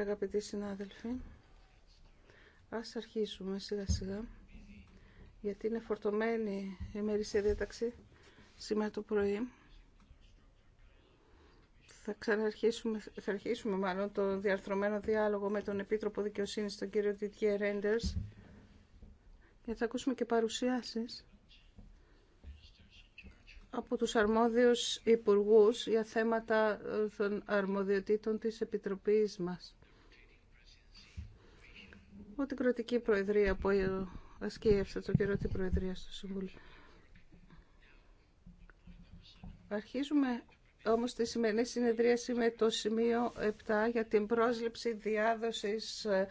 αγαπητοί συνάδελφοι, ας αρχίσουμε σιγά σιγά γιατί είναι φορτωμένη η ημερήσια διάταξη σήμερα το πρωί. Θα ξαναρχίσουμε, θα αρχίσουμε μάλλον το διαρθρωμένο διάλογο με τον Επίτροπο Δικαιοσύνης, τον κύριο Τιτιέ Ρέντερς, και θα ακούσουμε και παρουσιάσεις από τους αρμόδιους υπουργούς για θέματα των αρμοδιοτήτων της Επιτροπής μας από την κρατική προεδρία που ασκεί αυτό το καιρό την προεδρία στο Συμβούλιο. Αρχίζουμε όμως τη σημερινή συνεδρίαση με το σημείο 7 για την πρόσληψη διάδοσης ε,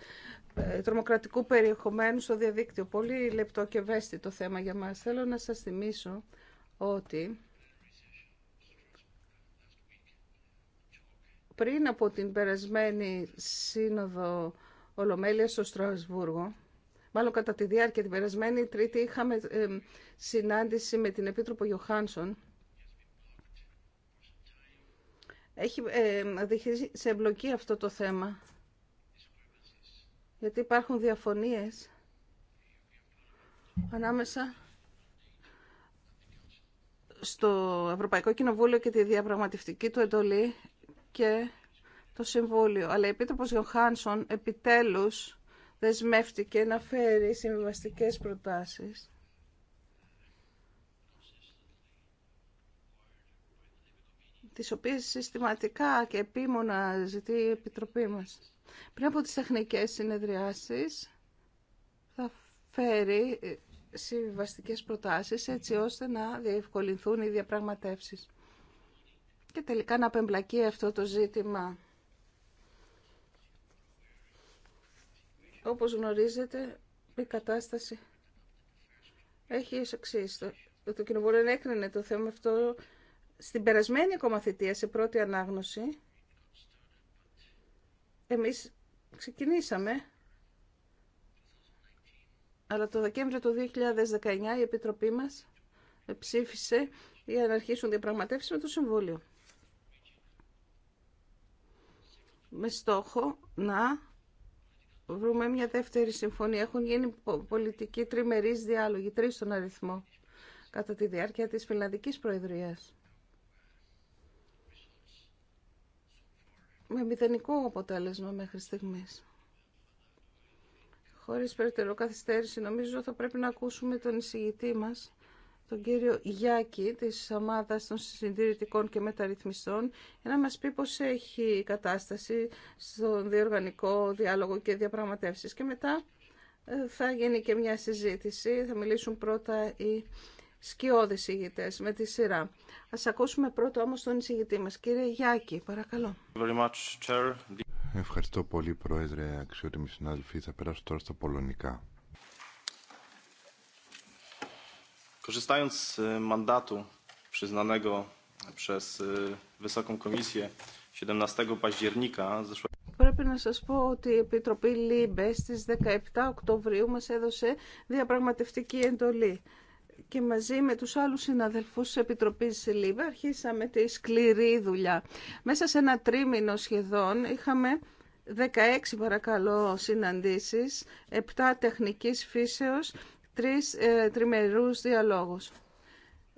τρομοκρατικού περιεχομένου στο διαδίκτυο. Πολύ λεπτό και ευαίσθητο θέμα για μας. Θέλω να σας θυμίσω ότι πριν από την περασμένη σύνοδο Ολομέλεια στο Στρασβούργο. Μάλλον κατά τη διάρκεια την περασμένη Τρίτη είχαμε συνάντηση με την Επίτροπο Γιωχάνσον. Έχει δείχνει σε εμπλοκή αυτό το θέμα, γιατί υπάρχουν διαφωνίες ανάμεσα στο Ευρωπαϊκό Κοινοβούλιο και τη διαπραγματευτική του εντολή και το Συμβούλιο. Αλλά η Επίτροπος Γιωχάνσον επιτέλους δεσμεύτηκε να φέρει συμβιβαστικέ προτάσεις. τις οποίες συστηματικά και επίμονα ζητεί η Επιτροπή μας. Πριν από τις τεχνικές συνεδριάσεις θα φέρει συμβιβαστικές προτάσεις έτσι ώστε να διευκολυνθούν οι διαπραγματεύσεις. Και τελικά να απεμπλακεί αυτό το ζήτημα Όπως γνωρίζετε, η κατάσταση έχει ως Το, το Κοινοβούλιο ενέκρινε το θέμα αυτό στην περασμένη ακόμα θητεία, σε πρώτη ανάγνωση. Εμείς ξεκινήσαμε, αλλά το Δεκέμβριο του 2019 η Επιτροπή μας ψήφισε για να αρχίσουν διαπραγματεύσεις με το Συμβούλιο. Με στόχο να βρούμε μια δεύτερη συμφωνία. Έχουν γίνει πολιτικοί τριμερείς διάλογοι, τρεις στον αριθμό, κατά τη διάρκεια της Φιλανδικής Προεδρίας. Με μηδενικό αποτέλεσμα μέχρι στιγμής. Χωρίς περαιτέρω καθυστέρηση, νομίζω θα πρέπει να ακούσουμε τον εισηγητή μας τον κύριο Γιάκη της ομάδας των συντηρητικών και μεταρρυθμιστών για να μας πει πώς έχει η κατάσταση στον διοργανικό διάλογο και διαπραγματεύσεις. Και μετά ε, θα γίνει και μια συζήτηση, θα μιλήσουν πρώτα οι σκιώδεις ηγητές με τη σειρά. Ας ακούσουμε πρώτα όμως τον εισηγητή μας. Κύριε Γιάκη, παρακαλώ. Ευχαριστώ πολύ, Πρόεδρε, αξιότιμοι συνάδελφοι. Θα περάσω τώρα στα πολωνικά. Korzystając z e, mandatu przyznanego przez e, Wysoką Komisję 17 października zeszłego Πρέπει να σας πω ότι η Επιτροπή ΛΥΜΠΕ στις 17 Οκτωβρίου μας έδωσε διαπραγματευτική εντολή και μαζί με τους άλλους συναδελφούς της Επιτροπής ΛΥΜΠΕ αρχίσαμε τη σκληρή δουλειά. Μέσα σε ένα τρίμηνο σχεδόν είχαμε 16 παρακαλώ συναντήσεις, 7 τεχνικής φύσεως τρεις ε, τριμερούς διαλόγους.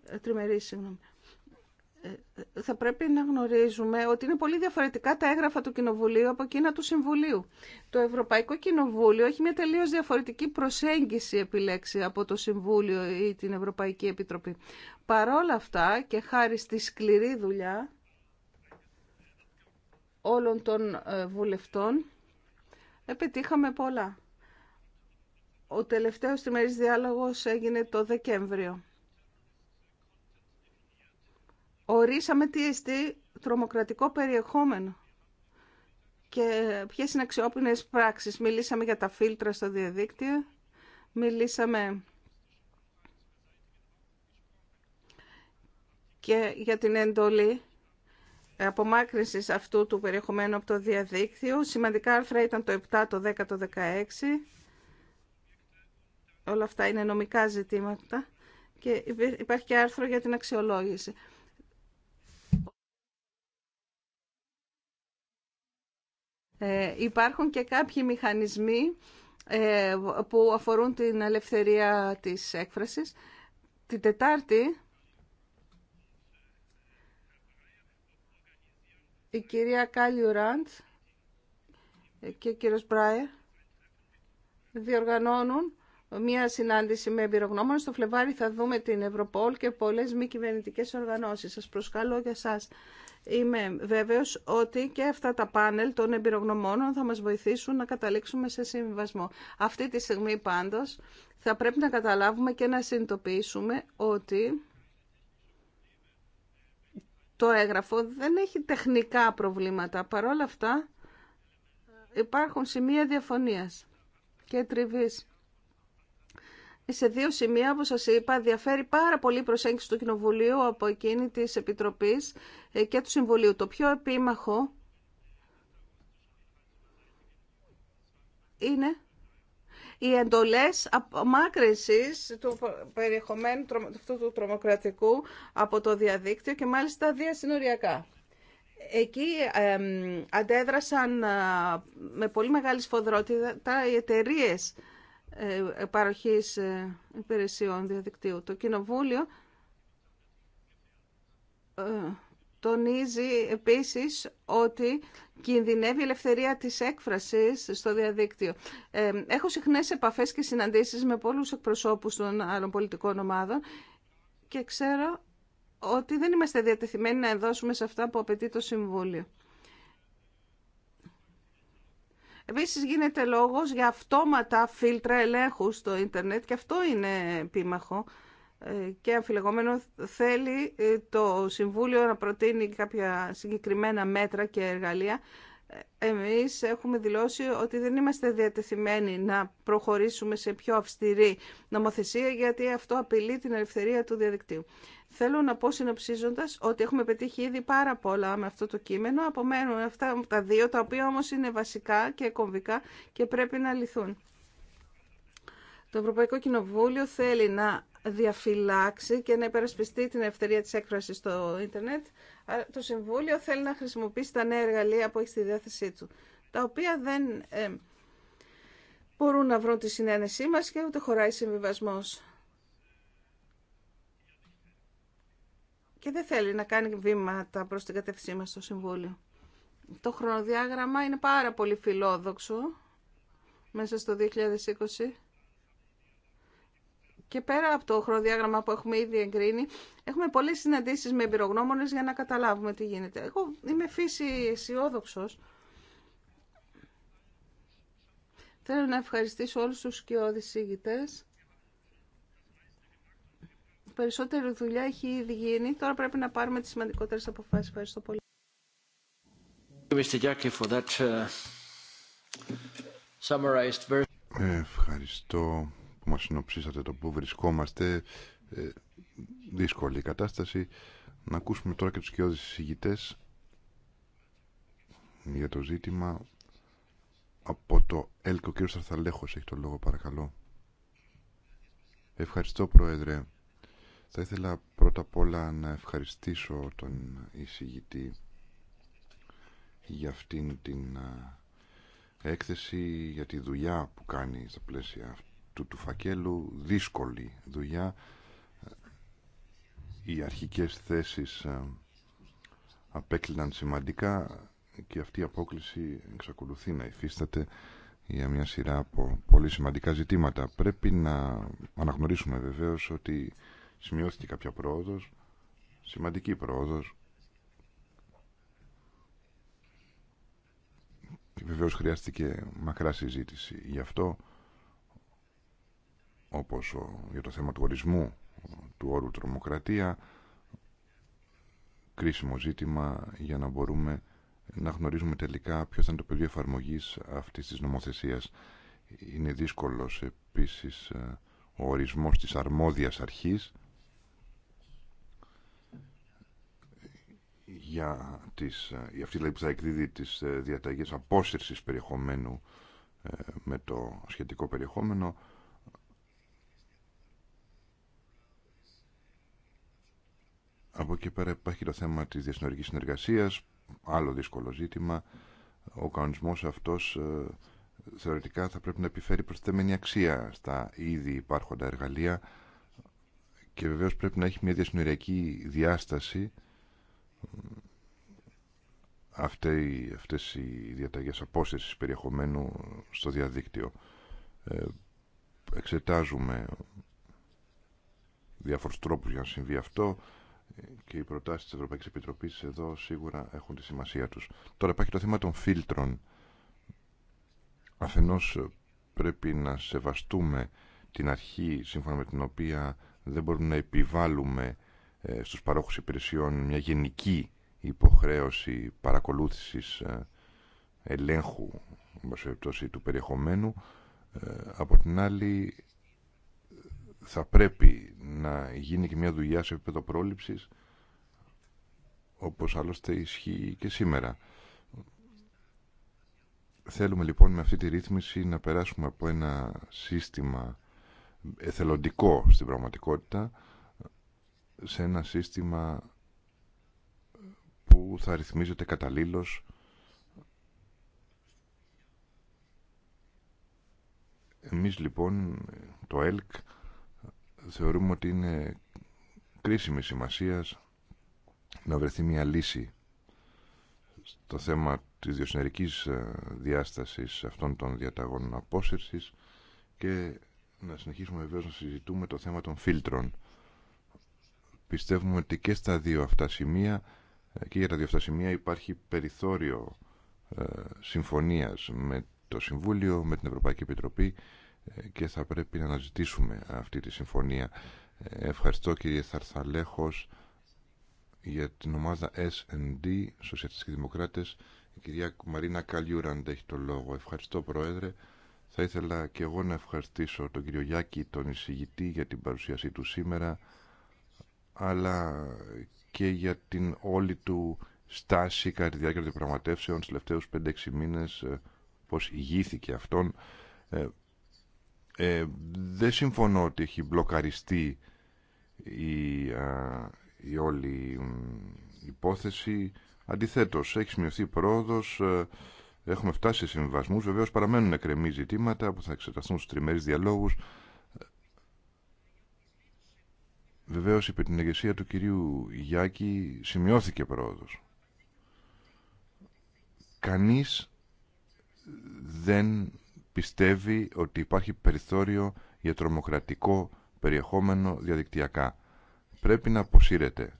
Ε, ε, ε, θα πρέπει να γνωρίζουμε ότι είναι πολύ διαφορετικά τα έγγραφα του Κοινοβουλίου από εκείνα του Συμβουλίου. Το Ευρωπαϊκό Κοινοβούλιο έχει μια τελείως διαφορετική προσέγγιση επιλέξει από το Συμβούλιο ή την Ευρωπαϊκή Επιτροπή. Παρόλα αυτά και χάρη στη σκληρή δουλειά όλων των ε, βουλευτών, επιτύχαμε πολλά. Ο τελευταίος τριμερής διάλογος έγινε το Δεκέμβριο. Ορίσαμε τι εστί τρομοκρατικό περιεχόμενο και ποιες είναι αξιόπινες πράξεις. Μιλήσαμε για τα φίλτρα στο διαδίκτυο, μιλήσαμε και για την εντολή απομάκρυνσης αυτού του περιεχομένου από το διαδίκτυο. Σημαντικά άρθρα ήταν το 7, το 10, το 16 όλα αυτά είναι νομικά ζητήματα και υπάρχει και άρθρο για την αξιολόγηση. Ε, υπάρχουν και κάποιοι μηχανισμοί ε, που αφορούν την ελευθερία της έκφρασης. Την Τετάρτη η κυρία Κάλιου Ραντ και ο κύριος Μπράιερ διοργανώνουν μία συνάντηση με εμπειρογνώμονες. Στο Φλεβάρι θα δούμε την Ευρωπόλ και πολλές μη κυβερνητικέ οργανώσεις. Σας προσκαλώ για σας. Είμαι βέβαιος ότι και αυτά τα πάνελ των εμπειρογνωμόνων θα μας βοηθήσουν να καταλήξουμε σε συμβιβασμό. Αυτή τη στιγμή πάντως θα πρέπει να καταλάβουμε και να συνειδητοποιήσουμε ότι το έγγραφο δεν έχει τεχνικά προβλήματα. Παρ' όλα αυτά υπάρχουν σημεία διαφωνίας και τριβής σε δύο σημεία, όπως σας είπα, διαφέρει πάρα πολύ η προσέγγιση του Κοινοβουλίου από εκείνη της Επιτροπής ε, και του Συμβουλίου. Το πιο επίμαχο είναι οι εντολές απομάκρυνσης του περιεχομένου αυτού του τρομοκρατικού από το διαδίκτυο και μάλιστα διασυνοριακά. Εκεί αντέδρασαν ε, με πολύ μεγάλη σφοδρότητα οι εταιρείε ε, ε, παροχής ε, υπηρεσιών διαδικτύου. Το Κοινοβούλιο τονίζει επίσης ότι κινδυνεύει η ελευθερία της έκφρασης στο διαδίκτυο. Έχω συχνές επαφές και συναντήσεις με πολλούς εκπροσώπους των άλλων πολιτικών ομάδων και ξέρω ότι δεν είμαστε διατεθειμένοι να ενδώσουμε σε αυτά που απαιτεί το Συμβούλιο. Επίσης γίνεται λόγος για αυτόματα φίλτρα ελέγχου στο ίντερνετ και αυτό είναι επίμαχο ε, και αμφιλεγόμενο θέλει ε, το Συμβούλιο να προτείνει κάποια συγκεκριμένα μέτρα και εργαλεία εμείς έχουμε δηλώσει ότι δεν είμαστε διατεθειμένοι να προχωρήσουμε σε πιο αυστηρή νομοθεσία γιατί αυτό απειλεί την ελευθερία του διαδικτύου. Θέλω να πω συνοψίζοντα ότι έχουμε πετύχει ήδη πάρα πολλά με αυτό το κείμενο, απομένουν αυτά τα δύο τα οποία όμως είναι βασικά και κομβικά και πρέπει να λυθούν. Το Ευρωπαϊκό Κοινοβούλιο θέλει να διαφυλάξει και να υπερασπιστεί την ελευθερία της έκφρασης στο ίντερνετ, το Συμβούλιο θέλει να χρησιμοποιήσει τα νέα εργαλεία που έχει στη διάθεσή του, τα οποία δεν ε, μπορούν να βρουν τη συνένεσή μας και ούτε χωράει συμβιβασμό. Και δεν θέλει να κάνει βήματα προς την κατεύθυνσή μας στο Συμβούλιο. Το χρονοδιάγραμμα είναι πάρα πολύ φιλόδοξο μέσα στο 2020 και πέρα από το χρονοδιάγραμμα που έχουμε ήδη εγκρίνει, έχουμε πολλέ συναντήσει με εμπειρογνώμονε για να καταλάβουμε τι γίνεται. Εγώ είμαι φύση αισιόδοξο. Θέλω να ευχαριστήσω όλους τους σκιώδεις ηγητές. Περισσότερη δουλειά έχει ήδη γίνει. Τώρα πρέπει να πάρουμε τις σημαντικότερες αποφάσεις. Ευχαριστώ πολύ. Ευχαριστώ που μας συνοψίσατε το που βρισκόμαστε. Ε, δύσκολη κατάσταση. Να ακούσουμε τώρα και τους κοιόδες συζητητές για το ζήτημα από το ΕΛΚΟ. Κύριο Σαρθαλέχος έχει το λόγο παρακαλώ. Ευχαριστώ Πρόεδρε. Θα ήθελα πρώτα απ' όλα να ευχαριστήσω τον εισηγητή για αυτήν την έκθεση, για τη δουλειά που κάνει στα πλαίσια του φακέλου δύσκολη δουλειά. Οι αρχικές θέσεις ε, απέκλειναν σημαντικά και αυτή η απόκληση εξακολουθεί να υφίσταται για μια σειρά από πολύ σημαντικά ζητήματα. Πρέπει να αναγνωρίσουμε βεβαίως ότι σημειώθηκε κάποια πρόοδος, σημαντική πρόοδος, και βεβαίως χρειάστηκε μακρά συζήτηση. Γι' αυτό όπως για το θέμα του ορισμού του όρου τρομοκρατία κρίσιμο ζήτημα για να μπορούμε να γνωρίζουμε τελικά ποιο θα είναι το πεδίο εφαρμογή αυτής της νομοθεσίας. Είναι δύσκολος επίσης ε, ο ορισμός της αρμόδιας αρχής για, τις, ε, για αυτή δηλαδή που θα εκδίδει τις ε, απόσυρσης περιεχομένου με το σχετικό περιεχόμενο Από εκεί πέρα υπάρχει το θέμα της διασυνορικής συνεργασίας, άλλο δύσκολο ζήτημα. Ο κανονισμός αυτός ε, θεωρητικά θα πρέπει να επιφέρει προσθέμενη αξία στα ήδη υπάρχοντα εργαλεία και βεβαίως πρέπει να έχει μια διασυνοριακή διάσταση αυτές, οι διαταγές απόσταση περιεχομένου στο διαδίκτυο. Ε, εξετάζουμε διάφορους τρόπους για να συμβεί αυτό και οι προτάσει τη Ευρωπαϊκή Επιτροπή εδώ σίγουρα έχουν τη σημασία τους. Τώρα υπάρχει το θέμα των φίλτρων. Αφενό πρέπει να σεβαστούμε την αρχή σύμφωνα με την οποία δεν μπορούμε να επιβάλλουμε ε, στους παρόχους υπηρεσιών μια γενική υποχρέωση παρακολούθησης ε, ελέγχου του περιεχομένου. Ε, από την άλλη θα πρέπει να γίνει και μια δουλειά σε επίπεδο πρόληψης όπως άλλωστε ισχύει και σήμερα. Θέλουμε λοιπόν με αυτή τη ρύθμιση να περάσουμε από ένα σύστημα εθελοντικό στην πραγματικότητα σε ένα σύστημα που θα ρυθμίζεται καταλήλως Εμείς λοιπόν το ΕΛΚ θεωρούμε ότι είναι κρίσιμη σημασία να βρεθεί μια λύση στο θέμα της διοσυνερικής ε, διάστασης αυτών των διαταγών απόσυρσης και να συνεχίσουμε βεβαίως να συζητούμε το θέμα των φίλτρων. Πιστεύουμε ότι και στα δύο αυτά σημεία ε, και για τα δύο αυτά σημεία υπάρχει περιθώριο ε, συμφωνίας με το Συμβούλιο, με την Ευρωπαϊκή Επιτροπή και θα πρέπει να αναζητήσουμε αυτή τη συμφωνία. Ευχαριστώ κύριε Θαρθαλέχος για την ομάδα S&D, Σοσιαλιστές και Δημοκράτες. Η κυρία Μαρίνα Καλιούραντ έχει το λόγο. Ευχαριστώ Πρόεδρε. Θα ήθελα και εγώ να ευχαριστήσω τον κύριο Γιάκη, τον εισηγητή, για την παρουσίασή του σήμερα, αλλά και για την όλη του στάση κατά τη διάρκεια των πραγματεύσεων στους τελευταίους 5-6 μήνες, ε, πώς ηγήθηκε αυτόν. Ε, ε, δεν συμφωνώ ότι έχει μπλοκαριστεί η, η όλη η υπόθεση. Αντιθέτως, έχει σημειωθεί πρόοδος, ε, έχουμε φτάσει σε συμβασμούς. Βεβαίως παραμένουν εκκρεμή ζητήματα που θα εξεταστούν στους τριμερείς διαλόγους. Βεβαίως, υπό την ηγεσία του κυρίου Γιάκη σημειώθηκε πρόοδος. Κανείς δεν πιστεύει ότι υπάρχει περιθώριο για τρομοκρατικό περιεχόμενο διαδικτυακά. Πρέπει να αποσύρεται.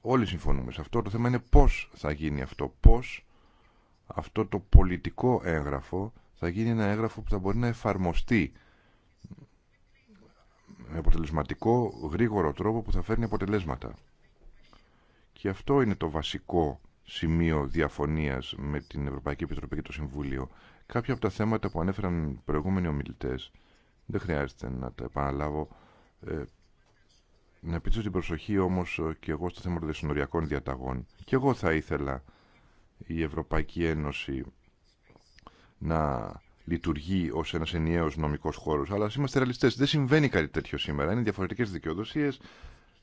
Όλοι συμφωνούμε σε αυτό. Το θέμα είναι πώς θα γίνει αυτό. Πώς αυτό το πολιτικό έγγραφο θα γίνει ένα έγγραφο που θα μπορεί να εφαρμοστεί με αποτελεσματικό, γρήγορο τρόπο που θα φέρνει αποτελέσματα. Και αυτό είναι το βασικό σημείο διαφωνίας με την Ευρωπαϊκή Επιτροπή και το Συμβούλιο. Κάποια από τα θέματα που ανέφεραν οι προηγούμενοι ομιλητές δεν χρειάζεται να τα επαναλάβω. Ε, να επιτρέψω την προσοχή όμως ε, και εγώ στο θέμα των διαταγών. Και εγώ θα ήθελα η Ευρωπαϊκή Ένωση να λειτουργεί ω ένα ενιαίος νομικό χώρο, Αλλά είμαστε ρεαλιστέ. Δεν συμβαίνει κάτι τέτοιο σήμερα. Είναι διαφορετικέ δικαιοδοσίε. Ε,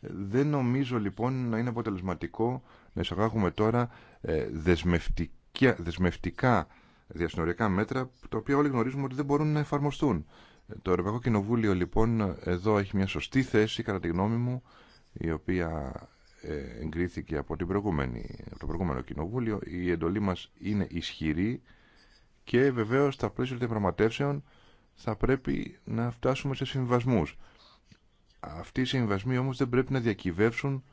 δεν νομίζω λοιπόν να είναι αποτελεσματικό να εισαγάγουμε τώρα δεσμευτικά, δεσμευτικά διασυνοριακά μέτρα, τα οποία όλοι γνωρίζουμε ότι δεν μπορούν να εφαρμοστούν. Το Ευρωπαϊκό Κοινοβούλιο λοιπόν εδώ έχει μια σωστή θέση, κατά τη γνώμη μου, η οποία ε, εγκρίθηκε από, την προηγούμενη, το προηγούμενο Κοινοβούλιο. Η εντολή μας είναι ισχυρή και βεβαίως στα πλαίσια των διαπραγματεύσεων θα πρέπει να φτάσουμε σε συμβασμούς. Αυτοί οι συμβασμοί όμως δεν πρέπει να διακυβεύσουν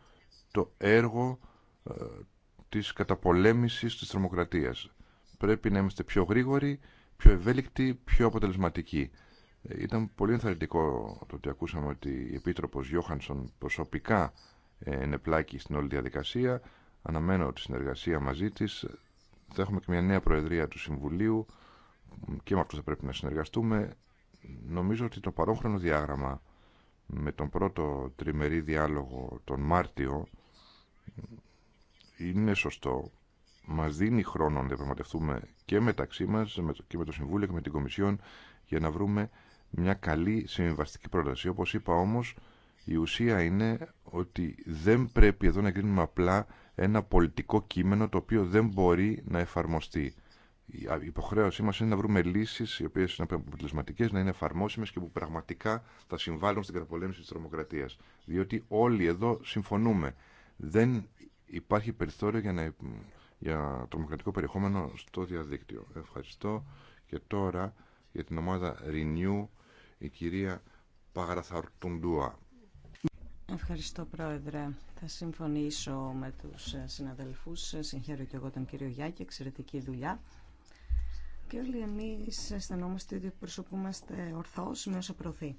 το έργο ε, της καταπολέμησης της τρομοκρατίας πρέπει να είμαστε πιο γρήγοροι, πιο ευέλικτοι, πιο αποτελεσματικοί. Ε, ήταν πολύ ενθαρρυντικό το ότι ακούσαμε ότι η Επίτροπος Γιώχανσον προσωπικά ε, είναι πλάκη στην όλη διαδικασία. Αναμένω τη συνεργασία μαζί της. Θα έχουμε και μια νέα Προεδρία του Συμβουλίου και με αυτό θα πρέπει να συνεργαστούμε. Νομίζω ότι το παρόχρονο διάγραμμα με τον πρώτο τριμερή διάλογο τον Μάρτιο είναι σωστό Μα δίνει χρόνο να διαπραγματευτούμε και μεταξύ μα και με το Συμβούλιο και με την Κομισιόν για να βρούμε μια καλή συμβιβαστική πρόταση. Όπω είπα όμω, η ουσία είναι ότι δεν πρέπει εδώ να κρίνουμε απλά ένα πολιτικό κείμενο το οποίο δεν μπορεί να εφαρμοστεί. Η υποχρέωσή μα είναι να βρούμε λύσει, οι οποίε είναι αποτελεσματικέ, να είναι εφαρμόσιμε και που πραγματικά θα συμβάλλουν στην καταπολέμηση τη τρομοκρατία. Διότι όλοι εδώ συμφωνούμε. Δεν υπάρχει περιθώριο για να για τρομοκρατικό περιεχόμενο στο διαδίκτυο. Ευχαριστώ και τώρα για την ομάδα Renew η κυρία Παγραθαρτουντούα. Ευχαριστώ Πρόεδρε. Θα συμφωνήσω με τους συναδελφούς. Συγχαίρω και εγώ τον κύριο Γιάκη. Εξαιρετική δουλειά. Και όλοι εμείς αισθανόμαστε ότι προσωπούμαστε ορθώς με όσα προωθεί.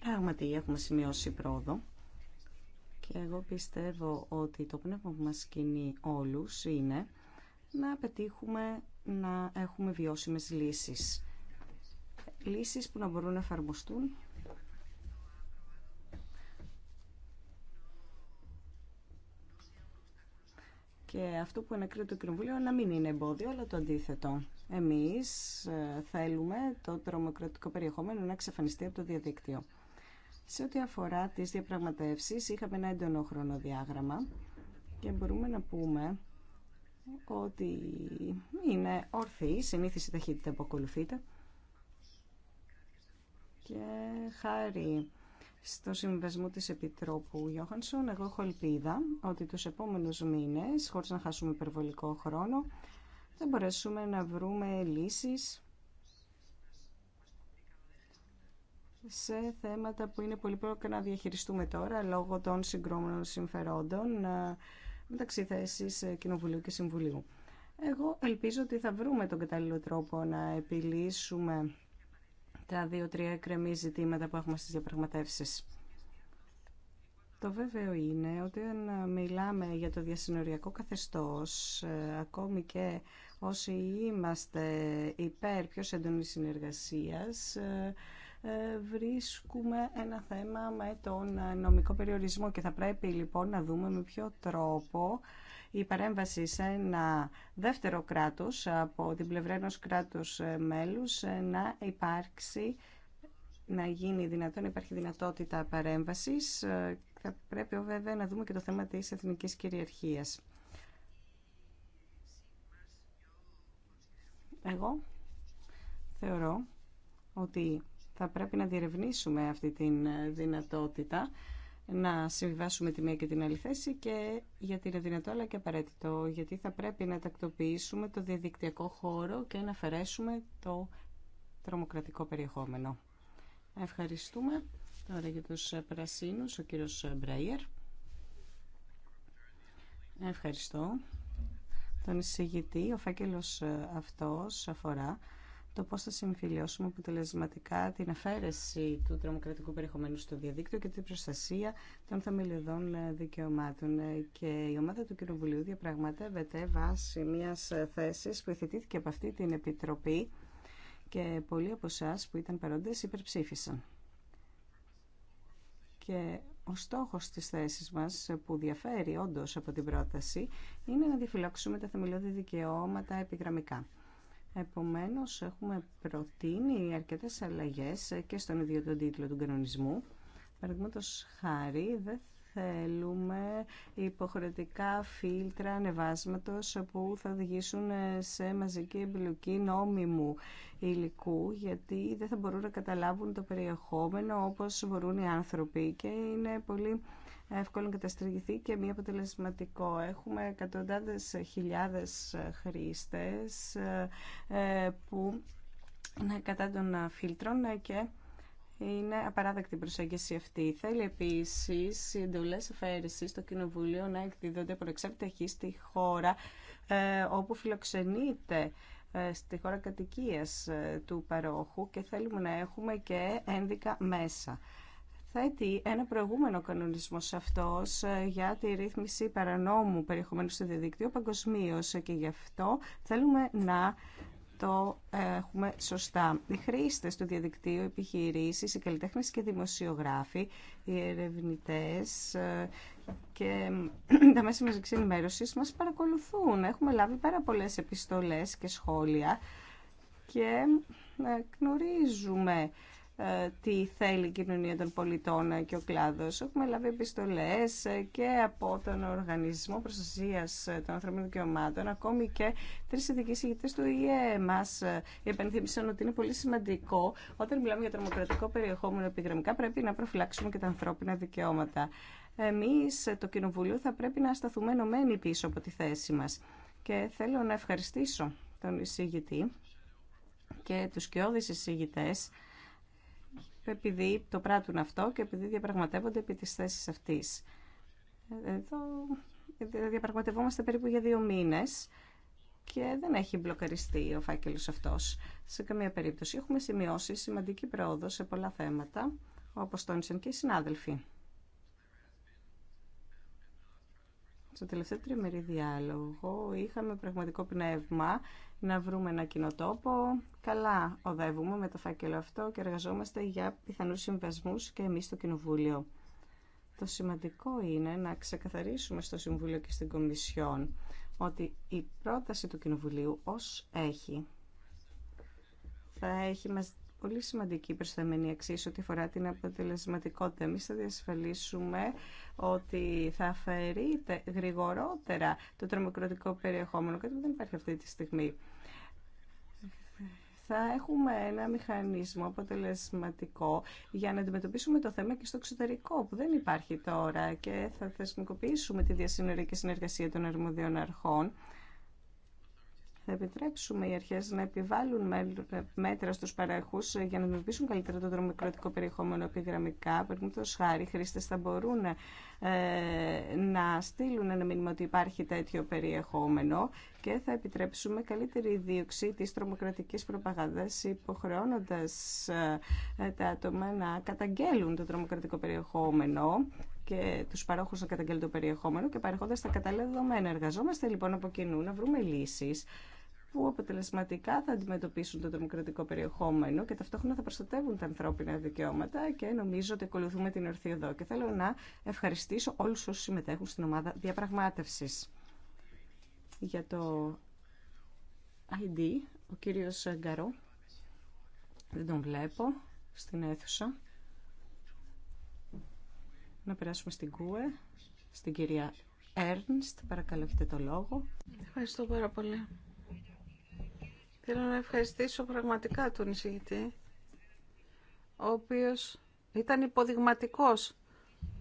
Πράγματι έχουμε σημειώσει πρόοδο και εγώ πιστεύω ότι το πνεύμα που μας κινεί όλους είναι να πετύχουμε να έχουμε βιώσιμες λύσεις. Λύσεις που να μπορούν να εφαρμοστούν και αυτό που ανακρίνει το Κοινοβούλιο να μην είναι εμπόδιο, αλλά το αντίθετο. Εμείς ε, θέλουμε το τρομοκρατικό περιεχόμενο να εξαφανιστεί από το διαδίκτυο. Σε ό,τι αφορά τις διαπραγματεύσεις, είχαμε ένα έντονο χρονοδιάγραμμα και μπορούμε να πούμε ότι είναι ορθή, συνήθιση ταχύτητα που ακολουθείται και χάρη στο συμβασμό της Επιτρόπου Γιώχανσον, εγώ έχω ελπίδα ότι τους επόμενους μήνες, χωρίς να χάσουμε υπερβολικό χρόνο, θα μπορέσουμε να βρούμε λύσεις σε θέματα που είναι πολύ πρόκειται να διαχειριστούμε τώρα λόγω των συγκρόμενων συμφερόντων ε, μεταξύ θέσης ε, Κοινοβουλίου και Συμβουλίου. Εγώ ελπίζω ότι θα βρούμε τον κατάλληλο τρόπο να επιλύσουμε τα δύο-τρία εκκρεμή ζητήματα που έχουμε στις διαπραγματεύσεις. Το βέβαιο είναι ότι αν μιλάμε για το διασυνοριακό καθεστώς, ε, ακόμη και όσοι είμαστε υπέρ πιο έντονης συνεργασίας, ε, βρίσκουμε ένα θέμα με τον ε, νομικό περιορισμό και θα πρέπει λοιπόν να δούμε με ποιο τρόπο η παρέμβαση σε ένα δεύτερο κράτος από την πλευρά ενός κράτους ε, μέλους να υπάρξει να γίνει δυνατόν, υπάρχει δυνατότητα παρέμβασης. Θα πρέπει βέβαια να δούμε και το θέμα της εθνικής κυριαρχίας. Εγώ θεωρώ ότι θα πρέπει να διερευνήσουμε αυτή τη δυνατότητα να συμβιβάσουμε τη μία και την άλλη θέση και γιατί είναι δυνατό αλλά και απαραίτητο γιατί θα πρέπει να τακτοποιήσουμε το διαδικτυακό χώρο και να αφαιρέσουμε το τρομοκρατικό περιεχόμενο. Ευχαριστούμε τώρα για τους πρασίνους, ο κύριος Μπραΐερ. Ευχαριστώ. Τον εισηγητή, ο φάκελος αυτός αφορά το πώς θα συμφιλιώσουμε αποτελεσματικά την αφαίρεση του τρομοκρατικού περιεχομένου στο διαδίκτυο και την προστασία των θεμελιωδών ε, δικαιωμάτων. Ε, και η ομάδα του Κοινοβουλίου διαπραγματεύεται βάσει μιας ε, θέσης που υθετήθηκε από αυτή την Επιτροπή και πολλοί από εσά που ήταν παρόντες υπερψήφισαν. Και ο στόχος της θέσης μας που διαφέρει όντως από την πρόταση είναι να διαφυλάξουμε τα θεμελιώδη δικαιώματα επιγραμμικά. Επομένως, έχουμε προτείνει αρκετές αλλαγές και στον ίδιο τον τίτλο του κανονισμού. Παραδείγματο χάρη, δεν θέλουμε υποχρεωτικά φίλτρα ανεβάσματος που θα οδηγήσουν σε μαζική εμπλοκή νόμιμου υλικού γιατί δεν θα μπορούν να καταλάβουν το περιεχόμενο όπως μπορούν οι άνθρωποι και είναι πολύ εύκολο να καταστραγηθεί και μη αποτελεσματικό. Έχουμε εκατοντάδες χιλιάδες χρήστες ε, που είναι κατά των φίλτρων και είναι απαράδεκτη η προσέγγιση αυτή. Θέλει επίση οι εντολέ αφαίρεση στο Κοινοβούλιο να εκδίδονται προεξάρτητα εκεί στη χώρα ε, όπου φιλοξενείται ε, στη χώρα κατοικίας του παρόχου και θέλουμε να έχουμε και ένδικα μέσα προσθέτει ένα προηγούμενο κανονισμό αυτό ε, για τη ρύθμιση παρανόμου περιεχομένου στο διαδίκτυο παγκοσμίω και γι' αυτό θέλουμε να το έχουμε σωστά. Οι χρήστε του διαδικτύου, οι επιχειρήσει, οι καλλιτέχνε και οι δημοσιογράφοι, οι ερευνητέ ε, και τα μέσα μαζική ενημέρωση μα παρακολουθούν. Έχουμε λάβει πάρα πολλέ επιστολέ και σχόλια και ε, γνωρίζουμε ε, τι θέλει η κοινωνία των πολιτών και ο κλάδος. Έχουμε λάβει επιστολές ε, και από τον Οργανισμό Προστασίας των Ανθρωπίνων Δικαιωμάτων, ακόμη και τρεις ειδικοί ηγητές του ΙΕ μας ε, επενθύμησαν ότι είναι πολύ σημαντικό όταν μιλάμε για τρομοκρατικό περιεχόμενο επιγραμμικά πρέπει να προφυλάξουμε και τα ανθρώπινα δικαιώματα. Εμείς το Κοινοβουλίο θα πρέπει να σταθούμε ενωμένοι πίσω από τη θέση μας. Και θέλω να ευχαριστήσω τον εισηγητή και τους κοιόδης εισηγητές επειδή το πράττουν αυτό και επειδή διαπραγματεύονται επί της θέσης αυτής. Εδώ διαπραγματευόμαστε περίπου για δύο μήνες και δεν έχει μπλοκαριστεί ο φάκελος αυτός σε καμία περίπτωση. Έχουμε σημειώσει σημαντική πρόοδο σε πολλά θέματα, όπως τόνισαν και οι συνάδελφοι. Στο τελευταίο τριμερή διάλογο είχαμε πραγματικό πνεύμα να βρούμε ένα κοινοτόπο, Καλά οδεύουμε με το φάκελο αυτό και εργαζόμαστε για πιθανούς συμβασμούς και εμείς στο Κοινοβούλιο. Το σημαντικό είναι να ξεκαθαρίσουμε στο Συμβούλιο και στην Κομισιόν ότι η πρόταση του Κοινοβουλίου ως έχει θα έχει πολύ σημαντική προσθεμένη αξία ό,τι αφορά την αποτελεσματικότητα. Εμεί θα διασφαλίσουμε ότι θα αφαιρείται γρηγορότερα το τρομοκρατικό περιεχόμενο, κάτι που δεν υπάρχει αυτή τη στιγμή. Θα έχουμε ένα μηχανισμό αποτελεσματικό για να αντιμετωπίσουμε το θέμα και στο εξωτερικό που δεν υπάρχει τώρα και θα θεσμικοποιήσουμε τη διασυνορική συνεργασία των αρμοδιών αρχών θα επιτρέψουμε οι αρχέ να επιβάλλουν μέτρα στου παρέχου για να αντιμετωπίσουν καλύτερα το δρομικροτικό περιεχόμενο επιγραμμικά. Παραδείγματο χάρη, οι χρήστε θα μπορούν ε, να στείλουν ένα μήνυμα ότι υπάρχει τέτοιο περιεχόμενο και θα επιτρέψουμε καλύτερη δίωξη της τρομοκρατική υποχρεώνοντα υποχρεώνοντας ε, τα άτομα να καταγγέλουν το τρομοκρατικό περιεχόμενο και του παρόχου να καταγγέλουν το περιεχόμενο και παρέχοντα τα κατάλληλα δεδομένα. Εργαζόμαστε λοιπόν από κοινού να βρούμε λύσει που αποτελεσματικά θα αντιμετωπίσουν το δημοκρατικό περιεχόμενο και ταυτόχρονα θα προστατεύουν τα ανθρώπινα δικαιώματα και νομίζω ότι ακολουθούμε την ορθή εδώ. Και θέλω να ευχαριστήσω όλους όσους συμμετέχουν στην ομάδα διαπραγμάτευσης. Για το ID, ο κύριος Γκαρό, δεν τον βλέπω στην αίθουσα. Να περάσουμε στην ΚΟΕ, στην κυρία Έρνστ. Παρακαλώ, έχετε το λόγο. Ευχαριστώ πάρα πολύ. Θέλω να ευχαριστήσω πραγματικά τον εισηγητή, ο οποίος ήταν υποδειγματικός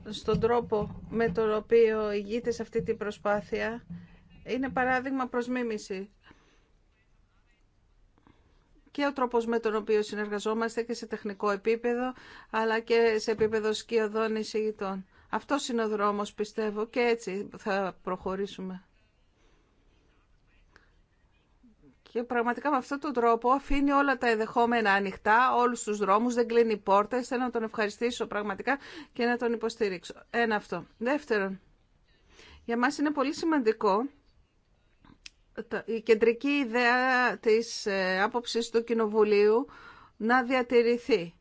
στον τρόπο με τον οποίο ηγείται σε αυτή την προσπάθεια. Είναι παράδειγμα προς μίμηση. Και ο τρόπος με τον οποίο συνεργαζόμαστε και σε τεχνικό επίπεδο, αλλά και σε επίπεδο σκιωδών εισηγητών. Αυτό είναι ο δρόμος, πιστεύω, και έτσι θα προχωρήσουμε. Και πραγματικά με αυτόν τον τρόπο αφήνει όλα τα εδεχόμενα ανοιχτά, όλους τους δρόμους, δεν κλείνει πόρτες. Θέλω να τον ευχαριστήσω πραγματικά και να τον υποστηρίξω. Ένα αυτό. Δεύτερον, για μας είναι πολύ σημαντικό η κεντρική ιδέα της ε, άποψης του Κοινοβουλίου να διατηρηθεί.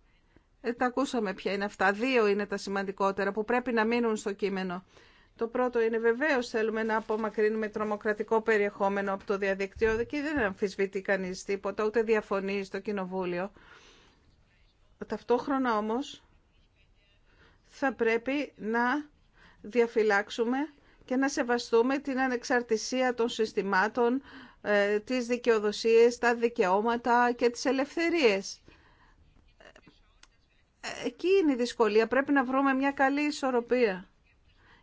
Ε, τα ακούσαμε ποια είναι αυτά. Δύο είναι τα σημαντικότερα που πρέπει να μείνουν στο κείμενο. Το πρώτο είναι βεβαίω θέλουμε να απομακρύνουμε τρομοκρατικό περιεχόμενο από το διαδίκτυο και δεν αμφισβητεί κανεί τίποτα, ούτε διαφωνεί στο Κοινοβούλιο. Ταυτόχρονα όμως θα πρέπει να διαφυλάξουμε και να σεβαστούμε την ανεξαρτησία των συστημάτων, ε, τις δικαιοδοσίες, τα δικαιώματα και τις ελευθερίες. Ε, εκεί είναι η δυσκολία. Πρέπει να βρούμε μια καλή ισορροπία.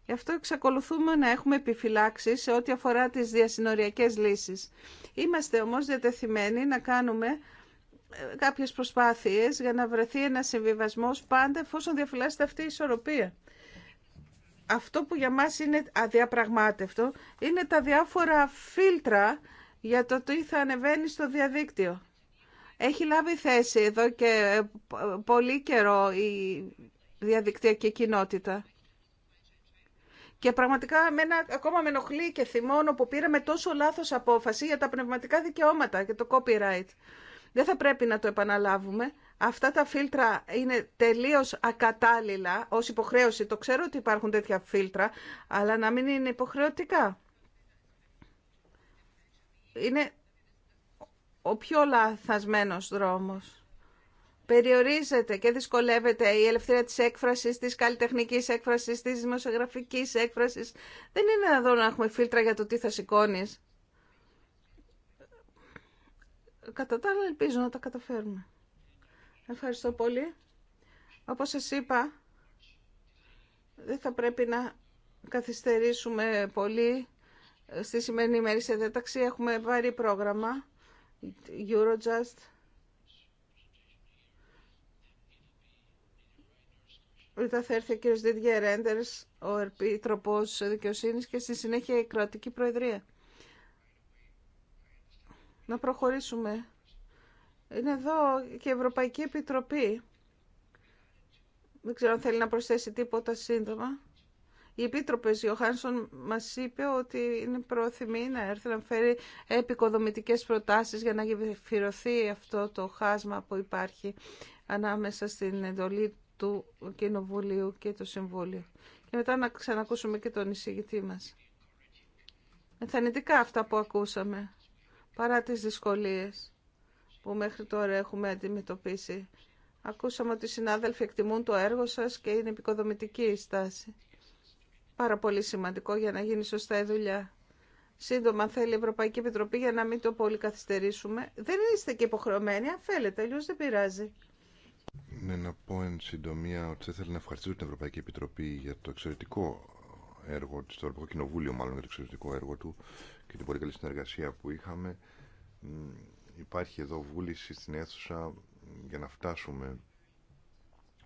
Γι' αυτό εξακολουθούμε να έχουμε επιφυλάξει σε ό,τι αφορά τις διασυνοριακές λύσεις. Είμαστε όμως διατεθειμένοι να κάνουμε ε, κάποιες προσπάθειες για να βρεθεί ένα συμβιβασμό πάντα εφόσον διαφυλάσσεται αυτή η ισορροπία. Αυτό που για μας είναι αδιαπραγμάτευτο είναι τα διάφορα φίλτρα για το τι θα ανεβαίνει στο διαδίκτυο. Έχει λάβει θέση εδώ και ε, πολύ καιρό η διαδικτυακή κοινότητα. Και πραγματικά μένα, ακόμα με ενοχλεί και θυμώνω που πήραμε τόσο λάθος απόφαση για τα πνευματικά δικαιώματα και το copyright. Δεν θα πρέπει να το επαναλάβουμε. Αυτά τα φίλτρα είναι τελείως ακατάλληλα ως υποχρέωση. Το ξέρω ότι υπάρχουν τέτοια φίλτρα, αλλά να μην είναι υποχρεωτικά. Είναι ο πιο λαθασμένος δρόμος περιορίζεται και δυσκολεύεται η ελευθερία της έκφρασης, της καλλιτεχνικής έκφρασης, της δημοσιογραφικής έκφρασης. Δεν είναι εδώ να έχουμε φίλτρα για το τι θα σηκώνει. Κατά τα άλλα ελπίζω να τα καταφέρουμε. Ευχαριστώ πολύ. Όπως σας είπα, δεν θα πρέπει να καθυστερήσουμε πολύ στη σημερινή ημέρη σε δέταξη. Έχουμε βαρύ πρόγραμμα Eurojust Μετά θα έρθει ο κύριος Δίδια Ρέντερ, ο Επίτροπος δικαιοσύνη και στη συνέχεια η Κροατική Προεδρία. Να προχωρήσουμε. Είναι εδώ και η Ευρωπαϊκή Επιτροπή. Δεν ξέρω αν θέλει να προσθέσει τίποτα σύντομα. Η Επίτροπες Χάνσον μας είπε ότι είναι προθυμή να έρθει να φέρει επικοδομητικέ προτάσει για να γεφυρωθεί αυτό το χάσμα που υπάρχει ανάμεσα στην εντολή του Κοινοβουλίου και του Συμβούλιο. Και μετά να ξανακούσουμε και τον εισηγητή μας. Ενθανητικά αυτά που ακούσαμε, παρά τις δυσκολίες που μέχρι τώρα έχουμε αντιμετωπίσει. Ακούσαμε ότι οι συνάδελφοι εκτιμούν το έργο σας και είναι επικοδομητική η στάση. Πάρα πολύ σημαντικό για να γίνει σωστά η δουλειά. Σύντομα θέλει η Ευρωπαϊκή Επιτροπή για να μην το πολύ καθυστερήσουμε. Δεν είστε και υποχρεωμένοι, αν θέλετε, αλλιώ δεν πειράζει. Ναι, να πω εν συντομία ότι θα ήθελα να ευχαριστήσω την Ευρωπαϊκή Επιτροπή για το εξαιρετικό έργο της, το Ευρωπαϊκό Κοινοβούλιο μάλλον για το εξαιρετικό έργο του και την πολύ καλή συνεργασία που είχαμε. Υπάρχει εδώ βούληση στην αίθουσα για να φτάσουμε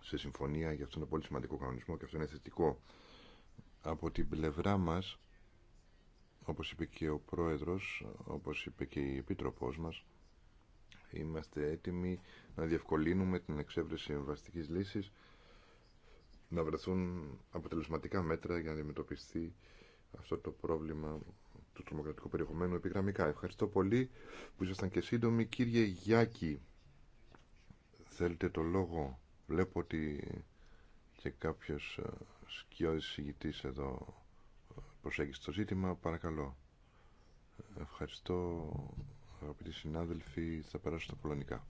σε συμφωνία για αυτόν τον πολύ σημαντικό κανονισμό και αυτό είναι θετικό. Από την πλευρά μας, όπως είπε και ο Πρόεδρος, όπως είπε και η Επίτροπός μας, Είμαστε έτοιμοι να διευκολύνουμε την εξέβρεση εμβαστική λύση, να βρεθούν αποτελεσματικά μέτρα για να αντιμετωπιστεί αυτό το πρόβλημα του τρομοκρατικού περιεχομένου επιγραμμικά. Ευχαριστώ πολύ που ήσασταν και σύντομοι. Κύριε Γιάκη, θέλετε το λόγο. Βλέπω ότι και κάποιος ε, σκιώδης συγητής εδώ ε, προσέγγισε το ζήτημα. Παρακαλώ. Ευχαριστώ Αγαπητοί συνάδελφοι, θα περάσω στα πολωνικά.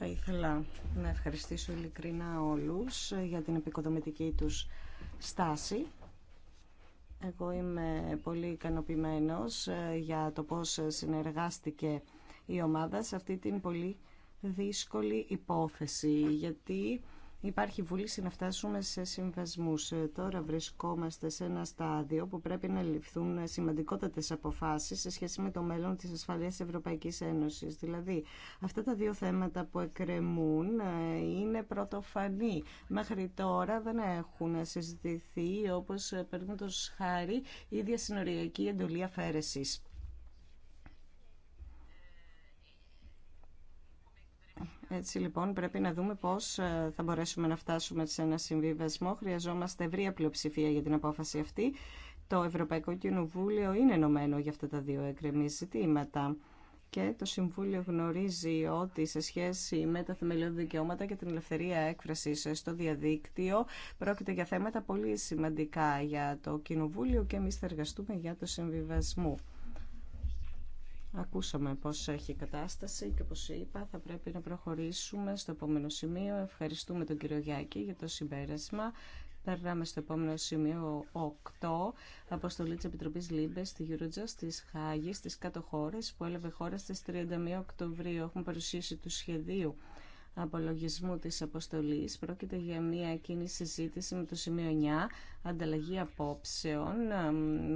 Θα ήθελα να ευχαριστήσω ειλικρινά όλους για την επικοδομητική τους στάση. Εγώ είμαι πολύ ικανοποιημένος ε, για το πώς συνεργάστηκε η ομάδα σε αυτή την πολύ δύσκολη υπόθεση, γιατί υπάρχει βούληση να φτάσουμε σε συμβασμούς. Ε, τώρα βρισκόμαστε σε ένα στάδιο που πρέπει να ληφθούν σημαντικότατες αποφάσεις σε σχέση με το μέλλον της ασφαλείας της Ευρωπαϊκής Ένωσης. Δηλαδή, αυτά τα δύο θέματα που εκκρεμούν ε, είναι πρωτοφανή. Μέχρι τώρα δεν έχουν συζητηθεί, όπως ε, παίρνουν χάρη, η διασυνοριακή εντολή αφαίρεσης. Έτσι λοιπόν πρέπει να δούμε πώς ε, θα μπορέσουμε να φτάσουμε σε ένα συμβιβασμό. Χρειαζόμαστε ευρία πλειοψηφία για την απόφαση αυτή. Το Ευρωπαϊκό Κοινοβούλιο είναι ενωμένο για αυτά τα δύο εκκρεμή ζητήματα και το Συμβούλιο γνωρίζει ότι σε σχέση με τα θεμελιώδη δικαιώματα και την ελευθερία έκφρασης στο διαδίκτυο πρόκειται για θέματα πολύ σημαντικά για το Κοινοβούλιο και εμεί θα εργαστούμε για το συμβιβασμό. Ακούσαμε πώς έχει η κατάσταση και όπως είπα θα πρέπει να προχωρήσουμε στο επόμενο σημείο. Ευχαριστούμε τον κύριο Γιάκη για το συμπέρασμα. Περνάμε στο επόμενο σημείο 8, αποστολή της Επιτροπής Λίμπε στη Γιουρούτζα, στις Χάγη, στις κάτω χώρες, που έλαβε χώρα στις 31 Οκτωβρίου. Έχουν παρουσίαση του σχεδίου απολογισμού της αποστολής. Πρόκειται για μια κοινή συζήτηση με το σημείο 9, ανταλλαγή απόψεων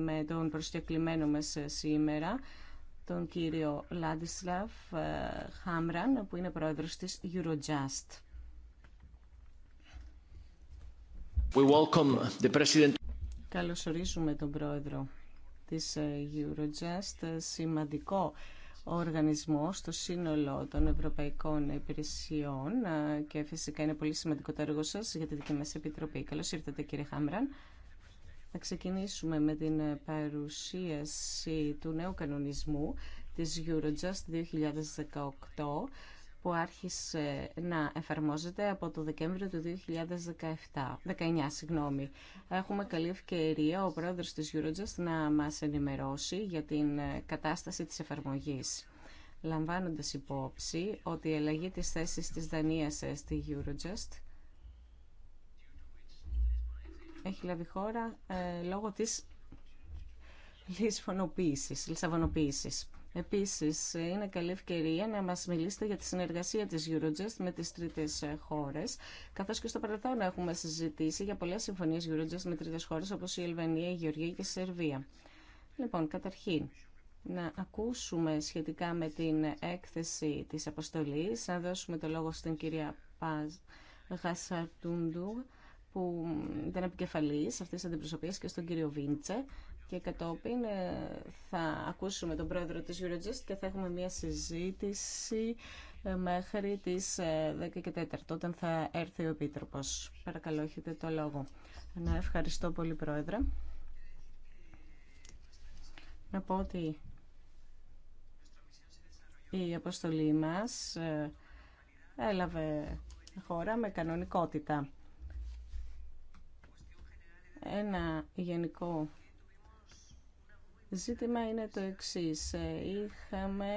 με τον προσκεκλημένο μα σήμερα τον κύριο Λάντισλαβ ε, Χάμραν, που είναι πρόεδρος της Eurojust. We welcome Καλωσορίζουμε τον πρόεδρο της ε, Eurojust, ε, σημαντικό οργανισμό στο σύνολο των ευρωπαϊκών υπηρεσιών και φυσικά είναι πολύ σημαντικό το έργο σας για τη δική μας επιτροπή. Καλώς ήρθατε κύριε Χάμραν. Να ξεκινήσουμε με την παρουσίαση του νέου κανονισμού της Eurojust 2018 που άρχισε να εφαρμόζεται από το Δεκέμβριο του 2017, Συγγνώμη. Έχουμε καλή ευκαιρία ο πρόεδρος της Eurojust να μας ενημερώσει για την κατάσταση της εφαρμογής. Λαμβάνοντας υπόψη ότι η αλλαγή της θέσης της Δανίας στη Eurojust έχει λάβει χώρα ε, λόγω της λησφωνοποίησης, λησαβωνοποίησης. Επίσης, είναι καλή ευκαιρία να μας μιλήσετε για τη συνεργασία της Eurojust με τις τρίτες ε, χώρες, καθώς και στο παρελθόν έχουμε συζητήσει για πολλές συμφωνίες Eurojust με τρίτες χώρες, όπως η Ελβανία, η Γεωργία και η Σερβία. Λοιπόν, καταρχήν, να ακούσουμε σχετικά με την έκθεση της αποστολής, να δώσουμε το λόγο στην κυρία Παζ Γασαρτούντου, που ήταν επικεφαλή αυτής τη αντιπροσωπείας και στον κύριο Βίντσε και κατόπιν ε, θα ακούσουμε τον πρόεδρο της Eurogist και θα έχουμε μια συζήτηση ε, μέχρι τις 10 ε, και 4 όταν θα έρθει ο Επίτροπος. Παρακαλώ, έχετε το λόγο. Να ευχαριστώ πολύ, Πρόεδρε. Να πω ότι η αποστολή μας έλαβε χώρα με κανονικότητα. Ένα γενικό ζήτημα είναι το εξής. Είχαμε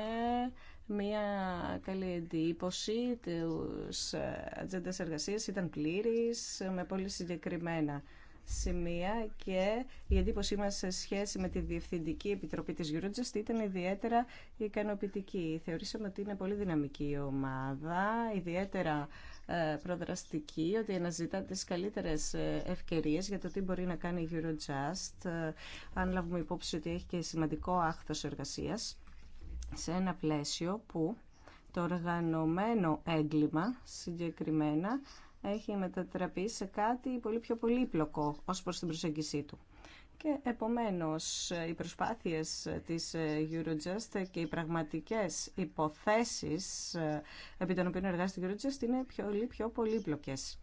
μια καλή εντύπωση τους ατζέντα εργασία ήταν πλήρης με πολύ συγκεκριμένα σημεία και η εντύπωσή μας σε σχέση με τη Διευθυντική Επιτροπή της Eurojust ήταν ιδιαίτερα ικανοποιητική. Θεωρήσαμε ότι είναι πολύ δυναμική η ομάδα, ιδιαίτερα ε, προδραστική, ότι αναζητά τις καλύτερες ε, ευκαιρίες για το τι μπορεί να κάνει η Eurojust, ε, αν λάβουμε υπόψη ότι έχει και σημαντικό άχθος εργασίας, σε ένα πλαίσιο που το οργανωμένο έγκλημα συγκεκριμένα έχει μετατραπεί σε κάτι πολύ πιο πολύπλοκο ως προς την προσέγγισή του. Και επομένως οι προσπάθειες της Eurojust και οι πραγματικές υποθέσεις ε, επί των οποίων εργάζεται η Eurojust είναι πιο, πιο πολύπλοκες.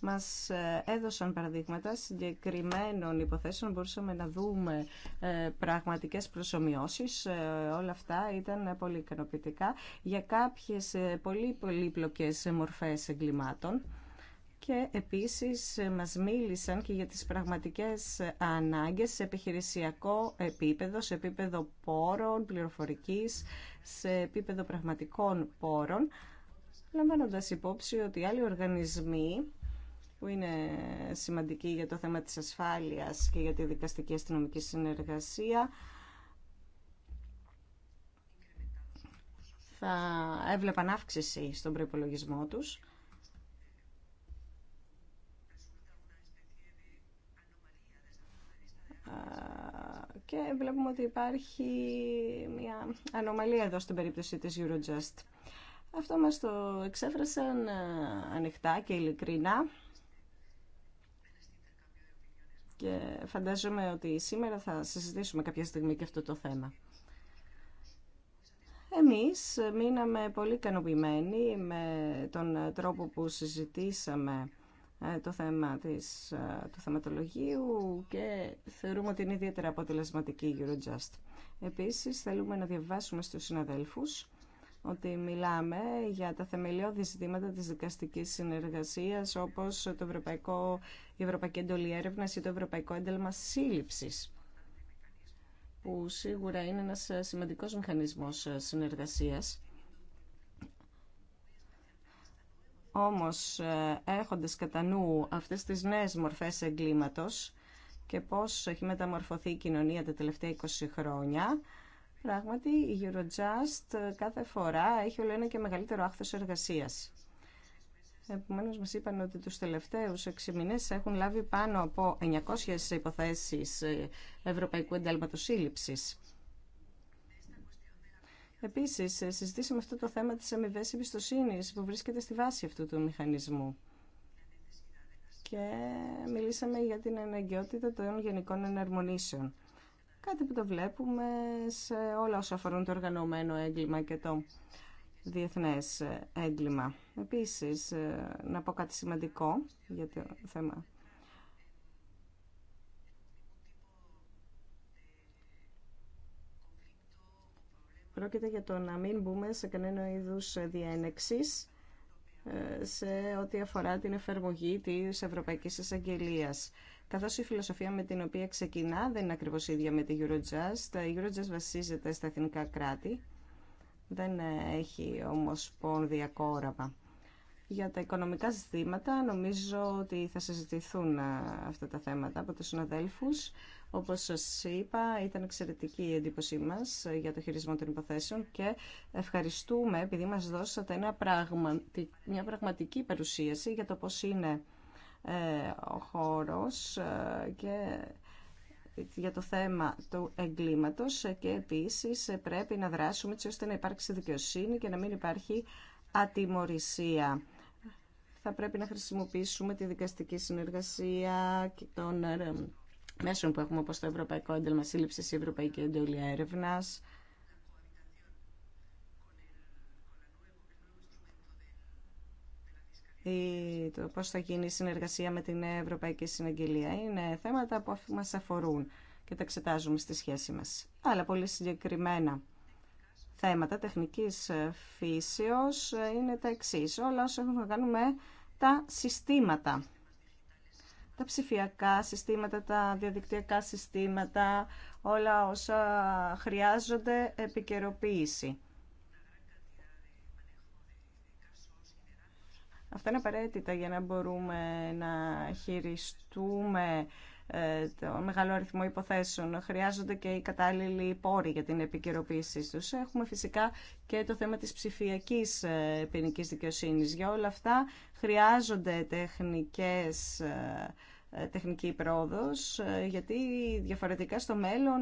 Μας ε, έδωσαν παραδείγματα συγκεκριμένων υποθέσεων, μπορούσαμε να δούμε ε, πραγματικές προσωμιώσεις. Όλα αυτά ήταν πολύ ικανοποιητικά για κάποιες πολύ πολύπλοκες μορφές εγκλημάτων και επίσης ε, μας μίλησαν και για τις πραγματικές ανάγκες σε επιχειρησιακό επίπεδο, σε επίπεδο πόρων, πληροφορικής, σε επίπεδο πραγματικών πόρων, λαμβάνοντας υπόψη ότι άλλοι οργανισμοί που είναι σημαντικοί για το θέμα της ασφάλειας και για τη δικαστική αστυνομική συνεργασία, θα έβλεπαν αύξηση στον προϋπολογισμό τους. βλέπουμε ότι υπάρχει μια ανομαλία εδώ στην περίπτωση της Eurojust. Αυτό μας το εξέφρασαν ε, ανοιχτά και ειλικρινά και φαντάζομαι ότι σήμερα θα συζητήσουμε κάποια στιγμή και αυτό το θέμα. Εμείς μείναμε πολύ ικανοποιημένοι με τον τρόπο που συζητήσαμε ε, το θέμα της, ε, του θεματολογίου και θεωρούμε ότι είναι ιδιαίτερα αποτελεσματική η Eurojust. Επίσης, θέλουμε να διαβάσουμε στους συναδέλφους ότι μιλάμε για τα θεμελιώδη ζητήματα της δικαστικής συνεργασίας όπως το Ευρωπαϊκό, η Ευρωπαϊκή Εντολή Έρευνας ή το Ευρωπαϊκό Ένταλμα Σύλληψης που σίγουρα είναι ένας σημαντικός μηχανισμός ε, συνεργασίας Όμως ε, έχοντας κατά νου αυτές τις νέες μορφές εγκλήματος και πώς έχει μεταμορφωθεί η κοινωνία τα τελευταία 20 χρόνια, πράγματι η Eurojust ε, κάθε φορά έχει όλο ένα και μεγαλύτερο άχθος εργασίας. Επομένω, μα είπαν ότι του τελευταίου 6 μήνες έχουν λάβει πάνω από 900 υποθέσει ε, ευρωπαϊκού εντάλματο σύλληψη. Επίση, ε, συζητήσαμε αυτό το θέμα τη αμοιβή εμπιστοσύνη που βρίσκεται στη βάση αυτού του μηχανισμού. Και μιλήσαμε για την αναγκαιότητα των γενικών εναρμονήσεων. Κάτι που το βλέπουμε σε όλα όσα αφορούν το οργανωμένο έγκλημα και το διεθνές έγκλημα. Επίσης, ε, να πω κάτι σημαντικό για το θέμα Πρόκειται για το να μην μπούμε σε κανένα είδους διένεξης ε, σε ό,τι αφορά την εφαρμογή της Ευρωπαϊκής Εισαγγελίας. Καθώς η φιλοσοφία με την οποία ξεκινά δεν είναι ακριβώς ίδια με τη Eurojust. Η Eurojust βασίζεται στα εθνικά κράτη, δεν έχει όμως πόνδια όραμα. Για τα οικονομικά ζητήματα νομίζω ότι θα συζητηθούν ε, αυτά τα θέματα από τους συναδέλφου. Όπως σας είπα, ήταν εξαιρετική η εντύπωσή μας για το χειρισμό των υποθέσεων και ευχαριστούμε επειδή μας δώσατε ένα μια πραγματική παρουσίαση για το πώς είναι ε, ο χώρος ε, και για το θέμα του εγκλήματος και επίσης ε, πρέπει να δράσουμε έτσι ώστε να υπάρξει δικαιοσύνη και να μην υπάρχει ατιμορρησία. Θα πρέπει να χρησιμοποιήσουμε τη δικαστική συνεργασία και τον μέσων που έχουμε όπως το Ευρωπαϊκό Έντελμα Σύλληψης, η Ευρωπαϊκή Εντολή Έρευνας, ή το πώς θα γίνει η συνεργασία με την Ευρωπαϊκή Συναγγελία. Είναι θέματα που μας αφορούν και τα εξετάζουμε στη σχέση μας. Αλλά πολύ συγκεκριμένα θέματα τεχνικής ε, φύσεως ε, είναι τα εξής. Όλα όσα έχουν να κάνουμε τα συστήματα τα ψηφιακά συστήματα, τα διαδικτυακά συστήματα, όλα όσα χρειάζονται επικαιροποίηση. Αυτά είναι απαραίτητα για να μπορούμε να χειριστούμε ε, το μεγάλο αριθμό υποθέσεων. Χρειάζονται και οι κατάλληλοι πόροι για την επικαιροποίησή τους. Έχουμε φυσικά και το θέμα της ψηφιακής ε, ποινική δικαιοσύνη. Για όλα αυτά χρειάζονται τεχνικές ε, τεχνική πρόοδος, γιατί διαφορετικά στο μέλλον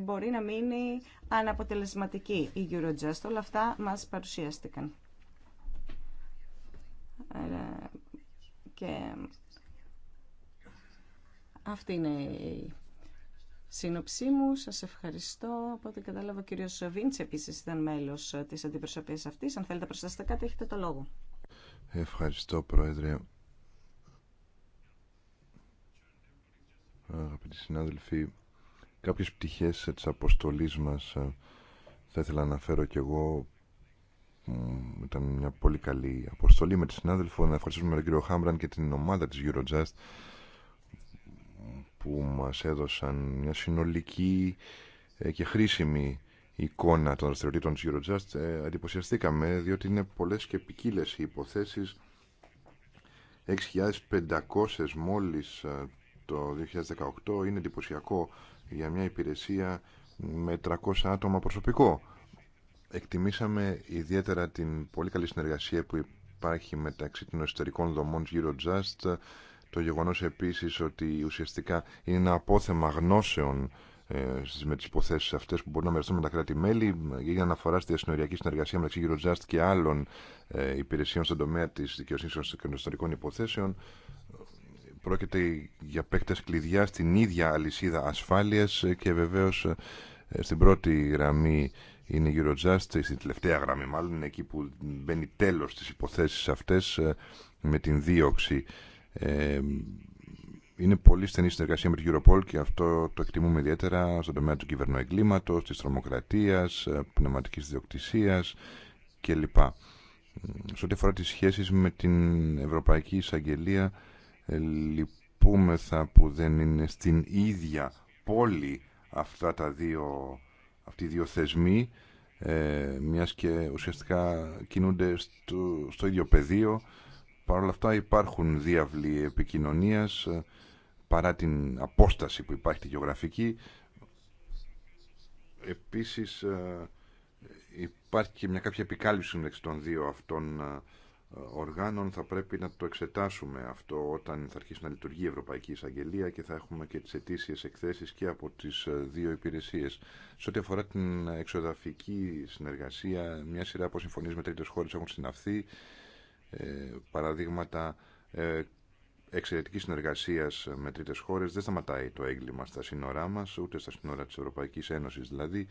μπορεί να μείνει αναποτελεσματική η Eurojust. Όλα αυτά μας παρουσιάστηκαν. Αυτή είναι η σύνοψή μου. Σας ευχαριστώ. Από ό,τι κατάλαβα, ο κύριος Βίντς επίσης ήταν μέλος της αντιπροσωπείας αυτής. Αν θέλετε να προσθέσετε κάτι, έχετε το λόγο. Ευχαριστώ, Πρόεδρε. Αγαπητοί συνάδελφοι, κάποιες πτυχές τη αποστολή μα ε, θα ήθελα να αναφέρω κι εγώ ήταν μια πολύ καλή αποστολή με τη συνάδελφο να ευχαριστήσουμε τον κύριο Χάμπραν και την ομάδα τη Eurojust που μας έδωσαν μια συνολική ε, και χρήσιμη εικόνα των δραστηριοτήτων της Eurojust ε, εντυπωσιαστήκαμε διότι είναι πολλές και ποικίλε οι υποθέσεις 6.500 μόλις ε, το 2018 είναι εντυπωσιακό για μια υπηρεσία με 300 άτομα προσωπικό. Εκτιμήσαμε ιδιαίτερα την πολύ καλή συνεργασία που υπάρχει μεταξύ των εσωτερικών δομών Eurojust το γεγονός επίσης ότι ουσιαστικά είναι ένα απόθεμα γνώσεων ε, με τις υποθέσεις αυτές που μπορεί να μοιραστούν με τα κράτη-μέλη. Ε, για να αναφορά στη διασυνοριακή συνεργασία μεταξύ Eurojust και άλλων ε, υπηρεσιών στον τομέα τη δικαιοσύνη των ιστορικών υποθέσεων. Πρόκειται για παίκτε κλειδιά στην ίδια αλυσίδα ασφάλειας και βεβαίω στην πρώτη γραμμή είναι η Eurojust, στην τελευταία γραμμή μάλλον, είναι εκεί που μπαίνει τέλο υποθέσεις υποθέσει αυτέ με την δίωξη ε, είναι πολύ στενή συνεργασία με την Europol και αυτό το εκτιμούμε ιδιαίτερα στον τομέα του εγκλήματος, της τρομοκρατίας, ε, πνευματικής διοκτησίας κλπ. Ε, σε ό,τι αφορά τις σχέσεις με την Ευρωπαϊκή Εισαγγελία, λυπούμεθα που δεν είναι στην ίδια πόλη αυτά τα δύο, αυτοί οι δύο θεσμοί, ε, μιας και ουσιαστικά κινούνται στο, στο ίδιο πεδίο. Παρ' όλα αυτά υπάρχουν διάβλοι επικοινωνίας ε, παρά την απόσταση που υπάρχει τη γεωγραφική. Επίσης ε, υπάρχει και μια κάποια επικάλυψη μεταξύ των δύο αυτών ε, οργάνων. Θα πρέπει να το εξετάσουμε αυτό όταν θα αρχίσει να λειτουργεί η Ευρωπαϊκή Εισαγγελία και θα έχουμε και τις αιτήσιε εκθέσεις και από τις δύο υπηρεσίες. Σε ό,τι αφορά την εξοδαφική συνεργασία, μια σειρά από συμφωνίες με τρίτες χώρες έχουν συναυθεί. Ε, παραδείγματα ε, εξαιρετική συνεργασία με τρίτε χώρε. Δεν σταματάει το έγκλημα στα σύνορά μα, ούτε στα σύνορα τη Ευρωπαϊκή Ένωση δηλαδή.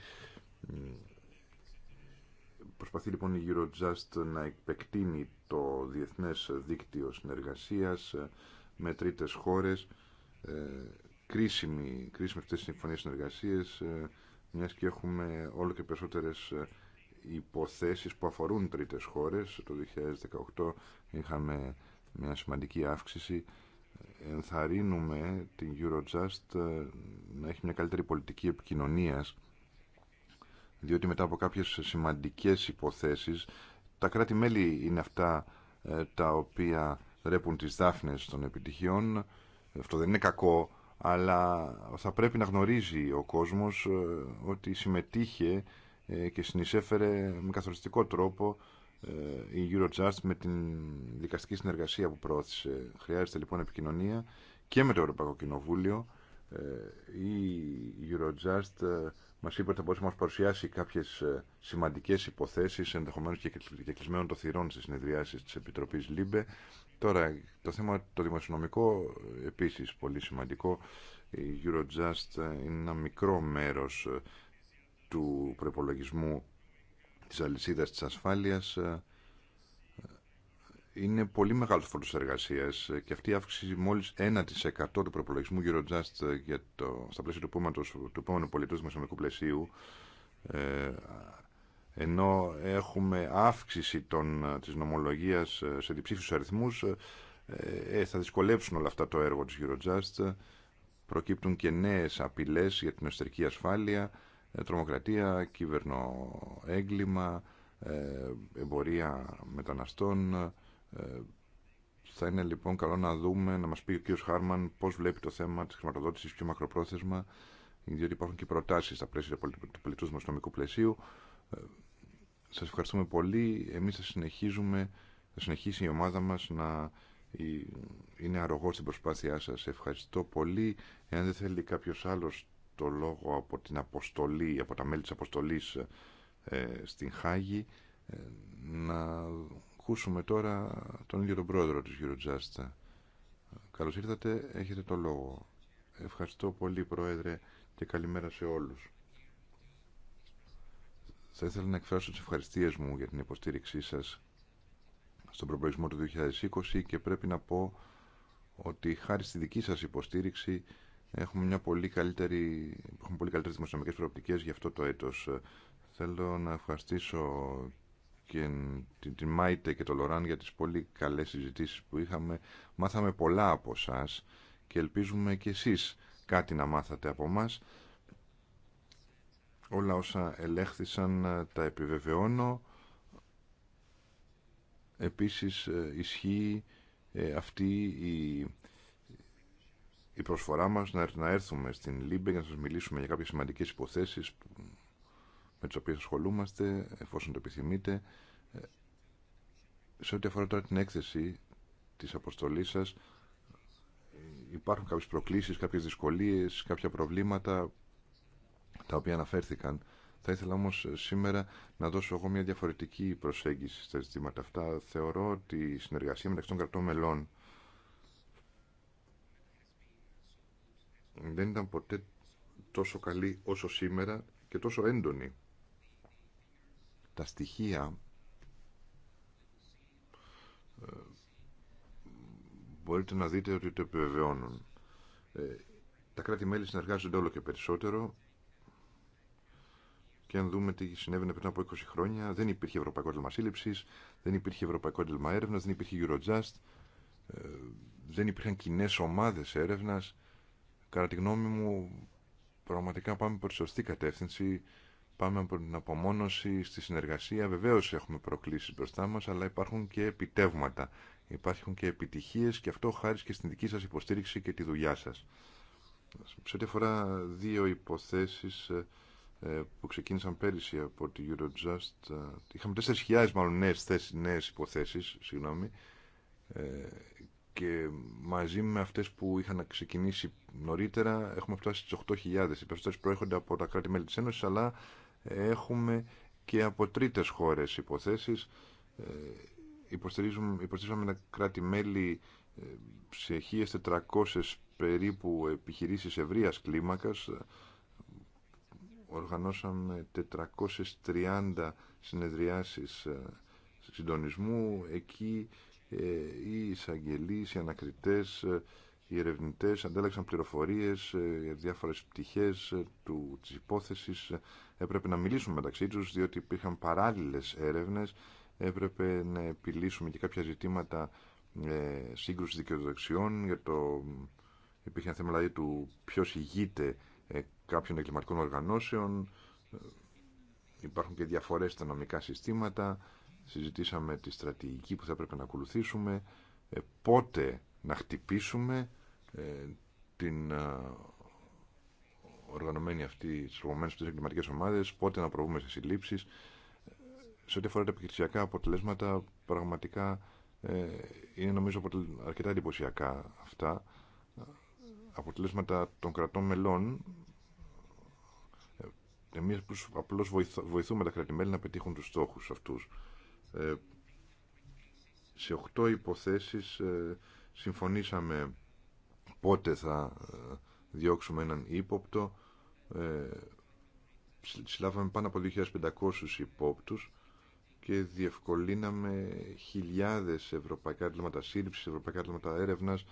Προσπαθεί λοιπόν η Eurojust να επεκτείνει το διεθνές δίκτυο συνεργασίας ε, με τρίτες χώρες, κρίσιμη, αυτέ αυτές τις συμφωνίες συνεργασίες, μιας και έχουμε όλο και περισσότερες υποθέσεις που αφορούν τρίτες χώρες. Το 2018 είχαμε μια σημαντική αύξηση. Ενθαρρύνουμε την Eurojust ε, να έχει μια καλύτερη πολιτική επικοινωνίας διότι μετά από κάποιες σημαντικές υποθέσεις τα κράτη-μέλη είναι αυτά ε, τα οποία ρέπουν τις δάφνες των επιτυχιών. Αυτό δεν είναι κακό, αλλά θα πρέπει να γνωρίζει ο κόσμος ε, ότι συμμετείχε ε, και συνεισέφερε με καθοριστικό τρόπο ε, η Eurojust με την δικαστική συνεργασία που πρόθεσε. Χρειάζεται λοιπόν επικοινωνία και με το Ευρωπαϊκό Κοινοβούλιο. Ε, η Eurojust μας είπε ότι θα μπορούσε να μας παρουσιάσει κάποιες σημαντικές υποθέσεις ενδεχομένως και κλεισμένων των θυρών στις συνεδριάσεις της Επιτροπής ΛΥΜΠΕ. Τώρα το θέμα το δημοσιονομικό επίσης πολύ σημαντικό. Η Eurojust είναι ένα μικρό μέρος του προπολογισμού της αλυσίδας της ασφάλειας ε, είναι πολύ μεγάλο φόρτο εργασία και αυτή η αύξηση μόλι 1% του προπολογισμού Eurojust ε, για το, στα πλαίσια του επόμενου, του επόμενου πολιτού δημοσιονομικού πλαισίου. Ε, ενώ έχουμε αύξηση των, της νομολογίας σε διψήφιους αριθμούς, θα δυσκολέψουν όλα αυτά το έργο της Eurojust. Προκύπτουν και νέες απειλές για την εσωτερική ασφάλεια, ε, τρομοκρατία, κυβερνοέγκλημα, ε, εμπορία μεταναστών. Ε, θα είναι λοιπόν καλό να δούμε, να μας πει ο κ. Χάρμαν πώς βλέπει το θέμα της χρηματοδότησης πιο μακροπρόθεσμα, διότι υπάρχουν και προτάσεις στα πλαίσια του πολιτού δημοσιονομικού πλαισίου. Σας ευχαριστούμε πολύ. Εμείς θα συνεχίζουμε, θα συνεχίσει η ομάδα μας να είναι αρρωγός στην προσπάθειά σας. Ευχαριστώ πολύ. Εάν δεν θέλει κάποιος άλλος το λόγο από την αποστολή, από τα μέλη της αποστολής ε, στην Χάγη ε, να ακούσουμε τώρα τον ίδιο τον πρόεδρο της Eurojust. Ε, καλώς ήρθατε, έχετε το λόγο. Ευχαριστώ πολύ Πρόεδρε και καλημέρα σε όλους. Θα ήθελα να εκφράσω τις ευχαριστίες μου για την υποστήριξή σας στον προπολογισμό του 2020 και πρέπει να πω ότι χάρη στη δική σας υποστήριξη έχουμε μια πολύ καλύτερη, έχουμε πολύ καλύτερες δημοσιονομικές προοπτικές για αυτό το έτος. Θέλω να ευχαριστήσω και την, την Μάιτε και τον Λοράν για τις πολύ καλές συζητήσεις που είχαμε. Μάθαμε πολλά από εσά και ελπίζουμε και εσείς κάτι να μάθατε από μας. Όλα όσα ελέγχθησαν ε, τα επιβεβαιώνω. Επίσης ε, ισχύει ε, αυτή η η προσφορά μας να έρθουμε στην Λίμπε για να σας μιλήσουμε για κάποιες σημαντικές υποθέσεις με τις οποίες ασχολούμαστε, εφόσον το επιθυμείτε. Ε, σε ό,τι αφορά τώρα την έκθεση της αποστολής σας, υπάρχουν κάποιες προκλήσεις, κάποιες δυσκολίες, κάποια προβλήματα τα οποία αναφέρθηκαν. Θα ήθελα όμως ε, σήμερα να δώσω εγώ μια διαφορετική προσέγγιση στα ζητήματα αυτά. Θεωρώ ότι η συνεργασία μεταξύ των κρατών μελών δεν ήταν ποτέ τόσο καλή όσο σήμερα και τόσο έντονη. Τα στοιχεία ε, μπορείτε να δείτε ότι το επιβεβαιώνουν. Ε, τα κράτη-μέλη συνεργάζονται όλο και περισσότερο και αν δούμε τι συνέβαινε πριν από 20 χρόνια, δεν υπήρχε Ευρωπαϊκό Έντελμα Σύλληψης, δεν υπήρχε Ευρωπαϊκό Έντελμα Έρευνας, δεν υπήρχε Eurojust, ε, δεν υπήρχαν κοινέ ομάδε έρευνα. Κατά τη γνώμη μου, πραγματικά πάμε προς σωστή κατεύθυνση. Πάμε από την απομόνωση στη συνεργασία. Βεβαίως έχουμε προκλήσεις μπροστά μας, αλλά υπάρχουν και επιτεύγματα. Υπάρχουν και επιτυχίες και αυτό χάρη και στην δική σας υποστήριξη και τη δουλειά σας. Σε ό,τι αφορά δύο υποθέσεις ε, ε, που ξεκίνησαν πέρυσι από τη Eurojust, ε, είχαμε 4.000 μάλλον νέες, θέσεις, υποθέσεις, συγγνώμη, και μαζί με αυτές που είχαν ξεκινήσει νωρίτερα έχουμε φτάσει στις 8.000. Οι περισσότερες προέρχονται από τα κράτη-μέλη της Ένωσης αλλά έχουμε και από τρίτες χώρες υποθέσεις. Ε, υποστηριζουμε υποστηρίζουμε ένα κράτη-μέλη ε, σε 1.400 περίπου επιχειρήσεις ευρείας κλίμακας. Οργανώσαμε 430 συνεδριάσεις ε, συντονισμού. Εκεί ε, οι εισαγγελεί, οι ανακριτές, ε, οι ερευνητέ αντέλεξαν πληροφορίες ε, για διάφορες πτυχές του, της υπόθεσης. Έπρεπε να μιλήσουμε μεταξύ του, διότι υπήρχαν παράλληλες έρευνε, Έπρεπε να επιλύσουμε και κάποια ζητήματα ε, σύγκρουση δικαιοδοξιών για το υπήρχε ένα θέμα δηλαδή του ποιο ηγείται ε, κάποιων εγκληματικών οργανώσεων. Υπάρχουν και διαφορέ στα νομικά συστήματα συζητήσαμε τη στρατηγική που θα πρέπει να ακολουθήσουμε, ε, πότε να χτυπήσουμε ε, την ε, οργανωμένη αυτή, τις οργανωμένες αυτές εγκληματικές ομάδες, πότε να προβούμε σε συλλήψεις. Σε ό,τι αφορά τα επιχειρησιακά αποτελέσματα, πραγματικά είναι νομίζω αρκετά εντυπωσιακά αυτά. Αποτελέσματα των κρατών μελών, εμείς απλώς βοηθούμε τα κρατημέλη να πετύχουν τους στόχους αυτούς. Ε, σε οκτώ υποθέσεις ε, συμφωνήσαμε πότε θα ε, διώξουμε έναν ύποπτο. Συλλάβαμε πάνω από 2.500 υπόπτους και διευκολύναμε χιλιάδες ευρωπαϊκά ατλήματα σύλληψης, ευρωπαϊκά ατλήματα έρευνας,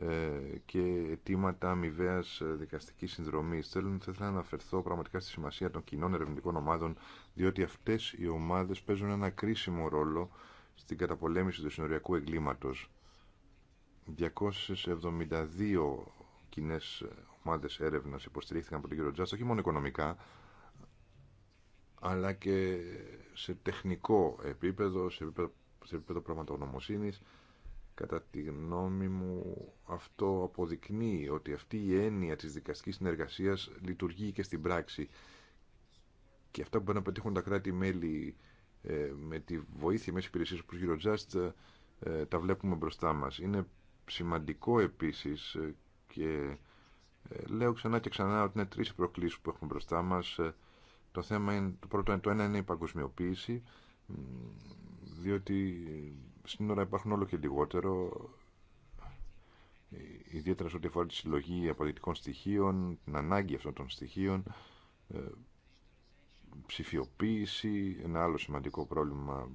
ε, και αιτήματα αμοιβαία ε, δικαστική συνδρομή. Θέλω θα να αναφερθώ πραγματικά στη σημασία των κοινών ερευνητικών ομάδων, διότι αυτέ οι ομάδε παίζουν ένα κρίσιμο ρόλο στην καταπολέμηση του συνοριακού εγκλήματο. 272 κοινέ ομάδε έρευνα υποστηρίχθηκαν από τον κύριο Τζάστο, όχι μόνο οικονομικά, αλλά και σε τεχνικό επίπεδο, σε επίπεδο, σε επίπεδο πραγματογνωμοσύνης Κατά τη γνώμη μου αυτό αποδεικνύει ότι αυτή η έννοια της δικαστικής συνεργασίας λειτουργεί και στην πράξη. Και αυτά που μπορεί να πετύχουν τα κράτη-μέλη ε, με τη βοήθεια μέσα υπηρεσίας προς Eurojust ε, τα βλέπουμε μπροστά μας. Είναι σημαντικό επίσης ε, και λέω ξανά και ξανά ότι είναι τρεις προκλήσεις που έχουμε μπροστά μας. Το θέμα είναι, το πρώτο, το ένα είναι η παγκοσμιοποίηση, διότι σύνορα υπάρχουν όλο και λιγότερο, ε, ιδιαίτερα σε ό,τι αφορά τη συλλογή αποδεικτικών στοιχείων, την ανάγκη αυτών των στοιχείων, ε, ψηφιοποίηση, ένα άλλο σημαντικό πρόβλημα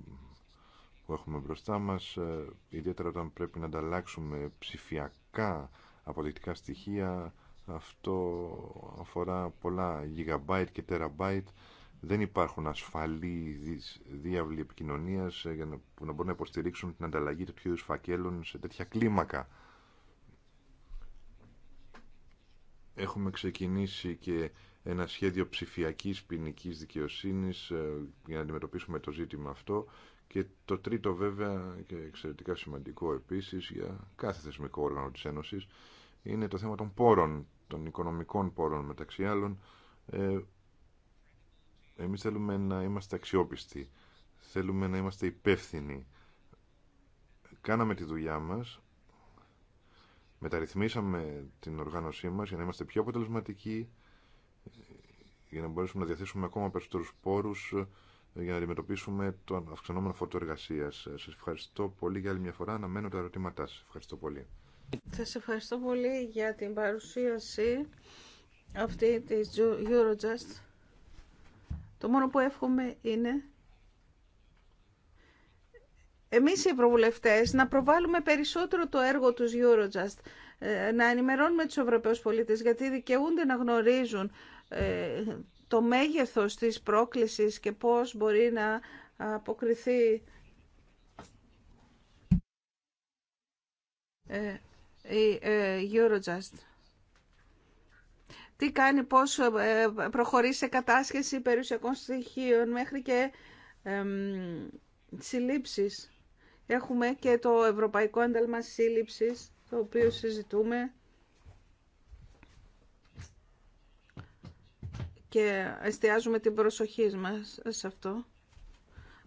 που έχουμε μπροστά μας, ε, ιδιαίτερα όταν πρέπει να ανταλλάξουμε ψηφιακά αποδεικτικά στοιχεία, αυτό αφορά πολλά γιγαμπάιτ και τεραμπάιτ δεν υπάρχουν ασφαλή διάβλη επικοινωνία ε, για να, που να μπορούν να υποστηρίξουν την ανταλλαγή τέτοιου είδου φακέλων σε τέτοια κλίμακα. Έχουμε ξεκινήσει και ένα σχέδιο ψηφιακής ποινική δικαιοσύνης ε, για να αντιμετωπίσουμε το ζήτημα αυτό και το τρίτο βέβαια και εξαιρετικά σημαντικό επίσης για κάθε θεσμικό όργανο της Ένωσης είναι το θέμα των πόρων, των οικονομικών πόρων μεταξύ άλλων ε, εμείς θέλουμε να είμαστε αξιόπιστοι. Θέλουμε να είμαστε υπεύθυνοι. Κάναμε τη δουλειά μας. Μεταρρυθμίσαμε την οργάνωσή μας για να είμαστε πιο αποτελεσματικοί, για να μπορέσουμε να διαθέσουμε ακόμα περισσότερους πόρους για να αντιμετωπίσουμε τον αυξανόμενο φόρτο εργασία. Σα ευχαριστώ πολύ για άλλη μια φορά. Αναμένω τα ερωτήματά σα. Ευχαριστώ πολύ. Σα ευχαριστώ πολύ για την παρουσίαση αυτή τη Eurojust. Το μόνο που εύχομαι είναι εμείς οι ευρωβουλευτές να προβάλλουμε περισσότερο το έργο τους Eurojust, ε, να ενημερώνουμε τους Ευρωπαίους πολίτες γιατί δικαιούνται να γνωρίζουν ε, το μέγεθος της πρόκλησης και πώς μπορεί να αποκριθεί ε, η Eurojust τι κάνει, πώς ε, προχωρεί σε κατάσχεση περιουσιακών στοιχείων μέχρι και συλλήψεις. Έχουμε και το Ευρωπαϊκό Ένταλμα Σύλληψης, το οποίο συζητούμε. Και εστιάζουμε την προσοχή μας σε αυτό.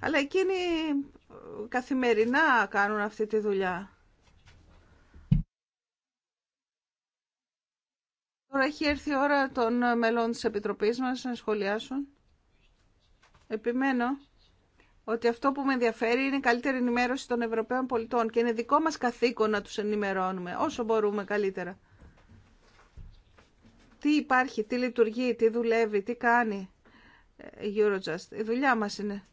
Αλλά εκείνοι καθημερινά κάνουν αυτή τη δουλειά. Τώρα έχει έρθει η ώρα των μελών της Επιτροπής μας να σχολιάσουν. Επιμένω ότι αυτό που με ενδιαφέρει είναι η καλύτερη ενημέρωση των Ευρωπαίων πολιτών και είναι δικό μας καθήκον να τους ενημερώνουμε όσο μπορούμε καλύτερα. Τι υπάρχει, τι λειτουργεί, τι δουλεύει, τι κάνει η Eurojust. Η δουλειά μας είναι.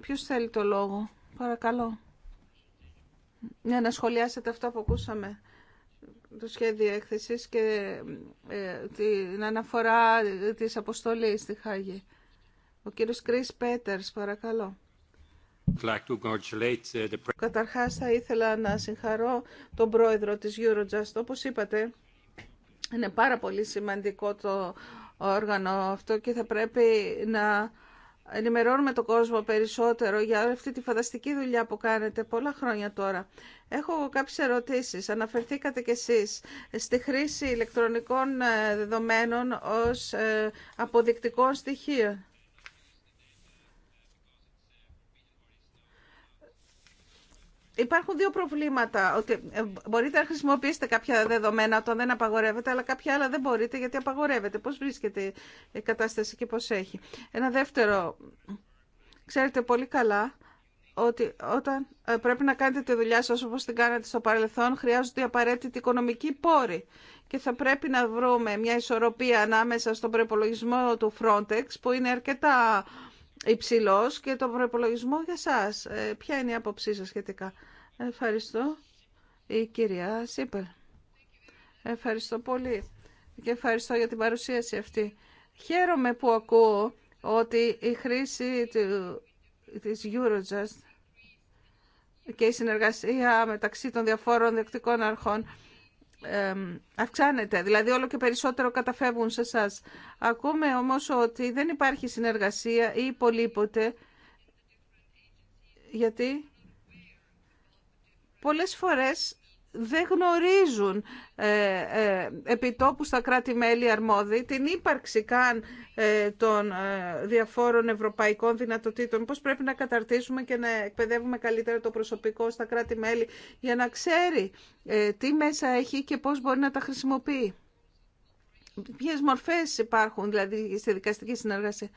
Ποιο θέλει το λόγο, παρακαλώ. Για να σχολιάσετε αυτό που ακούσαμε το σχέδιο έκθεσης και ε, την αναφορά της αποστολής στη Χάγη. Ο κύριος Κρίς Πέτερς, παρακαλώ. Uh, Καταρχάς θα ήθελα να συγχαρώ τον πρόεδρο της Eurojust. Όπως είπατε, είναι πάρα πολύ σημαντικό το όργανο αυτό και θα πρέπει να ενημερώνουμε τον κόσμο περισσότερο για αυτή τη φανταστική δουλειά που κάνετε πολλά χρόνια τώρα. Έχω κάποιες ερωτήσεις. Αναφερθήκατε κι εσείς στη χρήση ηλεκτρονικών ε, δεδομένων ως ε, αποδεικτικών στοιχείο. Υπάρχουν δύο προβλήματα. Ότι ε, μπορείτε να χρησιμοποιήσετε κάποια δεδομένα όταν δεν απαγορεύεται, αλλά κάποια άλλα δεν μπορείτε γιατί απαγορεύεται. Πώς βρίσκεται η κατάσταση και πώς έχει. Ένα δεύτερο, ξέρετε πολύ καλά ότι όταν ε, πρέπει να κάνετε τη δουλειά σας όπως την κάνατε στο παρελθόν, χρειάζονται απαραίτητοι οικονομικοί πόροι. Και θα πρέπει να βρούμε μια ισορροπία ανάμεσα στον προπολογισμό του Frontex, που είναι αρκετά Υψηλό και τον προπολογισμό για σας. Ε, ποια είναι η άποψή σα σχετικά. Ευχαριστώ. Η κυρία Σίπελ. Ευχαριστώ πολύ και ευχαριστώ για την παρουσίαση αυτή. Χαίρομαι που ακούω ότι η χρήση της Eurojust και η συνεργασία μεταξύ των διαφόρων δεκτικών αρχών αυξάνεται. Δηλαδή όλο και περισσότερο καταφεύγουν σε εσά. Ακούμε όμως ότι δεν υπάρχει συνεργασία ή υπολείποτε γιατί πολλές φορές δεν γνωρίζουν ε, ε, επιτόπου στα κράτη-μέλη αρμόδιοι την ύπαρξη καν ε, των ε, διαφόρων ευρωπαϊκών δυνατοτήτων. Πώς πρέπει να καταρτήσουμε και να εκπαιδεύουμε καλύτερα το προσωπικό στα κράτη-μέλη για να ξέρει ε, τι μέσα έχει και πώς μπορεί να τα χρησιμοποιεί. Ποιες μορφές υπάρχουν δηλαδή στη δικαστική συνεργασία.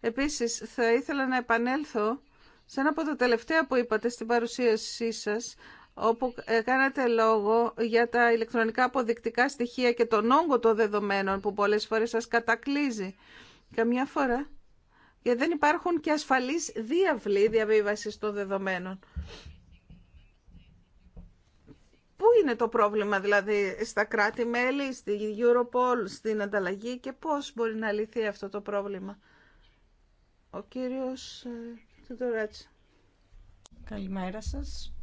Επίσης θα ήθελα να επανέλθω σε ένα από τα τελευταία που είπατε στην παρουσίασή σας όπου ε, κάνατε λόγο για τα ηλεκτρονικά αποδεικτικά στοιχεία και τον όγκο των δεδομένων που πολλές φορές σας κατακλείζει. Καμιά φορά γιατί δεν υπάρχουν και ασφαλείς διαβλή διαβίβασης των δεδομένων. Πού είναι το πρόβλημα δηλαδή στα κράτη-μέλη, στη Europol, στην ανταλλαγή και πώς μπορεί να λυθεί αυτό το πρόβλημα. Ο κύριος ε, Τιντοράτση. Καλημέρα σας.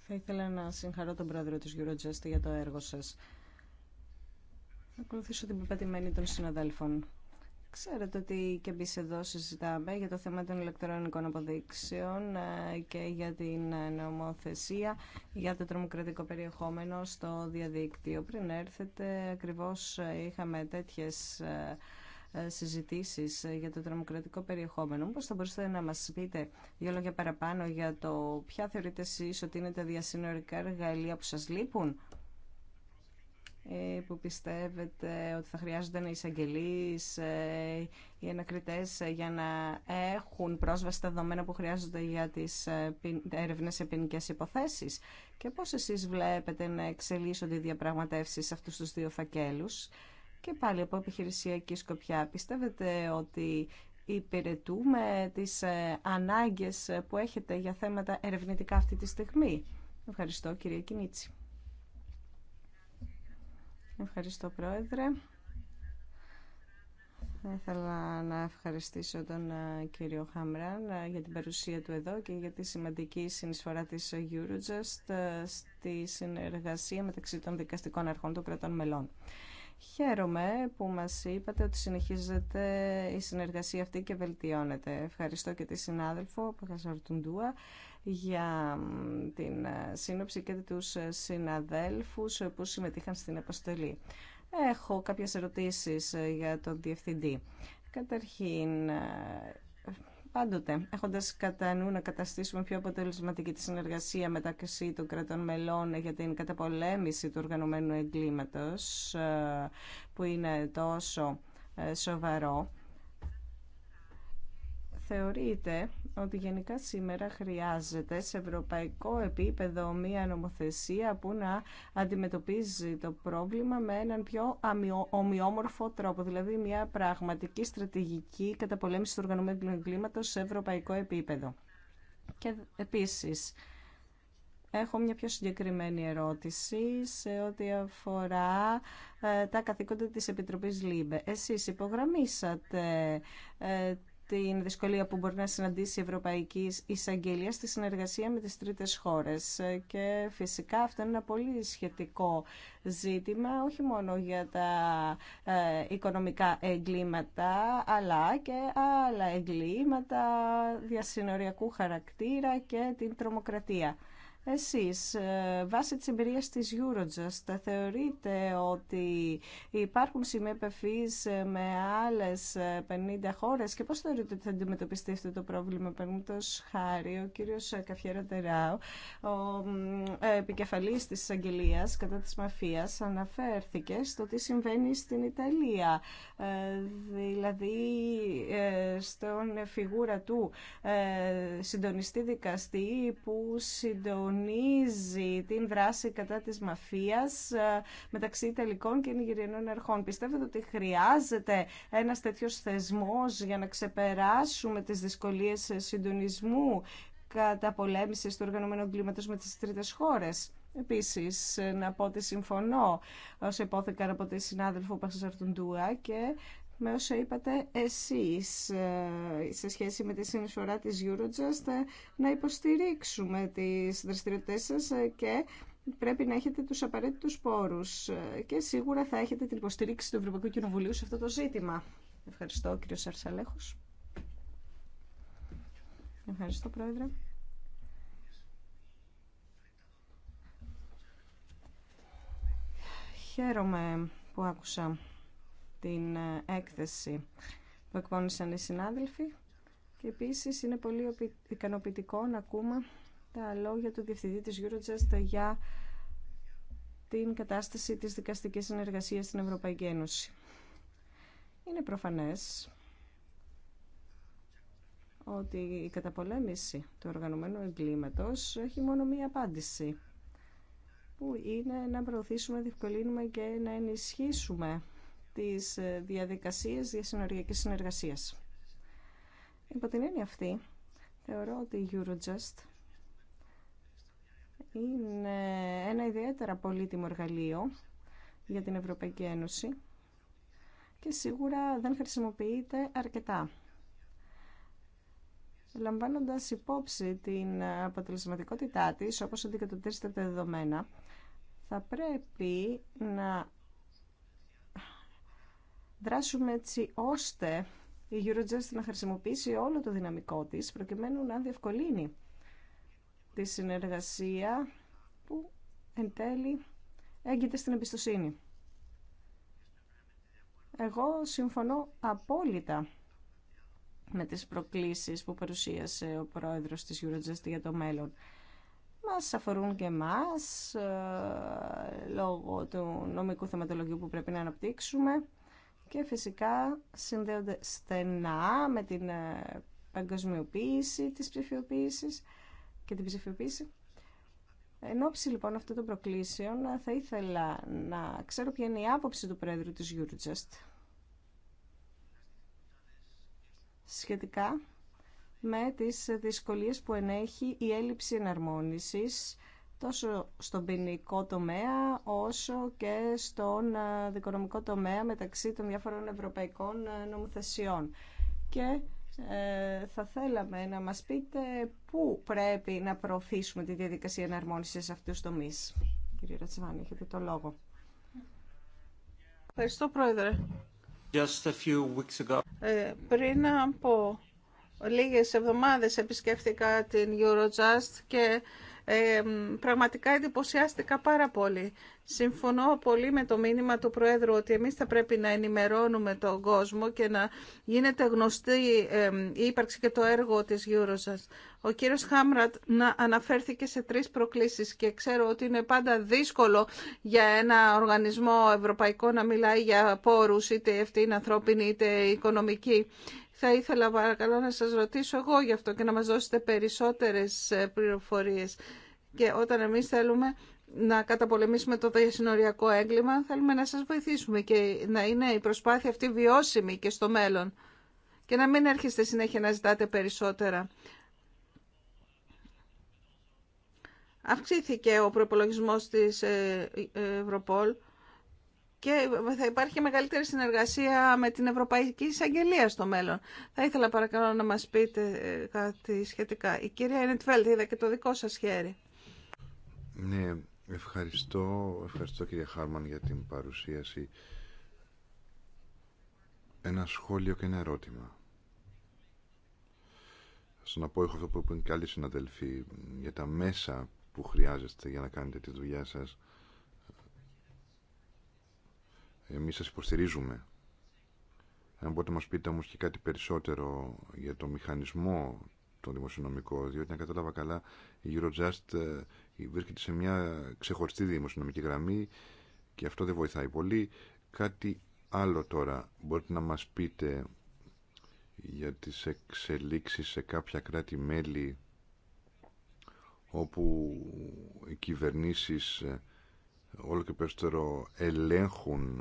Θα ήθελα να συγχαρώ τον πρόεδρο της Eurojust για το έργο σας. ακολουθήσω την πεπατημένη των συναδέλφων. Ξέρετε ότι και εμεί εδώ συζητάμε για το θέμα των ηλεκτρονικών αποδείξεων ε, και για την ε, νομοθεσία για το τρομοκρατικό περιεχόμενο στο διαδίκτυο. Πριν έρθετε, ακριβώς ε, είχαμε τέτοιες ε, συζητήσεις ε, για το τρομοκρατικό περιεχόμενο. Μήπως θα μπορούσατε να μας πείτε δύο λόγια παραπάνω για το ποια θεωρείτε εσείς ότι είναι τα διασυνορικά εργαλεία που σας λείπουν ε, που πιστεύετε ότι θα χρειάζονται να εισαγγελείς, οι ανακριτές για να έχουν πρόσβαση στα δεδομένα που χρειάζονται για τις έρευνες σε ποινικές υποθέσεις και πώς εσείς βλέπετε να εξελίσσονται οι διαπραγματεύσεις σε αυτούς τους δύο φακέλους και πάλι από επιχειρησιακή σκοπιά, πιστεύετε ότι υπηρετούμε τις ε, ανάγκες που έχετε για θέματα ερευνητικά αυτή τη στιγμή. Ευχαριστώ κύριε Κινίτση. Ευχαριστώ Πρόεδρε. Θα ήθελα να ευχαριστήσω τον ε, κύριο Χαμράν ε, για την παρουσία του εδώ και για τη σημαντική συνεισφορά της Eurojust στη συνεργασία μεταξύ των δικαστικών αρχών των κρατών μελών. Χαίρομαι που μας είπατε ότι συνεχίζεται η συνεργασία αυτή και βελτιώνεται. Ευχαριστώ και τη συνάδελφο Παχαζαρτουντούα για την ε, σύνοψη και τους ε, συναδέλφους ε, που συμμετείχαν στην αποστολή. Έχω κάποιες ερωτήσεις για τον Διευθυντή. Καταρχήν, πάντοτε έχοντας κατά νου να καταστήσουμε πιο αποτελεσματική τη συνεργασία μεταξύ των κρατών μελών για την καταπολέμηση του οργανωμένου εγκλήματο, ε, που είναι τόσο ε, σοβαρό θεωρείται ότι γενικά σήμερα χρειάζεται σε ευρωπαϊκό επίπεδο μία νομοθεσία που να αντιμετωπίζει το πρόβλημα με έναν πιο ομοιόμορφο τρόπο, δηλαδή μία πραγματική στρατηγική καταπολέμηση του οργανωμένου εγκλήματος σε ευρωπαϊκό επίπεδο. Και επίσης, Έχω μια πιο συγκεκριμένη ερώτηση σε ό,τι αφορά ε, τα καθήκοντα της Επιτροπής ΛΥΜΠΕ. Εσείς υπογραμμίσατε ε, την δυσκολία που μπορεί να συναντήσει η Ευρωπαϊκή Εισαγγελία στη συνεργασία με τις τρίτες χώρες. Και φυσικά αυτό είναι ένα πολύ σχετικό ζήτημα, όχι μόνο για τα ε, οικονομικά εγκλήματα, αλλά και άλλα εγκλήματα διασυνοριακού χαρακτήρα και την τρομοκρατία. Εσείς, ε, βάσει της εμπειρίας της Eurojust, θεωρείτε ότι υπάρχουν σημεία ε, με άλλες 50 ε, χώρες και πώς θεωρείτε ότι θα αντιμετωπιστεί αυτό το πρόβλημα, παραδείγματος χάρη, ο κύριος Καφιέρα Τεράου, ο επικεφαλής της Αγγελίας κατά της μαφίας, αναφέρθηκε στο τι συμβαίνει στην Ιταλία, δηλαδή στον φιγούρα του συντονιστή δικαστή που συντονίζει τονίζει την δράση κατά της μαφίας ε, μεταξύ Ιταλικών και Νιγηριανών αρχών. Πιστεύετε ότι χρειάζεται ένας τέτοιος θεσμός για να ξεπεράσουμε τις δυσκολίες συντονισμού κατά πολέμησης του οργανωμένου εγκλήματος με τις τρίτες χώρες. Επίσης, ε, να πω ότι συμφωνώ όσο υπόθηκαν από τη συνάδελφο Παχασαρτουντούα και με όσα είπατε εσείς ε, σε σχέση με τη συνεισφορά της Eurojust ε, να υποστηρίξουμε τις δραστηριότητες σας ε, και πρέπει να έχετε τους απαραίτητους πόρους και σίγουρα θα έχετε την υποστηρίξη του Ευρωπαϊκού Κοινοβουλίου σε αυτό το ζήτημα. Ευχαριστώ κύριο Σαρσαλέχος. Ευχαριστώ πρόεδρε. Χαίρομαι που άκουσα την ε, έκθεση που εκπώνησαν οι συνάδελφοι και επίσης είναι πολύ ικανοποιητικό να ακούμε τα λόγια του Διευθυντή της Eurojust για την κατάσταση της δικαστικής συνεργασίας στην Ευρωπαϊκή Ένωση. Είναι προφανές ότι η καταπολέμηση του οργανωμένου εγκλήματος έχει μόνο μία απάντηση που είναι να προωθήσουμε, διευκολύνουμε και να ενισχύσουμε τις ε, διαδικασίες συνοριακή συνεργασία. Υπό την έννοια αυτή, θεωρώ ότι η Eurojust είναι ένα ιδιαίτερα πολύτιμο εργαλείο για την Ευρωπαϊκή Ένωση και σίγουρα δεν χρησιμοποιείται αρκετά. Λαμβάνοντας υπόψη την αποτελεσματικότητά της, όπως αντικατοπτρίζεται τα δεδομένα, θα πρέπει να δράσουμε έτσι ώστε η Eurojust να χρησιμοποιήσει όλο το δυναμικό της προκειμένου να διευκολύνει τη συνεργασία που εν τέλει έγκυται στην εμπιστοσύνη. Εγώ συμφωνώ απόλυτα με τις προκλήσεις που παρουσίασε ο πρόεδρος της Eurojust για το μέλλον. Μας αφορούν και μας ε, λόγω του νομικού θεματολογίου που πρέπει να αναπτύξουμε και φυσικά συνδέονται στενά με την ε, παγκοσμιοποίηση της ψηφιοποίηση και την ψηφιοποίηση. Εν ώψη λοιπόν αυτών των προκλήσεων θα ήθελα να ξέρω ποια είναι η άποψη του πρέδρου της Eurojust σχετικά με τις δυσκολίες που ενέχει η έλλειψη εναρμόνισης τόσο στον ποινικό τομέα όσο και στον ε, δικονομικό τομέα μεταξύ των διάφορων ευρωπαϊκών ε, νομοθεσιών. Και ε, θα θέλαμε να μας πείτε πού πρέπει να προωθήσουμε τη διαδικασία εναρμόνισης σε αυτούς τους τομείς. Κύριε Ρατσιβάνη, έχετε το λόγο. Ευχαριστώ, Πρόεδρε. Ε, πριν από λίγες εβδομάδες επισκέφθηκα την Eurojust και ε, πραγματικά εντυπωσιάστηκα πάρα πολύ. Συμφωνώ πολύ με το μήνυμα του Προέδρου ότι εμείς θα πρέπει να ενημερώνουμε τον κόσμο και να γίνεται γνωστή η ύπαρξη και το έργο της Eurozone. Ο κύριος Χάμρατ να αναφέρθηκε σε τρεις προκλήσεις και ξέρω ότι είναι πάντα δύσκολο για ένα οργανισμό ευρωπαϊκό να μιλάει για πόρους, είτε αυτή είναι ανθρώπινη είτε οικονομική. Θα ήθελα παρακαλώ να σας ρωτήσω εγώ γι' αυτό και να μας δώσετε περισσότερες ε, πληροφορίες. Και όταν εμείς θέλουμε να καταπολεμήσουμε το διασυνοριακό έγκλημα, θέλουμε να σας βοηθήσουμε και να είναι η προσπάθεια αυτή βιώσιμη και στο μέλλον. Και να μην έρχεστε συνέχεια να ζητάτε περισσότερα. Αυξήθηκε ο προπολογισμό της ε, ε, Ευρωπόλ και θα υπάρχει μεγαλύτερη συνεργασία με την Ευρωπαϊκή Εισαγγελία στο μέλλον. Θα ήθελα παρακαλώ να μας πείτε ε, κάτι σχετικά. Η κυρία Ενετφέλτ είδα και το δικό σας χέρι. Ναι, ευχαριστώ, ευχαριστώ κυρία Χάρμαν για την παρουσίαση. Ένα σχόλιο και ένα ερώτημα. Σας να πω, έχω αυτό που είπαν και άλλοι συναδελφοί για τα μέσα που χρειάζεστε για να κάνετε τη δουλειά σας. Εμείς σας υποστηρίζουμε. Αν μπορείτε να μας πείτε όμως και κάτι περισσότερο για το μηχανισμό το δημοσιονομικό, διότι αν κατάλαβα καλά η Eurojust ε, βρίσκεται σε μια ξεχωριστή δημοσιονομική γραμμή και αυτό δεν βοηθάει πολύ. Κάτι άλλο τώρα μπορείτε να μας πείτε για τις εξελίξεις σε κάποια κράτη-μέλη όπου οι κυβερνήσεις ε, όλο και περισσότερο ελέγχουν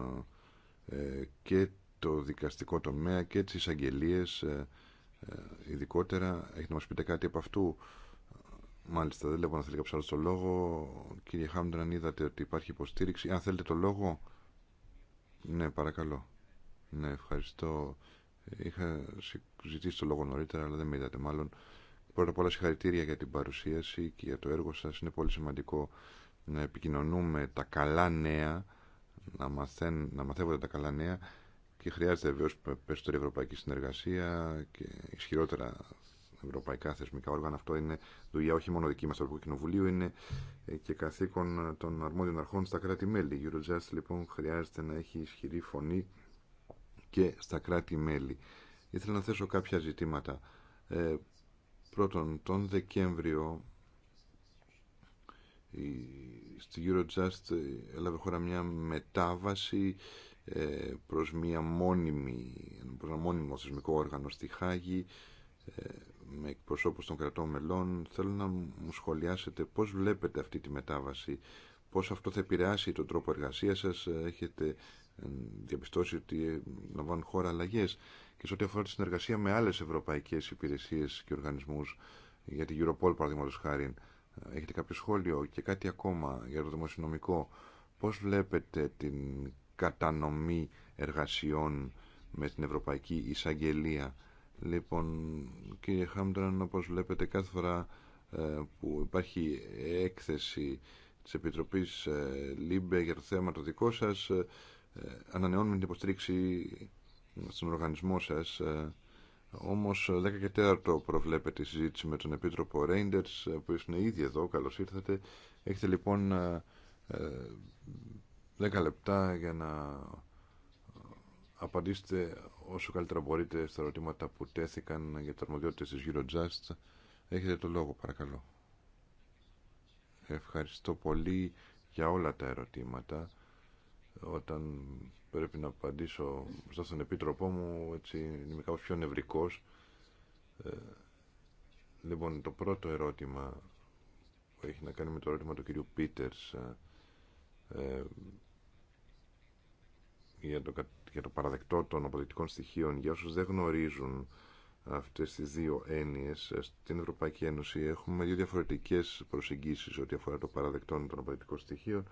ε, και το δικαστικό τομέα και τις εισαγγελίε ε, ειδικότερα. Έχετε να μας πείτε κάτι από αυτού. Μάλιστα, δεν λέω να θέλει κάποιος άλλος το λόγο. Κύριε Χάμντρα, αν είδατε ότι υπάρχει υποστήριξη. Αν θέλετε το λόγο, ναι, παρακαλώ. Ναι, ευχαριστώ. Είχα ζητήσει το λόγο νωρίτερα, αλλά δεν με είδατε μάλλον. Πρώτα απ' όλα συγχαρητήρια για την παρουσίαση και για το έργο σας. Είναι πολύ σημαντικό να επικοινωνούμε τα καλά νέα, να, μαθαίν, να μαθεύονται τα καλά νέα και χρειάζεται βεβαίω περισσότερη ευρωπαϊκή συνεργασία και ισχυρότερα ευρωπαϊκά θεσμικά όργανα. Αυτό είναι δουλειά όχι μόνο δική μα του Ευρωπαϊκού Κοινοβουλίου, είναι ε, και καθήκον ε, των αρμόδιων αρχών στα κράτη-μέλη. Η Eurojust λοιπόν χρειάζεται να έχει ισχυρή φωνή και στα κράτη-μέλη. Ήθελα να θέσω κάποια ζητήματα. Ε, Πρώτον, τον Δεκέμβριο στη Eurojust έλαβε χώρα μια μετάβαση ε, προς μια μόνιμη, προς ένα μόνιμο θεσμικό όργανο στη Χάγη ε, με εκπροσώπους των κρατών μελών. Θέλω να μου σχολιάσετε πώς βλέπετε αυτή τη μετάβαση, πώς αυτό θα επηρεάσει τον τρόπο εργασίας σας, έχετε ε, διαπιστώσει ότι λαμβάνουν χώρα αλλαγές και σε ό,τι αφορά τη συνεργασία με άλλες ευρωπαϊκές υπηρεσίες και οργανισμούς για την Europol παραδείγματο χάρη έχετε κάποιο σχόλιο και κάτι ακόμα για το δημοσιονομικό πώς βλέπετε την κατανομή εργασιών με την Ευρωπαϊκή Εισαγγελία λοιπόν κύριε Χάμπτραν όπως βλέπετε κάθε φορά ε, που υπάρχει έκθεση της Επιτροπής ε, ΛΥΜΠΕ για το θέμα το δικό σας ε, ανανεώνουμε την υποστήριξη στον οργανισμό σας ε, όμως 10 ε, και 4 προβλέπετε η συζήτηση με τον Επίτροπο Reinders ε, που είναι ήδη εδώ, καλώς ήρθατε έχετε λοιπόν 10 λεπτά για να απαντήσετε όσο καλύτερα μπορείτε στα ερωτήματα που τέθηκαν για τα αρμοδιότητες της Eurojust έχετε το λόγο παρακαλώ Ευχαριστώ πολύ για όλα τα ερωτήματα όταν πρέπει να απαντήσω μπροστά στον επίτροπό μου, έτσι είμαι κάπως πιο νευρικός. Ε, λοιπόν, το πρώτο ερώτημα που έχει να κάνει με το ερώτημα του κυρίου Πίτερς ε, ε για, το, για το παραδεκτό των αποδεικτικών στοιχείων για όσους δεν γνωρίζουν αυτές τις δύο έννοιες ε, στην Ευρωπαϊκή Ένωση έχουμε δύο διαφορετικές προσεγγίσεις ό,τι αφορά το παραδεκτό των αποδεικτικών στοιχείων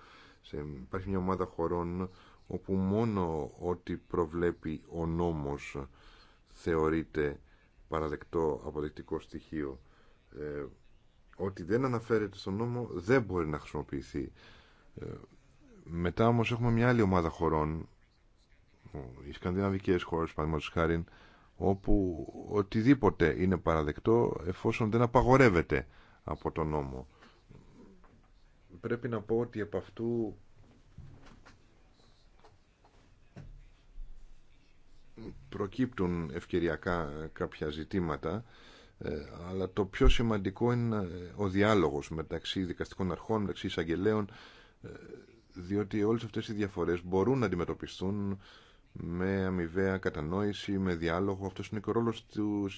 σε, υπάρχει μια ομάδα χωρών όπου μόνο ό,τι προβλέπει ο νόμος θεωρείται παραδεκτό αποδεκτικό στοιχείο. Ε, ό,τι δεν αναφέρεται στον νόμο δεν μπορεί να χρησιμοποιηθεί. Ε, μετά όμως έχουμε μια άλλη ομάδα χωρών, οι σκανδιναβικές χώρες, παραδείγματος χάρη, όπου οτιδήποτε είναι παραδεκτό εφόσον δεν απαγορεύεται από τον νόμο πρέπει να πω ότι από αυτού προκύπτουν ευκαιριακά κάποια ζητήματα ε, αλλά το πιο σημαντικό είναι ε, ο διάλογος μεταξύ δικαστικών αρχών, μεταξύ εισαγγελέων ε, διότι όλες αυτές οι διαφορές μπορούν να αντιμετωπιστούν με αμοιβαία κατανόηση, με διάλογο. Αυτό είναι και ο ρόλος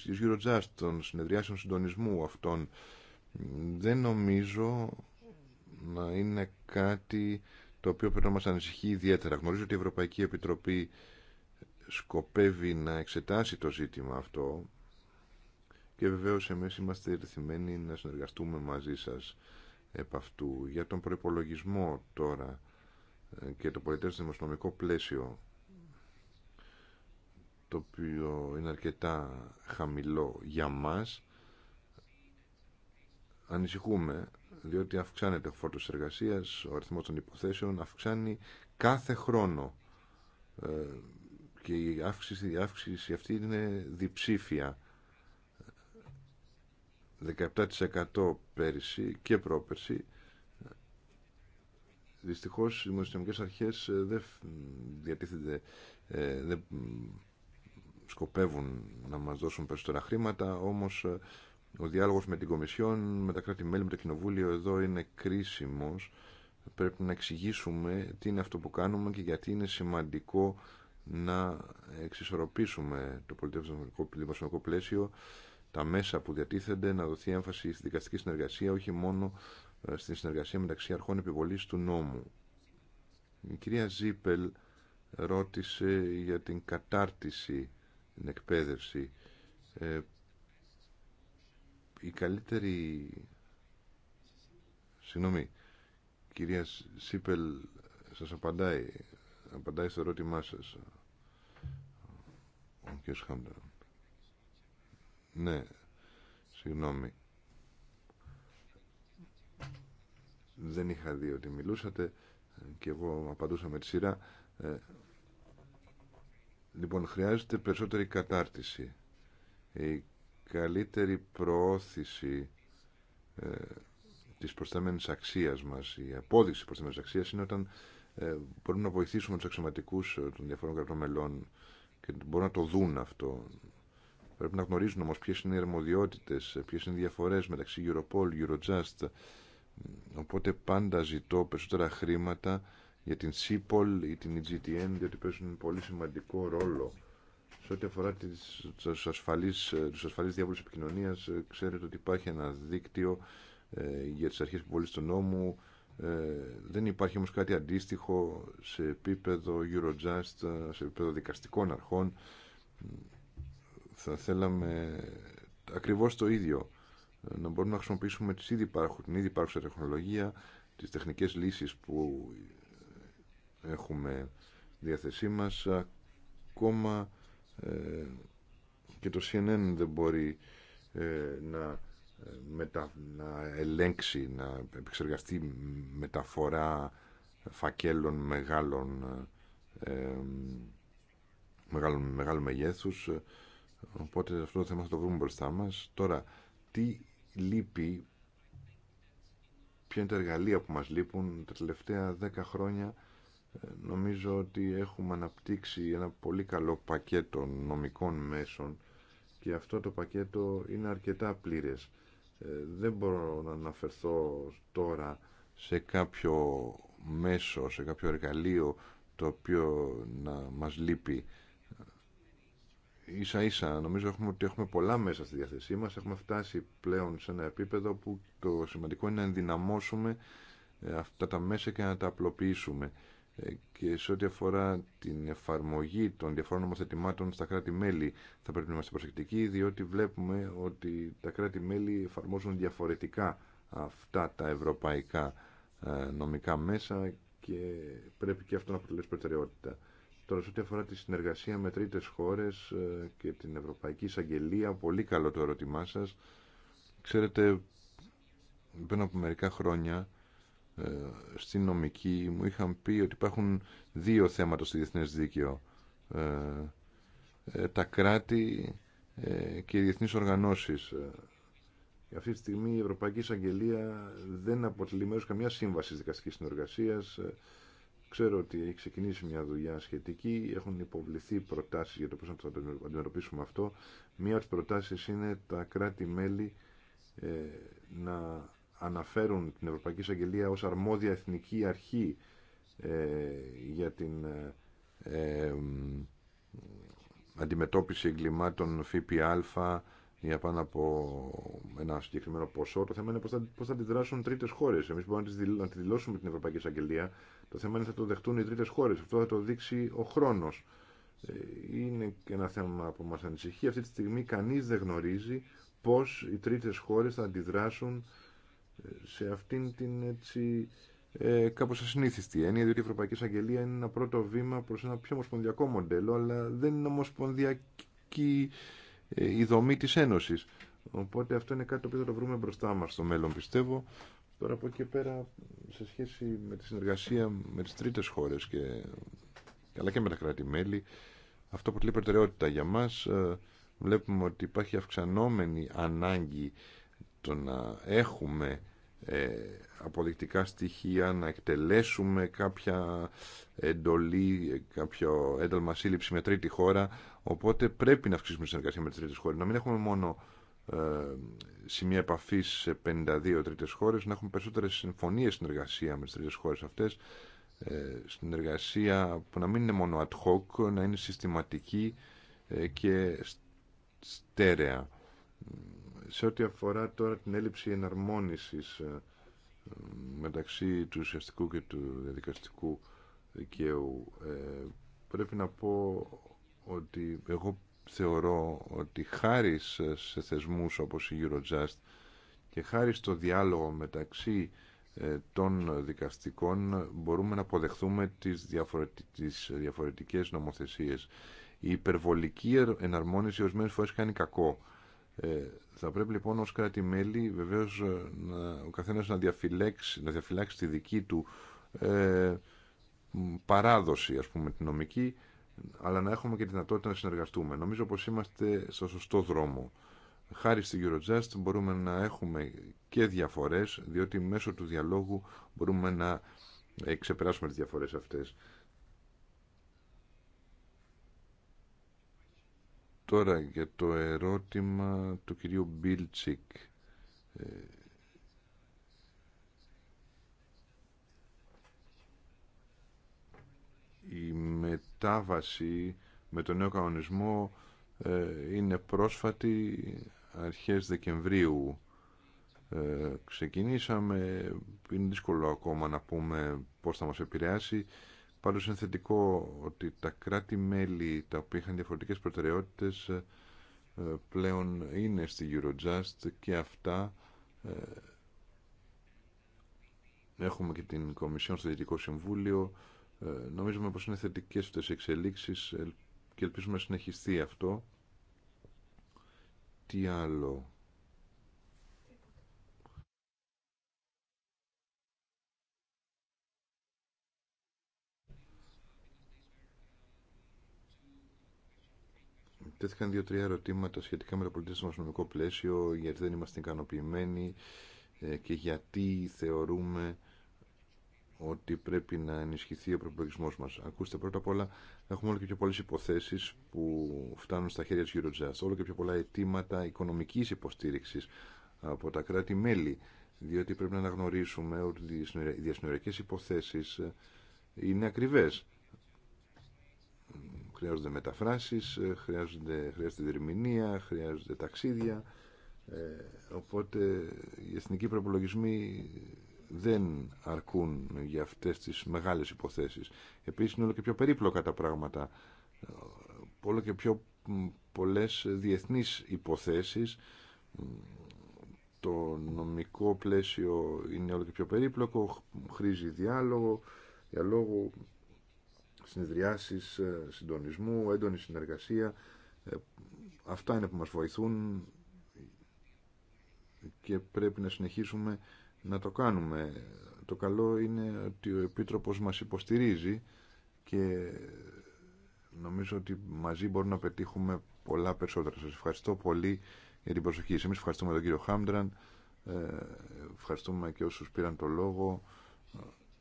της Eurojust, των συνεδριάσεων συντονισμού αυτών. Δεν νομίζω να είναι κάτι το οποίο πρέπει να μας ανησυχεί ιδιαίτερα. Γνωρίζω ότι η Ευρωπαϊκή Επιτροπή σκοπεύει να εξετάσει το ζήτημα αυτό και βεβαίως εμείς είμαστε ρυθυμένοι να συνεργαστούμε μαζί σας επ' αυτού. Για τον προϋπολογισμό τώρα και το πολιτές δημοσιονομικό πλαίσιο το οποίο είναι αρκετά χαμηλό για μας ανησυχούμε διότι αυξάνεται ο φόρτος εργασίας, ο αριθμός των υποθέσεων αυξάνει κάθε χρόνο ε, και η αύξηση, η αύξηση αυτή είναι διψήφια. 17% πέρυσι και πρόπερσι. Δυστυχώς οι δημοσιονομικές αρχές ε, δεν ε, δεν σκοπεύουν να μας δώσουν περισσότερα χρήματα, όμως ο διάλογος με την Κομισιόν, με τα κράτη-μέλη, με το Κοινοβούλιο εδώ είναι κρίσιμος. Πρέπει να εξηγήσουμε τι είναι αυτό που κάνουμε και γιατί είναι σημαντικό να εξισορροπήσουμε το πολιτεύσιο πλαίσιο, τα μέσα που διατίθενται, να δοθεί έμφαση στη δικαστική συνεργασία, όχι μόνο ε, στη συνεργασία μεταξύ αρχών επιβολής του νόμου. Η κυρία Ζίπελ ρώτησε για την κατάρτιση, την εκπαίδευση. Ε, η καλύτερη συγγνώμη κυρία Σίπελ σας απαντάει απαντάει στο ερώτημά σας ο κ. Χάμπτερ ναι συγγνώμη δεν είχα δει ότι μιλούσατε και εγώ απαντούσα με τη σειρά ε, λοιπόν χρειάζεται περισσότερη κατάρτιση η καλύτερη προώθηση ε, της προσταμένης αξίας μας, η απόδειξη της προσταμένης αξίας είναι όταν ε, μπορούμε να βοηθήσουμε τους αξιωματικούς ε, των διαφορών κρατών μελών και μπορούν να το δουν αυτό. Πρέπει να γνωρίζουν όμως ποιες είναι οι αρμοδιότητες, ε, ποιες είναι οι διαφορές μεταξύ Europol, Eurojust. Οπότε πάντα ζητώ περισσότερα χρήματα για την CIPOL ή την EGTN, διότι παίζουν πολύ σημαντικό ρόλο σε ό,τι αφορά τις, τους ασφαλείς, ε, τους διάβολους επικοινωνίας, ε, ξέρετε ότι υπάρχει ένα δίκτυο ε, για τις αρχές που του νόμου. δεν υπάρχει όμως κάτι αντίστοιχο σε επίπεδο Eurojust, σε επίπεδο δικαστικών αρχών. Θα θέλαμε ακριβώς το ίδιο. Να μπορούμε να χρησιμοποιήσουμε τις ήδη υπάρχουν, την ήδη υπάρχουσα τεχνολογία, τις τεχνικές λύσεις που έχουμε διαθεσή μας, ακόμα ε, και το CNN δεν μπορεί ε, να, ε, να ελέγξει, να επεξεργαστεί μεταφορά φακέλων μεγάλων μεγάλων μεγάλων μεγέθους οπότε αυτό το θέμα θα το βρούμε μπροστά μας τώρα τι λείπει ποια είναι τα εργαλεία που μας λείπουν τα τελευταία δέκα χρόνια Νομίζω ότι έχουμε αναπτύξει ένα πολύ καλό πακέτο νομικών μέσων και αυτό το πακέτο είναι αρκετά πλήρες. Ε, δεν μπορώ να αναφερθώ τώρα σε κάποιο μέσο, σε κάποιο εργαλείο το οποίο να μας λείπει. Ίσα ίσα νομίζω έχουμε, ότι έχουμε πολλά μέσα στη διάθεσή μας. Έχουμε φτάσει πλέον σε ένα επίπεδο που το σημαντικό είναι να ενδυναμώσουμε ε, αυτά τα μέσα και να τα απλοποιήσουμε. Ε, και σε ό,τι αφορά την εφαρμογή των διαφορών νομοθετημάτων στα κράτη-μέλη θα πρέπει να είμαστε προσεκτικοί διότι βλέπουμε ότι τα κράτη-μέλη εφαρμόζουν διαφορετικά αυτά τα ευρωπαϊκά ε, νομικά μέσα και πρέπει και αυτό να αποτελέσει προτεραιότητα. Τώρα, σε ό,τι αφορά τη συνεργασία με τρίτες χώρες ε, και την Ευρωπαϊκή Εισαγγελία, πολύ καλό το ερώτημά σας. Ξέρετε, πριν από μερικά χρόνια, ε, στην νομική μου είχαν πει ότι υπάρχουν δύο θέματα στο διεθνές δίκαιο. Ε, ε, τα κράτη και οι διεθνείς οργανώσεις. Αυτή τη στιγμή η Ευρωπαϊκή Εισαγγελία δεν αποτελεί μέρος καμιά σύμβαση δικαστικής συνεργασίας. Ξέρω ότι έχει ξεκινήσει μια δουλειά σχετική, έχουν υποβληθεί προτάσεις για το πώς θα το αντιμετωπίσουμε αυτό. Μία από τις προτάσεις είναι τα κράτη-μέλη να αναφέρουν την Ευρωπαϊκή Εισαγγελία ως αρμόδια εθνική αρχή ε, για την ε, αντιμετώπιση εγκλημάτων ΦΠΑ για πάνω από ένα συγκεκριμένο ποσό. Το θέμα είναι πώ θα, πώς θα αντιδράσουν τρίτες χώρες. Εμεί μπορούμε να τη δηλώσουμε την Ευρωπαϊκή Εισαγγελία. Το θέμα είναι θα το δεχτούν οι τρίτες χώρες. Αυτό θα το δείξει ο χρόνο. Ε, είναι και ένα θέμα που μα ανησυχεί. Αυτή τη στιγμή κανείς δεν γνωρίζει πώ οι τρίτες χώρε θα αντιδράσουν σε αυτήν την έτσι ε, κάπως ασυνήθιστη έννοια, διότι η Ευρωπαϊκή Εισαγγελία είναι ένα πρώτο βήμα προς ένα πιο ομοσπονδιακό μοντέλο, αλλά δεν είναι ομοσπονδιακή ε, η δομή της Ένωσης. Οπότε αυτό είναι κάτι το οποίο θα το βρούμε μπροστά μας στο μέλλον, πιστεύω. Τώρα από εκεί πέρα, σε σχέση με τη συνεργασία με τις τρίτες χώρες και, αλλά και με τα κράτη-μέλη, αυτό αποτελεί προτεραιότητα για μας. Ε, βλέπουμε ότι υπάρχει αυξανόμενη ανάγκη να έχουμε ε, αποδεικτικά στοιχεία, να εκτελέσουμε κάποια εντολή, κάποιο ένταλμα σύλληψη με τρίτη χώρα. Οπότε πρέπει να αυξήσουμε τη συνεργασία με τι τρίτε χώρε. Να μην έχουμε μόνο ε, σημεία επαφή σε 52 τρίτε χώρε, να έχουμε περισσότερε συμφωνίε συνεργασία με τι τρίτε χώρε αυτέ. Ε, συνεργασία που να μην είναι μόνο ad hoc, να είναι συστηματική ε, και στέρεα. Σε ό,τι αφορά τώρα την έλλειψη εναρμόνισης ε, μεταξύ του ουσιαστικού και του διαδικαστικού δικαίου ε, πρέπει να πω ότι εγώ θεωρώ ότι χάρη σε θεσμούς όπως η Eurojust και χάρη στο διάλογο μεταξύ ε, των δικαστικών μπορούμε να αποδεχθούμε τις, διαφορετικέ τις διαφορετικές νομοθεσίες. Η υπερβολική εναρμόνιση ορισμένες φορές κάνει κακό. Θα πρέπει λοιπόν ως κράτη-μέλη βεβαίως ε, να, ο καθένας να διαφυλάξει, να διαφυλάξει τη δική του ε, παράδοση ας πούμε την νομική αλλά να έχουμε και τη δυνατότητα να συνεργαστούμε. Νομίζω πως είμαστε στο σωστό δρόμο. Χάρη στην Eurojust μπορούμε να έχουμε και διαφορές διότι μέσω του διαλόγου μπορούμε να ε, ξεπεράσουμε τις διαφορές αυτές. Τώρα για το ερώτημα του κυρίου Μπίλτσικ. Ε, η μετάβαση με τον νέο κανονισμό ε, είναι πρόσφατη αρχές Δεκεμβρίου. Ε, ξεκινήσαμε, είναι δύσκολο ακόμα να πούμε πώς θα μας επηρεάσει. Πάντως είναι θετικό ότι τα κράτη-μέλη τα οποία είχαν διαφορετικές προτεραιότητες ε, πλέον είναι στη Eurojust και αυτά ε, έχουμε και την Κομισιόν στο Δυτικό Συμβούλιο ε, νομίζουμε πως είναι θετικές αυτές οι εξελίξεις και ελπίζουμε να συνεχιστεί αυτό τι άλλο Τέθηκαν δύο-τρία ερωτήματα σχετικά με το πολιτισμό νομικό πλαίσιο, γιατί δεν είμαστε ικανοποιημένοι ε, και γιατί θεωρούμε ότι πρέπει να ενισχυθεί ο προπολογισμό μα. Ακούστε, πρώτα απ' όλα έχουμε όλο και πιο πολλέ υποθέσει που φτάνουν στα χέρια τη Eurojust. Όλο και πιο πολλά αιτήματα οικονομική υποστήριξη από τα κράτη-μέλη. Διότι πρέπει να αναγνωρίσουμε ότι οι διασυνοριακέ υποθέσει ε, είναι ακριβέ χρειάζονται μεταφράσεις, ε, χρειάζονται, χρειάζεται διερμηνία, χρειάζονται ταξίδια. Ε, οπότε οι εθνικοί προπολογισμοί δεν αρκούν για αυτές τις μεγάλες υποθέσεις. Επίσης είναι όλο και πιο περίπλοκα τα πράγματα, ε, όλο και πιο πολλές διεθνείς υποθέσεις. Το νομικό πλαίσιο είναι όλο και πιο περίπλοκο, χρήζει διάλογο, διαλόγου, συνεδριάσει, ε, συντονισμού, έντονη συνεργασία. Ε, αυτά είναι που μας βοηθούν και πρέπει να συνεχίσουμε να το κάνουμε. Το καλό είναι ότι ο Επίτροπος μας υποστηρίζει και νομίζω ότι μαζί μπορούμε να πετύχουμε πολλά περισσότερα. Σας ευχαριστώ πολύ για την προσοχή. Εμείς ευχαριστούμε τον κύριο Χάμντραν, ε, ευχαριστούμε και όσους πήραν το λόγο.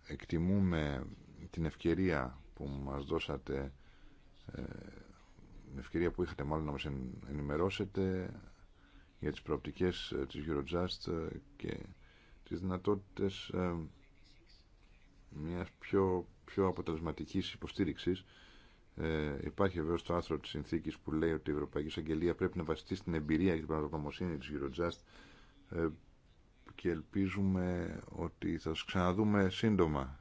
Εκτιμούμε την ευκαιρία που μας δώσατε ε, ευκαιρία που είχατε μάλλον να μας ενημερώσετε για τις προοπτικές ε, της Eurojust ε, και τις δυνατότητες μιας πιο, πιο αποτελεσματικής υποστήριξης. Ε, υπάρχει βέβαια το άρθρο της συνθήκης που λέει ότι η Ευρωπαϊκή Εισαγγελία πρέπει να βασιστεί στην εμπειρία και την πραγματογνωμοσύνη της Eurojust και ελπίζουμε ότι θα σας ξαναδούμε σύντομα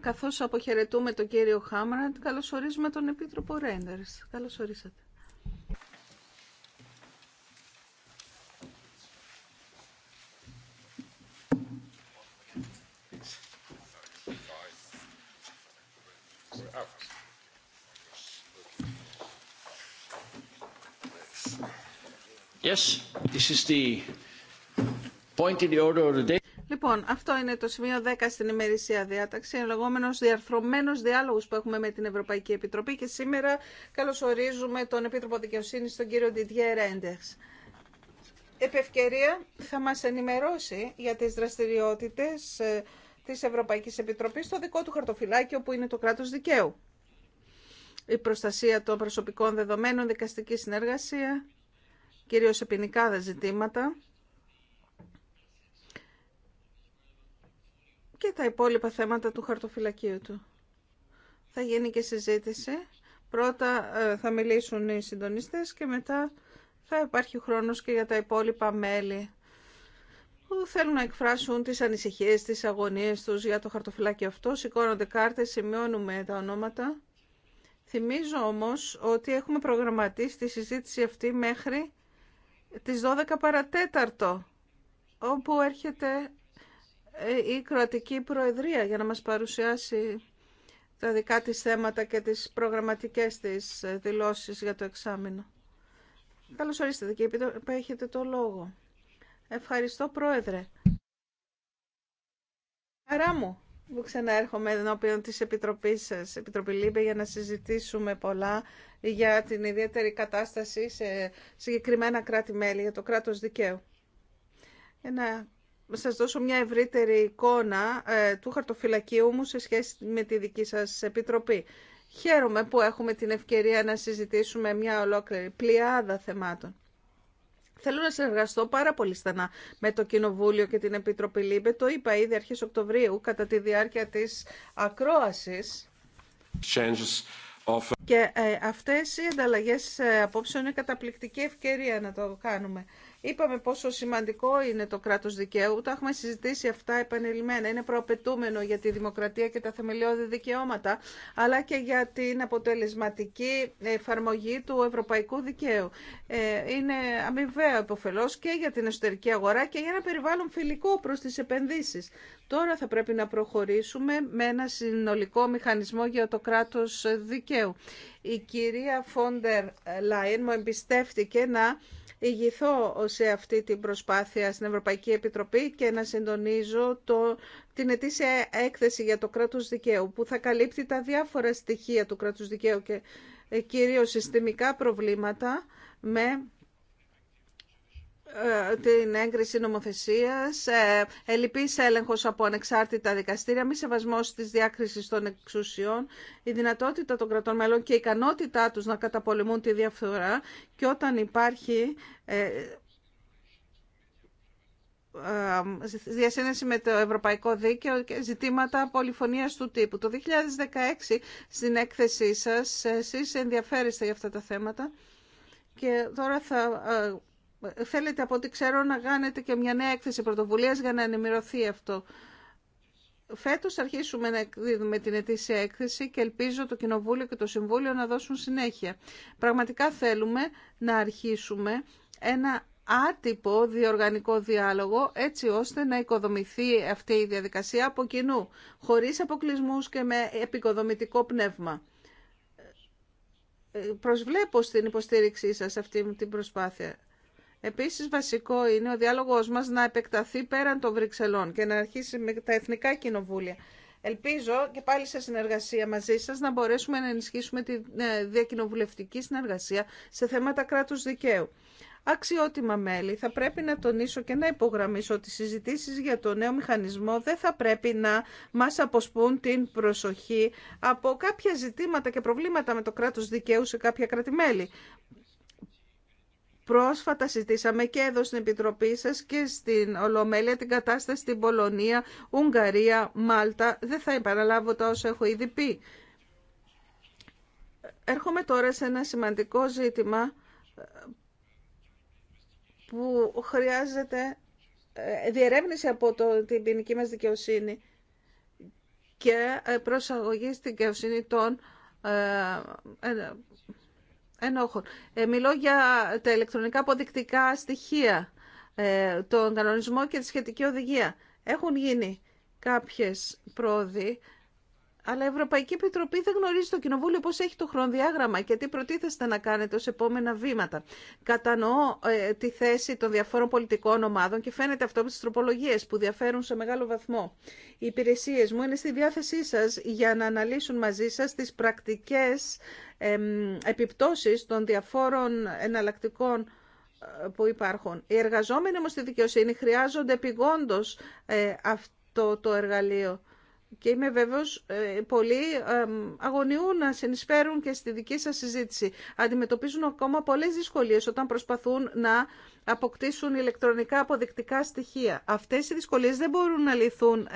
Καθώς αποχαιρετούμε τον κύριο Χάμραντ, καλωσορίζουμε τον Επίτροπο Ρέντερς Καλώς Yes, Λοιπόν, αυτό είναι το σημείο 10 στην ημερησία διάταξη, λεγόμενο διαρθρωμένο διάλογο που έχουμε με την Ευρωπαϊκή Επιτροπή και σήμερα καλωσορίζουμε τον Επίτροπο Δικαιοσύνη, τον κύριο Ντιδιέ Ρέντεξ. Επ' θα μα ενημερώσει για τι δραστηριότητε ε, τη Ευρωπαϊκή Επιτροπή στο δικό του χαρτοφυλάκιο που είναι το κράτο δικαίου. Η προστασία των προσωπικών δεδομένων, δικαστική συνεργασία, κυρίως σε ποινικά ζητήματα. και τα υπόλοιπα θέματα του χαρτοφυλακίου του. Θα γίνει και συζήτηση. Πρώτα ε, θα μιλήσουν οι συντονίστες και μετά θα υπάρχει χρόνος και για τα υπόλοιπα μέλη που θέλουν να εκφράσουν τις ανησυχίες, τις αγωνίες τους για το χαρτοφυλάκιο αυτό. Σηκώνονται κάρτες, σημειώνουμε τα ονόματα. Θυμίζω όμως ότι έχουμε προγραμματίσει τη συζήτηση αυτή μέχρι τις 12 παρατέταρτο, όπου έρχεται ε, η Κροατική Προεδρία για να μας παρουσιάσει τα δικά της θέματα και τις προγραμματικές της ε, δηλώσεις για το εξάμεινο. Καλώς ορίσατε και έχετε το λόγο. Ευχαριστώ Πρόεδρε. Καρά μου που ξαναέρχομαι ενώπιον της Επιτροπής σας, Επιτροπή Λίμπε, για να συζητήσουμε πολλά για την ιδιαίτερη κατάσταση σε συγκεκριμένα κράτη-μέλη, για το κράτος δικαίου. Ένα σας δώσω μια ευρύτερη εικόνα ε, του χαρτοφυλακίου μου σε σχέση με τη δική σας επιτροπή. Χαίρομαι που έχουμε την ευκαιρία να συζητήσουμε μια ολόκληρη πλειάδα θεμάτων. Θέλω να συνεργαστώ πάρα πολύ στενά με το Κοινοβούλιο και την Επιτροπή ΛΥΜΠΕ. Το είπα ήδη αρχές Οκτωβρίου κατά τη διάρκεια της ακρόασης. Και ε, αυτές οι ανταλλαγές ε, απόψεων είναι καταπληκτική ευκαιρία να το κάνουμε. Είπαμε πόσο σημαντικό είναι το κράτος δικαίου. Τα έχουμε συζητήσει αυτά επανειλημμένα. Είναι προαπαιτούμενο για τη δημοκρατία και τα θεμελιώδη δικαιώματα, αλλά και για την αποτελεσματική εφαρμογή του ευρωπαϊκού δικαίου. Ε, είναι αμοιβαίο υποφελώ και για την εσωτερική αγορά και για ένα περιβάλλον φιλικό προς τις επενδύσει. Τώρα θα πρέπει να προχωρήσουμε με ένα συνολικό μηχανισμό για το κράτος δικαίου. Η κυρία Φόντερ Λάιν μου εμπιστεύτηκε να ηγηθώ σε αυτή την προσπάθεια στην Ευρωπαϊκή Επιτροπή και να συντονίζω το, την ετήσια έκθεση για το κράτος δικαίου που θα καλύπτει τα διάφορα στοιχεία του κράτους δικαίου και ε, κυρίως συστημικά προβλήματα με ε, την έγκριση νομοθεσίας, ε, ελλειπή έλεγχος από ανεξάρτητα δικαστήρια, μη σεβασμός τη διάκριση των εξουσιών, η δυνατότητα των κρατών μελών και η ικανότητά τους να καταπολεμούν τη διαφθορά και όταν υπάρχει ε, διασύνδεση με το ευρωπαϊκό δίκαιο και ζητήματα πολυφωνίας του τύπου. Το 2016 στην έκθεσή σας εσείς ενδιαφέρεστε για αυτά τα θέματα και τώρα θα θέλετε από ό,τι ξέρω να κάνετε και μια νέα έκθεση πρωτοβουλίας για να ενημερωθεί αυτό. Φέτος αρχίσουμε να εκδίδουμε την ετήσια έκθεση και ελπίζω το Κοινοβούλιο και το Συμβούλιο να δώσουν συνέχεια. Πραγματικά θέλουμε να αρχίσουμε ένα άτυπο διοργανικό διάλογο έτσι ώστε να οικοδομηθεί αυτή η διαδικασία από κοινού, χωρίς αποκλεισμού και με επικοδομητικό πνεύμα. Ε, προσβλέπω στην υποστήριξή σας αυτή την προσπάθεια. Επίσης βασικό είναι ο διάλογος μας να επεκταθεί πέραν των Βρυξελών και να αρχίσει με τα εθνικά κοινοβούλια. Ελπίζω και πάλι σε συνεργασία μαζί σας να μπορέσουμε να ενισχύσουμε τη ε, διακοινοβουλευτική συνεργασία σε θέματα κράτους δικαίου. Αξιότιμα μέλη, θα πρέπει να τονίσω και να υπογραμμίσω ότι οι συζητήσεις για το νέο μηχανισμό δεν θα πρέπει να μας αποσπούν την προσοχή από κάποια ζητήματα και προβλήματα με το κράτος δικαίου σε κάποια κράτη-μέλη. Πρόσφατα συζητήσαμε και εδώ στην Επιτροπή σας και στην Ολομέλεια την κατάσταση στην Πολωνία, Ουγγαρία, Μάλτα. Δεν θα επαναλάβω τα όσα έχω ήδη πει. Έρχομαι τώρα σε ένα σημαντικό ζήτημα που χρειάζεται ε, διερεύνηση από το, την ποινική μας δικαιοσύνη και ε, προσαγωγή στην δικαιοσύνη των ε, ενόχων. Ε, μιλώ για τα ηλεκτρονικά αποδεικτικά στοιχεία, ε, τον κανονισμό και τη σχετική οδηγία. Έχουν γίνει κάποιες πρόοδοι αλλά η Ευρωπαϊκή Επιτροπή δεν γνωρίζει το Κοινοβούλιο πώς έχει το χρονοδιάγραμμα και τι προτίθεστε να κάνετε ω επόμενα βήματα. Κατανοώ ε, τη θέση των διαφόρων πολιτικών ομάδων και φαίνεται αυτό με τι τροπολογίε που διαφέρουν σε μεγάλο βαθμό. Οι υπηρεσίε μου είναι στη διάθεσή σα για να αναλύσουν μαζί σα τι πρακτικέ ε, επιπτώσεις των διαφόρων εναλλακτικών ε, που υπάρχουν. Οι εργαζόμενοι όμω στη δικαιοσύνη χρειάζονται επιγόντω ε, αυτό το εργαλείο και είμαι βέβαιος ε, πολλοί αγωνιούν να συνεισφέρουν και στη δική σας συζήτηση. Αντιμετωπίζουν ακόμα πολλές δυσκολίες όταν προσπαθούν να αποκτήσουν ηλεκτρονικά αποδεικτικά στοιχεία. Αυτές οι δυσκολίες δεν μπορούν να λυθούν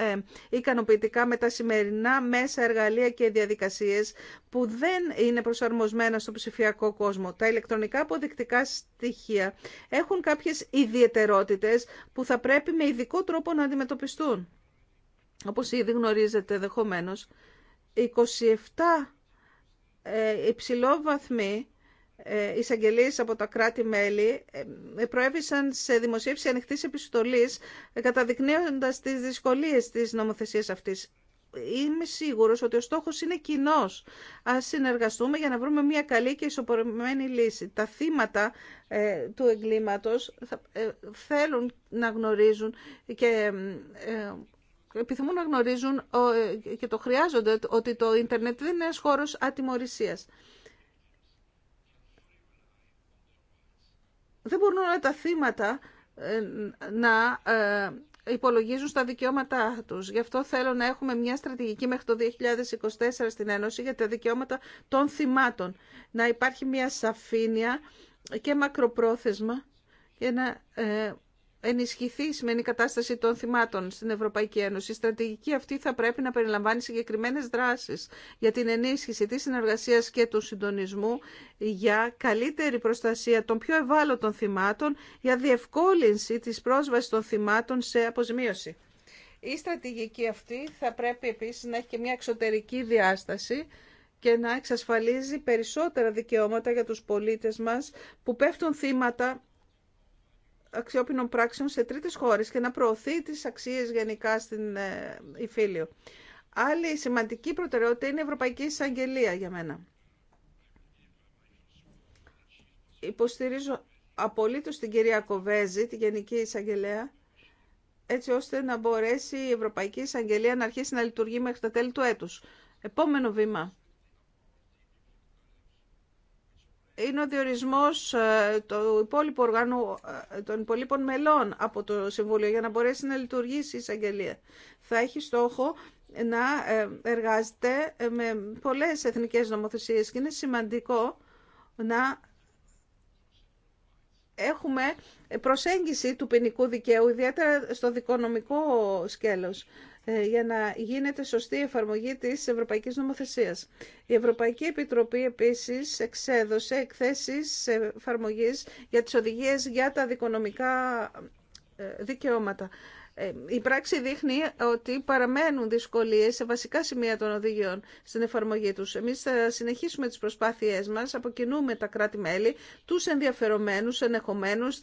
ικανοποιητικά με τα σημερινά μέσα, εργαλεία και διαδικασίες που δεν είναι προσαρμοσμένα στο ψηφιακό κόσμο. Τα ηλεκτρονικά αποδεικτικά στοιχεία έχουν κάποιες ιδιαιτερότητες που θα πρέπει με ειδικό τρόπο να αντιμετωπιστούν όπως ήδη γνωρίζετε δεχομένω, 27 ε, υψηλόβαθμοι ε, εισαγγελίε από τα κράτη-μέλη ε, προέβησαν σε δημοσίευση ανοιχτής επιστολής καταδεικνύοντας τις δυσκολίες της νομοθεσίας αυτής. Είμαι σίγουρος ότι ο στόχος είναι κοινό. Ας συνεργαστούμε για να βρούμε μια καλή και ισοπορεμένη λύση. Τα θύματα του εγκλήματος θέλουν να γνωρίζουν και επιθυμούν να γνωρίζουν ε, και το χρειάζονται ότι το ίντερνετ δεν είναι ένας χώρος ατιμορρησίας. Δεν μπορούν όλα τα θύματα ε, να ε, υπολογίζουν στα δικαιώματά τους. Γι' αυτό θέλω να έχουμε μια στρατηγική μέχρι το 2024 στην Ένωση για τα δικαιώματα των θυμάτων. Να υπάρχει μια σαφήνεια και μακροπρόθεσμα και να ενισχυθεί η σημερινή κατάσταση των θυμάτων στην Ευρωπαϊκή Ένωση. Η στρατηγική αυτή θα πρέπει να περιλαμβάνει συγκεκριμένε δράσει για την ενίσχυση τη συνεργασία και του συντονισμού για καλύτερη προστασία των πιο ευάλωτων θυμάτων, για διευκόλυνση τη πρόσβαση των θυμάτων σε αποζημίωση. Η στρατηγική αυτή θα πρέπει επίσης να έχει και μια εξωτερική διάσταση και να εξασφαλίζει περισσότερα δικαιώματα για τους πολίτες μας που πέφτουν θύματα αξιόπινων πράξεων σε τρίτες χώρες και να προωθεί τις αξίες γενικά στην ε, Ιφίλιο. Άλλη σημαντική προτεραιότητα είναι η Ευρωπαϊκή Εισαγγελία για μένα. Υποστηρίζω απολύτως την κυρία Κοβέζη, την Γενική Εισαγγελέα, έτσι ώστε να μπορέσει η Ευρωπαϊκή Εισαγγελία να αρχίσει να λειτουργεί μέχρι τα τέλη του έτους. Επόμενο βήμα είναι ο διορισμός ε, του υπόλοιπου ε, των υπόλοιπων μελών από το Συμβούλιο για να μπορέσει να λειτουργήσει η εισαγγελία. Θα έχει στόχο να ε, εργάζεται με πολλές εθνικές νομοθεσίες και είναι σημαντικό να έχουμε προσέγγιση του ποινικού δικαίου, ιδιαίτερα στο δικονομικό σκέλος. Ε, για να γίνεται σωστή η εφαρμογή της Ευρωπαϊκής Νομοθεσίας. Η Ευρωπαϊκή Επιτροπή επίσης εξέδωσε εκθέσεις εφαρμογής για τις οδηγίες για τα δικονομικά ε, δικαιώματα η πράξη δείχνει ότι παραμένουν δυσκολίες σε βασικά σημεία των οδηγιών στην εφαρμογή τους. Εμείς θα συνεχίσουμε τις προσπάθειές μας, αποκοινούμε τα κράτη-μέλη, τους ενδιαφερομένους, ενεχομένους,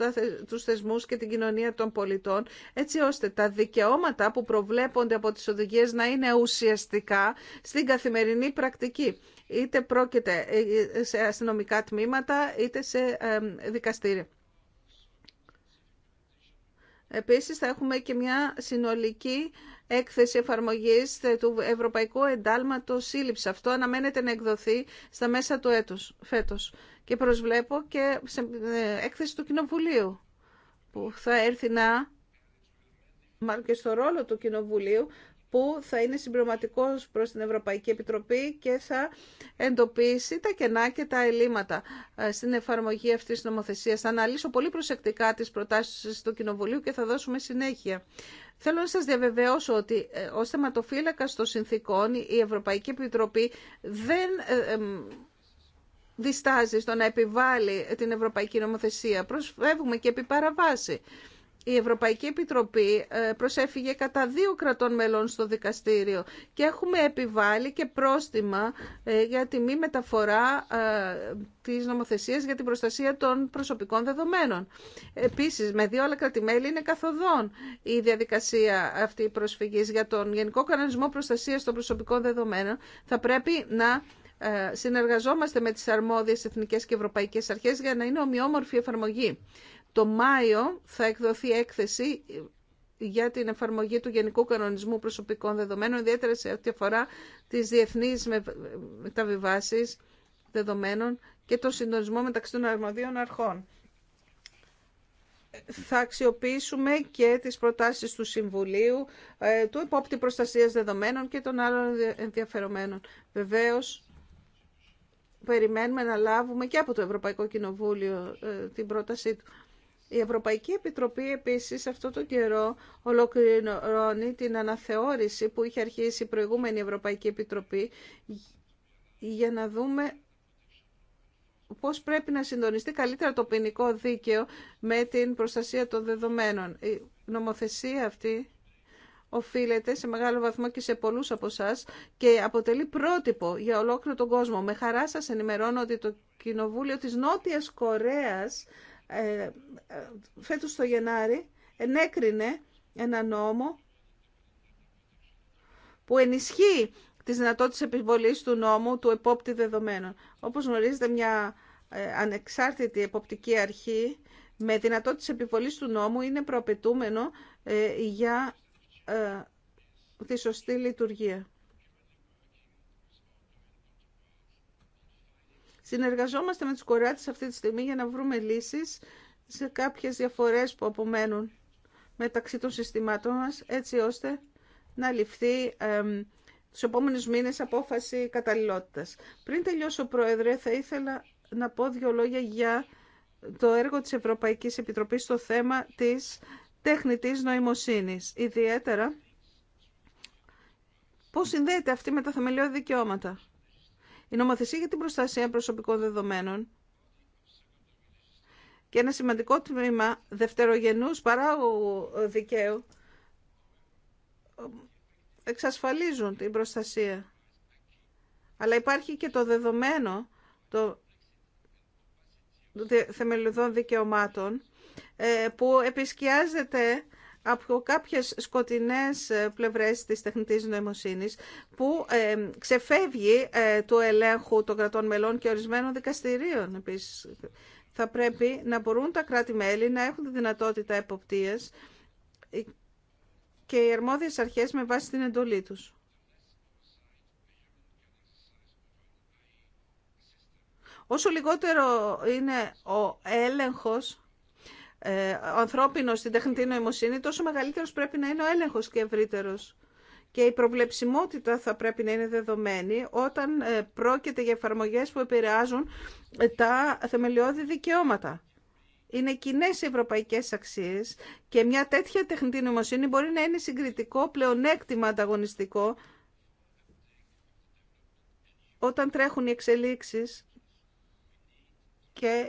τους θεσμούς και την κοινωνία των πολιτών, έτσι ώστε τα δικαιώματα που προβλέπονται από τις οδηγίες να είναι ουσιαστικά στην καθημερινή πρακτική. Είτε πρόκειται ε, ε, σε αστυνομικά τμήματα, είτε σε ε, δικαστήρια. Επίσης θα έχουμε και μια συνολική έκθεση εφαρμογής του Ευρωπαϊκού Εντάλματος Σύλληψη. Αυτό αναμένεται να εκδοθεί στα μέσα του έτους, φέτος. Και προσβλέπω και σε ε, έκθεση του Κοινοβουλίου που θα έρθει να και στο ρόλο του Κοινοβουλίου που θα είναι συμπληρωματικός προς την Ευρωπαϊκή Επιτροπή και θα εντοπίσει τα κενά και τα ελλείμματα ε, στην εφαρμογή αυτής της νομοθεσίας. Θα αναλύσω πολύ προσεκτικά τις προτάσεις του Κοινοβουλίου και θα δώσουμε συνέχεια. Θέλω να σας διαβεβαιώσω ότι ε, ως θεματοφύλακας των συνθήκων η Ευρωπαϊκή Επιτροπή δεν ε, διστάζει στο να επιβάλλει την Ευρωπαϊκή Νομοθεσία. Προσφεύγουμε και επί παραβάση η Ευρωπαϊκή Επιτροπή ε, προσέφυγε κατά δύο κρατών μελών στο δικαστήριο και έχουμε επιβάλει και πρόστιμα ε, για τη μη μεταφορά ε, της νομοθεσίας για την προστασία των προσωπικών δεδομένων. Επίσης, με δύο άλλα κρατημέλη είναι καθοδόν η διαδικασία αυτή προσφυγής για τον Γενικό Κανονισμό Προστασίας των Προσωπικών Δεδομένων. Θα πρέπει να συνεργαζόμαστε με τις αρμόδιες εθνικές και ευρωπαϊκές αρχές για να είναι ομοιόμορφη εφαρμογή. Το Μάιο θα εκδοθεί έκθεση για την εφαρμογή του Γενικού Κανονισμού Προσωπικών Δεδομένων, ιδιαίτερα σε ό,τι αφορά τις διεθνείς μεταβιβάσεις δεδομένων και τον συντονισμό μεταξύ των αρμοδίων αρχών. Θα αξιοποιήσουμε και τις προτάσεις του Συμβουλίου, ε, του υπόπτη Προστασίας Δεδομένων και των άλλων ενδιαφερομένων. Βεβαίως, περιμένουμε να λάβουμε και από το Ευρωπαϊκό Κοινοβούλιο ε, την πρότασή του. Η Ευρωπαϊκή Επιτροπή επίσης αυτό το καιρό ολοκληρώνει την αναθεώρηση που είχε αρχίσει η προηγούμενη Ευρωπαϊκή Επιτροπή για να δούμε πώς πρέπει να συντονιστεί καλύτερα το ποινικό δίκαιο με την προστασία των δεδομένων. Η νομοθεσία αυτή οφείλεται σε μεγάλο βαθμό και σε πολλούς από εσά και αποτελεί πρότυπο για ολόκληρο τον κόσμο. Με χαρά σας ενημερώνω ότι το Κοινοβούλιο της Νότιας Κορέας ε, ε, φέτος το Γενάρη ενέκρινε ένα νόμο που ενισχύει τις δυνατότητες επιβολής του νόμου του επόπτη δεδομένων. Όπως γνωρίζετε, μια ε, ανεξάρτητη εποπτική αρχή με δυνατότητες επιβολής του νόμου είναι προαπαιτούμενο για τη σωστή λειτουργία. Συνεργαζόμαστε με τους Κορεάτες αυτή τη στιγμή για να βρούμε λύσεις σε κάποιες διαφορές που απομένουν μεταξύ των συστημάτων μας, έτσι ώστε να ληφθεί ε, τους επόμενους μήνες απόφαση καταλληλότητας. Πριν τελειώσω, Πρόεδρε, θα ήθελα να πω δύο λόγια για το έργο της Ευρωπαϊκής Επιτροπής στο θέμα της τέχνητής νοημοσύνης. Ιδιαίτερα, πώς συνδέεται αυτή με τα θεμελιώδη δικαιώματα. Η νομοθεσία για την προστασία προσωπικών δεδομένων και ένα σημαντικό τμήμα δευτερογενούς παράγωγου δικαίου εξασφαλίζουν την προστασία. Αλλά υπάρχει και το δεδομένο το θεμελιωδών δικαιωμάτων ε, που επισκιάζεται από κάποιες σκοτεινές ε, πλευρές της τεχνητής νοημοσύνης που ε, ξεφεύγει ε, του ελέγχου των κρατών μελών και ορισμένων δικαστηρίων επίσης. Θα πρέπει να μπορούν τα κράτη-μέλη να έχουν τη δυνατότητα εποπτείας και οι αρμόδιες αρχές με βάση την εντολή τους. Όσο λιγότερο είναι ο έλεγχος ε, ανθρώπινο στην τεχνητή νοημοσύνη, τόσο μεγαλύτερος πρέπει να είναι ο έλεγχος και ευρύτερο. Και η προβλεψιμότητα θα πρέπει να είναι δεδομένη όταν ε, πρόκειται για εφαρμογέ που επηρεάζουν ε, τα θεμελιώδη δικαιώματα. Είναι κοινέ οι ευρωπαϊκέ αξίε και μια τέτοια τεχνητή νοημοσύνη μπορεί να είναι συγκριτικό πλεονέκτημα ανταγωνιστικό όταν τρέχουν οι εξελίξεις και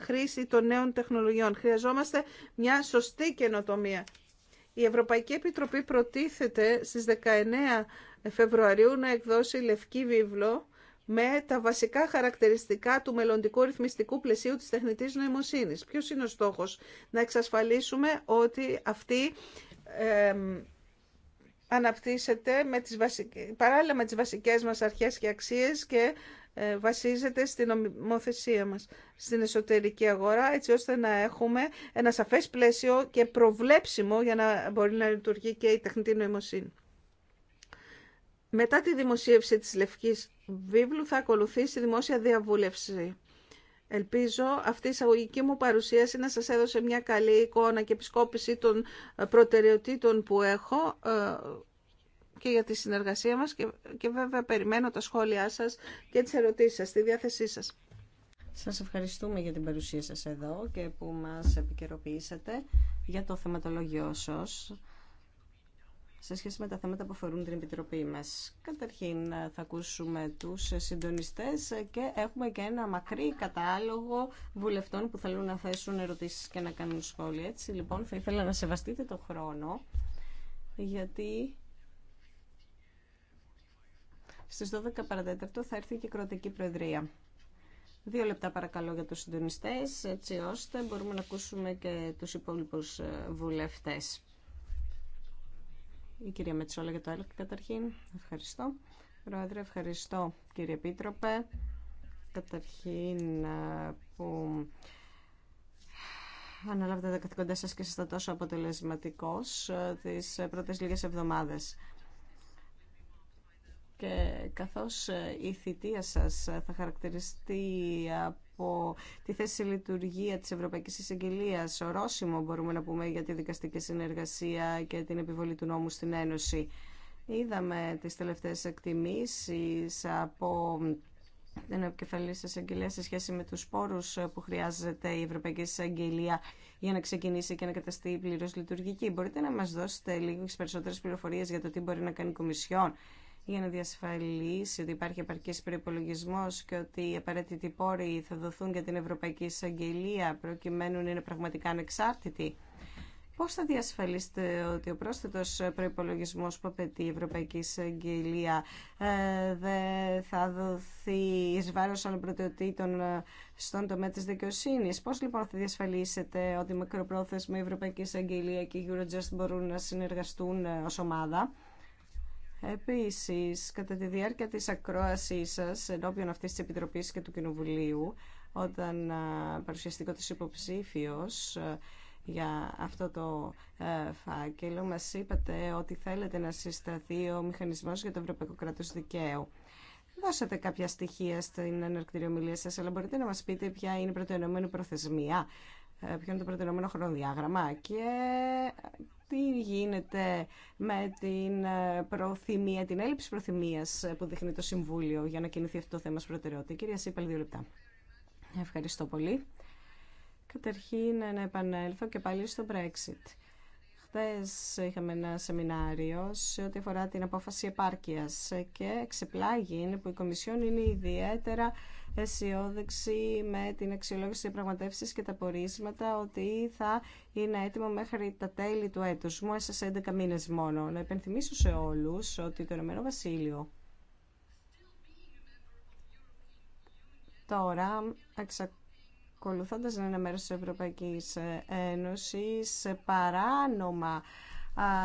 χρήση των νέων τεχνολογιών. Χρειαζόμαστε μια σωστή καινοτομία. Η Ευρωπαϊκή Επιτροπή προτίθεται στις 19 Φεβρουαρίου να εκδώσει λευκή βίβλο με τα βασικά χαρακτηριστικά του μελλοντικού ρυθμιστικού πλαισίου της τεχνητής νοημοσύνης. Ποιος είναι ο στόχος? Να εξασφαλίσουμε ότι αυτή αναπτύσσεται με τις βασικές, παράλληλα με τις βασικές μας αρχές και αξίες και ε, βασίζεται στην ομοθεσία μας, στην εσωτερική αγορά, έτσι ώστε να έχουμε ένα σαφές πλαίσιο και προβλέψιμο για να μπορεί να λειτουργεί και η τεχνητή νοημοσύνη. Μετά τη δημοσίευση της Λευκής Βίβλου θα ακολουθήσει δημόσια διαβούλευση. Ελπίζω αυτή η εισαγωγική μου παρουσίαση να σας έδωσε μια καλή εικόνα και επισκόπηση των προτεραιοτήτων που έχω ε, και για τη συνεργασία μας και, και βέβαια περιμένω τα σχόλιά σας και τις ερωτήσεις σας, τη διάθεσή σας. Σας ευχαριστούμε για την παρουσία σας εδώ και που μας επικαιροποιήσατε για το θεματολόγιο σας σε σχέση με τα θέματα που αφορούν την Επιτροπή μας. Καταρχήν ε, θα ακούσουμε τους συντονιστές και έχουμε και ένα μακρύ κατάλογο βουλευτών που θέλουν να θέσουν ερωτήσεις και να κάνουν σχόλια. Έτσι λοιπόν θα ήθελα να σεβαστείτε το χρόνο γιατί Στι 12 παρατέταρτο θα έρθει και η Κροατική Προεδρία. Δύο λεπτά παρακαλώ για τους συντονιστέ, έτσι ώστε μπορούμε να ακούσουμε και τους υπόλοιπου ε, βουλευτέ. Η κυρία Μετσόλα για το έλεγχο καταρχήν. Ευχαριστώ. Πρόεδρε, ευχαριστώ κύριε Επίτροπε. Καταρχήν ε, που αναλάβετε τα καθήκοντά σας και είστε τόσο αποτελεσματικός ε, τις πρώτες λίγες εβδομάδες και καθώς ε, η θητεία σας ε, θα χαρακτηριστεί από τη θέση λειτουργία της Ευρωπαϊκής Εισαγγελίας, ορόσημο μπορούμε να πούμε για τη δικαστική συνεργασία και την επιβολή του νόμου στην Ένωση. Είδαμε τις τελευταίες εκτιμήσεις από ε, την επικεφαλή εισαγγελία σε σχέση με τους πόρους που χρειάζεται η Ευρωπαϊκή Εισαγγελία για να ξεκινήσει και να καταστεί πλήρως λειτουργική. Μπορείτε να μας δώσετε λίγο περισσότερες πληροφορίες για το τι μπορεί να κάνει η Κομισιόν για να διασφαλίσει ότι υπάρχει επαρκή προπολογισμό και ότι οι απαραίτητοι πόροι θα δοθούν για την Ευρωπαϊκή Εισαγγελία προκειμένου να είναι πραγματικά ανεξάρτητοι. Πώς θα διασφαλίσετε ότι ο πρόσθετος προϋπολογισμός που απαιτεί η Ευρωπαϊκή Εισαγγελία ε, δεν θα δοθεί εις βάρος άλλων πρωτεοτήτων ε, στον τομέα της δικαιοσύνης. Πώς λοιπόν θα διασφαλίσετε ότι η μακροπρόθεσμα η Ευρωπαϊκή Εισαγγελία και η Eurojust μπορούν να συνεργαστούν ε, ως ομάδα. Επίσης, κατά τη διάρκεια της ακρόασής σας ενώπιον αυτής της Επιτροπής και του Κοινοβουλίου, όταν παρουσιαστικό της υποψήφιος για αυτό το φάκελο, μας είπατε ότι θέλετε να συσταθεί ο μηχανισμός για το Ευρωπαϊκό Κράτος Δικαίου. Δώσατε κάποια στοιχεία στην αναρκτηριομιλία σας, αλλά μπορείτε να μας πείτε ποια είναι η πρωτοενωμένη προθεσμία ε, ποιο είναι το προτεραιόμενο χρονοδιάγραμμα και ε, τι γίνεται με την ε, προθυμία, την έλλειψη προθυμίας που δείχνει το Συμβούλιο για να κινηθεί αυτό το θέμα στην προτεραιότητα. Κυρία Σίπελ, δύο λεπτά. Ευχαριστώ πολύ. Καταρχήν να επανέλθω και πάλι στο Brexit. Χθες είχαμε ένα σεμινάριο σε ό,τι αφορά την απόφαση επάρκειας και ξεπλάγει είναι που η Κομισιόν είναι ιδιαίτερα αισιόδεξη με την αξιολόγηση πραγματεύσεις και τα πορίσματα ότι θα είναι έτοιμο μέχρι τα τέλη του έτους, μου σε 11 μήνες μόνο. Να υπενθυμίσω σε όλους ότι το Ηνωμένο Βασίλειο τώρα εξακολουθεί εξακολουθώντας να είναι μέρος της Ευρωπαϊκής Ένωσης, παράνομα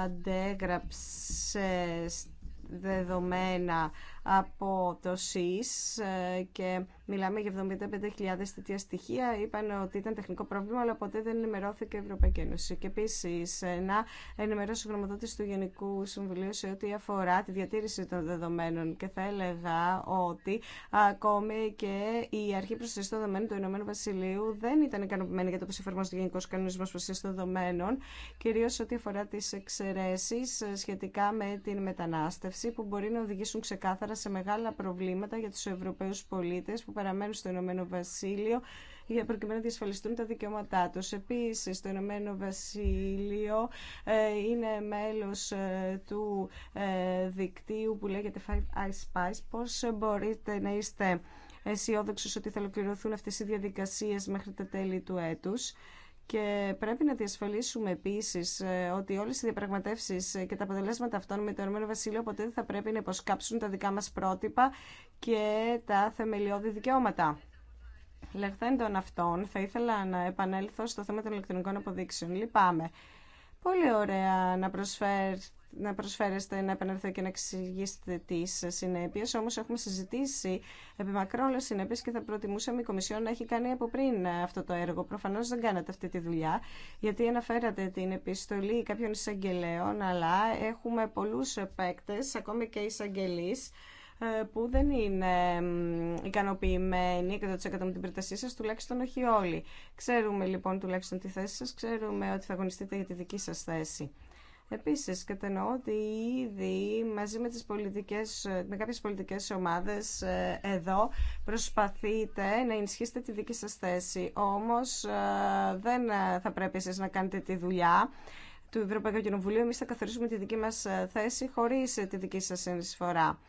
αντέγραψε δεδομένα από το ΣΥΣ ε, και Μιλάμε για 75.000 τέτοια στοιχεία. Είπαν ότι ήταν τεχνικό πρόβλημα, αλλά ποτέ δεν ενημερώθηκε η Ευρωπαϊκή Ένωση. Και επίση να ενημερώσω η γνωμοδότηση του Γενικού Συμβουλίου σε ό,τι αφορά τη διατήρηση των δεδομένων. Και θα έλεγα ότι ακόμη και η αρχή προστασία των δεδομένων του Ηνωμένου Βασιλείου δεν ήταν ικανοποιημένη για το πώ εφαρμόζεται ο Γενικό Κανονισμό Προστασία των Δεδομένων, κυρίω ό,τι αφορά τι εξαιρέσει σχετικά με την μετανάστευση, που μπορεί να οδηγήσουν ξεκάθαρα σε μεγάλα προβλήματα για του Ευρωπαίου πολίτε που παραμένουν στο Ηνωμένο Βασίλειο για προκειμένου να διασφαλιστούν τα δικαιώματά τους. Επίσης, το Ηνωμένο Βασίλειο ε, είναι μέλος ε, του ε, δικτύου που λέγεται Five Eyes Spice. Πώς μπορείτε να είστε αισιόδοξου ότι θα ολοκληρωθούν αυτές οι διαδικασίες μέχρι τα τέλη του έτους. Και πρέπει να διασφαλίσουμε επίση ε, ότι όλε οι διαπραγματεύσει ε, και τα αποτελέσματα αυτών με το Ηνωμένο Βασίλειο ποτέ δεν θα πρέπει να υποσκάψουν τα δικά μα πρότυπα και τα θεμελιώδη δικαιώματα. Λεχθέντων αυτών, θα ήθελα να επανέλθω στο θέμα των ηλεκτρονικών αποδείξεων. Λυπάμαι. Πολύ ωραία να προσφέρει να προσφέρεστε να επανέλθετε και να εξηγήσετε τι συνέπειε. Όμω, έχουμε συζητήσει επί μακρόλε συνέπειε και θα προτιμούσαμε η Κομισιόν να έχει κάνει από πριν αυτό το έργο. Προφανώ δεν κάνατε αυτή τη δουλειά, γιατί αναφέρατε την επιστολή κάποιων εισαγγελέων, αλλά έχουμε πολλού παίκτε, ακόμη και εισαγγελεί, ε, που δεν είναι ικανοποιημένοι 100% με την πρότασή σα, τουλάχιστον όχι όλοι. Ξέρουμε λοιπόν τουλάχιστον τη θέση σας, ξέρουμε ότι θα αγωνιστείτε για τη δική σας θέση. Επίσης, κατανοώ ότι ήδη μαζί με, τις πολιτικές, με κάποιες πολιτικές ομάδες ε, εδώ προσπαθείτε να ενισχύσετε τη δική σας θέση. Όμως ε, δεν θα πρέπει εσείς να κάνετε τη δουλειά του Ευρωπαϊκού Κοινοβουλίου. Εμείς θα καθορίσουμε τη δική μας ε, θέση χωρίς τη δική σας συνεισφορά.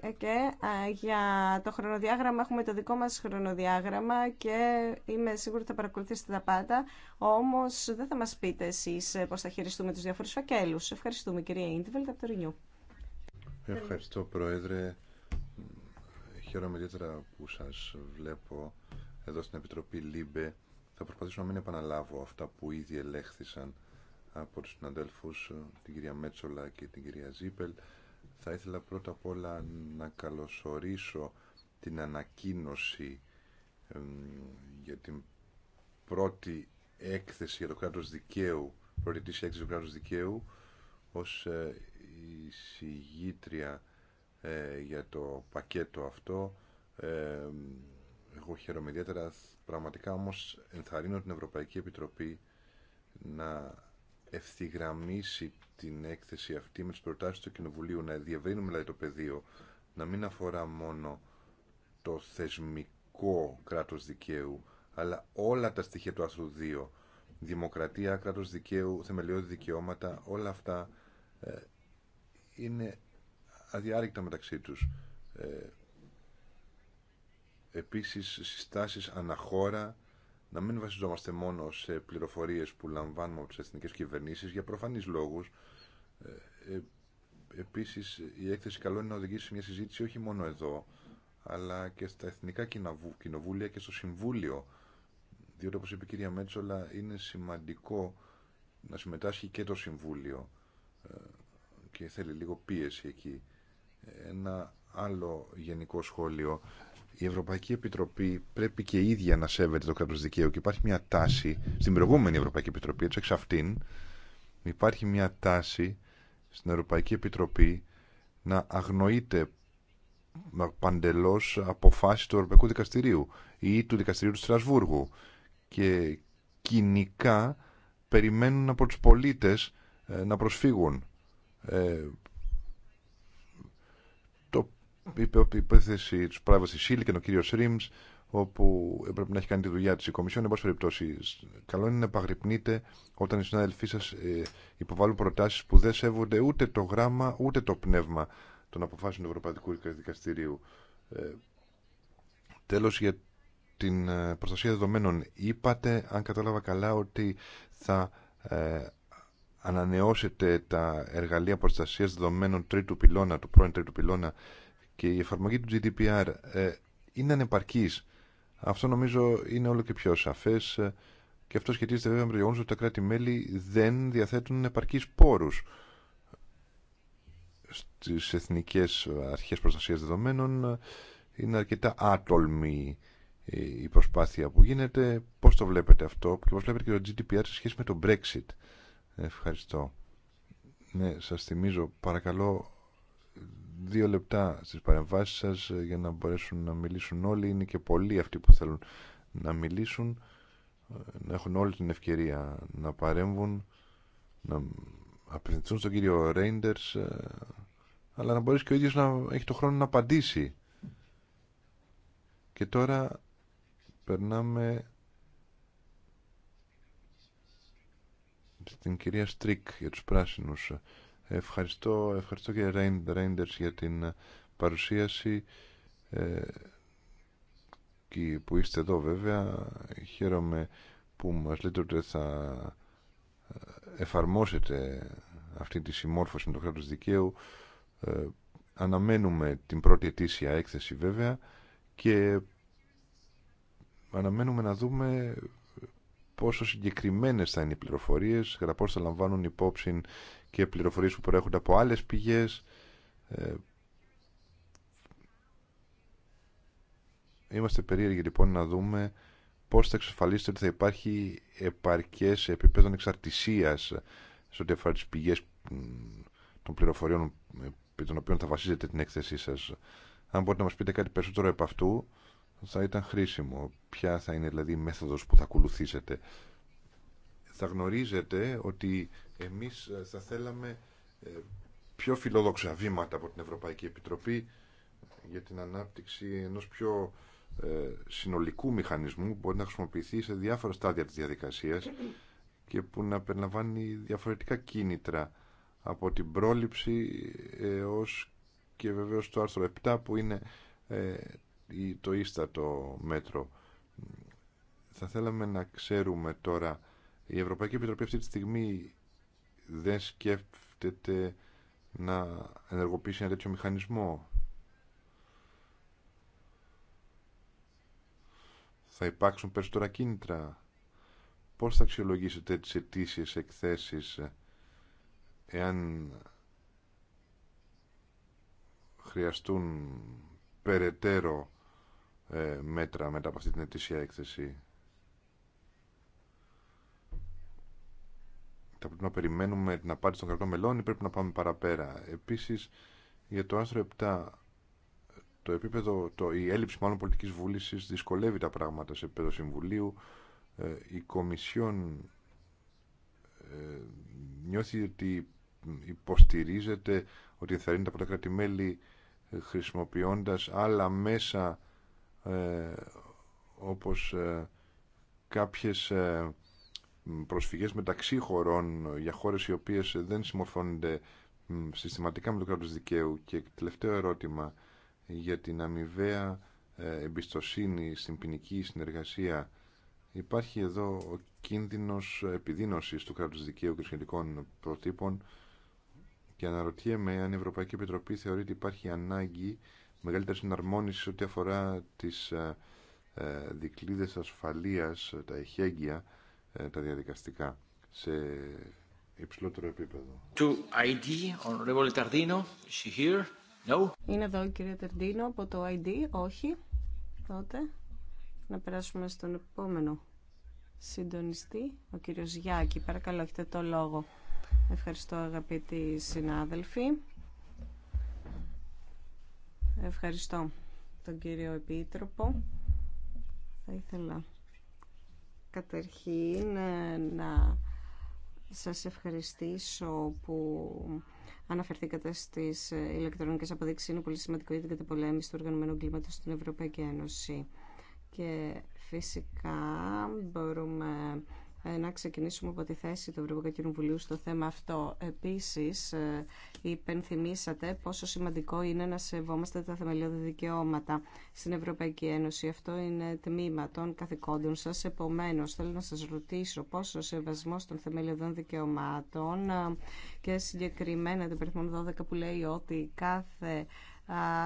Ε, και για το χρονοδιάγραμμα έχουμε το δικό μας χρονοδιάγραμμα και είμαι σίγουρη ότι θα παρακολουθήσετε τα πάντα, όμως δεν θα μας πείτε εσείς ε, πώς θα χειριστούμε τους διάφορους φακέλους. Ευχαριστούμε κυρία Ίντιβελ. από Ευχαριστώ Πρόεδρε. Χαίρομαι ιδιαίτερα που σας βλέπω εδώ στην Επιτροπή ΛΥΜΠΕ. Θα προσπαθήσω να μην επαναλάβω αυτά που ήδη ελέγχθησαν από τους συναδέλφους, την κυρία Μέτσολα και την κυρία Ζίπελ. Θα ήθελα πρώτα απ' όλα να καλωσορίσω την ανακοίνωση για την πρώτη έκθεση για το κράτος δικαίου, πρώτη της δικαίου, ως ε, εισηγήτρια ε, για το πακέτο αυτό. εγώ χαίρομαι ιδιαίτερα, πραγματικά όμως ενθαρρύνω την Ευρωπαϊκή Επιτροπή να ευθυγραμμίσει την έκθεση αυτή με τις προτάσεις του Κοινοβουλίου, να διευρύνουμε δηλαδή το πεδίο, να μην αφορά μόνο το θεσμικό κράτος δικαίου, αλλά όλα τα στοιχεία του άρθρου 2, δημοκρατία, κράτος δικαίου, θεμελιώδη δικαιώματα, όλα αυτά ε, είναι αδιάρρηκτα μεταξύ τους. Ε, επίσης, συστάσεις αναχώρα, να μην βασιζόμαστε μόνο σε πληροφορίες που λαμβάνουμε από τις εθνικές κυβερνήσεις για προφανεί λόγους. Ε, ε, επίσης, η έκθεση καλό είναι να οδηγήσει μια συζήτηση όχι μόνο εδώ, αλλά και στα εθνικά κοινοβούλια και στο Συμβούλιο, διότι όπω είπε η κυρία Μέτσολα, είναι σημαντικό να συμμετάσχει και το Συμβούλιο ε, και θέλει λίγο πίεση εκεί. Ένα άλλο γενικό σχόλιο η Ευρωπαϊκή Επιτροπή πρέπει και η ίδια να σέβεται το κράτο δικαίου και υπάρχει μια τάση στην προηγούμενη Ευρωπαϊκή Επιτροπή, έτσι εξ αυτήν, υπάρχει μια τάση στην Ευρωπαϊκή Επιτροπή να αγνοείται παντελώ αποφάσει του Ευρωπαϊκού Δικαστηρίου ή του Δικαστηρίου του Στρασβούργου. Και κοινικά περιμένουν από του πολίτε ε, να προσφύγουν. Ε, Είπε υπόθεση τη πράγματι Σίλ και ο κύριο Ρήμ, όπου έπρεπε να έχει κάνει τη δουλειά τη η Κομισιόν. Εν πάση περιπτώσει, καλό είναι να επαγρυπνείτε όταν οι συνάδελφοί σα ε, υποβάλλουν προτάσει που δεν σέβονται ούτε το γράμμα ούτε το πνεύμα των αποφάσεων του Ευρωπαϊκού Δικαστηρίου. Ε, Τέλο, για την ε, προστασία δεδομένων, είπατε, αν κατάλαβα καλά, ότι θα ε, ανανεώσετε τα εργαλεία προστασία δεδομένων τρίτου πυλώνα, του πρώην τρίτου πυλώνα, και η εφαρμογή του GDPR ε, είναι ανεπαρκής. Αυτό νομίζω είναι όλο και πιο σαφές ε, και αυτό σχετίζεται βέβαια με το γεγονός ότι τα κράτη-μέλη δεν διαθέτουν επαρκείς πόρους στις εθνικές αρχές προστασίας δεδομένων είναι αρκετά άτολμη ε, η προσπάθεια που γίνεται. Πώς το βλέπετε αυτό και πώς βλέπετε και το GDPR σε σχέση με το Brexit. Ευχαριστώ. Ναι, σας θυμίζω, παρακαλώ δύο λεπτά στις παρεμβάσεις σας ε, για να μπορέσουν να μιλήσουν όλοι. Είναι και πολλοί αυτοί που θέλουν να μιλήσουν, ε, να έχουν όλη την ευκαιρία να παρέμβουν, να απευθυνθούν στον κύριο Ρέιντερς, ε, αλλά να μπορείς και ο ίδιος να έχει το χρόνο να απαντήσει. Και τώρα περνάμε στην κυρία Στρίκ για τους πράσινους. Ευχαριστώ, ευχαριστώ και Reinders για την ε, παρουσίαση ε, και που είστε εδώ βέβαια. Χαίρομαι που μας λέτε ότι θα ε, εφαρμόσετε αυτή τη συμμόρφωση με το κράτος δικαίου. αναμένουμε την πρώτη ετήσια έκθεση βέβαια και αναμένουμε να δούμε πόσο συγκεκριμένες θα είναι οι πληροφορίες, γραπώς θα λαμβάνουν υπόψη και πληροφορίες που προέρχονται από άλλες πηγές. Ε, είμαστε περίεργοι λοιπόν να δούμε πώς θα εξασφαλίσετε ότι θα υπάρχει επαρκές επίπεδων εξαρτησίας σε ό,τι αφορά τις πηγές των πληροφοριών επί των οποίων θα βασίζετε την έκθεσή σας. Αν μπορείτε να μας πείτε κάτι περισσότερο από αυτού, θα ήταν χρήσιμο. Ποια θα είναι δηλαδή η μέθοδος που θα ακολουθήσετε. Θα γνωρίζετε ότι εμείς ε, θα θέλαμε ε, πιο φιλόδοξα βήματα από την Ευρωπαϊκή Επιτροπή για την ανάπτυξη ενός πιο ε, συνολικού μηχανισμού που μπορεί να χρησιμοποιηθεί σε διάφορα στάδια της διαδικασίας και που να περιλαμβάνει διαφορετικά κίνητρα από την πρόληψη έως και βεβαίως το άρθρο 7 που είναι το ίστατο μέτρο. Θα θέλαμε να ξέρουμε τώρα η Ευρωπαϊκή Επιτροπή αυτή τη στιγμή δεν σκέφτεται να ενεργοποιήσει ένα τέτοιο μηχανισμό. Θα υπάρξουν περισσότερα κίνητρα. Πώς θα αξιολογήσετε τις αιτήσει εκθέσεις εάν χρειαστούν περαιτέρω ε, μέτρα μετά από αυτή την αιτήσια έκθεση. θα πρέπει να περιμένουμε την απάντηση των κρατών μελών ή πρέπει να πάμε παραπέρα. Επίσης, για το άρθρο 7, το επίπεδο, το, η έλλειψη μάλλον πολιτικής βούλησης δυσκολεύει τα πράγματα σε επίπεδο Συμβουλίου. Ε, η Κομισιόν ε, νιώθει ότι υποστηρίζεται ότι θα είναι τα πρώτα ε, χρησιμοποιώντας άλλα μέσα ε, όπως ε, κάποιες προσφυγές μεταξύ χωρών για χώρες οι οποίες δεν συμμορφώνονται συστηματικά με το κράτος δικαίου και τελευταίο ερώτημα για την αμοιβαία ε, εμπιστοσύνη στην ποινική συνεργασία υπάρχει εδώ ο κίνδυνος επιδίνωσης του κράτους δικαίου και σχετικών προτύπων και αναρωτιέμαι αν η Ευρωπαϊκή Επιτροπή θεωρεί ότι υπάρχει ανάγκη μεγαλύτερη συναρμόνιση ό,τι αφορά τις ε, ε, δικλείδες ασφαλείας, τα εχέγγυα ε, τα διαδικαστικά σε υψηλότερο επίπεδο. To ID, Honorable Tardino, is she here? No. Είναι εδώ η κυρία Τερντίνο από το ID, όχι. Τότε να περάσουμε στον επόμενο συντονιστή, ο κύριος Γιάκη. Παρακαλώ, έχετε το λόγο. Ευχαριστώ αγαπητοί συνάδελφοι. Ευχαριστώ τον κύριο Επίτροπο. Θα ήθελα Καταρχήν ε, να σας ευχαριστήσω που αναφερθήκατε στις ε, ηλεκτρονικές αποδείξεις. Είναι πολύ σημαντικό για την καταπολέμηση του οργανωμένου κλίματος στην Ευρωπαϊκή Ένωση. Και φυσικά μπορούμε ε, να ξεκινήσουμε από τη θέση του Ευρωπαϊκού Κοινοβουλίου στο θέμα αυτό. Επίσης, ε, υπενθυμίσατε πόσο σημαντικό είναι να σεβόμαστε τα θεμελιώδη δικαιώματα στην Ευρωπαϊκή Ένωση. Αυτό είναι τμήμα των καθηκόντων Σα επομένω, θέλω να σα ρωτήσω πόσο ο σεβασμός των θεμελιωδών δικαιωμάτων ε, και συγκεκριμένα την περιθμό 12 που λέει ότι κάθε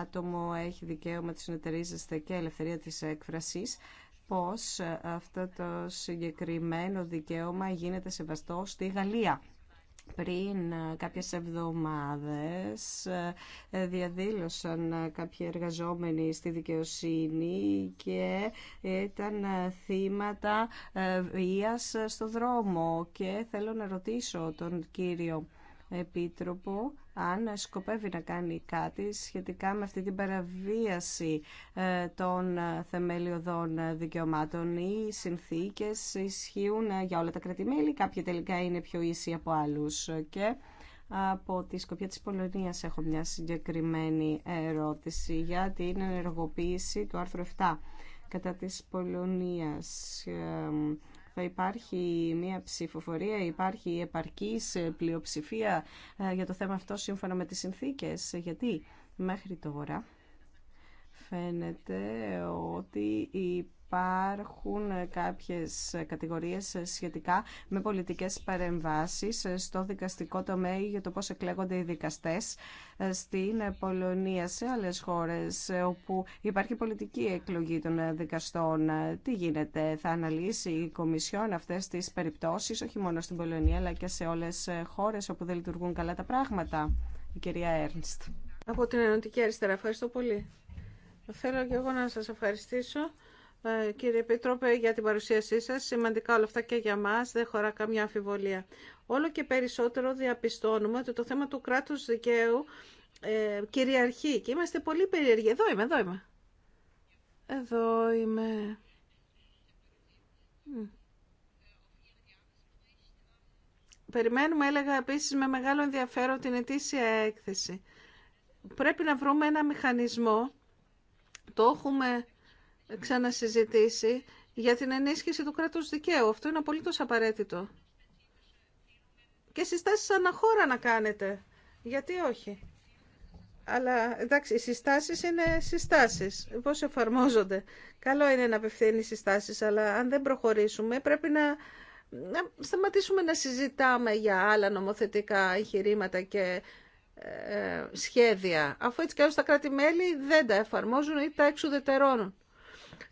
άτομο έχει δικαίωμα να συνεταιρίζεστε και ελευθερία της έκφρασης πώς ε, αυτό το συγκεκριμένο δικαίωμα γίνεται σεβαστό στη Γαλλία. Πριν ε, κάποιες εβδομάδες ε, διαδήλωσαν κάποιοι εργαζόμενοι στη δικαιοσύνη και ήταν θύματα βίας στο δρόμο και θέλω να ρωτήσω τον κύριο Επίτροπο αν σκοπεύει να κάνει κάτι σχετικά με αυτή την παραβίαση ε, των θεμελιωδών δικαιωμάτων. Οι συνθήκες ισχύουν ε, για όλα τα κρατημέλη, κάποια τελικά είναι πιο ίση από άλλους. Και από τη Σκοπιά της Πολωνίας έχω μια συγκεκριμένη ερώτηση για την ενεργοποίηση του άρθρου 7 κατά της Πολωνίας ε, θα υπάρχει μια ψηφοφορία, υπάρχει επαρκής πλειοψηφία ε, για το θέμα αυτό σύμφωνα με τις συνθήκες. Γιατί μέχρι τώρα φαίνεται ότι η υπάρχουν κάποιες κατηγορίες σχετικά με πολιτικές παρεμβάσεις στο δικαστικό τομέα για το πώς εκλέγονται οι δικαστές στην Πολωνία, σε άλλες χώρες όπου υπάρχει πολιτική εκλογή των δικαστών. Τι γίνεται, θα αναλύσει η Κομισιόν αυτές τις περιπτώσεις, όχι μόνο στην Πολωνία αλλά και σε όλες χώρες όπου δεν λειτουργούν καλά τα πράγματα. Η κυρία Έρνστ. Από την Ενωτική Αριστερά, ευχαριστώ πολύ. Θέλω και εγώ να σας ευχαριστήσω ε, κύριε Επίτροπε, για την παρουσίασή σας. Σημαντικά όλα αυτά και για μας, δεν χωρά καμιά αμφιβολία. Όλο και περισσότερο διαπιστώνουμε ότι το θέμα του κράτους δικαίου ε, κυριαρχεί και είμαστε πολύ περίεργοι. Εδώ είμαι, εδώ είμαι. Εδώ είμαι. Περιμένουμε, έλεγα επίσης, με μεγάλο ενδιαφέρον την ετήσια έκθεση. Πρέπει να βρούμε ένα μηχανισμό, το έχουμε ξανασυζητήσει για την ενίσχυση του κράτους δικαίου. Αυτό είναι απολύτως απαραίτητο. Και συστάσεις αναχώρα να κάνετε. Γιατί όχι. Αλλά εντάξει, οι συστάσεις είναι συστάσεις. Πώς εφαρμόζονται. Καλό είναι να απευθύνει συστάσεις, αλλά αν δεν προχωρήσουμε πρέπει να, σταματήσουμε να συζητάμε για άλλα νομοθετικά εγχειρήματα και ε, σχέδια. Αφού έτσι και τα κράτη-μέλη δεν τα εφαρμόζουν ή τα εξουδετερώνουν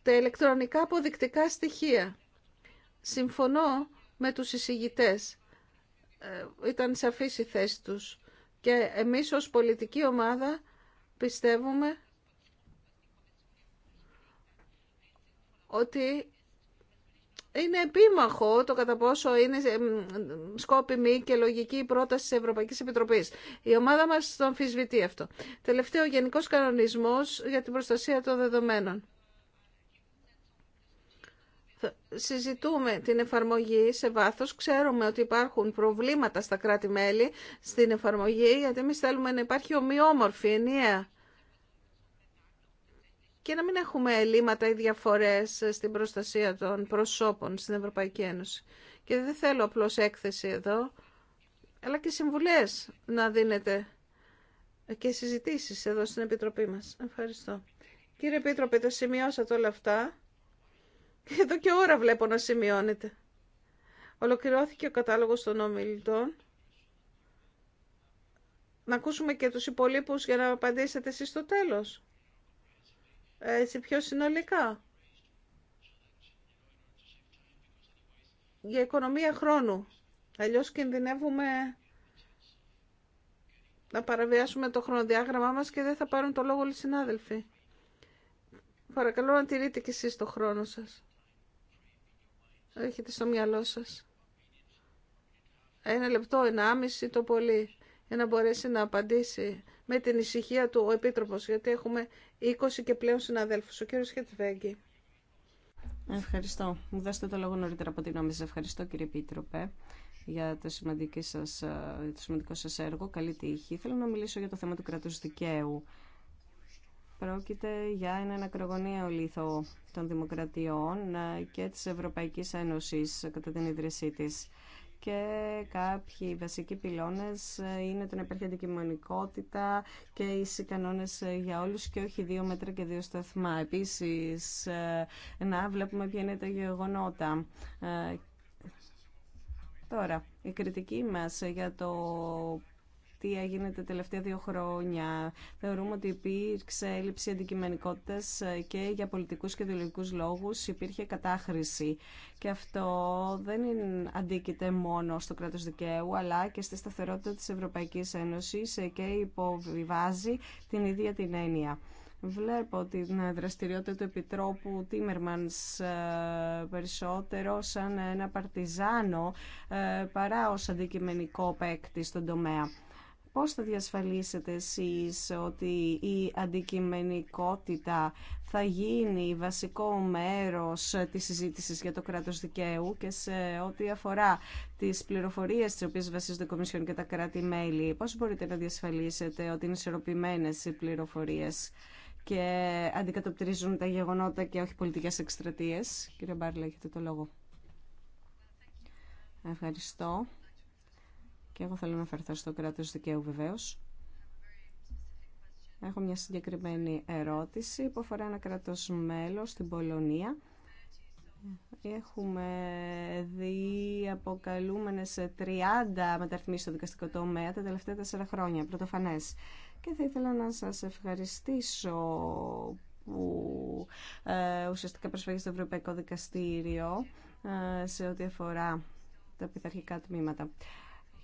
τα ηλεκτρονικά αποδεικτικά στοιχεία. Συμφωνώ με τους εισηγητές. Ε, ήταν σαφής η θέση τους. Και εμείς ως πολιτική ομάδα πιστεύουμε ότι είναι επίμαχο το κατά πόσο είναι ε, σκόπιμη και λογική η πρόταση της Ευρωπαϊκής Επιτροπής. Η ομάδα μας το αμφισβητεί αυτό. Τελευταίο, Γενικός Κανονισμός για την Προστασία των Δεδομένων συζητούμε την εφαρμογή σε βάθος. Ξέρουμε ότι υπάρχουν προβλήματα στα κράτη-μέλη στην εφαρμογή, γιατί εμεί θέλουμε να υπάρχει ομοιόμορφη, ενιαία. Και να μην έχουμε ελλείμματα ή διαφορές στην προστασία των προσώπων στην Ευρωπαϊκή Ένωση. Και δεν θέλω απλώς έκθεση εδώ, αλλά και συμβουλές να δίνετε και συζητήσεις εδώ στην Επιτροπή μας. Ευχαριστώ. Κύριε Επίτροπε, τα σημειώσατε όλα αυτά. Εδώ και ώρα βλέπω να σημειώνεται. Ολοκληρώθηκε ο κατάλογος των ομιλητών. Να ακούσουμε και τους υπολείπους για να απαντήσετε εσείς στο τέλος. Έτσι πιο συνολικά. Για οικονομία χρόνου. Αλλιώς κινδυνεύουμε να παραβιάσουμε το χρονοδιάγραμμά μας και δεν θα πάρουν το λόγο όλοι οι συνάδελφοι. Παρακαλώ να τηρείτε και εσείς το χρόνο σας έχετε στο μυαλό σας. Ένα λεπτό, ένα άμεση το πολύ, για να μπορέσει να απαντήσει με την ησυχία του ο Επίτροπος, γιατί έχουμε 20 και πλέον συναδέλφους. Ο κύριος Χετβέγγι. Ευχαριστώ. Μου δώσετε το λόγο νωρίτερα από την νόμιση. Ευχαριστώ κύριε Επίτροπε για το, σημαντικό σας, ε, το σημαντικό σας έργο. Καλή τύχη. Θέλω να μιλήσω για το θέμα του κρατούς δικαίου. Πρόκειται για έναν ακρογωνιαίο λίθο των δημοκρατιών ε, και της Ευρωπαϊκής Ένωσης ε, κατά την ίδρυσή της. Και κάποιοι βασικοί πυλώνες ε, είναι το να υπάρχει αντικειμενικότητα και οι κανόνες για όλους και όχι δύο μέτρα και δύο σταθμά. Επίσης, να βλέπουμε ποια είναι τα γεγονότα. Τώρα, η κριτική μας για το τι έγινε τα τελευταία δύο χρόνια. Θεωρούμε ότι υπήρξε έλλειψη αντικειμενικότητας ε, και για πολιτικού και ιδεολογικού λόγους υπήρχε κατάχρηση. Και αυτό δεν αντίκειται μόνο στο κράτος δικαίου, αλλά και στη σταθερότητα τη Ευρωπαϊκή Ένωση ε, και υποβιβάζει την ίδια την έννοια. Βλέπω την δραστηριότητα του Επιτρόπου Τίμερμανς ε, περισσότερο σαν ένα παρτιζάνο παρά ως αντικειμενικό παίκτη στον τομέα. Πώς θα διασφαλίσετε εσείς ότι η αντικειμενικότητα θα γίνει βασικό μέρος της συζήτησης για το κράτος δικαίου και σε ό,τι αφορά τις πληροφορίες τις οποίες βασίζονται η Κομισιόν και τα κράτη-μέλη. Πώς μπορείτε να διασφαλίσετε ότι είναι ισορροπημένες οι πληροφορίες και αντικατοπτρίζουν τα γεγονότα και όχι πολιτικές εκστρατείες. Κύριε Μπάρλα, έχετε το λόγο. Ευχαριστώ εγώ θέλω να αφαιρθώ στο κράτος δικαίου βεβαίως. Έχω μια συγκεκριμένη ερώτηση που αφορά ένα κράτος μέλος στην Πολωνία. Έχουμε δει αποκαλούμενες 30 μεταρρυθμίσεις στο δικαστικό τομέα τα τελευταία τέσσερα χρόνια, πρωτοφανές. Και θα ήθελα να σας ευχαριστήσω που ε, ουσιαστικά προσφέρει στο Ευρωπαϊκό Δικαστήριο ε, σε ό,τι αφορά τα πειθαρχικά τμήματα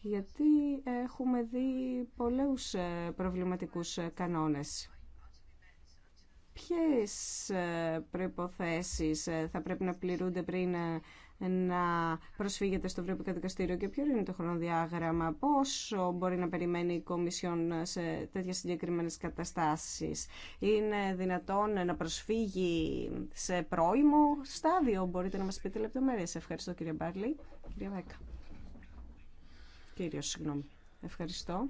γιατί έχουμε δει πολλούς ε, προβληματικούς ε, κανόνες. Ποιες ε, προϋποθέσεις θα πρέπει να πληρούνται πριν να προσφύγετε στο Ευρωπαϊκό Δικαστήριο και ποιο είναι το χρονοδιάγραμμα, πόσο μπορεί να περιμένει η Κομισιόν σε τέτοιες συγκεκριμένες καταστάσεις. Είναι δυνατόν να προσφύγει σε πρώιμο στάδιο, μπορείτε να μας πείτε λεπτομέρειες. Ευχαριστώ κύριε Μπάρλι. Κυρία Κύριο συγγνώμη. Ευχαριστώ.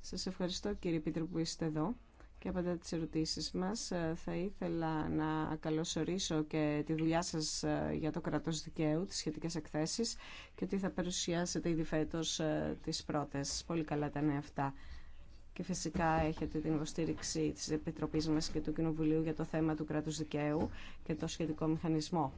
Σας ευχαριστώ κύριε Πίτρο που είστε εδώ και απαντά τι ερωτήσεις μας. Ε, θα ήθελα να καλωσορίσω και τη δουλειά σας ε, για το κρατός δικαίου, τις σχετικές εκθέσεις και ότι θα παρουσιάσετε ήδη φέτο ε, τι πρώτες. Πολύ καλά ήταν αυτά. Και φυσικά έχετε την υποστήριξη της Επιτροπής μας και του Κοινοβουλίου για το θέμα του κράτους δικαίου και το σχετικό μηχανισμό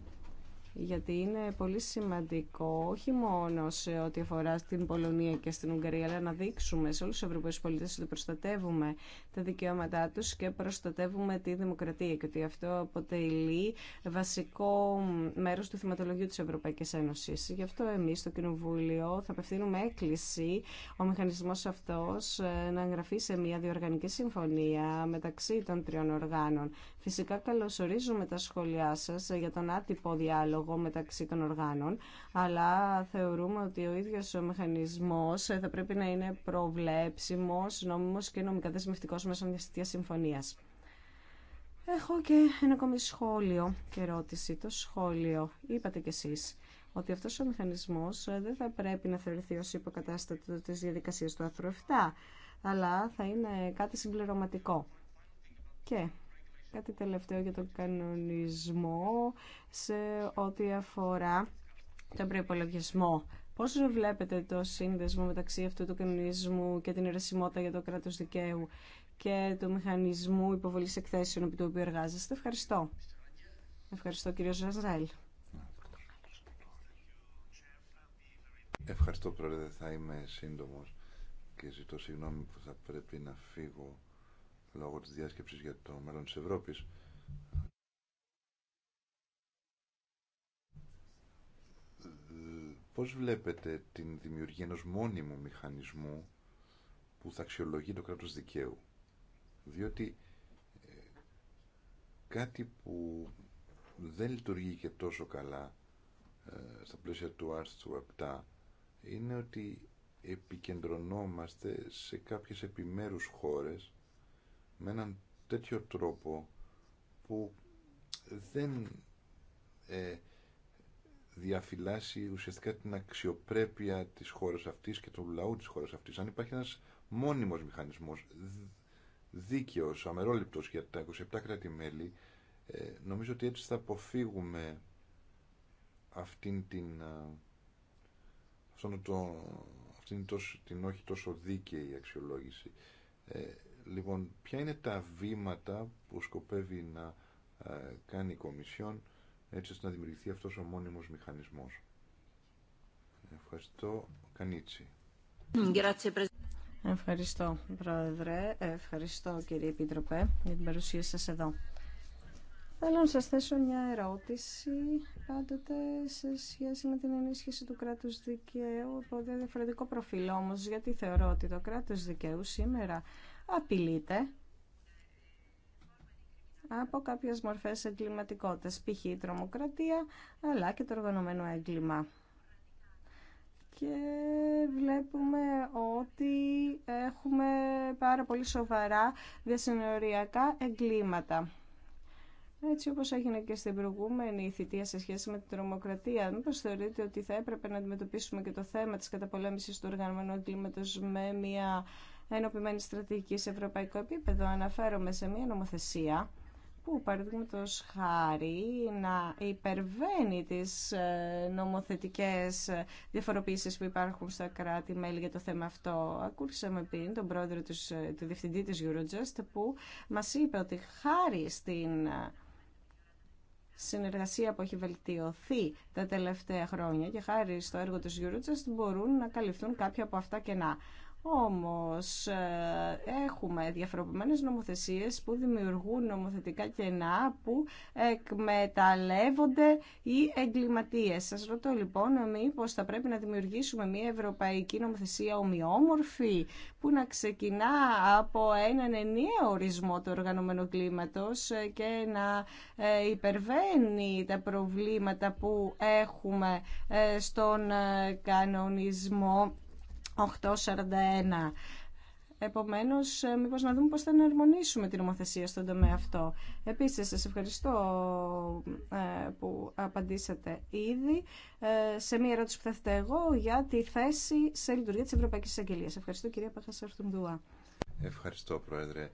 γιατί είναι πολύ σημαντικό όχι μόνο σε ό,τι αφορά στην Πολωνία και στην Ουγγαρία, αλλά να δείξουμε σε όλους τους Ευρωπαίους πολίτες ότι προστατεύουμε τα δικαιώματά τους και προστατεύουμε τη δημοκρατία και ότι αυτό αποτελεί βασικό μέρος του θεματολογίου της Ευρωπαϊκής Ένωσης. Γι' αυτό εμείς στο Κοινοβούλιο θα απευθύνουμε έκκληση ο μηχανισμός αυτός ε, να εγγραφεί σε μια διοργανική συμφωνία μεταξύ των τριών οργάνων Φυσικά καλωσορίζουμε τα σχόλιά σας για τον άτυπο διάλογο μεταξύ των οργάνων, αλλά θεωρούμε ότι ο ίδιος ο μηχανισμός θα πρέπει να είναι προβλέψιμος, νόμιμος και νομικά δεσμευτικός μέσω μιας τέτοιας συμφωνίας. Έχω και ένα ακόμη σχόλιο και ερώτηση. Το σχόλιο, είπατε κι εσείς, ότι αυτός ο μηχανισμός δεν θα πρέπει να θεωρηθεί ως υποκατάστατο της διαδικασίας του άρθρου 7, αλλά θα είναι κάτι συμπληρωματικό. Και Κάτι τελευταίο για τον κανονισμό σε ό,τι αφορά τον προπολογισμό. Πώς βλέπετε το σύνδεσμο μεταξύ αυτού του κανονισμού και την ερεσιμότητα για το κράτος δικαίου και του μηχανισμού υποβολής εκθέσεων επί του οποίου εργάζεστε. Ευχαριστώ. Ευχαριστώ κύριο Ζαζραήλ. Ευχαριστώ πρόεδρε, θα είμαι σύντομος και ζητώ συγγνώμη που θα πρέπει να φύγω λόγω της διάσκεψης για το μέλλον της Ευρώπης. Πώς βλέπετε την δημιουργία ενός μόνιμου μηχανισμού που θα αξιολογεί το κράτος δικαίου. Διότι ε, κάτι που δεν λειτουργεί και τόσο καλά ε, στα πλαίσια του άρθρου 7 είναι ότι επικεντρωνόμαστε σε κάποιες επιμέρους χώρες με έναν τέτοιο τρόπο που δεν ε, διαφυλάσσει ουσιαστικά την αξιοπρέπεια της χώρας αυτής και του λαού της χώρας αυτής. Αν υπάρχει ένας μόνιμος μηχανισμός, δίκαιος, αμερόληπτος για τα 27 κράτη-μέλη, ε, νομίζω ότι έτσι θα αποφύγουμε αυτήν την, ε, αυτόν το, αυτήν τόσο, την όχι τόσο δίκαιη αξιολόγηση. Ε, Λοιπόν, ποια είναι τα βήματα που σκοπεύει να ε, κάνει η Κομισιόν έτσι ώστε να δημιουργηθεί αυτός ο μόνιμος μηχανισμός. Ευχαριστώ. Κανίτσι. Ευχαριστώ, Πρόεδρε. Ευχαριστώ, κύριε Επίτροπε, για την παρουσία σας εδώ. Θέλω να σας θέσω μια ερώτηση πάντοτε σε σχέση με την ενίσχυση του κράτους δικαίου από διαφορετικό προφίλ όμως γιατί θεωρώ ότι το κράτος δικαίου σήμερα απειλείται από κάποιες μορφές εγκληματικότητας, π.χ. η τρομοκρατία, αλλά και το οργανωμένο έγκλημα. Και βλέπουμε ότι έχουμε πάρα πολύ σοβαρά διασυνοριακά εγκλήματα. Έτσι όπως έγινε και στην προηγούμενη θητεία σε σχέση με την τρομοκρατία, μήπως θεωρείτε ότι θα έπρεπε να αντιμετωπίσουμε και το θέμα της καταπολέμησης του οργανωμένου εγκλήματος με μια ενωπημένη στρατηγική σε ευρωπαϊκό επίπεδο. Αναφέρομαι σε μια νομοθεσία που παραδείγματο χάρη να υπερβαίνει τις ε, νομοθετικές διαφοροποίησεις που υπάρχουν στα κράτη-μέλη για το θέμα αυτό. Ακούσαμε πριν τον πρόεδρο της, ε, του διευθυντή της Eurojust που μας είπε ότι χάρη στην ε, συνεργασία που έχει βελτιωθεί τα τελευταία χρόνια και χάρη στο έργο της Eurojust μπορούν να καλυφθούν κάποια από αυτά κενά. Όμως ε, έχουμε διαφοροποιημένες νομοθεσίες που δημιουργούν νομοθετικά κενά που εκμεταλλεύονται οι εγκληματίες. Σας ρωτώ λοιπόν μήπως θα πρέπει να δημιουργήσουμε μια ευρωπαϊκή νομοθεσία ομοιόμορφη που να ξεκινά από έναν ενιαίο ορισμό του οργανωμένου κλίματος ε, και να ε, υπερβαίνει τα προβλήματα που έχουμε στον κανονισμό 841. Επομένω, μήπω να δούμε πώ θα εναρμονίσουμε την νομοθεσία στον τομέα αυτό. Επίση, σα ευχαριστώ ε, που απαντήσατε ήδη ε, σε μία ερώτηση που θα θέτω εγώ για τη θέση σε λειτουργία τη Ευρωπαϊκή Εισαγγελία. Ευχαριστώ, κυρία Παχασαρτουνδουά. Ευχαριστώ, Πρόεδρε.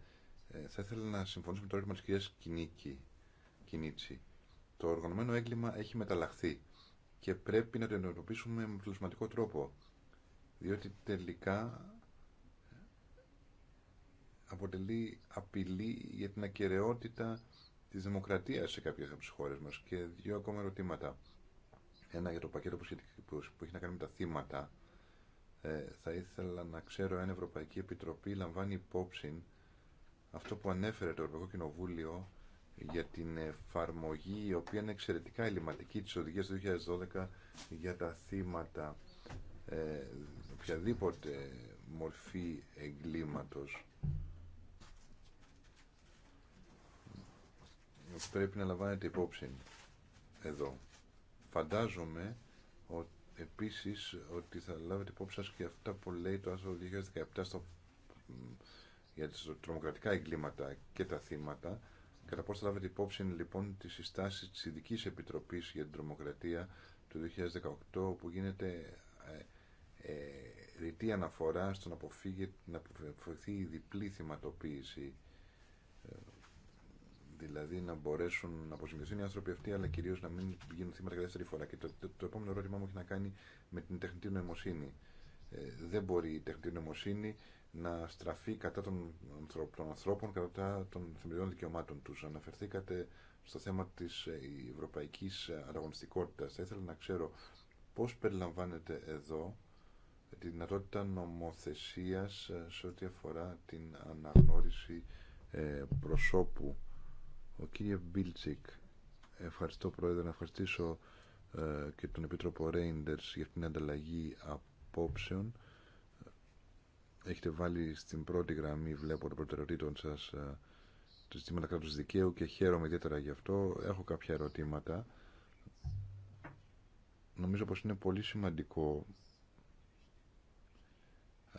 Ε, θα ήθελα να συμφωνήσω με το έργο τη κυρία Κινίτσι. Το οργανωμένο έγκλημα έχει μεταλλαχθεί και πρέπει να το ενεργοποιήσουμε με πλουσματικό τρόπο διότι τελικά αποτελεί απειλή για την ακαιρεότητα της δημοκρατίας σε κάποιες από τις χώρες μας. Και δύο ακόμα ερωτήματα. Ένα για το πακέτο που, που έχει να κάνει με τα θύματα. Ε, θα ήθελα να ξέρω αν η Ευρωπαϊκή Επιτροπή λαμβάνει υπόψη αυτό που ανέφερε το Ευρωπαϊκό Κοινοβούλιο για την εφαρμογή η οποία είναι εξαιρετικά ελληματική της οδηγίας του 2012 για τα θύματα ε, οποιαδήποτε μορφή εγκλήματος πρέπει να λαμβάνετε υπόψη εδώ. Φαντάζομαι ότι επίσης ότι θα λάβετε υπόψη σας και αυτά που λέει το άρθρο 2017 στο, για τις τρομοκρατικά εγκλήματα και τα θύματα. Κατά πώς θα λάβετε υπόψη λοιπόν τις συστάσεις της ειδική Επιτροπής για την Τρομοκρατία του 2018 που γίνεται ε, ε, ρητή αναφορά στο να αποφύγει να η διπλή θυματοποίηση ε, δηλαδή να μπορέσουν να αποζημιωθούν οι άνθρωποι αυτοί αλλά κυρίως να μην γίνουν θύματα και δεύτερη φορά και το, το, επόμενο ερώτημα μου έχει να κάνει με την τεχνητή νοημοσύνη δεν μπορεί η τεχνητή νοημοσύνη να στραφεί κατά των, των ανθρώπων, κατά των θεμελιών δικαιωμάτων τους. Αναφερθήκατε στο θέμα της ευρωπαϊκής ανταγωνιστικότητας. Θα ήθελα να ξέρω πώς περιλαμβάνεται εδώ τη δυνατότητα νομοθεσίας ε, σε ό,τι αφορά την αναγνώριση ε, προσώπου. Ο κύριε Μπίλτσικ, ευχαριστώ Πρόεδρε, να ευχαριστήσω ε, και τον Επίτροπο Ρέιντερς για την ανταλλαγή απόψεων. Έχετε βάλει στην πρώτη γραμμή, βλέπω, των προτεραιοτήτων σας το ζητήματα κράτους δικαίου και χαίρομαι ιδιαίτερα γι' αυτό. Έχω κάποια ερωτήματα. Νομίζω πως είναι πολύ σημαντικό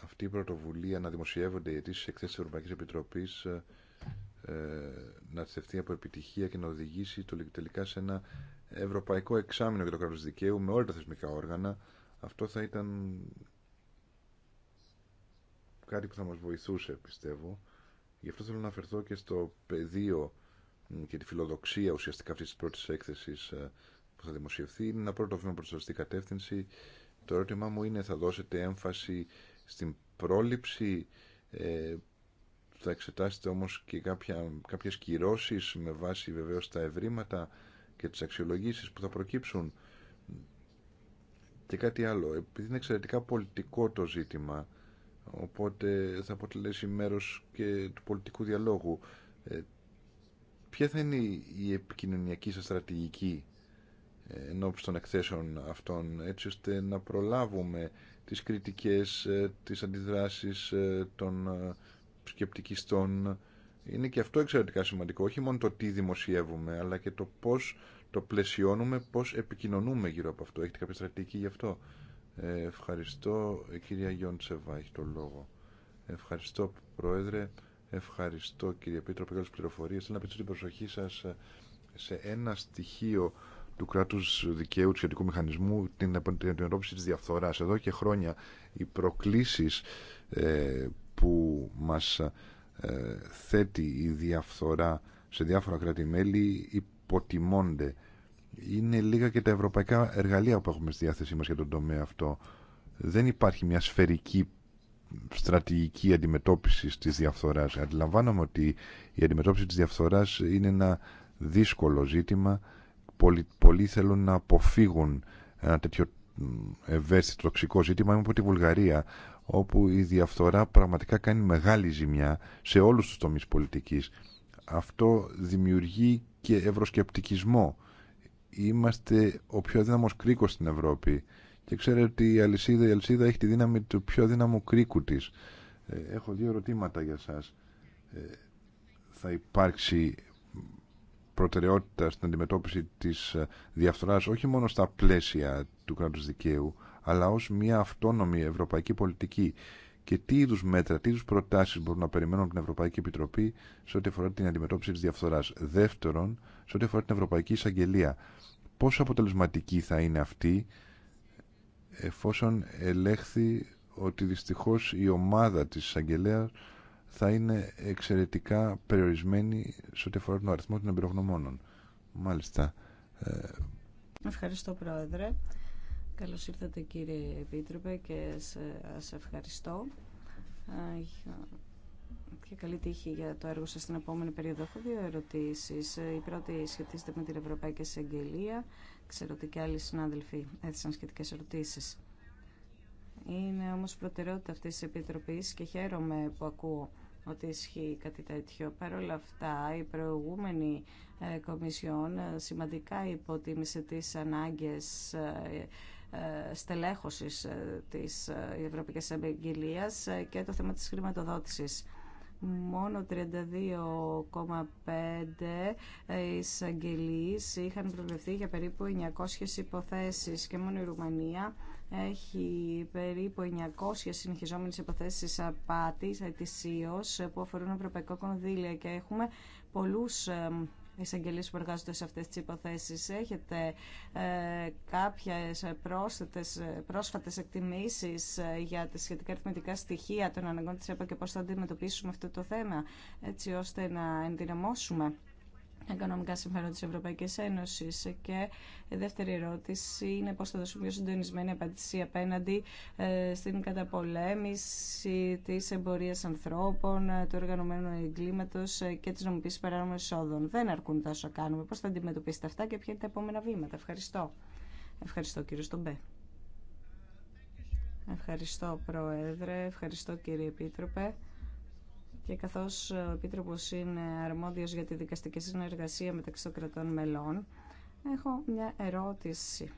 αυτή η πρωτοβουλία να δημοσιεύονται οι αιτήσεις εκθέσεις της Ευρωπαϊκής Επιτροπής ε, ε, να θευτεί από επιτυχία και να οδηγήσει τελικά σε ένα ευρωπαϊκό εξάμεινο για το κράτος δικαίου με όλα τα θεσμικά όργανα. Αυτό θα ήταν κάτι που θα μας βοηθούσε, πιστεύω. Γι' αυτό θέλω να αφαιρθώ και στο πεδίο και τη φιλοδοξία ουσιαστικά αυτής της πρώτης έκθεσης ε, που θα δημοσιευθεί είναι ένα πρώτο βήμα προ τη σωστή κατεύθυνση. Το ερώτημά μου είναι θα δώσετε έμφαση στην πρόληψη, ε, θα εξετάσετε όμως και κάποιε κάποιες με βάση βεβαίω τα ευρήματα και τις αξιολογήσει που θα προκύψουν. Και κάτι άλλο, επειδή είναι εξαιρετικά πολιτικό το ζήτημα, οπότε θα αποτελέσει μέρος και του πολιτικού διαλόγου. Ε, ποια θα είναι η επικοινωνιακή σας στρατηγική ενώπιση των εκθέσεων αυτών έτσι ώστε να προλάβουμε τις κριτικές, ε, τις αντιδράσεις ε, των ε, σκεπτικιστών είναι και αυτό εξαιρετικά σημαντικό όχι μόνο το τι δημοσιεύουμε αλλά και το πώς το πλαισιώνουμε πώς επικοινωνούμε γύρω από αυτό έχετε κάποια στρατηγική γι' αυτό ε, ευχαριστώ κυρία Γιόντσεβα έχει το λόγο ευχαριστώ πρόεδρε ευχαριστώ κύριε Πίτρο για τις πληροφορίες θέλω να πείτε την προσοχή σας σε ένα στοιχείο του κράτου δικαίου, του σχετικού μηχανισμού, την αντιμετώπιση τη διαφθοράς. Εδώ και χρόνια οι προκλήσεις ε, που μας ε, θέτει η διαφθορά σε διάφορα κράτη-μέλη υποτιμώνται. Είναι λίγα και τα ευρωπαϊκά εργαλεία που έχουμε στη διάθεσή μας για τον τομέα αυτό. Δεν υπάρχει μια σφαιρική στρατηγική αντιμετώπιση τη διαφθοράς. Αντιλαμβάνομαι ότι η αντιμετώπιση τη διαφθορά είναι ένα δύσκολο ζήτημα Πολλοί, θέλουν να αποφύγουν ένα τέτοιο ευαίσθητο τοξικό ζήτημα. Είμαι από τη Βουλγαρία, όπου η διαφθορά πραγματικά κάνει μεγάλη ζημιά σε όλους τους τομείς πολιτικής. Αυτό δημιουργεί και ευρωσκεπτικισμό. Είμαστε ο πιο αδύναμος κρίκος στην Ευρώπη και ξέρετε ότι η αλυσίδα, η αλυσίδα έχει τη δύναμη του πιο δύναμου κρίκου της. Ε, έχω δύο ερωτήματα για σας. Ε, θα υπάρξει προτεραιότητα στην αντιμετώπιση της ε, διαφθοράς όχι μόνο στα πλαίσια του κράτους δικαίου, αλλά ως μια αυτόνομη ευρωπαϊκή πολιτική. Και τι είδου μέτρα, τι είδου προτάσει μπορούν να περιμένουν την Ευρωπαϊκή Επιτροπή σε ό,τι αφορά την αντιμετώπιση τη διαφθορά. Δεύτερον, σε ό,τι αφορά την Ευρωπαϊκή Εισαγγελία. Πόσο αποτελεσματική θα είναι αυτή, εφόσον ελέγχθη ότι δυστυχώ η ομάδα τη εισαγγελέα θα είναι εξαιρετικά περιορισμένη σε ό,τι αφορά τον αριθμό των εμπειρογνωμόνων. Μάλιστα. Ε, ευχαριστώ Πρόεδρε. Καλώς ήρθατε κύριε Επίτροπε και σας ευχαριστώ και καλή τύχη για το έργο σας στην επόμενη περίοδο. Έχω δύο ερωτήσεις. Ε, η πρώτη σχετίζεται με την Ευρωπαϊκή Εισαγγελία. Ξέρω ότι και άλλοι συνάδελφοι έθεσαν σχετικές ερωτήσεις. Είναι όμως προτεραιότητα αυτή τη επιτροπή και χαίρομαι που ακούω ότι ισχύει κάτι τέτοιο. Παρ' όλα αυτά, η προηγούμενη ε, Κομισιόν ε, σημαντικά υποτίμησε τις ανάγκες ε, στελέχωσης της Ευρωπαϊκής Αγγελίας και το θέμα της χρηματοδότησης. Μόνο 32,5 εισαγγελίες είχαν προβλεφθεί για περίπου 900 υποθέσεις και μόνο η Ρουμανία έχει περίπου 900 συνεχιζόμενες υποθέσεις απάτης αιτησίως, που αφορούν ευρωπαϊκό κονδύλια και έχουμε πολλούς εισαγγελίες που εργάζονται σε αυτές τις υποθέσεις. Έχετε ε, κάποιες πρόσθετες, πρόσφατες εκτιμήσεις ε, για τα σχετικά αριθμητικά στοιχεία των αναγκών της ΕΠΑ και πώς θα αντιμετωπίσουμε αυτό το θέμα έτσι ώστε να ενδυναμώσουμε οικονομικά συμφέροντα τη Ευρωπαϊκή Ένωση. και η δεύτερη ερώτηση είναι πώ θα δώσουμε πιο συντονισμένη απάντηση απέναντι ε, στην καταπολέμηση τη εμπορία ανθρώπων, ε, του οργανωμένου εγκλήματος ε, και τη νομικής παράνομων εισόδων. Δεν αρκούν τα όσα κάνουμε. πώ θα αντιμετωπίσετε αυτά και ποια είναι τα επόμενα βήματα. Ευχαριστώ. Ευχαριστώ κύριο Στομπέ. Ευχαριστώ Πρόεδρε, ευχαριστώ κύριε Επίτροπε και καθώς ο Επίτροπος είναι αρμόδιος για τη δικαστική συνεργασία μεταξύ των κρατών μελών, έχω μια ερώτηση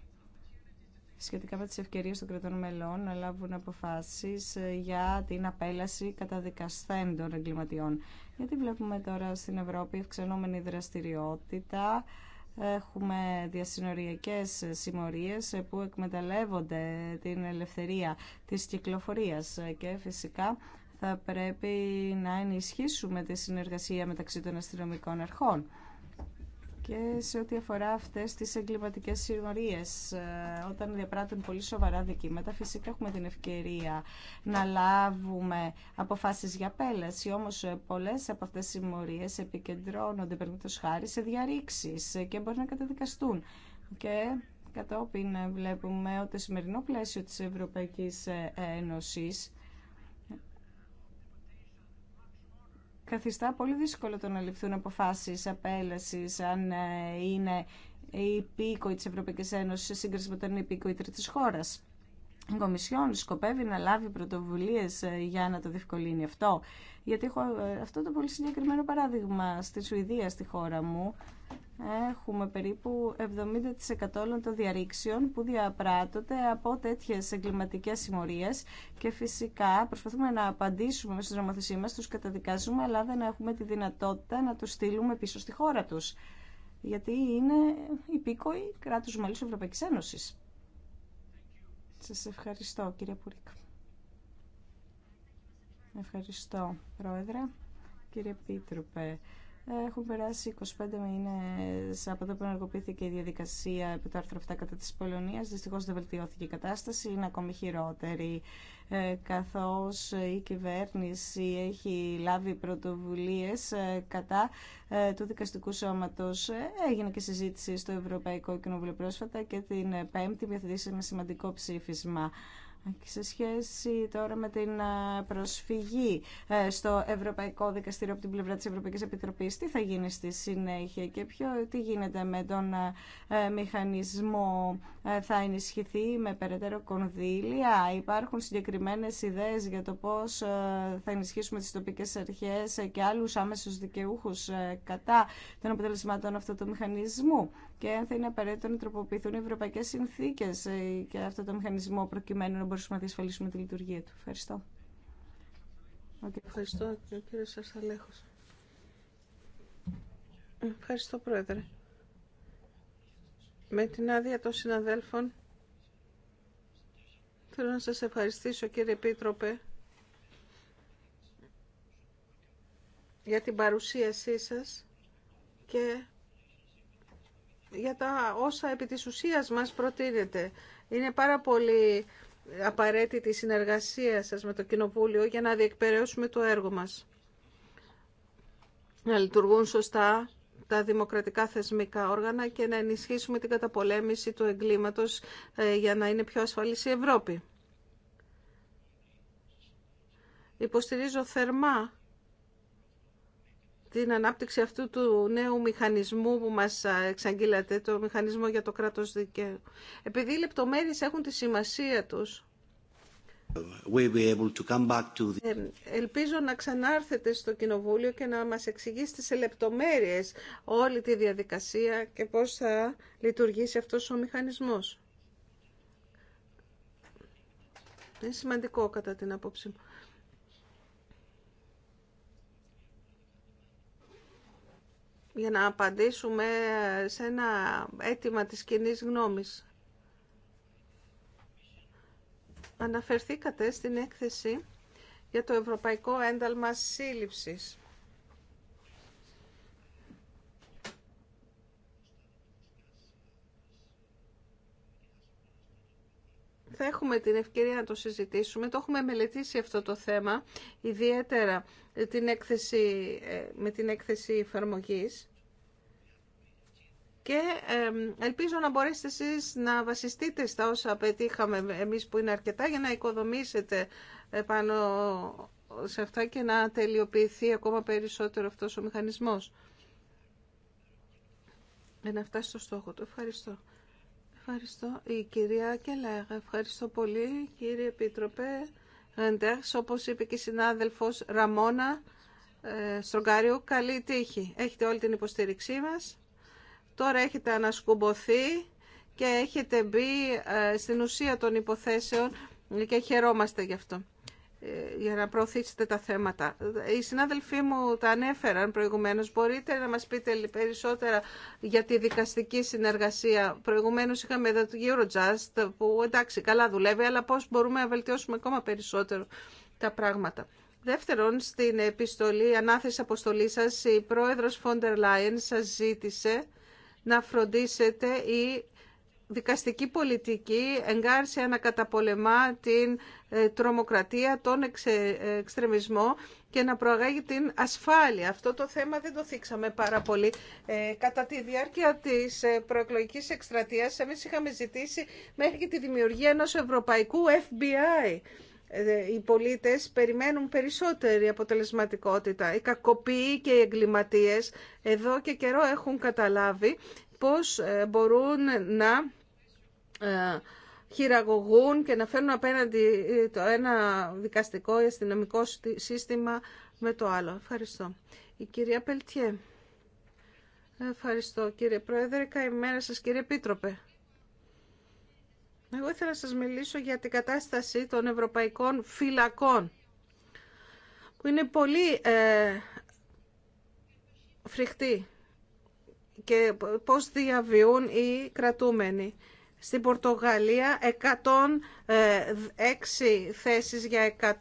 σχετικά με τις ευκαιρίες των κρατών μελών να λάβουν αποφάσεις ε, για την απέλαση καταδικασθέντων εγκληματιών. Γιατί βλέπουμε τώρα στην Ευρώπη ξενόμενη δραστηριότητα, έχουμε διασυνοριακές συμμορίες που εκμεταλλεύονται την ελευθερία της κυκλοφορίας και φυσικά θα πρέπει να ενισχύσουμε τη συνεργασία μεταξύ των αστυνομικών αρχών. Και σε ό,τι αφορά αυτές τις εγκληματικές συγχωρίες, ε, όταν διαπράττουν πολύ σοβαρά δικήματα, φυσικά έχουμε την ευκαιρία να λάβουμε αποφάσεις για πέλαση, όμως ε, πολλές από αυτές τις συμμορίες επικεντρώνονται, περίπτωση χάρη, σε διαρρήξεις και μπορεί να καταδικαστούν. Και κατόπιν ε, βλέπουμε ότι το σημερινό πλαίσιο της Ευρωπαϊκής Ένωσης καθιστά πολύ δύσκολο το να ληφθούν αποφάσει απέλαση αν ε, είναι η υπήκοη της Ευρωπαϊκής Ένωσης σε σύγκριση με τον υπήκοη τρίτη χώρα η Κομισιόν σκοπεύει να λάβει πρωτοβουλίε ε, για να το διευκολύνει αυτό. Γιατί έχω ε, αυτό το πολύ συγκεκριμένο παράδειγμα στη Σουηδία, στη χώρα μου, έχουμε περίπου 70% όλων των διαρρήξεων που διαπράττονται από τέτοιε εγκληματικέ συμμορίε. και φυσικά προσπαθούμε να απαντήσουμε μέσα στην νομοθεσία μας, τους καταδικάζουμε, αλλά δεν έχουμε τη δυνατότητα να του στείλουμε πίσω στη χώρα του. Γιατί είναι υπήκοοι κράτου μάλιστα Ευρωπαϊκή Ένωση. Σας ευχαριστώ κύριε Πουρίκ. Ευχαριστώ πρόεδρε. Κύριε Πίτροπε, έχουν περάσει 25 μήνε από το που ενεργοποιήθηκε η διαδικασία επί το άρθρο 7 κατά τη Πολωνία. Δυστυχώ δεν βελτιώθηκε η κατάσταση, είναι ακόμη χειρότερη. Ε, καθώς η κυβέρνηση έχει λάβει πρωτοβουλίες ε, κατά ε, του δικαστικού σώματος. Έγινε και συζήτηση στο Ευρωπαϊκό Κοινοβούλιο πρόσφατα και την Πέμπτη διευθυντή ένα σημαντικό ψήφισμα σε σχέση τώρα με την ε, προσφυγή ε, στο Ευρωπαϊκό Δικαστήριο από την πλευρά της Ευρωπαϊκής Επιτροπής, τι θα γίνει στη συνέχεια και ποιο, τι γίνεται με τον ε, μηχανισμό, θα ενισχυθεί με περαιτέρω κονδύλια, υπάρχουν συγκεκριμένες ιδέες για το πώς θα ενισχύσουμε τις τοπικές αρχές και άλλους άμεσους δικαιούχους κατά των αποτελεσμάτων αυτού του μηχανισμού και αν θα είναι απαραίτητο να τροποποιηθούν οι ευρωπαϊκέ συνθήκε ε, και αυτό το μηχανισμό προκειμένου να μπορούμε να διασφαλίσουμε τη λειτουργία του. Ευχαριστώ. Ευχαριστώ, κύριε Σαρσαλέχο. Ευχαριστώ, Πρόεδρε. Με την άδεια των συναδέλφων, θέλω να σας ευχαριστήσω, κύριε Επίτροπε, για την παρουσίασή σας και για τα όσα επί της ουσίας μας προτείνεται. Είναι πάρα πολύ απαραίτητη η συνεργασία σας με το Κοινοβούλιο για να διεκπαιρεώσουμε το έργο μας. Να λειτουργούν σωστά τα δημοκρατικά θεσμικά όργανα και να ενισχύσουμε την καταπολέμηση του εγκλήματος ε, για να είναι πιο ασφαλής η Ευρώπη. Υποστηρίζω θερμά την ανάπτυξη αυτού του νέου μηχανισμού που μας εξαγγείλατε, το μηχανισμό για το κράτος δικαίου. Επειδή οι λεπτομέρειες έχουν τη σημασία τους, ε, Ελπίζω να ξανάρθετε στο Κοινοβούλιο και να μας εξηγήσετε σε λεπτομέρειες όλη τη διαδικασία και πώς θα λειτουργήσει αυτός ο μηχανισμός. Είναι σημαντικό κατά την απόψη μου. για να απαντήσουμε σε ένα αίτημα της κοινή γνώμης. Αναφερθήκατε στην έκθεση για το Ευρωπαϊκό Ένταλμα Σύλληψης. έχουμε την ευκαιρία να το συζητήσουμε. Το έχουμε μελετήσει αυτό το θέμα, ιδιαίτερα την έκθεση, ε, με την έκθεση εφαρμογή. Και ελπίζω να μπορέσετε εσείς να βασιστείτε στα όσα πετύχαμε εμείς που είναι αρκετά για να οικοδομήσετε πάνω σε αυτά και να τελειοποιηθεί ακόμα περισσότερο αυτός ο μηχανισμός. να φτάσει στο στόχο του. Ευχαριστώ. Ευχαριστώ. Η κυρία Κελέγα, ευχαριστώ πολύ κύριε Επίτροπε Ρεντέρς, όπως είπε και η συνάδελφος Ραμόνα ε, Στρογκάριου, καλή τύχη. Έχετε όλη την υποστήριξή μας. Τώρα έχετε ανασκουμποθεί και έχετε μπει ε, στην ουσία των υποθέσεων και χαιρόμαστε γι' αυτό. Ε, για να προωθήσετε τα θέματα. Οι συνάδελφοί μου τα ανέφεραν προηγουμένως. Μπορείτε να μας πείτε περισσότερα για τη δικαστική συνεργασία. Προηγουμένως είχαμε εδώ το Eurojust που εντάξει καλά δουλεύει, αλλά πώς μπορούμε να βελτιώσουμε ακόμα περισσότερο τα πράγματα. Δεύτερον, στην επιστολή, ανάθεση αποστολή σας, η πρόεδρος Φόντερ Λάιεν σας ζήτησε να φροντίσετε η δικαστική πολιτική εγκάρσια να καταπολεμά την ε, τρομοκρατία, τον εξε, εξτρεμισμό και να προαγάγει την ασφάλεια. Αυτό το θέμα δεν το θίξαμε πάρα πολύ. Ε, κατά τη διάρκεια της ε, προεκλογικής εκστρατείας, εμείς είχαμε ζητήσει μέχρι και τη δημιουργία ενός ευρωπαϊκού FBI. Οι πολίτες περιμένουν περισσότερη αποτελεσματικότητα. Οι κακοποιοί και οι εγκληματίες εδώ και καιρό έχουν καταλάβει πώς ε, μπορούν να ε, χειραγωγούν και να φέρουν απέναντι ε, το ένα δικαστικό ή αστυνομικό σύστημα με το άλλο. Ευχαριστώ. Η κυρία Πελτιέ. Ευχαριστώ κύριε Πρόεδρε. Καλημέρα σας κύριε Επίτροπε. Εγώ ήθελα να σας μιλήσω για την κατάσταση των ευρωπαϊκών φυλακών που είναι πολύ ε, φρικτή και πώς διαβιούν οι κρατούμενοι. Στην Πορτογαλία 106 θέσεις για 100,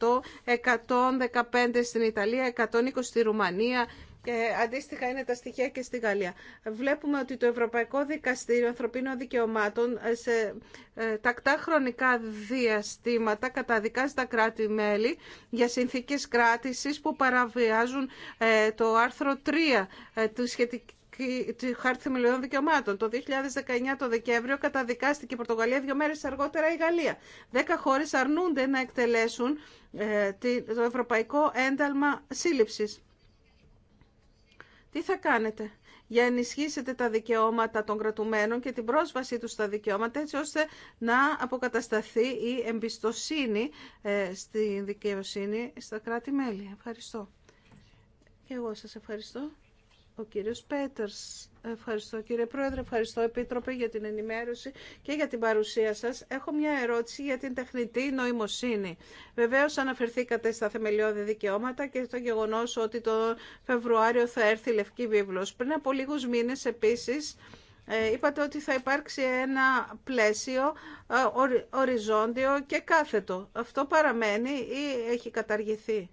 115 στην Ιταλία, 120 στη Ρουμανία, και αντίστοιχα είναι τα στοιχεία και στη Γαλλία. Βλέπουμε ότι το Ευρωπαϊκό Δικαστήριο Ανθρωπίνων Δικαιωμάτων σε ε, τακτά χρονικά διαστήματα καταδικάζει τα κράτη-μέλη για συνθήκες κράτησης που παραβιάζουν ε, το άρθρο 3 ε, του σχετικού τη Χάρτη Θεμελιωδών Δικαιωμάτων. Το 2019 το Δεκέμβριο καταδικάστηκε η Πορτογαλία, δύο μέρε αργότερα η Γαλλία. Δέκα χώρε αρνούνται να εκτελέσουν ε, το Ευρωπαϊκό Ένταλμα Σύλληψης. Τι θα κάνετε για ενισχύσετε τα δικαιώματα των κρατουμένων και την πρόσβασή τους στα δικαιώματα έτσι ώστε να αποκατασταθεί η εμπιστοσύνη ε, στη δικαιοσύνη στα κράτη-μέλη. Ευχαριστώ. Και εγώ σας ευχαριστώ. Ο κύριος Πέτερς. Ευχαριστώ κύριε Πρόεδρε, ευχαριστώ Επίτροπε για την ενημέρωση και για την παρουσία σας. Έχω μια ερώτηση για την τεχνητή νοημοσύνη. Βεβαίως αναφερθήκατε στα θεμελιώδη δικαιώματα και στο γεγονός ότι το Φεβρουάριο θα έρθει η Λευκή Βίβλος. Πριν από λίγους μήνες επίσης ε, είπατε ότι θα υπάρξει ένα πλαίσιο ε, οριζόντιο και κάθετο. Αυτό παραμένει ή έχει καταργηθεί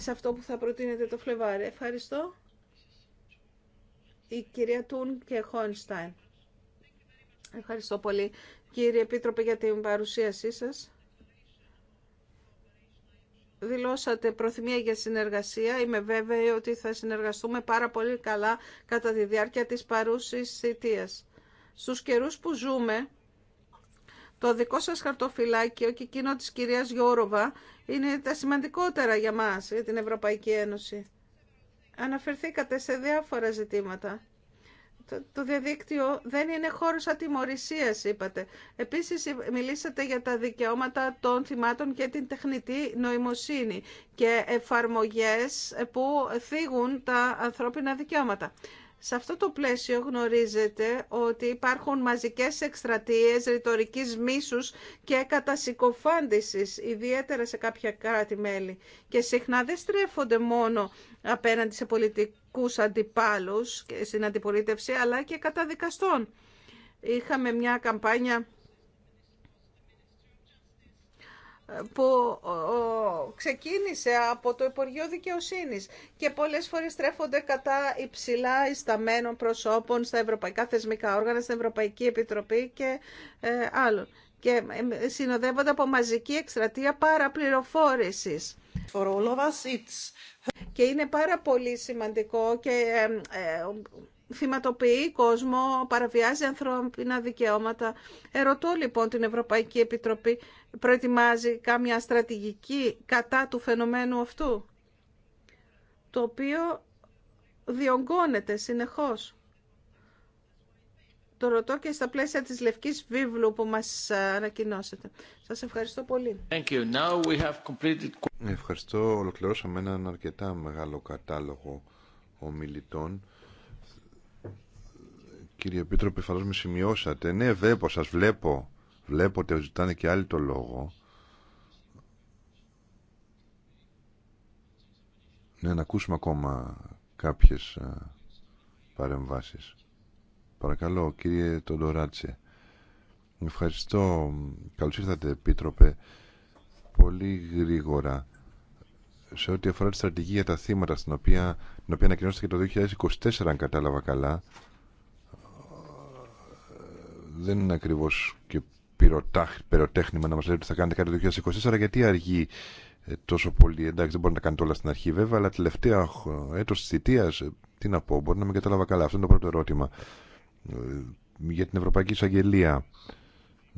σε αυτό που θα προτείνετε το Φλεβάρι. Ευχαριστώ. Η κυρία Τούν και Χόνσταϊν. Ευχαριστώ πολύ. Κύριε Επίτροπε για την παρουσίασή σας. Δηλώσατε προθυμία για συνεργασία. Είμαι βέβαιη ότι θα συνεργαστούμε πάρα πολύ καλά κατά τη διάρκεια της παρούσης θητείας. Στους καιρούς που ζούμε, το δικό σας χαρτοφυλάκιο και εκείνο της κυρίας Γιώροβα είναι τα σημαντικότερα για μας, για την Ευρωπαϊκή Ένωση. Αναφερθήκατε σε διάφορα ζητήματα. Το, το διαδίκτυο δεν είναι χώρος ατιμορρησίας, είπατε. Επίσης, μιλήσατε για τα δικαιώματα των θυμάτων και την τεχνητή νοημοσύνη και εφαρμογές που θίγουν τα ανθρώπινα δικαιώματα. Σε αυτό το πλαίσιο γνωρίζετε ότι υπάρχουν μαζικές εκστρατείες ρητορικής μίσους και κατασυκοφάντησης, ιδιαίτερα σε κάποια κράτη-μέλη. Και συχνά δεν στρέφονται μόνο απέναντι σε πολιτικούς αντιπάλους στην αντιπολίτευση, αλλά και κατά δικαστών. Είχαμε μια καμπάνια που ξεκίνησε από το Υπουργείο Δικαιοσύνης και πολλές φορές στρέφονται κατά υψηλά ισταμένων προσώπων στα ευρωπαϊκά θεσμικά όργανα, στην Ευρωπαϊκή Επιτροπή και ε, άλλων και ε, συνοδεύονται από μαζική εκστρατεία παραπληροφόρησης. For Και είναι πάρα πολύ σημαντικό και ε, θυματοποιεί κόσμο, παραβιάζει ανθρώπινα δικαιώματα. Ερωτώ λοιπόν την Ευρωπαϊκή Επιτροπή, προετοιμάζει κάμια στρατηγική κατά του φαινομένου αυτού, το οποίο διονγκώνεται συνεχώς. Το ρωτώ και στα πλαίσια της Λευκής Βίβλου που μας ανακοινώσετε. Σας ευχαριστώ πολύ. Thank you. Now we have completed... Ευχαριστώ. Ολοκληρώσαμε έναν αρκετά μεγάλο κατάλογο ομιλητών. Κύριε Επίτροπε, με σημειώσατε. Ναι, βέβαια, σας βλέπω. βλέπω ότι ζητάνε και άλλοι το λόγο. Ναι, να ακούσουμε ακόμα κάποιες ε, παρεμβάσεις. Παρακαλώ, κύριε Τοντοράτσε. Ευχαριστώ. Καλώς ήρθατε, Επίτροπε. Πολύ γρήγορα. Σε ό,τι αφορά τη στρατηγία για τα θύματα, στην οποία, την οποία ανακοινώσατε το 2024, αν κατάλαβα καλά, δεν είναι ακριβώ και πυροτέχνημα να μας λέτε ότι θα κάνετε κάτι το 2024 γιατί αργεί ε, τόσο πολύ. Εντάξει, δεν μπορεί να κάνετε όλα στην αρχή βέβαια, αλλά τελευταία έτος τη θητείας, ε, τι να πω, μπορεί να με κατάλαβα καλά. Αυτό είναι το πρώτο ερώτημα. Ε, για την Ευρωπαϊκή Εισαγγελία,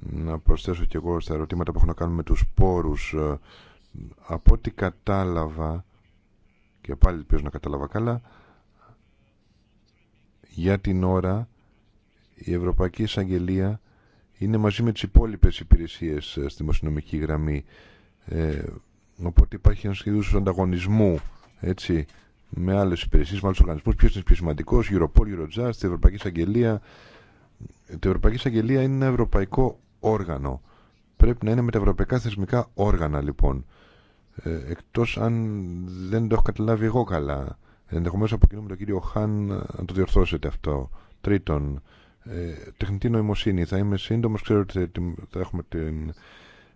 να προσθέσω κι εγώ στα ερωτήματα που έχουν να κάνουν με του πόρου. Από ό,τι κατάλαβα, και πάλι ελπίζω να κατάλαβα καλά, για την ώρα η Ευρωπαϊκή Εισαγγελία είναι μαζί με τις υπόλοιπες υπηρεσίες ε, στη δημοσιονομική γραμμή. Ε, οπότε υπάρχει ένα στους ανταγωνισμού έτσι, με άλλες υπηρεσίες, με άλλους οργανισμούς. Ποιος είναι πιο σημαντικός, Europol, Eurojust, η Ευρωπαϊκή Εισαγγελία. Η Ευρωπαϊκή Εισαγγελία είναι ένα ευρωπαϊκό όργανο. Πρέπει να είναι με τα ευρωπαϊκά θεσμικά όργανα λοιπόν. Ε, εκτός αν δεν το έχω καταλάβει εγώ καλά. Ενδεχομένω από κοινού τον κύριο Χάν να το διορθώσετε αυτό. Τρίτον, ε, τεχνητή νοημοσύνη. Θα είμαι σύντομο. Ξέρω ότι θα έχουμε την,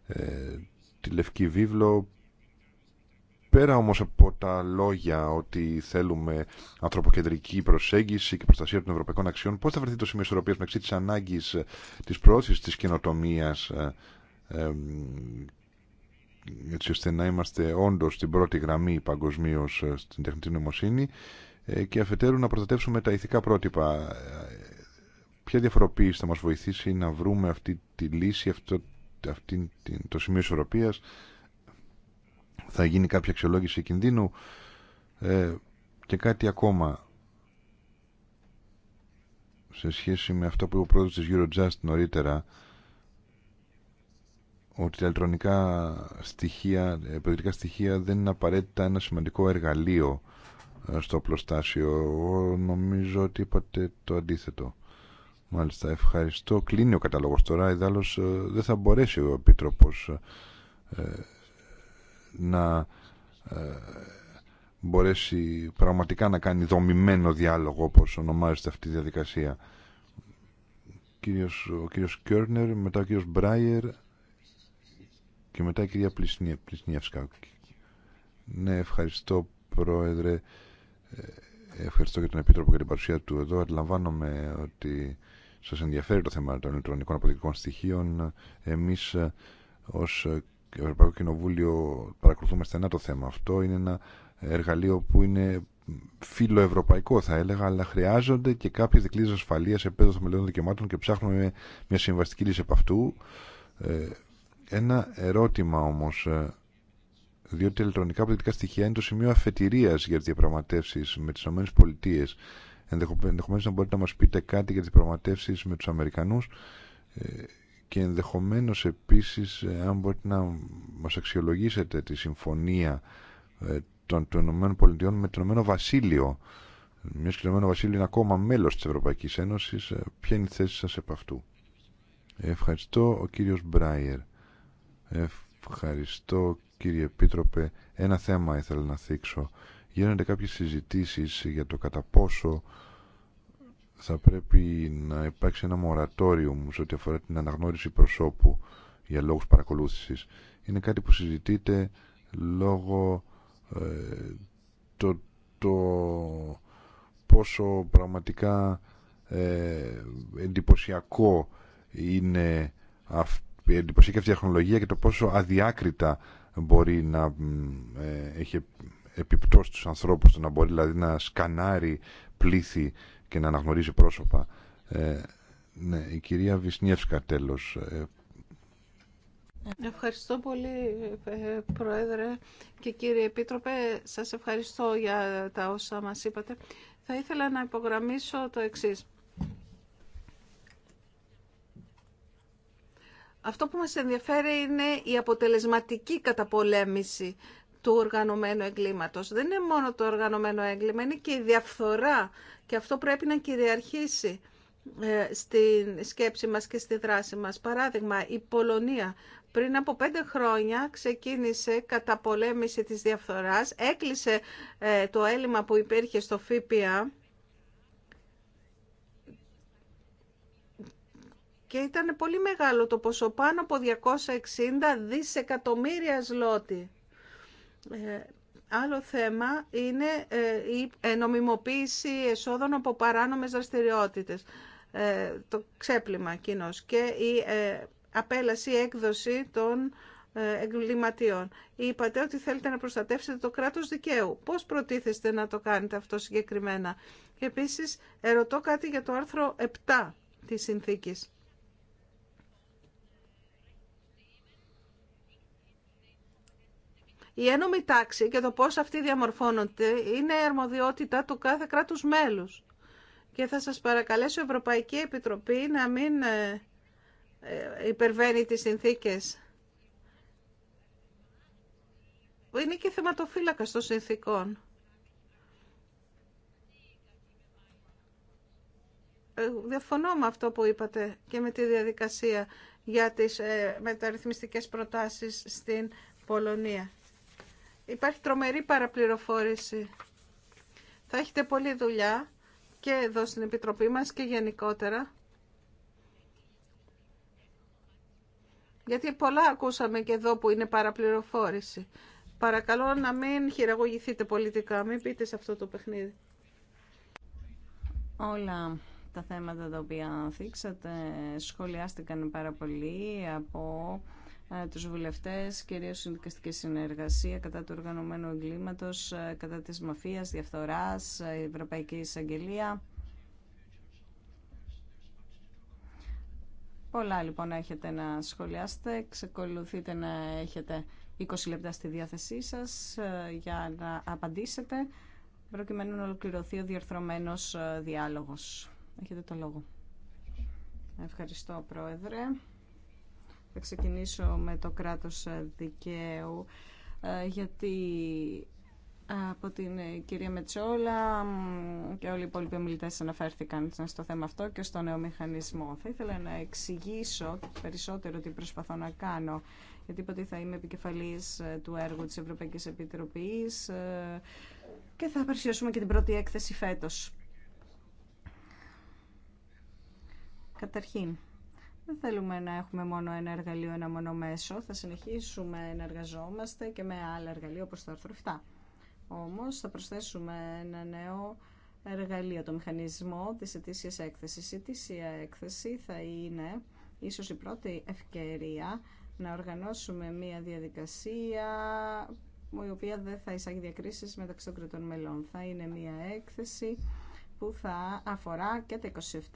ε, τη Λευκή Βίβλο. Πέρα όμως από τα λόγια ότι θέλουμε ανθρωποκεντρική προσέγγιση και προστασία των ευρωπαϊκών αξιών, πώς θα βρεθεί το σημείο ισορροπίας μεταξύ της ανάγκης ε, της πρόθεσης της καινοτομίας ε, έτσι ώστε να είμαστε όντως στην πρώτη γραμμή παγκοσμίω ε, στην τεχνητή νοημοσύνη ε, και αφετέρου να προστατεύσουμε τα ηθικά πρότυπα. Ποια διαφοροποίηση θα μας βοηθήσει να βρούμε αυτή τη λύση, αυτό, αυτή, το σημείο ισορροπίας. Θα γίνει κάποια αξιολόγηση κινδύνου. Ε, και κάτι ακόμα σε σχέση με αυτό που είπε ο πρόεδρος της Eurojust νωρίτερα ότι τα ηλεκτρονικά στοιχεία, ε, παιδιτικά στοιχεία δεν είναι απαραίτητα ένα σημαντικό εργαλείο ε, στο πλωστάσιο. Εγώ νομίζω ότι είπατε το αντίθετο. Μάλιστα, ευχαριστώ. Κλείνει ο καταλόγος τώρα, ε, δεν θα μπορέσει ο επίτροπο ε, να ε, μπορέσει πραγματικά να κάνει δομημένο διάλογο όπως ονομάζεται αυτή η διαδικασία. Κύριος, ο κύριο Κιόρνερ, μετά ο κύριο Μπράιερ και μετά η κυρία Πλησνιεύσκα. Ναι, ευχαριστώ Πρόεδρε. Ε, ευχαριστώ και τον Επίτροπο για την παρουσία του εδώ. Αντιλαμβάνομαι ότι σας ενδιαφέρει το θέμα των ηλεκτρονικών αποδεικτικών στοιχείων, εμείς ε, ως ε, Ευρωπαϊκό Κοινοβούλιο παρακολουθούμε στενά το θέμα αυτό. Είναι ένα εργαλείο που είναι φιλοευρωπαϊκό θα έλεγα, αλλά χρειάζονται και κάποιε δικλείδε ασφαλεία σε των μελών δικαιωμάτων και ψάχνουμε μια συμβαστική λύση από αυτού. Ε, ένα ερώτημα όμω, διότι τα ηλεκτρονικά πολιτικά στοιχεία είναι το σημείο αφετηρία για τι διαπραγματεύσει με τι ΗΠΑ. Ενδεχομένως να μπορείτε να μας πείτε κάτι για τις προγραμματεύσεις με τους Αμερικανούς ε, και ενδεχομένως επίσης ε, αν μπορείτε να μας αξιολογήσετε τη συμφωνία ε, των, των ΗΠΑ με το Ηνωμένο Βασίλειο μιας και το Ηνωμένο είναι ακόμα μέλος της Ευρωπαϊκής Ένωσης ποια είναι η θέση σας επ' αυτού Ευχαριστώ ο κύριος Μπράιερ Ευχαριστώ κύριε Επίτροπε ένα θέμα ήθελα να θίξω γίνονται κάποιες συζητήσεις για το κατά πόσο θα πρέπει να υπάρξει ένα μορατόριο σε ό,τι αφορά την αναγνώριση προσώπου για λόγους παρακολούθησης. Είναι κάτι που συζητείται λόγω ε, το, το πόσο πραγματικά ε, εντυπωσιακό είναι η εντυπωσιακή αυτή τεχνολογία και το πόσο αδιάκριτα μπορεί να ε, έχει επιπτώσει του ανθρώπους του να μπορεί δηλαδή να σκανάρει πλήθη και να αναγνωρίζει πρόσωπα. Ε, ναι, η κυρία Βυσνιεύσκα τέλος. Ε, ευχαριστώ πολύ ε, Πρόεδρε και κύριε Επίτροπε. Σας ευχαριστώ για τα όσα μας είπατε. Θα ήθελα να υπογραμμίσω το εξής. Αυτό που μας ενδιαφέρει είναι η αποτελεσματική καταπολέμηση του οργανωμένου εγκλήματος. Δεν είναι μόνο το οργανωμένο έγκλημα, είναι και η διαφθορά και αυτό πρέπει να κυριαρχήσει ε, στη σκέψη μας και στη δράση μας. Παράδειγμα, η Πολωνία πριν από πέντε χρόνια ξεκίνησε κατά πολέμηση της διαφθοράς, έκλεισε ε, το έλλειμμα που υπήρχε στο ΦΠΑ και ήταν πολύ μεγάλο το ποσό, πάνω από 260 δισεκατομμύρια σλότη. Άλλο θέμα είναι ε, η ε, νομιμοποίηση εσόδων από παράνομες δραστηριότητες, ε, το ξέπλυμα κοινος και η απέλαση έκδοση των εγκληματιών. Είπατε ότι θέλετε να προστατεύσετε το κράτος δικαίου. Πώς προτίθεστε να το κάνετε αυτό συγκεκριμένα. Και επίσης ερωτώ κάτι για το άρθρο 7 της συνθήκης. Η ένομη τάξη και το πώς αυτή διαμορφώνονται είναι αρμοδιότητα του κάθε κράτους μέλους. Και θα σας παρακαλέσω η Ευρωπαϊκή Επιτροπή να μην ε, ε, υπερβαίνει τις συνθήκες. Είναι και θεματοφύλακα των συνθήκων. Ε, διαφωνώ με αυτό που είπατε και με τη διαδικασία για τις μεταρρυθμιστικές προτάσεις στην Πολωνία υπάρχει τρομερή παραπληροφόρηση. Θα έχετε πολλή δουλειά και εδώ στην Επιτροπή μας και γενικότερα. Γιατί πολλά ακούσαμε και εδώ που είναι παραπληροφόρηση. Παρακαλώ να μην χειραγωγηθείτε πολιτικά, μην πείτε σε αυτό το παιχνίδι. Όλα τα θέματα τα οποία θίξατε σχολιάστηκαν πάρα πολύ από ε, τους βουλευτές, κυρίως συνδικαστική συνεργασία κατά του οργανωμένου εγκλήματος, ε, κατά της μαφίας, διαφθοράς, ε, Ευρωπαϊκή Εισαγγελία. Πολλά λοιπόν έχετε να σχολιάσετε, ξεκολουθείτε να έχετε 20 λεπτά στη διάθεσή σας για να απαντήσετε, προκειμένου να ολοκληρωθεί ο διορθωμένος διάλογος. Έχετε το λόγο. Ευχαριστώ Πρόεδρε. Θα ξεκινήσω με το κράτος δικαίου, ε, γιατί ε, από την ε, κυρία Μετσόλα και όλοι οι υπόλοιποι ομιλητέ αναφέρθηκαν στο θέμα αυτό και στο νέο μηχανισμό. Θα ήθελα να εξηγήσω περισσότερο τι προσπαθώ να κάνω, γιατί είπα θα είμαι επικεφαλής του έργου της Ευρωπαϊκής Επιτροπής και θα παρουσιάσουμε και την πρώτη έκθεση φέτος. Καταρχήν, δεν θέλουμε να έχουμε μόνο ένα εργαλείο, ένα μόνο μέσο. Θα συνεχίσουμε να εργαζόμαστε και με άλλα εργαλεία όπως το άρθρο Όμως θα προσθέσουμε ένα νέο εργαλείο, το μηχανισμό της ετήσιας έκθεσης. Η ετήσια έκθεση θα είναι ίσως η πρώτη ευκαιρία να οργανώσουμε μια διαδικασία η οποία δεν θα εισάγει διακρίσεις μεταξύ των κρατών μελών. Θα είναι μια έκθεση που θα αφορά και τα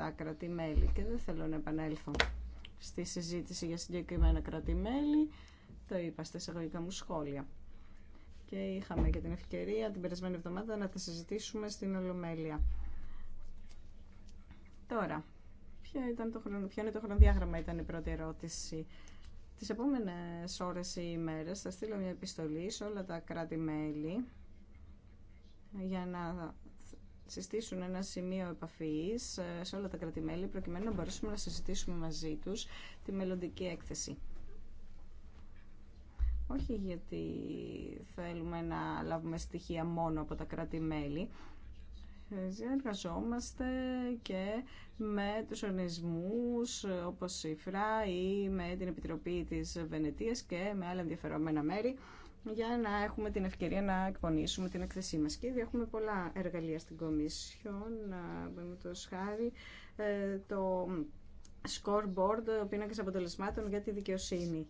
27 κράτη-μέλη και δεν θέλω να επανέλθω στη συζήτηση για συγκεκριμένα το είπα στα εισαγωγικά μου σχόλια. Και είχαμε και την ευκαιρία την περασμένη εβδομάδα να τα συζητήσουμε στην Ολομέλεια. Τώρα, ποιο, ήταν το ποιο είναι το χρονοδιάγραμμα ήταν η πρώτη ερώτηση. Τις επόμενες ώρες ή ημέρες θα στείλω μια επιστολή σε όλα τα κράτη-μέλη για να συστήσουν ένα σημείο επαφής ε, σε όλα τα κρατημέλη προκειμένου να μπορέσουμε να συζητήσουμε μαζί τους τη μελλοντική έκθεση. Όχι γιατί θέλουμε να λάβουμε στοιχεία μόνο από τα κράτη-μέλη. Ε, και με τους οργανισμούς ε, όπως η ΦΡΑ ή με την Επιτροπή της Βενετίας και με άλλα ενδιαφερόμενα μέρη για να έχουμε την ευκαιρία να εκπονήσουμε την εκθεσή μας. Και ήδη έχουμε πολλά εργαλεία στην Κομισιόν, με το σχάρι, ε, το scoreboard, ο πίνακας αποτελεσμάτων για τη δικαιοσύνη.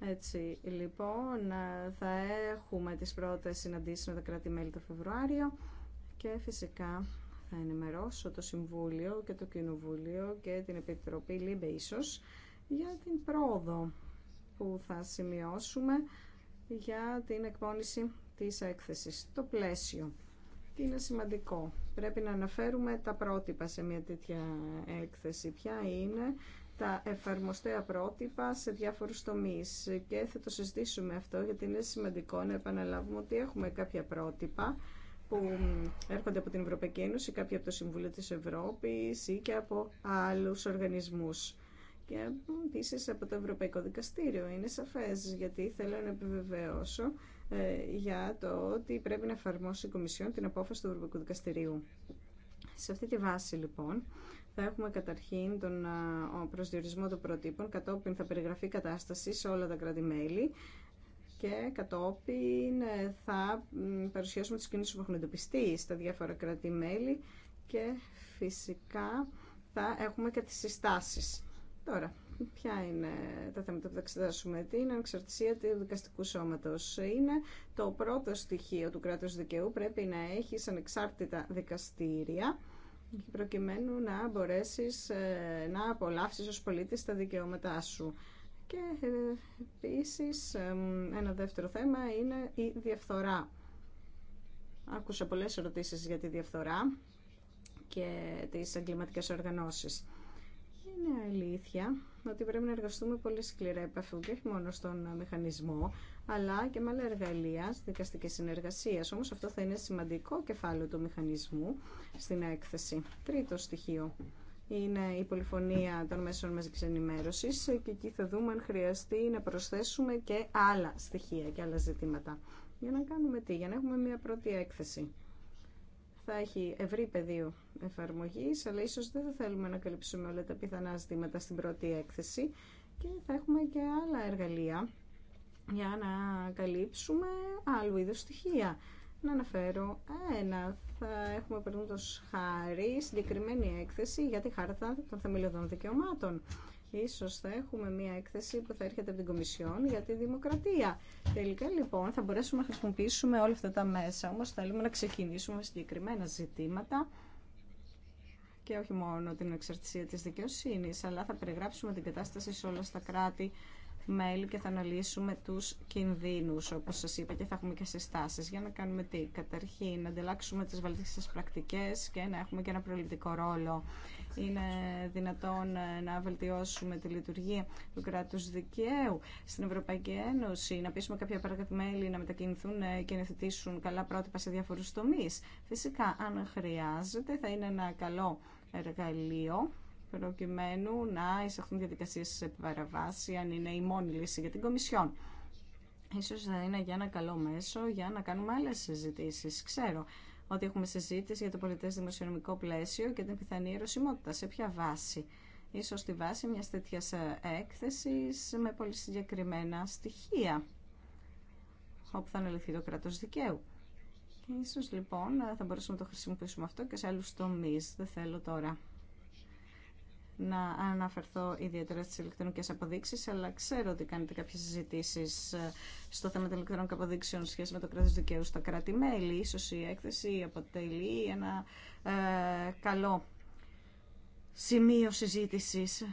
Έτσι, λοιπόν, ε, θα έχουμε τις πρώτες συναντήσεις με τα κράτη-μέλη το Φεβρουάριο και φυσικά θα ενημερώσω το Συμβούλιο και το Κοινοβούλιο και την Επιτροπή ΛΥΜΠΕ ίσως για την πρόοδο που θα σημειώσουμε για την εκπόνηση της έκθεσης. Το πλαίσιο. Τι είναι σημαντικό. Πρέπει να αναφέρουμε τα πρότυπα σε μια τέτοια έκθεση. Ποια είναι τα εφαρμοστέα πρότυπα σε διάφορους τομείς και θα το συζητήσουμε αυτό γιατί είναι σημαντικό να επαναλάβουμε ότι έχουμε κάποια πρότυπα που έρχονται από την Ευρωπαϊκή Ένωση, κάποια από το Συμβούλιο της Ευρώπης ή και από άλλους οργανισμούς και επίση από το Ευρωπαϊκό Δικαστήριο. Είναι σαφέ γιατί θέλω να επιβεβαιώσω ε, για το ότι πρέπει να εφαρμόσει η Κομισιόν την απόφαση του Ευρωπαϊκού Δικαστηρίου. Σε αυτή τη βάση λοιπόν θα έχουμε καταρχήν τον ε, προσδιορισμό των προτύπων, κατόπιν θα περιγραφεί η κατάσταση σε όλα τα κράτη-μέλη και κατόπιν ε, θα παρουσιάσουμε τις κινήσεις που έχουν εντοπιστεί στα διάφορα κράτη-μέλη και φυσικά θα έχουμε και τις συστάσεις. Τώρα, ποια είναι τα θέματα που θα εξετάσουμε. Την ανεξαρτησία του δικαστικού σώματο. είναι το πρώτο στοιχείο του κράτους δικαιού. Πρέπει να έχεις ανεξάρτητα δικαστήρια προκειμένου να μπορέσεις ε, να απολαύσεις ως πολίτης τα δικαιώματά σου. Και ε, επίση ένα δεύτερο θέμα είναι η διαφθορά. Άκουσα πολλές ερωτήσεις για τη διαφθορά και τις εγκληματικέ οργανώσεις. Είναι αλήθεια ότι πρέπει να εργαστούμε πολύ σκληρά επ' και όχι μόνο στον μηχανισμό, αλλά και με άλλα εργαλεία δικαστική συνεργασία. Όμω αυτό θα είναι σημαντικό κεφάλαιο του μηχανισμού στην έκθεση. Τρίτο στοιχείο είναι η πολυφωνία των μέσων μαζική ενημέρωση και εκεί θα δούμε αν χρειαστεί να προσθέσουμε και άλλα στοιχεία και άλλα ζητήματα. Για να κάνουμε τι, για να έχουμε μια πρώτη έκθεση θα έχει ευρύ πεδίο εφαρμογή, αλλά ίσω δεν θα θέλουμε να καλύψουμε όλα τα πιθανά ζητήματα στην πρώτη έκθεση και θα έχουμε και άλλα εργαλεία για να καλύψουμε άλλου είδους στοιχεία. Να αναφέρω ένα, θα έχουμε το χάρη συγκεκριμένη έκθεση για τη χάρτα των θεμελιωδών δικαιωμάτων ίσως θα έχουμε μια έκθεση που θα έρχεται από την Κομισιόν για τη Δημοκρατία. Τελικά λοιπόν θα μπορέσουμε να χρησιμοποιήσουμε όλα αυτά τα μέσα, όμως θέλουμε να ξεκινήσουμε συγκεκριμένα ζητήματα και όχι μόνο την εξαρτησία της δικαιοσύνης, αλλά θα περιγράψουμε την κατάσταση σε όλα στα κράτη μέλη και θα αναλύσουμε τους κινδύνους, όπως σας είπα και θα έχουμε και συστάσεις για να κάνουμε τι. Καταρχήν, να ανταλλάξουμε τις βαλτιστικές πρακτικές και να έχουμε και ένα προληπτικό ρόλο. Είναι δυνατόν ε, να βελτιώσουμε τη λειτουργία του κράτους δικαίου στην Ευρωπαϊκή Ένωση, να πείσουμε κάποια μέλη να μετακινηθούν ε, και να θετήσουν καλά πρότυπα σε διαφορούς τομείς. Φυσικά, αν χρειάζεται, θα είναι ένα καλό εργαλείο προκειμένου να εισαχθούν διαδικασίε σε παραβάση, αν είναι η μόνη λύση για την Κομισιόν. Σω θα είναι για ένα καλό μέσο για να κάνουμε άλλε συζητήσει. Ξέρω ότι έχουμε συζήτηση για το πολιτέ δημοσιονομικό πλαίσιο και την πιθανή ερωσιμότητα. Σε ποια βάση. Ίσως στη βάση μια τέτοια ε, έκθεση με πολύ συγκεκριμένα στοιχεία όπου θα αναλυθεί το κράτος δικαίου. ίσως λοιπόν θα μπορούσαμε να το χρησιμοποιήσουμε αυτό και σε άλλους τομείς. Δεν θέλω τώρα να αναφερθώ ιδιαίτερα στις ηλεκτρονικές αποδείξεις, αλλά ξέρω ότι κάνετε κάποιες συζητήσει ε, στο θέμα των ηλεκτρονικών αποδείξεων σχέση με το κράτος δικαίου στα κράτη-μέλη. Ίσως η έκθεση αποτελεί ένα ε, καλό σημείο συζήτησης.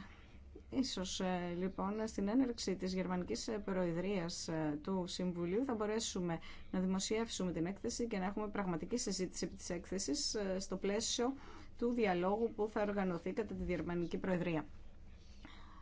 Ίσως ε, λοιπόν στην έναρξη της Γερμανικής Προεδρίας του Συμβουλίου θα μπορέσουμε να δημοσιεύσουμε την έκθεση και να έχουμε πραγματική συζήτηση επί της έκθεσης στο πλαίσιο του διαλόγου που θα οργανωθεί κατά τη Γερμανική Προεδρία.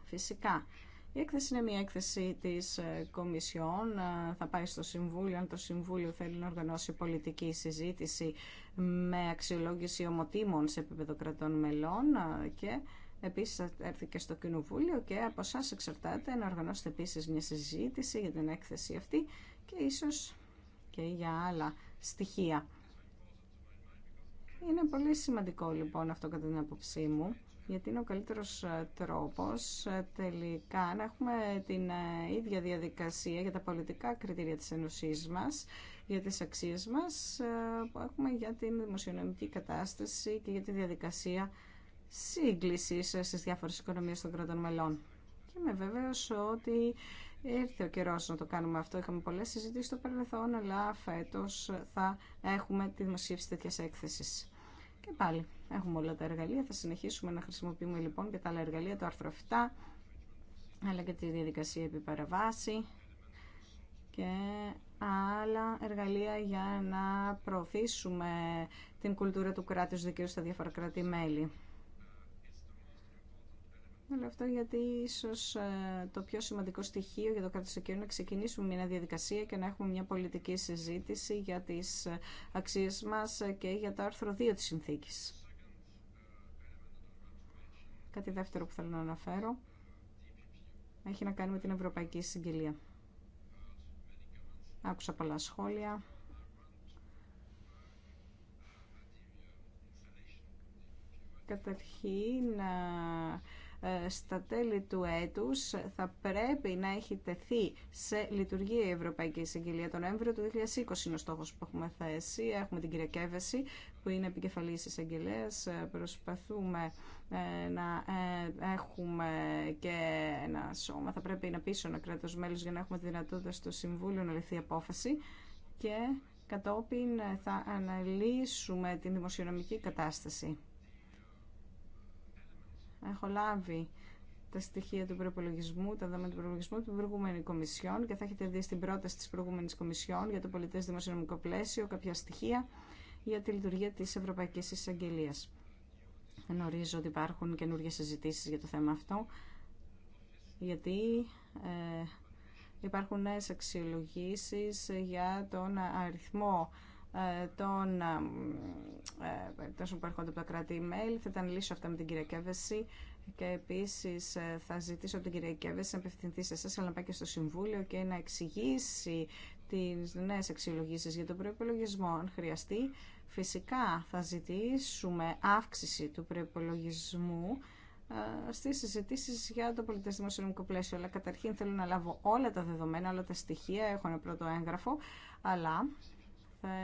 Φυσικά, η έκθεση είναι μια έκθεση της ε, Κομισιόν. Ε, θα πάει στο Συμβούλιο, αν το Συμβούλιο θέλει να οργανώσει πολιτική συζήτηση με αξιολόγηση ομοτήμων σε επίπεδο κρατών μελών ε, και Επίσης θα έρθει και στο Κοινοβούλιο και από εσά εξαρτάται να οργανώσετε επίσης μια συζήτηση για την έκθεση αυτή και ίσως και για άλλα στοιχεία είναι πολύ σημαντικό λοιπόν αυτό κατά την άποψή μου, γιατί είναι ο καλύτερος ε, τρόπος ε, τελικά να έχουμε την ε, ίδια διαδικασία για τα πολιτικά κριτήρια της ενωσής μας, για τις αξίες μας, που έχουμε για την δημοσιονομική κατάσταση και για τη διαδικασία σύγκλησης στις διάφορες οικονομίες των κρατών μελών. Και είμαι βέβαιος ότι Ήρθε ο καιρό να το κάνουμε αυτό. Είχαμε πολλέ συζητήσει στο παρελθόν, αλλά φέτο θα έχουμε τη δημοσίευση τέτοια έκθεση. Και πάλι, έχουμε όλα τα εργαλεία, θα συνεχίσουμε να χρησιμοποιούμε λοιπόν και τα άλλα εργαλεία, το άρθρο 7, αλλά και τη διαδικασία επί παραβάση και άλλα εργαλεία για να προωθήσουμε την κουλτούρα του κράτους δικαίου στα διάφορα κράτη-μέλη. Αλλά αυτό γιατί ίσω ε, το πιο σημαντικό στοιχείο για το κράτο του είναι να ξεκινήσουμε μια διαδικασία και να έχουμε μια πολιτική συζήτηση για τι ε, αξίε μα ε, και για το άρθρο 2 τη συνθήκη. Κάτι δεύτερο που θέλω να αναφέρω έχει να κάνει με την Ευρωπαϊκή Συγγελία. Άκουσα πολλά σχόλια. Καταρχήν, ε, στα τέλη του έτους θα πρέπει να έχει τεθεί σε λειτουργία η Ευρωπαϊκή Εισαγγελία. Το Νοέμβριο του 2020 είναι ο στόχος που έχουμε θέσει. Έχουμε την κυρία Κέβεση που είναι επικεφαλής εισαγγελέα. Ε, προσπαθούμε ε, να έχουμε και ένα σώμα. Θα πρέπει να πείσω ένα κράτος μέλος για να έχουμε τη δυνατότητα στο Συμβούλιο να ληφθεί απόφαση. Και κατόπιν θα αναλύσουμε την δημοσιονομική κατάσταση έχω λάβει τα στοιχεία του προπολογισμού, τα δεδομένα του προπολογισμού του προηγούμενη Κομισιόν και θα έχετε δει στην πρόταση τη προηγούμενη Κομισιόν για το πολιτέ δημοσιονομικό πλαίσιο κάποια στοιχεία για τη λειτουργία τη Ευρωπαϊκή Εισαγγελία. Γνωρίζω ότι υπάρχουν καινούργιε συζητήσει για το θέμα αυτό, γιατί ε, υπάρχουν νέε αξιολογήσει για τον αριθμό των ε, που έρχονται ε, ε, από τα κρατη email. Θα τα λύσω αυτά με την κυρία Κέβεση και επίση ε, θα ζητήσω από την κυρία Κέβεση να απευθυνθεί σε εσά, αλλά να πάει και στο Συμβούλιο και να εξηγήσει τι νέε αξιολογήσει για τον προπολογισμό, αν χρειαστεί. Φυσικά θα ζητήσουμε αύξηση του προπολογισμού στι συζητήσει για το πολιτεστικό συνομικό πλαίσιο. Αλλά καταρχήν θέλω να λάβω όλα τα δεδομένα, όλα τα στοιχεία. Έχω ένα πρώτο έγγραφο, αλλά θα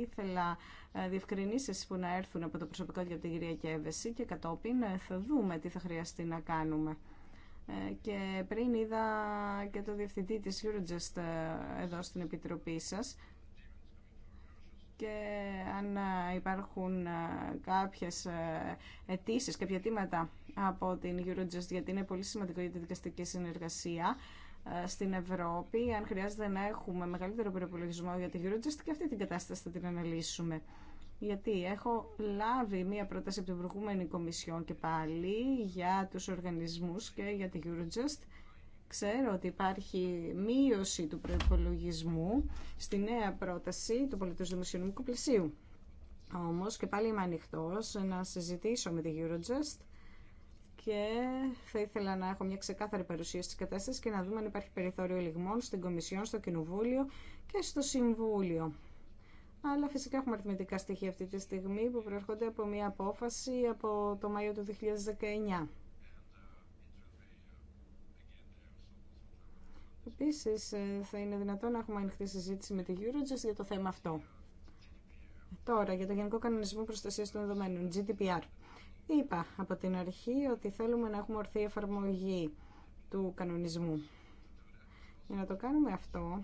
ήθελα ε, διευκρινήσει που να έρθουν από το προσωπικό για την κυρία Κέβεση και κατόπιν ε, θα δούμε τι θα χρειαστεί να κάνουμε. Ε, και πριν είδα και το διευθυντή της Eurojust εδώ στην επιτροπή σας και αν υπάρχουν κάποιες αιτήσει, κάποια αιτήματα από την Eurojust, γιατί είναι πολύ σημαντικό για τη δικαστική συνεργασία, ε, στην Ευρώπη, αν χρειάζεται να έχουμε μεγαλύτερο προπολογισμό για τη Eurojust και αυτή την κατάσταση θα την αναλύσουμε. Γιατί έχω λάβει μία πρόταση από την προηγούμενη Κομισιόν και πάλι για τους οργανισμούς και για τη Eurojust. Ξέρω ότι υπάρχει μείωση του προπολογισμού στη νέα πρόταση του πολιτικού δημοσιονομικού πλαισίου. Όμως και πάλι είμαι ανοιχτό να συζητήσω με τη Eurojust και θα ήθελα να έχω μια ξεκάθαρη παρουσία στις κατάστασης και να δούμε αν υπάρχει περιθώριο λιγμών στην Κομισιόν, στο Κοινοβούλιο και στο Συμβούλιο. Αλλά φυσικά έχουμε αριθμητικά στοιχεία αυτή τη στιγμή που προέρχονται από μια απόφαση από το Μάιο του 2019. Επίση, ε, θα είναι δυνατόν να έχουμε ανοιχτή συζήτηση με τη Eurojust για το θέμα αυτό. Τώρα, για το Γενικό Κανονισμό Προστασία των Δεδομένων, GDPR. Είπα από την αρχή ότι θέλουμε να έχουμε ορθή εφαρμογή του κανονισμού. Για να το κάνουμε αυτό,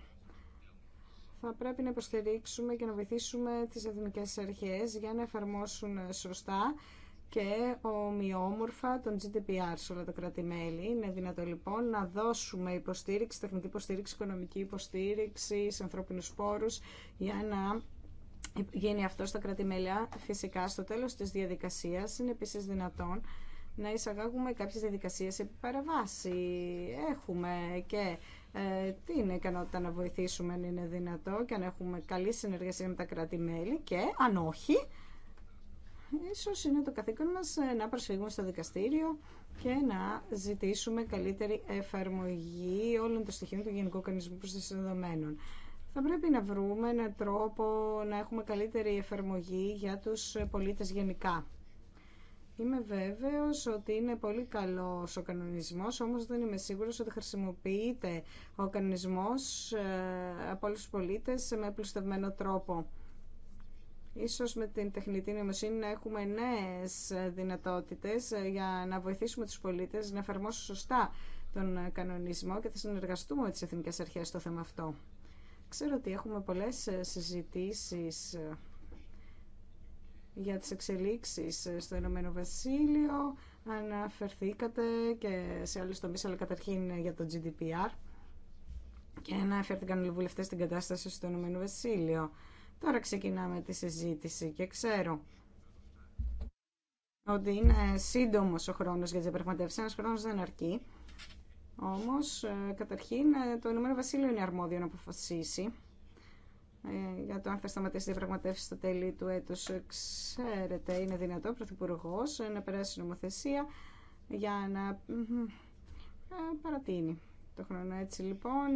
θα πρέπει να υποστηρίξουμε και να βοηθήσουμε τις εθνικές αρχές για να εφαρμόσουν σωστά και ομοιόμορφα τον GDPR σε όλα τα κράτη-μέλη. Είναι δυνατό λοιπόν να δώσουμε υποστήριξη, τεχνική υποστήριξη, οικονομική υποστήριξη, σε ανθρώπινους πόρους για να γίνει αυτό στα κρατημέλια, φυσικά στο τέλος της διαδικασίας είναι επίσης δυνατόν να εισαγάγουμε κάποιες διαδικασίες επί παραβάση. Έχουμε και ε, την ικανότητα να βοηθήσουμε αν είναι δυνατό και αν έχουμε καλή συνεργασία με τα κράτη-μέλη και αν όχι, ίσως είναι το καθήκον μας ε, να προσφύγουμε στο δικαστήριο και να ζητήσουμε καλύτερη εφαρμογή όλων των στοιχείων του Γενικού Κανονισμού Προστασίας Δεδομένων θα πρέπει να βρούμε έναν τρόπο να έχουμε καλύτερη εφαρμογή για τους πολίτες γενικά. Είμαι βέβαιος ότι είναι πολύ καλός ο κανονισμός, όμως δεν είμαι σίγουρος ότι χρησιμοποιείται ο κανονισμός ε, από όλους τους πολίτες με πλουστευμένο τρόπο. Ίσως με την τεχνητή νοημοσύνη να έχουμε νέες δυνατότητες ε, για να βοηθήσουμε τους πολίτες να εφαρμόσουν σωστά τον κανονισμό και θα συνεργαστούμε με τις εθνικές αρχές στο θέμα αυτό. Ξέρω ότι έχουμε πολλές ε, συζητήσεις ε, για τις εξελίξεις ε, στο Ηνωμένο Βασίλειο. Αναφερθήκατε και σε άλλους τομείς, αλλά καταρχήν για το GDPR. Και αναφέρθηκαν οι βουλευτέ στην κατάσταση στο Ηνωμένο Βασίλειο. Τώρα ξεκινάμε τη συζήτηση και ξέρω ότι είναι σύντομος ο χρόνος για τις διαπραγματεύσεις. Ένας χρόνος δεν αρκεί. Όμως, ε, καταρχήν, ε, το Ηνωμένο Βασίλειο είναι αρμόδιο να αποφασίσει ε, για το αν θα σταματήσει η διαπραγματεύση στα τέλη του έτους. Ξέρετε, είναι δυνατό ο Πρωθυπουργό να περάσει νομοθεσία για να παρατείνει το χρόνο. Έτσι λοιπόν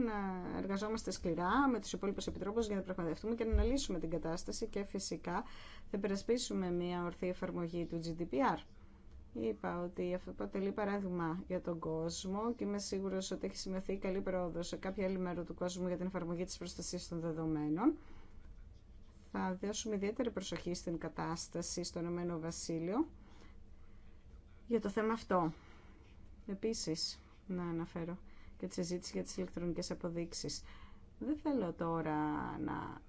εργαζόμαστε σκληρά με τους υπόλοιπους επιτρόπους για να πραγματευτούμε και να αναλύσουμε την κατάσταση και φυσικά θα υπερασπίσουμε μια ορθή εφαρμογή του GDPR. Είπα ότι αυτό αποτελεί παράδειγμα για τον κόσμο και είμαι σίγουρο ότι έχει σημειωθεί καλή πρόοδο σε κάποια άλλη μέρα του κόσμου για την εφαρμογή τη προστασία των δεδομένων. Θα δώσουμε ιδιαίτερη προσοχή στην κατάσταση στον Ηνωμένο Βασίλειο για το θέμα αυτό. Επίση να αναφέρω και τη συζήτηση για τις ηλεκτρονικέ αποδείξει. Δεν θέλω τώρα να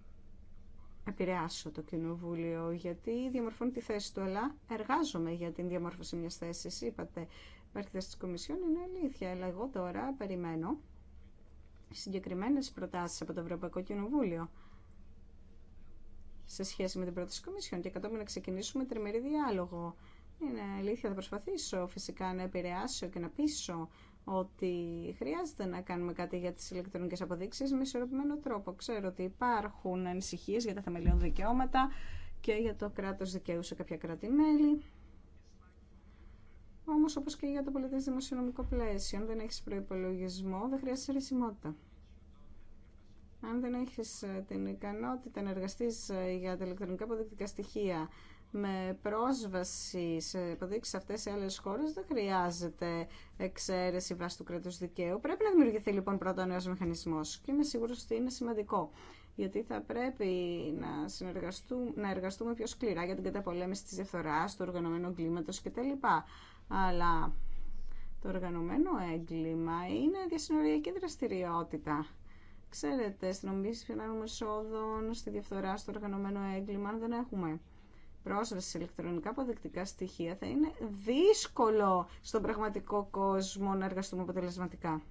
επηρεάσω το Κοινοβούλιο, γιατί διαμορφώνει τη θέση του, αλλά εργάζομαι για την διαμόρφωση μια θέση. Είπατε, υπάρχει θέση τη Κομισιόν, είναι αλήθεια, αλλά εγώ τώρα περιμένω συγκεκριμένες προτάσεις από το Ευρωπαϊκό Κοινοβούλιο σε σχέση με την πρόταση τη Κομισιόν και κατόπιν να ξεκινήσουμε τριμερή διάλογο. Είναι αλήθεια, θα προσπαθήσω φυσικά να επηρεάσω και να πείσω ότι χρειάζεται να κάνουμε κάτι για τις ηλεκτρονικές αποδείξεις με ισορροπημένο τρόπο. Ξέρω ότι υπάρχουν ανησυχίες για τα θεμελιώδη δικαιώματα και για το κράτος δικαίου σε κάποια κράτη-μέλη. Όμως, όπως και για το πολιτικό δημοσιονομικό πλαίσιο, αν δεν έχεις προϋπολογισμό, δεν χρειάζεσαι ρεσιμότητα. Αν δεν έχεις ε, την ικανότητα να εργαστείς ε, για τα ηλεκτρονικά αποδεικτικά στοιχεία με πρόσβαση σε υποδείξει αυτέ σε άλλε χώρε δεν χρειάζεται εξαίρεση βάσει του κράτου δικαίου. Πρέπει να δημιουργηθεί λοιπόν πρώτα ο νέο μηχανισμό και είμαι σίγουρο ότι είναι σημαντικό. Γιατί θα πρέπει να, να εργαστούμε πιο σκληρά για την καταπολέμηση τη διαφθορά, του οργανωμένου εγκλήματο κτλ. Αλλά το οργανωμένο έγκλημα είναι διασυνοριακή δραστηριότητα. Ξέρετε, στην ομιλία φαινόμενων εσόδων, στη διαφθορά, στο οργανωμένο έγκλημα, αν δεν έχουμε πρόσβαση σε ηλεκτρονικά αποδεικτικά στοιχεία θα είναι δύσκολο στον πραγματικό κόσμο να εργαστούμε αποτελεσματικά.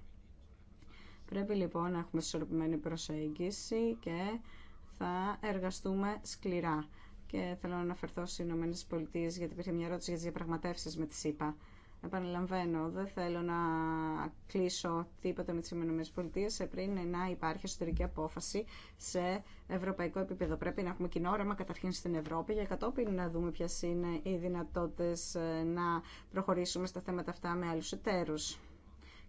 Πρέπει λοιπόν να έχουμε ισορροπημένη προσέγγιση και θα εργαστούμε σκληρά. Και θέλω να αναφερθώ στι Ηνωμένε γιατί υπήρχε μια ερώτηση για τι διαπραγματεύσει με τη ΣΥΠΑ. Επαναλαμβάνω, δεν θέλω να κλείσω τίποτα με τις ΗΠΑ πριν να υπάρχει εσωτερική απόφαση σε ευρωπαϊκό επίπεδο. Πρέπει να έχουμε κοινό όραμα καταρχήν στην Ευρώπη για κατόπιν να δούμε ποιε είναι οι δυνατότητε ε, να προχωρήσουμε στα θέματα αυτά με άλλου εταίρους.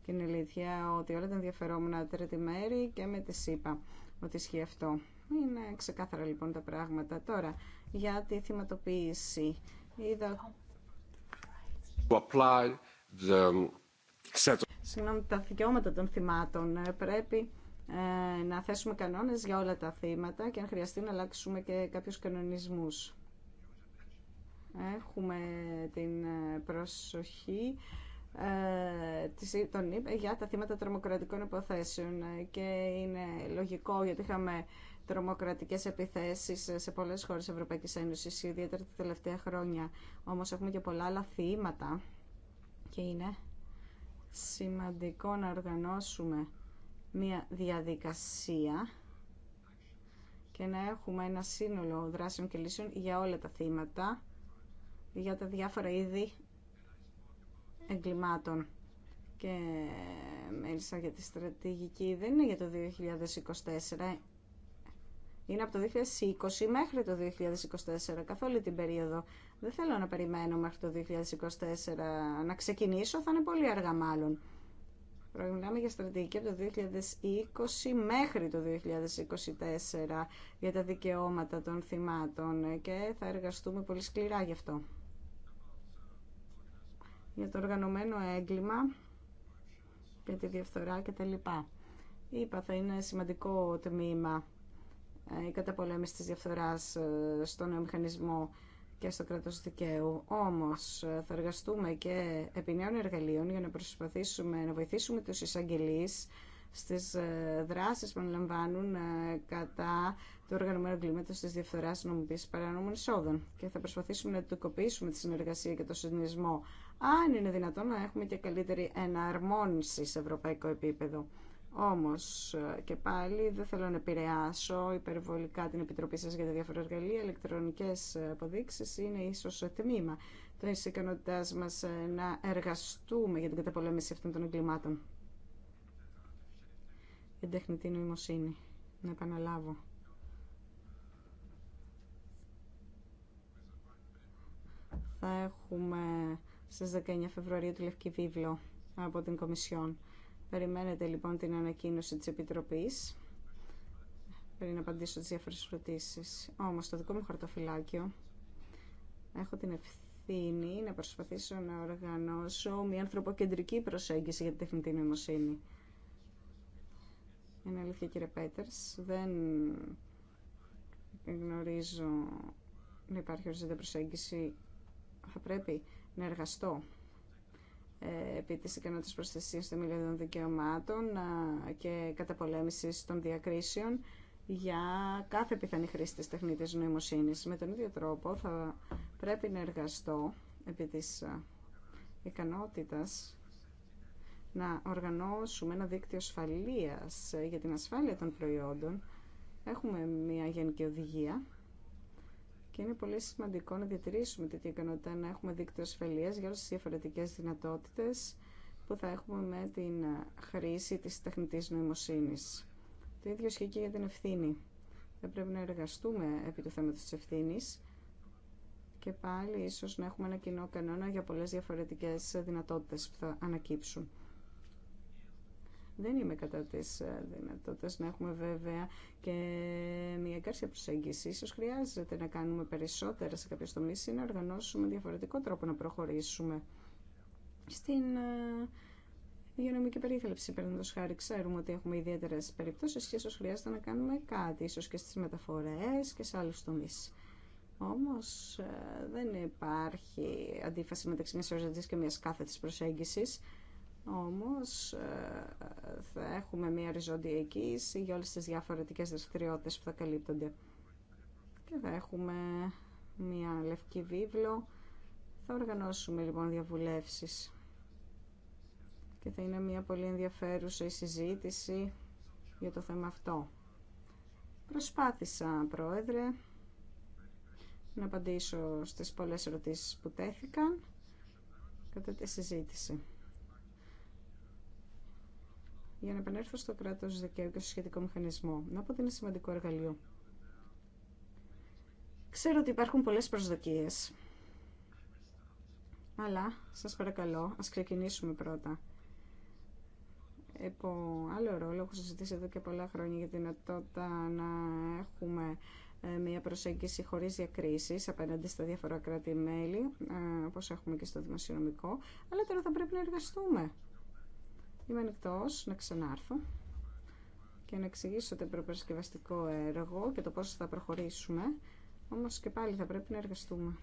Και είναι αλήθεια ότι όλα τα ενδιαφερόμενα τρίτη μέρη και με τη ΣΥΠΑ ότι ισχύει αυτό. Είναι ξεκάθαρα λοιπόν τα πράγματα. Τώρα, για τη θυματοποίηση. Είδα apply the um, Συγγνώμη, τα δικαιώματα των θυμάτων. Ε, πρέπει ε, να θέσουμε κανόνες για όλα τα θύματα και αν χρειαστεί να αλλάξουμε και κάποιους κανονισμούς. Έχουμε την ε, προσοχή των για τα θύματα τρομοκρατικών υποθέσεων και είναι λογικό γιατί είχαμε τρομοκρατικές επιθέσεις σε πολλές χώρες της Ευρωπαϊκής Ένωσης, ιδιαίτερα τα τελευταία χρόνια. Όμως έχουμε και πολλά άλλα θύματα και είναι σημαντικό να οργανώσουμε μια διαδικασία και να έχουμε ένα σύνολο δράσεων και λύσεων για όλα τα θύματα, για τα διάφορα είδη εγκλημάτων. Και μίλησα για τη στρατηγική, δεν είναι για το 2024, είναι από το 2020 μέχρι το 2024, καθ' όλη την περίοδο. Δεν θέλω να περιμένω μέχρι το 2024 να ξεκινήσω, θα είναι πολύ αργά μάλλον. Μιλάμε για στρατηγική από το 2020 μέχρι το 2024 για τα δικαιώματα των θυμάτων και θα εργαστούμε πολύ σκληρά γι' αυτό. Για το οργανωμένο έγκλημα για τη διαφθορά κτλ. Είπα, θα είναι σημαντικό τμήμα ε, η καταπολέμηση της διαφθοράς ε, στον μηχανισμό και στο κράτος δικαίου. Όμως ε, θα εργαστούμε και επί νέων εργαλείων για να προσπαθήσουμε να βοηθήσουμε τους εισαγγελείς στις δράσεις που αναλαμβάνουν κατά του οργανωμένου εγκλήματος της διαφθοράς νομιμοποίησης παρανόμων εισόδων. Και θα προσπαθήσουμε να τοικοποιήσουμε τη συνεργασία και το συνδυασμό αν είναι δυνατόν να έχουμε και καλύτερη εναρμόνιση σε ευρωπαϊκό επίπεδο. Όμως ε, και πάλι δεν θέλω να επηρεάσω υπερβολικά την Επιτροπή σας για τα διάφορα εργαλεία. Ηλεκτρονικές αποδείξεις είναι ίσως τμήμα της ικανότητάς μας ε, να εργαστούμε για την καταπολέμηση αυτών των εγκλημάτων. Η τεχνητή νοημοσύνη. Να επαναλάβω. Θα έχουμε στις 19 Φεβρουαρίου τη Λευκή Βίβλο από την Κομισιόν. Περιμένετε λοιπόν την ανακοίνωση της Επιτροπής πριν απαντήσω τις διάφορες ερωτήσεις. Όμως το δικό μου χαρτοφυλάκιο έχω την ευθύνη να προσπαθήσω να οργανώσω μια ανθρωποκεντρική προσέγγιση για τη τεχνητή νοημοσύνη. Είναι αλήθεια κύριε Πέτερς, δεν γνωρίζω να υπάρχει οριζόντα προσέγγιση. Θα πρέπει να εργαστώ ε, επί της ικανότητας προστασίας των μηλιών δικαιωμάτων και καταπολέμησης των διακρίσεων για κάθε πιθανή χρήση της τεχνητής νοημοσύνης. Με τον ίδιο τρόπο θα πρέπει να εργαστώ επί της ικανότητας να οργανώσουμε ένα δίκτυο ασφαλείας ε, για την ασφάλεια των προϊόντων. Έχουμε μια γενική οδηγία και είναι πολύ σημαντικό να διατηρήσουμε τέτοια ικανότητα, να έχουμε δίκτυο ασφαλείας για όλε τις διαφορετικές δυνατότητες που θα έχουμε με την χρήση της τεχνητής νοημοσύνης. Το ίδιο ισχύει για την ευθύνη. Θα πρέπει να εργαστούμε επί του θέματος της ευθύνη και πάλι ίσως να έχουμε ένα κοινό κανόνα για πολλές διαφορετικές δυνατότητες που θα ανακύψουν. Δεν είμαι κατά τις ε, δυνατότητες να έχουμε βέβαια και μια κάρσια προσέγγιση. Ίσως χρειάζεται να κάνουμε περισσότερα σε κάποιες τομείς ή να οργανώσουμε διαφορετικό τρόπο να προχωρήσουμε. Στην ε, υγειονομική περίθαλψη, το χάρη, ξέρουμε ότι έχουμε ιδιαίτερε περιπτώσει και ίσω χρειάζεται να κάνουμε κάτι, ίσω και στι μεταφορέ και σε άλλου τομεί. Όμω ε, δεν υπάρχει αντίφαση μεταξύ μια οριζοντή και μια κάθετη προσέγγισης όμως ε, θα έχουμε μια οριζόντια εγγύηση για όλες τις διαφορετικές δραστηριότητες που θα καλύπτονται. Και θα έχουμε μια λευκή βίβλο. Θα οργανώσουμε λοιπόν διαβουλεύσεις. Και θα είναι μια πολύ ενδιαφέρουσα η συζήτηση για το θέμα αυτό. Προσπάθησα, Πρόεδρε, να απαντήσω στις πολλές ερωτήσεις που τέθηκαν κατά τη συζήτηση για να επανέλθω στο κράτος δικαίου και στο σχετικό μηχανισμό. Να πω ότι είναι σημαντικό εργαλείο. Ξέρω ότι υπάρχουν πολλές προσδοκίες. Αλλά σας παρακαλώ, ας ξεκινήσουμε πρώτα. Επό άλλο ρόλο, έχω συζητήσει εδώ και πολλά χρόνια για τη δυνατότητα να έχουμε ε, μια προσέγγιση χωρί διακρίσει απέναντι στα διάφορα κράτη-μέλη, ε, όπω έχουμε και στο δημοσιονομικό, αλλά τώρα θα πρέπει να εργαστούμε Είμαι ανοιχτό να ξανάρθω και να εξηγήσω το προπαρασκευαστικό έργο και το πώς θα προχωρήσουμε, όμως και πάλι θα πρέπει να εργαστούμε.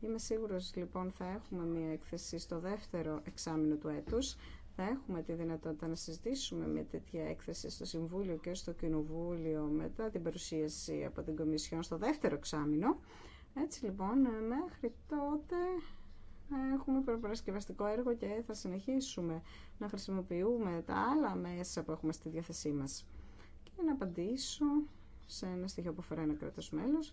Είμαι σίγουρος λοιπόν θα έχουμε μια έκθεση στο δεύτερο εξάμεινο του έτους, θα έχουμε τη δυνατότητα να συζητήσουμε μια τέτοια έκθεση στο Συμβούλιο και στο Κοινοβούλιο μετά την παρουσίαση από την Κομισιόν στο δεύτερο εξάμεινο. Έτσι λοιπόν, μέχρι τότε έχουμε προπαρασκευαστικό έργο και θα συνεχίσουμε να χρησιμοποιούμε τα άλλα μέσα που έχουμε στη διάθεσή μας. Και να απαντήσω σε ένα στοιχείο που αφορά ένα κράτος μέλος.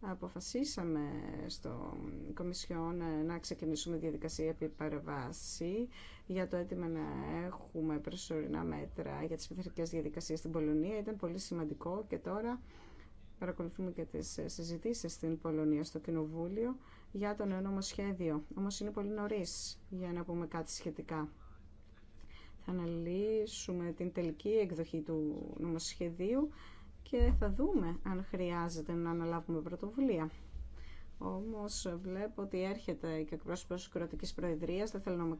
Αποφασίσαμε στο Κομισιόν να ξεκινήσουμε διαδικασία επί παρεβάση για το αίτημα να έχουμε προσωρινά μέτρα για τις πειθαρχικές διαδικασίες στην Πολωνία. Ήταν πολύ σημαντικό και τώρα παρακολουθούμε και τις συζητήσεις στην Πολωνία στο Κοινοβούλιο για το νέο νομοσχέδιο. Όμως είναι πολύ νωρίς για να πούμε κάτι σχετικά. Θα αναλύσουμε την τελική εκδοχή του νομοσχεδίου και θα δούμε αν χρειάζεται να αναλάβουμε πρωτοβουλία. Όμως βλέπω ότι έρχεται και ο πρόσωπος της Κροατικής Προεδρίας, δεν θέλω να με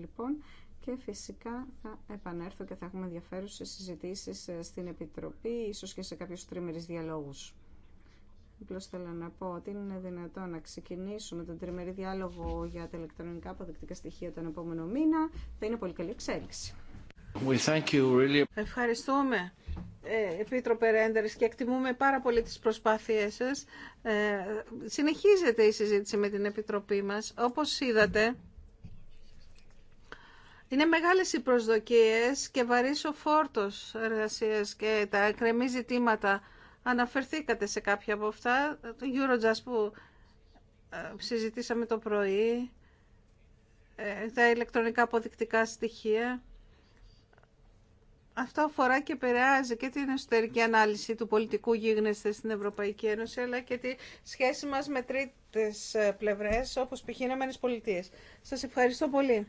λοιπόν, και φυσικά θα επανέλθω και θα έχουμε ενδιαφέρουσες συζητήσεις ε, στην Επιτροπή, ίσως και σε κάποιους τρίμερες διαλόγους. Απλώ θέλω να πω ότι είναι δυνατόν να ξεκινήσουμε τον τριμερή διάλογο για τα ηλεκτρονικά αποδεκτικά στοιχεία τον επόμενο μήνα. Θα είναι πολύ καλή εξέλιξη. Ευχαριστούμε, ε, Επίτροπε Ρέντερς, και εκτιμούμε πάρα πολύ τις προσπάθειές σας. Ε, συνεχίζεται η συζήτηση με την Επιτροπή μας. Όπως είδατε, είναι μεγάλες οι προσδοκίες και βαρύς ο φόρτος εργασίας και τα εκκρεμή ζητήματα Αναφερθήκατε σε κάποια από αυτά. Το Eurojust που ε, συζητήσαμε το πρωί, ε, τα ηλεκτρονικά αποδεικτικά στοιχεία. Αυτό αφορά και επηρεάζει και την εσωτερική ανάλυση του πολιτικού γίγνεσθε στην Ευρωπαϊκή Ένωση, αλλά και τη σχέση μας με τρίτες ε, πλευρές, όπως π.χ. Ηνωμένες Πολιτείες. Σας ευχαριστώ πολύ.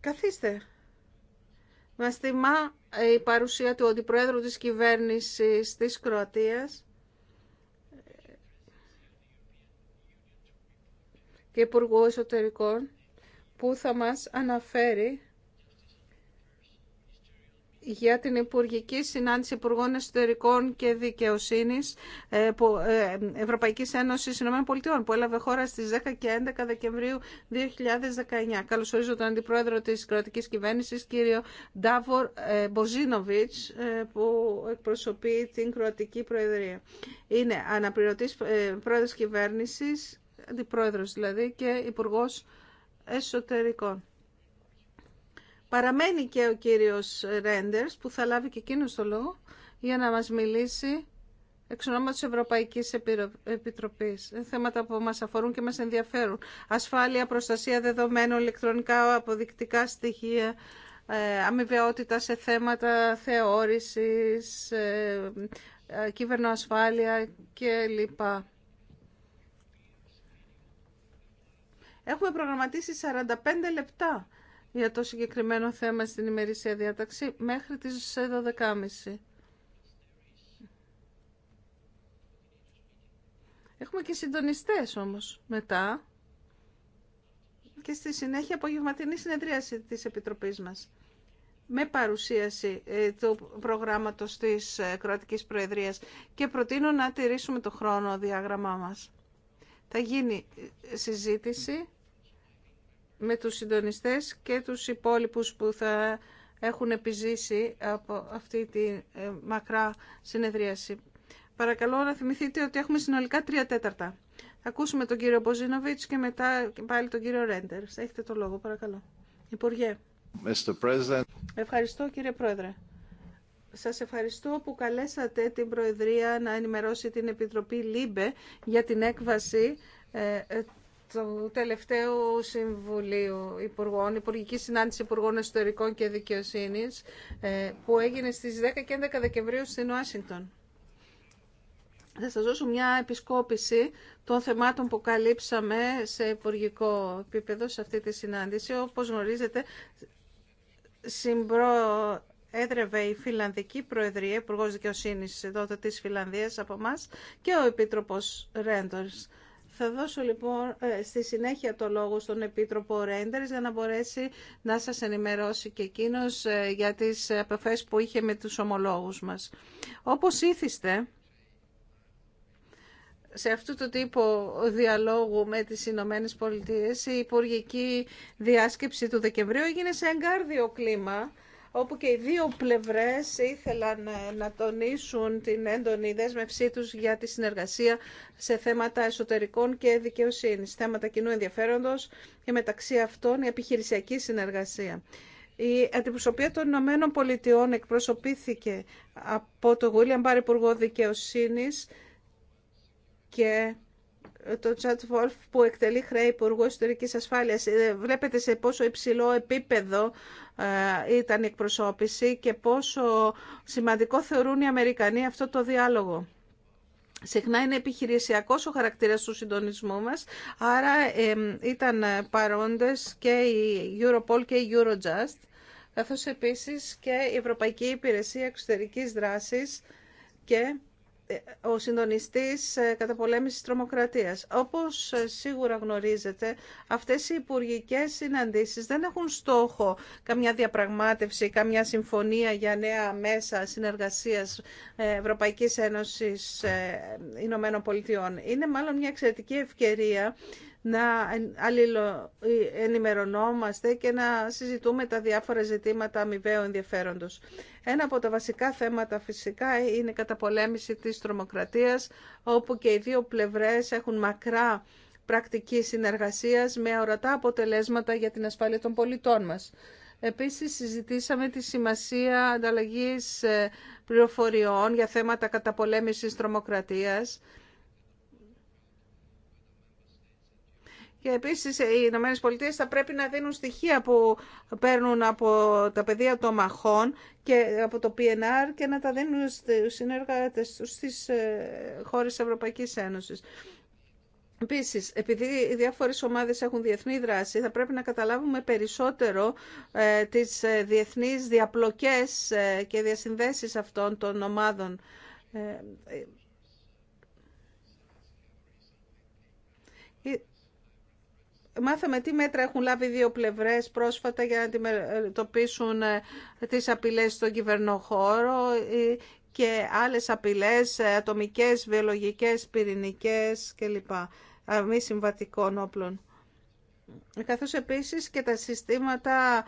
Καθίστε. Μας θυμά η παρουσία του Αντιπροέδρου της Κυβέρνησης της Κροατίας και Υπουργού Εσωτερικών που θα μας αναφέρει για την Υπουργική Συνάντηση Υπουργών Εσωτερικών και Δικαιοσύνης ε, ε, Ευρωπαϊκής Ένωσης ΗΠΑ που έλαβε χώρα στις 10 και 11 Δεκεμβρίου 2019. Καλωσορίζω τον Αντιπρόεδρο της Κροατικής Κυβέρνησης, κύριο Ντάβορ ε, Μποζίνοβιτς, που εκπροσωπεί την Κροατική Προεδρία. Είναι αναπληρωτής πρόεδρος κυβέρνησης, αντιπρόεδρος δηλαδή, και υπουργός εσωτερικών. Παραμένει και ο κύριος Ρέντερς που θα λάβει και εκείνο το λόγο για να μας μιλήσει εξ ονόματος Ευρωπαϊκής Επιτροπής. Θέματα που μας αφορούν και μας ενδιαφέρουν. Ασφάλεια, προστασία δεδομένων, ηλεκτρονικά αποδεικτικά στοιχεία, ε, αμοιβαιότητα σε θέματα θεώρησης, ε, ε, κυβερνοασφάλεια κλπ. Έχουμε προγραμματίσει 45 λεπτά για το συγκεκριμένο θέμα στην ημερήσια διάταξη μέχρι τις 12.30. Έχουμε και συντονιστές όμως μετά και στη συνέχεια απογευματινή συνεδρίαση της Επιτροπής μας με παρουσίαση ε, του προγράμματος της ε, Κροατικής Προεδρίας και προτείνω να τηρήσουμε το χρόνο διάγραμμά μας. Θα γίνει ε, συζήτηση με τους συντονιστές και τους υπόλοιπους που θα έχουν επιζήσει από αυτή τη ε, μακρά συνεδρίαση. Παρακαλώ να θυμηθείτε ότι έχουμε συνολικά τρία τέταρτα. Θα ακούσουμε τον κύριο Μποζίνοβιτς και μετά πάλι τον κύριο Ρέντερ. Έχετε το λόγο, παρακαλώ. Υπουργέ. Mr. President. Ευχαριστώ κύριε Πρόεδρε. Σας ευχαριστώ που καλέσατε την Προεδρία να ενημερώσει την Επιτροπή ΛΥΜΠΕ για την έκβαση ε, ε, του τελευταίου Συμβουλίου Υπουργών, Υπουργική Συνάντηση Υπουργών Εσωτερικών και Δικαιοσύνης, ε, που έγινε στις 10 και 11 Δεκεμβρίου στην Ουάσιγκτον. Θα σας δώσω μια επισκόπηση των θεμάτων που καλύψαμε σε υπουργικό επίπεδο σε αυτή τη συνάντηση. Όπως γνωρίζετε, συμπρό έδρευε η Φιλανδική Προεδρία, Υπουργό Δικαιοσύνη τη Φιλανδία από εμά και ο Επίτροπο Ρέντορ. Θα δώσω λοιπόν ε, στη συνέχεια το λόγο στον Επίτροπο Ρέντερς για να μπορέσει να σας ενημερώσει και εκείνος ε, για τις επαφές που είχε με τους ομολόγους μας. Όπως ήθιστε, σε αυτού του τύπου διαλόγου με τις Ηνωμένε Πολιτείες η υπουργική διάσκεψη του Δεκεμβρίου έγινε σε εγκάρδιο κλίμα όπου και οι δύο πλευρές ήθελαν ε, να τονίσουν την έντονη δέσμευσή τους για τη συνεργασία σε θέματα εσωτερικών και δικαιοσύνης, θέματα κοινού ενδιαφέροντος και μεταξύ αυτών η επιχειρησιακή συνεργασία. Η αντιπροσωπεία των Ηνωμένων Πολιτειών εκπροσωπήθηκε από τον Γουίλιαμ Μπάρ Υπουργό Δικαιοσύνης και το Τσάτ Βόλφ που εκτελεί χρέη Υπουργού Εσωτερική Ασφάλεια. Ε, βλέπετε σε πόσο υψηλό επίπεδο ε, ήταν η εκπροσώπηση και πόσο σημαντικό θεωρούν οι Αμερικανοί αυτό το διάλογο. Συχνά είναι επιχειρησιακό ο χαρακτήρα του συντονισμού μα, άρα ήταν παρόντε και η Europol και η Eurojust, καθώ επίση και η Ευρωπαϊκή Υπηρεσία Εξωτερική Δράση και ο συντονιστής ε, καταπολέμησης τρομοκρατίας. Όπως ε, σίγουρα γνωρίζετε, αυτές οι υπουργικές συναντήσεις δεν έχουν στόχο καμιά διαπραγμάτευση, καμιά συμφωνία για νέα μέσα συνεργασίας ε, Ευρωπαϊκής Ένωσης Ηνωμένων Πολιτειών. Είναι μάλλον μια εξαιρετική ευκαιρία να ε, ενημερωνόμαστε και να συζητούμε τα διάφορα ζητήματα αμοιβαίου ενδιαφέροντος. Ένα από τα βασικά θέματα φυσικά είναι η καταπολέμηση της τρομοκρατίας, όπου και οι δύο πλευρές έχουν μακρά πρακτική συνεργασίας με ορατά αποτελέσματα για την ασφάλεια των πολιτών μας. Επίσης συζητήσαμε τη σημασία ανταλλαγής ε, πληροφοριών για θέματα καταπολέμησης τρομοκρατίας Και επίσης οι Ηνωμένε Πολιτείες θα πρέπει να δίνουν στοιχεία που παίρνουν από τα πεδία των μαχών και από το PNR και να τα δίνουν στους συνεργάτες στις ε, χώρες της Ευρωπαϊκής Ένωσης. Επίση, επειδή οι διάφορε ομάδε έχουν διεθνή δράση, θα πρέπει να καταλάβουμε περισσότερο ε, τι ε, διεθνεί διαπλοκέ ε, και διασυνδέσει αυτών των ομάδων. μάθαμε τι μέτρα έχουν λάβει δύο πλευρές πρόσφατα για να αντιμετωπίσουν ε, τις απειλές στον κυβερνοχώρο ε, και άλλες απειλές ε, ατομικές, βιολογικές, πυρηνικές κλπ. Μη συμβατικών όπλων. Καθώς επίσης και τα συστήματα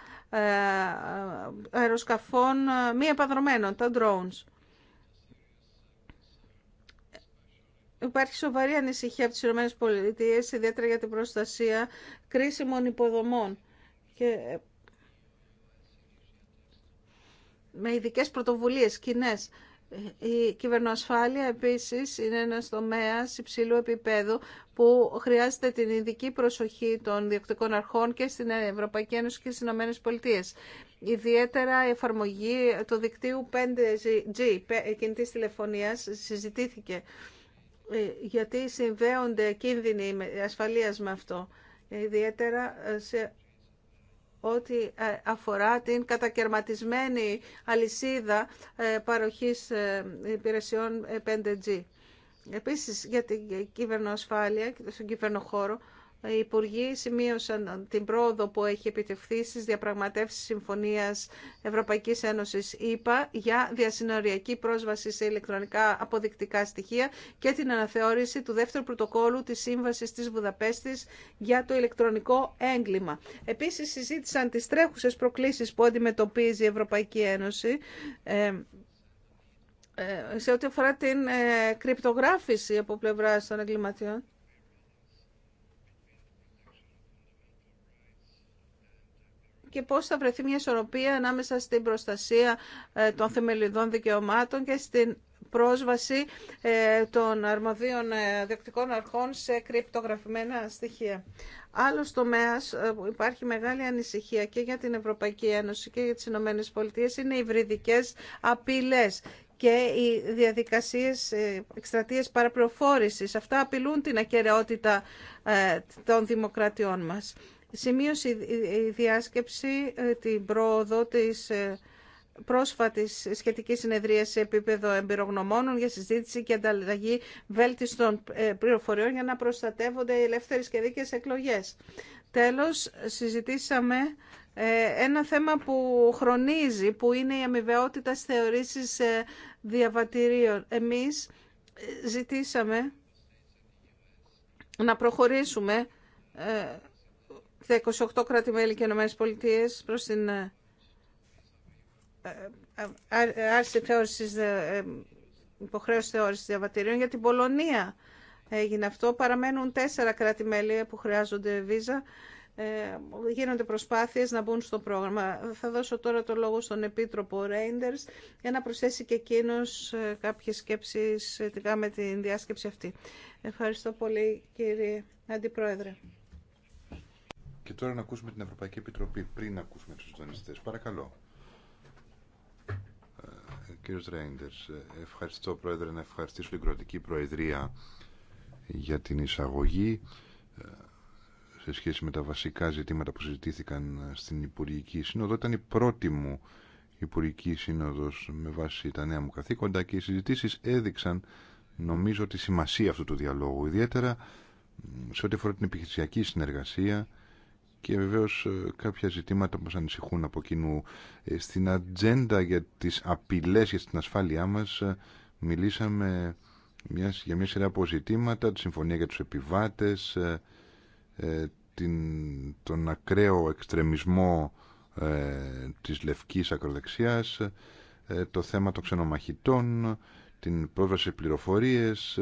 αεροσκαφών μη επανδρομένων, τα drones. Υπάρχει σοβαρή ανησυχία από τις ΗΠΑ, ιδιαίτερα για την προστασία κρίσιμων υποδομών. Και ε, με ειδικές πρωτοβουλίες κοινέ. Η κυβερνοασφάλεια επίσης είναι ένας τομέας υψηλού επίπεδου που χρειάζεται την ειδική προσοχή των διοκτικών αρχών και στην Ευρωπαϊκή Ένωση και στις Ηνωμένες Πολιτείες. Ιδιαίτερα η εφαρμογή του δικτύου 5G κινητής τηλεφωνίας συζητήθηκε γιατί συμβαίνονται κίνδυνοι ασφαλείας με αυτό, ιδιαίτερα σε ό,τι ε, αφορά την κατακαιρματισμένη αλυσίδα ε, παροχής ε, υπηρεσιών 5G. Επίσης για την κυβερνοασφάλεια και τον κυβερνοχώρο, οι Υπουργοί σημείωσαν την πρόοδο που έχει επιτευχθεί στις διαπραγματεύσεις Συμφωνίας Ευρωπαϊκής Ένωσης ΕΠΑ για διασυνοριακή πρόσβαση σε ηλεκτρονικά αποδεικτικά στοιχεία και την αναθεώρηση του δεύτερου πρωτοκόλου της Σύμβασης της Βουδαπέστης για το ηλεκτρονικό έγκλημα. Επίσης συζήτησαν τις τρέχουσες προκλήσεις που αντιμετωπίζει η Ευρωπαϊκή Ένωση ε, ε, σε ό,τι αφορά την ε, κρυπτογράφηση από πλευρά των εγκληματιών. και πώς θα βρεθεί μια ισορροπία ανάμεσα στην προστασία ε, των θεμελιδών δικαιωμάτων και στην πρόσβαση ε, των αρμοδίων ε, διοκτικών αρχών σε κρυπτογραφημένα στοιχεία. Άλλο τομέα που υπάρχει μεγάλη ανησυχία και για την Ευρωπαϊκή Ένωση και για τις Ηνωμένε Πολιτείες είναι οι βρυδικέ απειλές και οι διαδικασίες εκστρατείες παραπληροφόρησης. Αυτά απειλούν την ακαιρεότητα των δημοκρατιών μας. Σημείωσε η διάσκεψη ε, την πρόοδο της ε, πρόσφατης σχετική συνεδρία σε επίπεδο εμπειρογνωμόνων για συζήτηση και ανταλλαγή βέλτιστων ε, πληροφοριών για να προστατεύονται οι ελεύθερες και δίκαιε εκλογές. Τέλος, συζητήσαμε ένα θέμα που χρονίζει, που είναι η αμοιβαιότητα στις θεωρήσεις διαβατηρίων. Εμείς ζητήσαμε να προχωρήσουμε 28 κράτη-μέλη και ΗΠΑ προς την ε, ε, ε, άρση θεώρησης, υποχρέωση θεώρησης διαβατηρίων για την Πολωνία έγινε αυτό. Παραμένουν τέσσερα κράτη-μέλη που χρειάζονται βίζα. γίνονται προσπάθειες να μπουν στο πρόγραμμα. Θα δώσω τώρα το λόγο στον Επίτροπο Ρέιντερς για να προσθέσει και εκείνο κάποιες σκέψεις σχετικά με την διάσκεψη αυτή. Ευχαριστώ πολύ κύριε Αντιπρόεδρε. Και τώρα να ακούσουμε την Ευρωπαϊκή Επιτροπή πριν να ακούσουμε τους συντονιστές. Παρακαλώ. Ε, κύριος Ρέιντερς, ε, ευχαριστώ Πρόεδρε να ευχαριστήσω την Κροατική Προεδρία για την εισαγωγή ε, σε σχέση με τα βασικά ζητήματα που συζητήθηκαν στην Υπουργική Σύνοδο. Ήταν η πρώτη μου Υπουργική Σύνοδος με βάση τα νέα μου καθήκοντα και οι συζητήσεις έδειξαν νομίζω τη σημασία αυτού του διαλόγου, ιδιαίτερα σε ό,τι αφορά την επιχειρησιακή συνεργασία και βεβαίως ε, κάποια ζητήματα που μας ανησυχούν από κοινού. Ε, στην ατζέντα για τις απειλές για την ασφάλειά μας ε, μιλήσαμε για μια σειρά από ζητήματα, τη συμφωνία για τους επιβάτες, τον ακραίο εξτρεμισμό της λευκής ακροδεξιάς, το θέμα των ξενομαχητών, την πρόσβαση πληροφορίες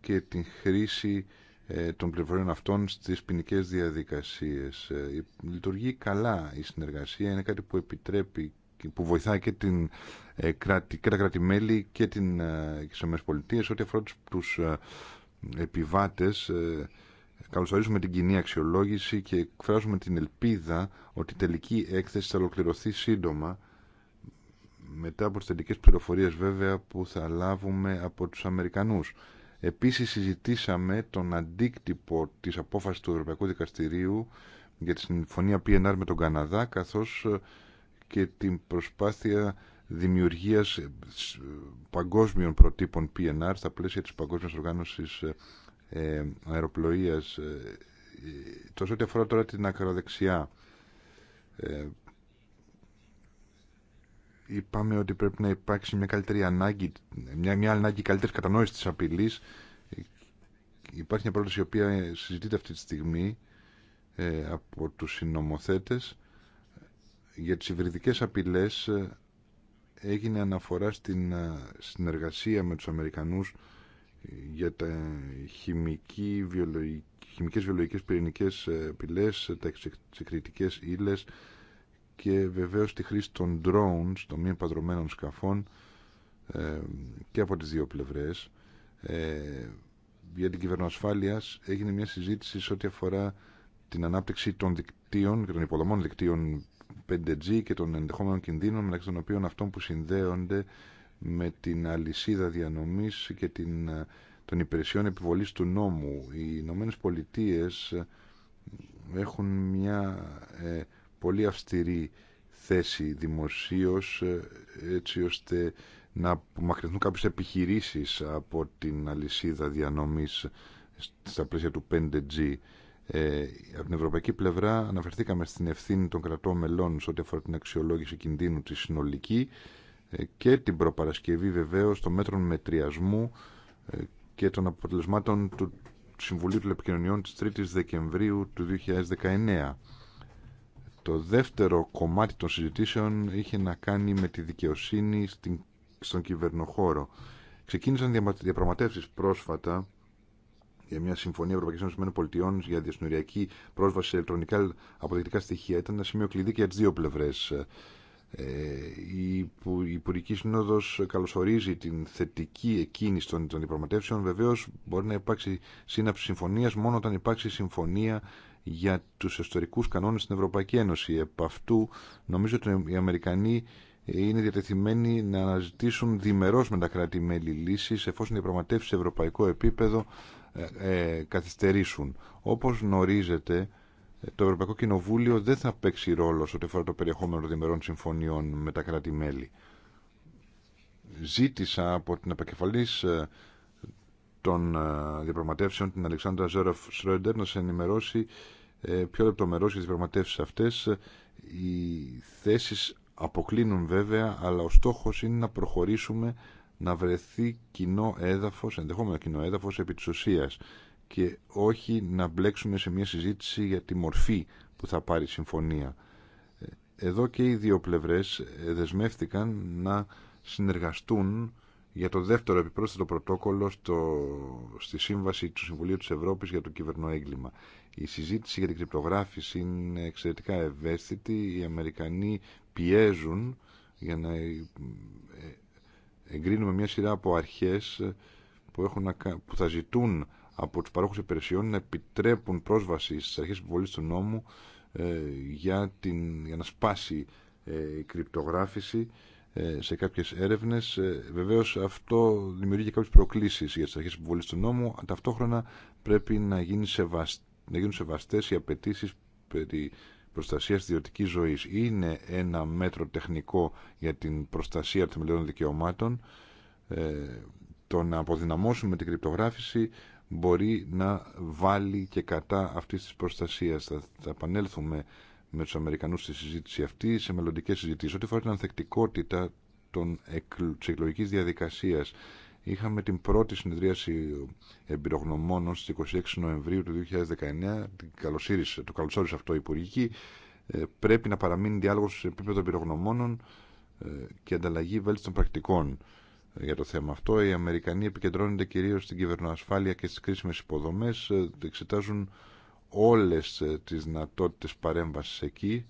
και την χρήση ε, των πληροφοριών αυτών στις ποινικέ διαδικασίες. Ε, λειτουργεί καλά η συνεργασία, είναι κάτι που επιτρέπει που βοηθάει και, την, ε, κράτη, και τα κράτη-μέλη και, την, ε, Πολιτείε, ό,τι αφορά τους, επιβάτες καλωσορίζουμε την κοινή αξιολόγηση και εκφράζουμε την ελπίδα ότι η τελική έκθεση θα ολοκληρωθεί σύντομα μετά από τις πληροφορίες βέβαια που θα λάβουμε από τους Αμερικανούς Επίσης συζητήσαμε τον αντίκτυπο της απόφασης του Ευρωπαϊκού Δικαστηρίου για τη συμφωνία PNR με τον Καναδά καθώς ε, και την προσπάθεια δημιουργίας ε, παγκόσμιων προτύπων PNR στα πλαίσια της Παγκόσμιας Οργάνωσης ε, ε Αεροπλοείας. Τόσο ό,τι αφορά τώρα την ακροδεξιά είπαμε ότι πρέπει να υπάρξει μια καλύτερη ανάγκη, μια, μια ανάγκη καλύτερη κατανόηση τη απειλή. Υπάρχει μια πρόταση η οποία συζητείται αυτή τη στιγμή ε, από τους συνομοθέτες για τις υβριδικές απειλές ε, έγινε αναφορά στην ε, συνεργασία με τους Αμερικανούς για τα χημική, βιολογική, χημικές, βιολογικές, πυρηνικές απειλές, τα εξεκριτικές ύλες, και βεβαίως τη χρήση των drones, των μη επαδρομένων σκαφών ε, και από τις δύο πλευρές. Ε, για την κυβερνοασφάλεια έγινε μια συζήτηση σε ό,τι αφορά την ανάπτυξη των δικτύων και των υποδομών δικτύων 5G και των ενδεχόμενων κινδύνων μεταξύ των οποίων αυτών που συνδέονται με την αλυσίδα διανομής και την, ε, των υπηρεσιών επιβολής του νόμου. Οι Ηνωμένε Πολιτείε έχουν μια ε, πολύ αυστηρή θέση δημοσίως ε, έτσι ώστε να απομακρυνθούν κάποιες επιχειρήσεις από την αλυσίδα διανομής στα πλαίσια του 5G. Ε, από την ευρωπαϊκή πλευρά αναφερθήκαμε στην ευθύνη των κρατών μελών σε ό,τι αφορά την αξιολόγηση κινδύνου τη συνολική ε, και την προπαρασκευή βεβαίως των μέτρων μετριασμού και των αποτελεσμάτων του Συμβουλίου Επικοινωνιών της 3ης Δεκεμβρίου του 2019. Το δεύτερο κομμάτι των συζητήσεων είχε να κάνει με τη δικαιοσύνη στην, στον κυβερνοχώρο. Ξεκίνησαν διαπραγματεύσεις πρόσφατα για μια συμφωνία Ευρωπαϊκή Ένωση για διασυνοριακή πρόσβαση σε ηλεκτρονικά αποδεικτικά στοιχεία. Ήταν ένα σημείο κλειδί και για τι δύο πλευρέ. Ε, η Υπουργική Σύνοδο καλωσορίζει την θετική εκκίνηση των διαπραγματεύσεων. Βεβαίω μπορεί να υπάρξει σύναψη συμφωνία μόνο όταν υπάρξει συμφωνία για τους ιστορικούς κανόνες στην Ευρωπαϊκή Ένωση. Επ' αυτού νομίζω ότι οι Αμερικανοί είναι διατεθειμένοι να αναζητήσουν διμερώς με τα κράτη-μέλη λύσεις εφόσον οι διαπραγματεύσει σε ευρωπαϊκό επίπεδο ε, ε, καθυστερήσουν. Όπως γνωρίζετε, το Ευρωπαϊκό Κοινοβούλιο δεν θα παίξει ρόλο σε ό,τι αφορά το περιεχόμενο των διμερών συμφωνιών με τα κράτη-μέλη. Ζήτησα από την των ε, διαπραγματεύσεων την Αλεξάνδρα Ζέροφ Σρόντερ να σε ενημερώσει ε, πιο λεπτομερώς για τις διαπραγματεύσεις αυτές. Οι θέσεις αποκλίνουν βέβαια, αλλά ο στόχος είναι να προχωρήσουμε να βρεθεί κοινό έδαφος, ενδεχόμενο κοινό έδαφος επί και όχι να μπλέξουμε σε μια συζήτηση για τη μορφή που θα πάρει η συμφωνία. Ε, εδώ και οι δύο πλευρές δεσμεύτηκαν να συνεργαστούν για το δεύτερο επιπρόσθετο πρωτόκολλο στο, στη Σύμβαση του Συμβουλίου της Ευρώπης για το κυβερνοέγκλημα. Η συζήτηση για την κρυπτογράφηση είναι εξαιρετικά ευαίσθητη. Οι Αμερικανοί πιέζουν για να ε, εγκρίνουμε μια σειρά από αρχές που, έχουν που θα ζητούν από τους παρόχους υπηρεσιών να επιτρέπουν πρόσβαση στις αρχές επιβολής του νόμου ε, για, την, για να σπάσει ε, η κρυπτογράφηση ε, σε κάποιες έρευνες. Ε, βεβαίως αυτό δημιουργεί και κάποιες προκλήσεις για τις αρχές επιβολής του νόμου. Ταυτόχρονα πρέπει να, γίνει σεβασ... να γίνουν σεβαστές οι απαιτήσει περί προστασίας ιδιωτικής ζωής. Είναι ένα μέτρο τεχνικό για την προστασία των θεμελιών δικαιωμάτων. Ε, το να αποδυναμώσουμε την κρυπτογράφηση μπορεί να βάλει και κατά αυτή της προστασία, θα επανέλθουμε με του Αμερικανού στη συζήτηση αυτή, σε μελλοντικέ συζητήσει Ό,τι φορά την ανθεκτικότητα τη εκλογική διαδικασία. είχαμε την πρώτη συνεδρίαση εμπειρογνωμόνων στι 26 Νοεμβρίου του 2019, το καλωσόρισε αυτό η Υπουργική, ε, πρέπει να παραμείνει διάλογο σε επίπεδο εμπειρογνωμόνων ε, και ανταλλαγή βέλτιστων πρακτικών ε, για το θέμα αυτό. Οι Αμερικανοί επικεντρώνονται κυρίω στην κυβερνοασφάλεια και στις κρίσιμες υποδομές, εξετάζουν όλες ε, τις δυνατότητε παρέμβασης εκεί.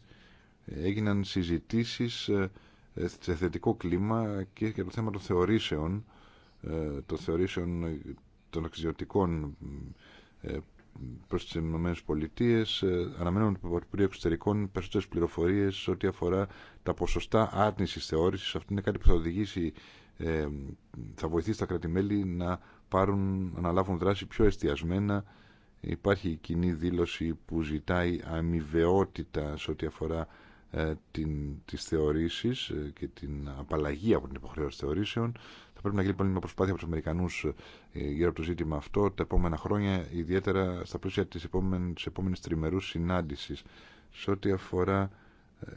Έγιναν συζητήσεις ε, ε, σε θετικό κλίμα και για το θέμα των θεωρήσεων, των θεωρήσεων των αξιωτικών προς τις Ηνωμένες Πολιτείες. Αναμένουμε από το Υπουργείο Εξωτερικών περισσότερες πληροφορίες ό,τι αφορά τα ποσοστά άρνησης θεώρησης. Αυτό είναι κάτι που θα οδηγήσει θα βοηθήσει τα κρατημέλη να πάρουν, να δράση πιο εστιασμένα Υπάρχει κοινή δήλωση που ζητάει αμοιβαιότητα σε ό,τι αφορά ε, την, τις θεωρήσεις ε, και την απαλλαγή από την υποχρέωση θεωρήσεων. Θα πρέπει να γίνει λοιπόν μια προσπάθεια από τους Αμερικανούς ε, γύρω από το ζήτημα αυτό τα επόμενα χρόνια, ιδιαίτερα στα πλαίσια της επόμενης, της επόμενης τριμερούς συνάντησης. Σε ό,τι αφορά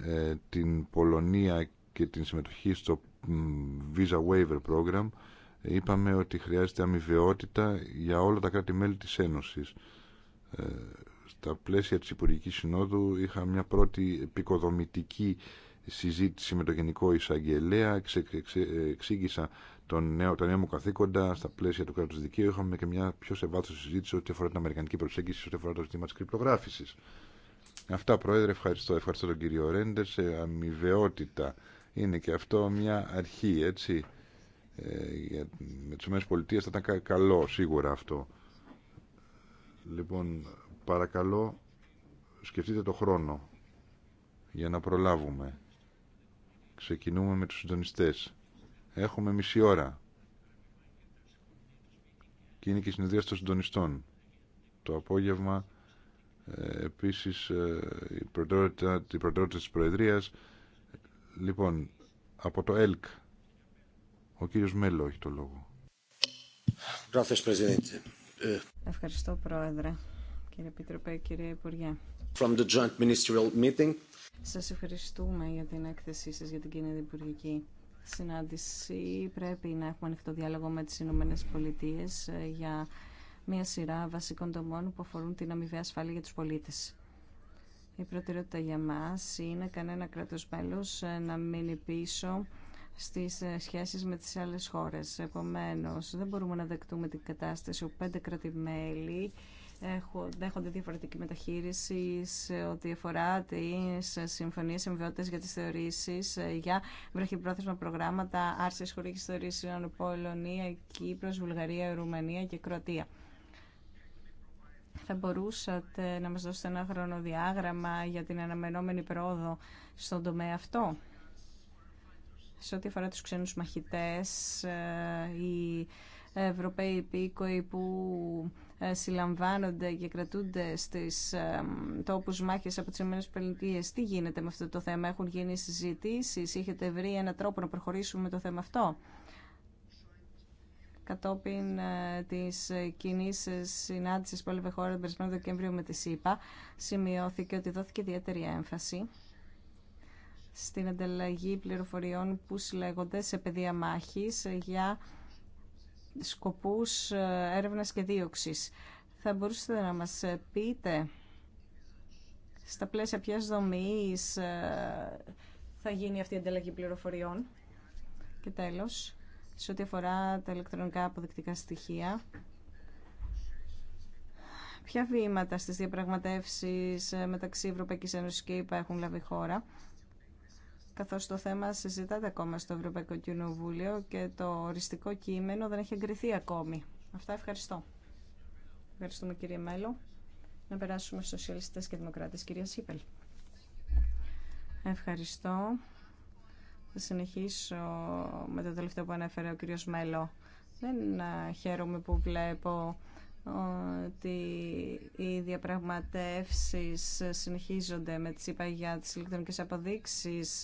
ε, την Πολωνία και την συμμετοχή στο Visa Waiver Program, είπαμε ότι χρειάζεται αμοιβαιότητα για όλα τα κράτη-μέλη της Ένωσης. Ε, στα πλαίσια της Υπουργικής Συνόδου είχα μια πρώτη επικοδομητική συζήτηση με το Γενικό Εισαγγελέα, ε, εξήγησα τον νέο, τον νέο μου καθήκοντα στα πλαίσια του κράτους δικαίου. Είχαμε και μια πιο σε βάθος συζήτηση ό,τι αφορά την Αμερικανική προσέγγιση, ό,τι αφορά το ζήτημα της κρυπτογράφησης. Αυτά, Πρόεδρε, ευχαριστώ. Ευχαριστώ τον κύριο Ρέντερ σε αμοιβαιότητα. Είναι και αυτό μια αρχή, έτσι. Ε, με τις ΗΠΑ θα ήταν καλό σίγουρα αυτό. Λοιπόν, παρακαλώ, σκεφτείτε το χρόνο για να προλάβουμε. Ξεκινούμε με τους συντονιστές. Έχουμε μισή ώρα. Και είναι και η συνεδρία των συντονιστών. Το απόγευμα, ε, επίσης, ε, η προτεραιότητα, η προτεραιότητα της Προεδρίας. Λοιπόν, από το ΕΛΚ, ο κύριος Μέλο έχει το λόγο. Ευχαριστώ, Πρόεδρε, κύριε Επίτροπε, κύριε Υπουργέ. From the joint ministerial meeting. Σας ευχαριστούμε για την έκθεσή σας για την κοινή υπουργική συνάντηση. Πρέπει να έχουμε ανοιχτό διάλογο με τις Ηνωμένε Πολιτείε ε, για μια σειρά βασικών τομών που αφορούν την αμοιβή ασφάλεια για τους πολίτες. Η προτεραιότητα για μας είναι κανένα κράτος μέλος ε, να μείνει πίσω στις ε, σχέσεις με τις άλλες χώρες. Επομένως, δεν μπορούμε να δεκτούμε την κατάσταση που πέντε κρατημέλη δέχονται διαφορετική μεταχείριση σε ό,τι αφορά τις συμφωνίες συμβιότητες για τις θεωρήσεις ε, για βραχυπρόθεσμα προγράμματα άρση χορήγησης θεωρήσεων Πολωνία, Κύπρος, Βουλγαρία, Ρουμανία και Κροατία. Θα μπορούσατε να μας δώσετε ένα χρονοδιάγραμμα για την αναμενόμενη πρόοδο στον τομέα αυτό σε ό,τι αφορά τους ξένους μαχητές, ε, οι Ευρωπαίοι υπήκοοι που ε, συλλαμβάνονται και κρατούνται στις ε, τόπους μάχης από τις ΗΠΑ. Τι γίνεται με αυτό το θέμα, έχουν γίνει συζητήσεις, είχετε βρει έναν τρόπο να προχωρήσουμε με το θέμα αυτό κατόπιν της κοινή συνάντησης που έλεγε χώρα τον περαισμένο Δεκέμβριο με τη ΣΥΠΑ, σημειώθηκε ότι δόθηκε ιδιαίτερη έμφαση στην ανταλλαγή πληροφοριών που συλλέγονται σε πεδία μάχης για σκοπούς ε, έρευνας και δίωξης. Θα μπορούσατε να μας πείτε στα πλαίσια ποιας δομής ε, θα γίνει αυτή η ανταλλαγή πληροφοριών. Και τέλος, σε ό,τι αφορά τα ηλεκτρονικά αποδεικτικά στοιχεία, ποια βήματα στις διαπραγματεύσεις ε, μεταξύ Ευρωπαϊκής Ένωσης και ΕΠΑ ΕΕ έχουν λάβει χώρα καθώς το θέμα συζητάται ακόμα στο Ευρωπαϊκό Κοινοβούλιο και το οριστικό κείμενο δεν έχει εγκριθεί ακόμη. Αυτά ευχαριστώ. Ευχαριστούμε κύριε Μέλο. Να περάσουμε στους σοσιαλιστές και δημοκράτες. Κυρία Σίπελ. Ευχαριστώ. Θα συνεχίσω με το τελευταίο που ανέφερε ο κύριος Μέλο. Δεν ε, χαίρομαι που βλέπω ότι οι διαπραγματεύσεις συνεχίζονται με τις υπαγιά για τις ηλεκτρονικές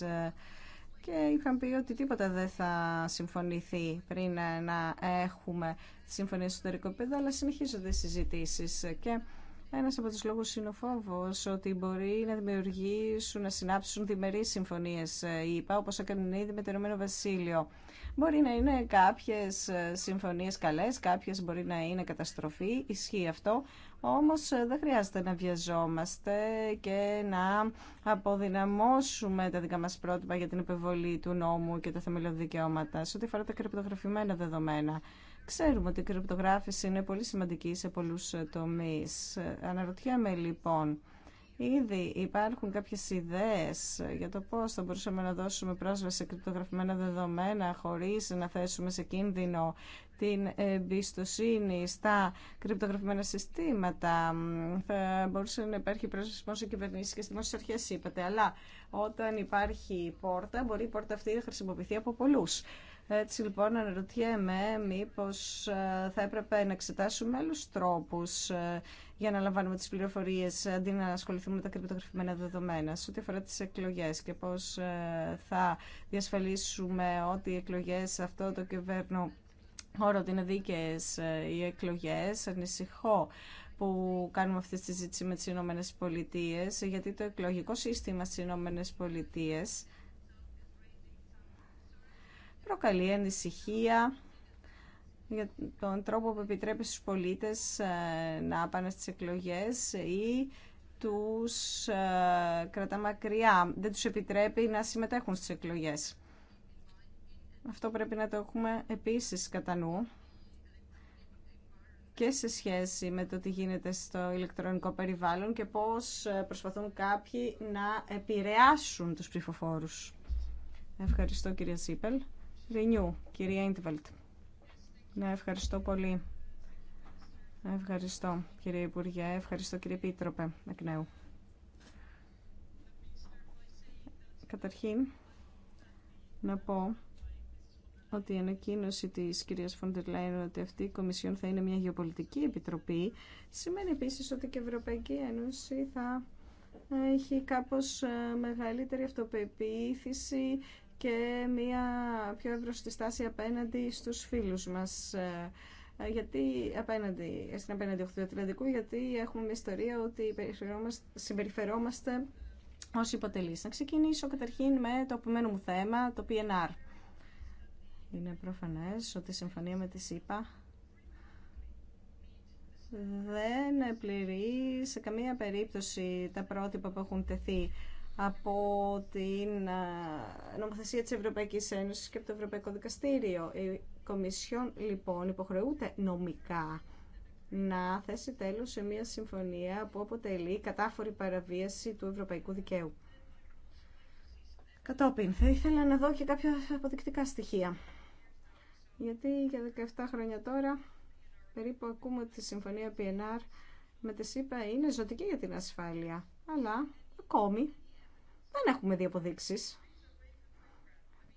ε, και είχαν πει ότι τίποτα δεν θα συμφωνηθεί πριν να έχουμε συμφωνία στο εσωτερικό επίπεδο, αλλά συνεχίζονται οι συζητήσεις ε, και ένα από του λόγου είναι ο φόβο ότι μπορεί να δημιουργήσουν, να συνάψουν διμερείς συμφωνίε ε, είπα, όπω έκανε ήδη με το Ηνωμένο Βασίλειο. Μπορεί να είναι κάποιες ε, συμφωνίε καλές, κάποιες μπορεί να είναι καταστροφή, ισχύει αυτό, όμως ε, δεν χρειάζεται να βιαζόμαστε και να αποδυναμώσουμε τα δικά μας πρότυπα για την επιβολή του νόμου και τα θεμελιώδη δικαιώματα σε ό,τι αφορά τα κρυπτογραφημένα δεδομένα. Ξέρουμε ότι η κρυπτογράφηση είναι πολύ σημαντική σε πολλούς ε, τομείς. Αναρωτιέμαι λοιπόν, ήδη υπάρχουν κάποιες ιδέες ε, για το πώς θα μπορούσαμε να δώσουμε πρόσβαση σε κρυπτογραφημένα δεδομένα χωρίς να θέσουμε σε κίνδυνο την εμπιστοσύνη στα κρυπτογραφημένα συστήματα. Θα μπορούσε να υπάρχει πρόσβαση μόνο σε κυβερνήσει και στι δημόσιε αρχέ, είπατε. Αλλά όταν υπάρχει πόρτα, μπορεί η πόρτα αυτή να χρησιμοποιηθεί από πολλού. Έτσι λοιπόν αναρωτιέμαι μήπως ε, θα έπρεπε να εξετάσουμε άλλους τρόπους ε, για να λαμβάνουμε τις πληροφορίες αντί να ασχοληθούμε με τα κρυπτογραφημένα δεδομένα σε ό,τι αφορά τις εκλογές και πώς ε, θα διασφαλίσουμε ότι οι εκλογές αυτό το κυβέρνο χώρο ότι είναι δίκαιες οι εκλογές. Ανησυχώ που κάνουμε αυτή τη συζήτηση με τις Ηνωμένε Πολιτείες γιατί το εκλογικό σύστημα στις Ηνωμένε Πολιτείες προκαλεί ανησυχία για τον τρόπο που επιτρέπει στους πολίτες ε, να πάνε στις εκλογές ή τους ε, κρατά μακριά, δεν τους επιτρέπει να συμμετέχουν στις εκλογές. Αυτό πρέπει να το έχουμε επίσης κατά νου και σε σχέση με το τι γίνεται στο ηλεκτρονικό περιβάλλον και πώς ε, προσπαθούν κάποιοι να επηρεάσουν τους ψηφοφόρους. Ευχαριστώ κυρία Σίπελ. Ρινιού, κυρία Ίντβαλτ. Ναι, ευχαριστώ πολύ. Ευχαριστώ κύριε Υπουργέ, ευχαριστώ κύριε Πιτροπέ, εκ νέου. Καταρχήν, να πω ότι η ανακοίνωση της κυρίας Φόντερ ότι αυτή η Κομισιόν θα είναι μια γεωπολιτική επιτροπή σημαίνει επίσης ότι και η Ευρωπαϊκή Ένωση θα έχει κάπως ε, μεγαλύτερη αυτοπεποίθηση και μια πιο εύρωστη στάση απέναντι στους φίλους μας. Ε, ε, γιατί απέναντι, στην απέναντι Ατλαντικού, γιατί έχουμε μια ιστορία ότι συμπεριφερόμαστε ως υποτελείς. Να ξεκινήσω καταρχήν με το απομένο μου θέμα, το PNR. Είναι προφανές ότι η συμφωνία με τη ΣΥΠΑ δεν πληρεί σε καμία περίπτωση τα πρότυπα που έχουν τεθεί από την ε, νομοθεσία της Ευρωπαϊκής Ένωσης και από το Ευρωπαϊκό Δικαστήριο. Η Κομισιόν λοιπόν υποχρεούται νομικά να θέσει τέλος σε μια συμφωνία που αποτελεί κατάφορη παραβίαση του ευρωπαϊκού δικαίου. Κατόπιν, θα ήθελα να δω και κάποια αποδεικτικά στοιχεία. Γιατί για 17 χρόνια τώρα περίπου ακούμε ότι η συμφωνία PNR με τη ΣΥΠΑ είναι ζωτική για την ασφάλεια. Αλλά ακόμη δεν έχουμε δει αποδείξει.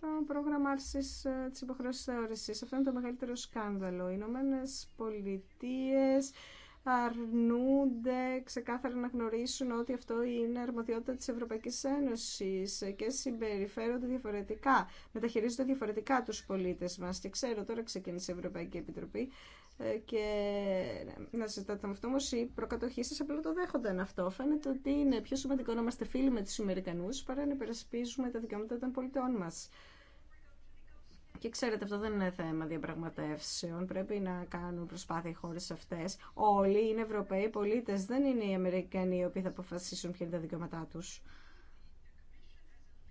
Το πρόγραμμα άρση ε, της υποχρεώση θεώρηση. Αυτό είναι το μεγαλύτερο σκάνδαλο. Οι Ηνωμένε Πολιτείε αρνούνται ξεκάθαρα να γνωρίσουν ότι αυτό είναι αρμοδιότητα της Ευρωπαϊκής Ένωσης και συμπεριφέρονται διαφορετικά, μεταχειρίζονται διαφορετικά τους πολίτες μας. Και ξέρω, τώρα ξεκίνησε η Ευρωπαϊκή Επιτροπή ε, και να συζητάτε με αυτό, όμω οι προκατοχή σα απλά το δέχονταν αυτό. Φαίνεται ότι είναι πιο σημαντικό να είμαστε φίλοι με του Αμερικανού παρά να υπερασπίζουμε τα δικαιώματα των πολιτών μα. Και ξέρετε, αυτό δεν είναι θέμα διαπραγματεύσεων. Πρέπει να κάνουν προσπάθεια οι χώρε αυτέ. Όλοι είναι Ευρωπαίοι πολίτε. Δεν είναι οι Αμερικανοί οι οποίοι θα αποφασίσουν ποια είναι τα δικαιώματά του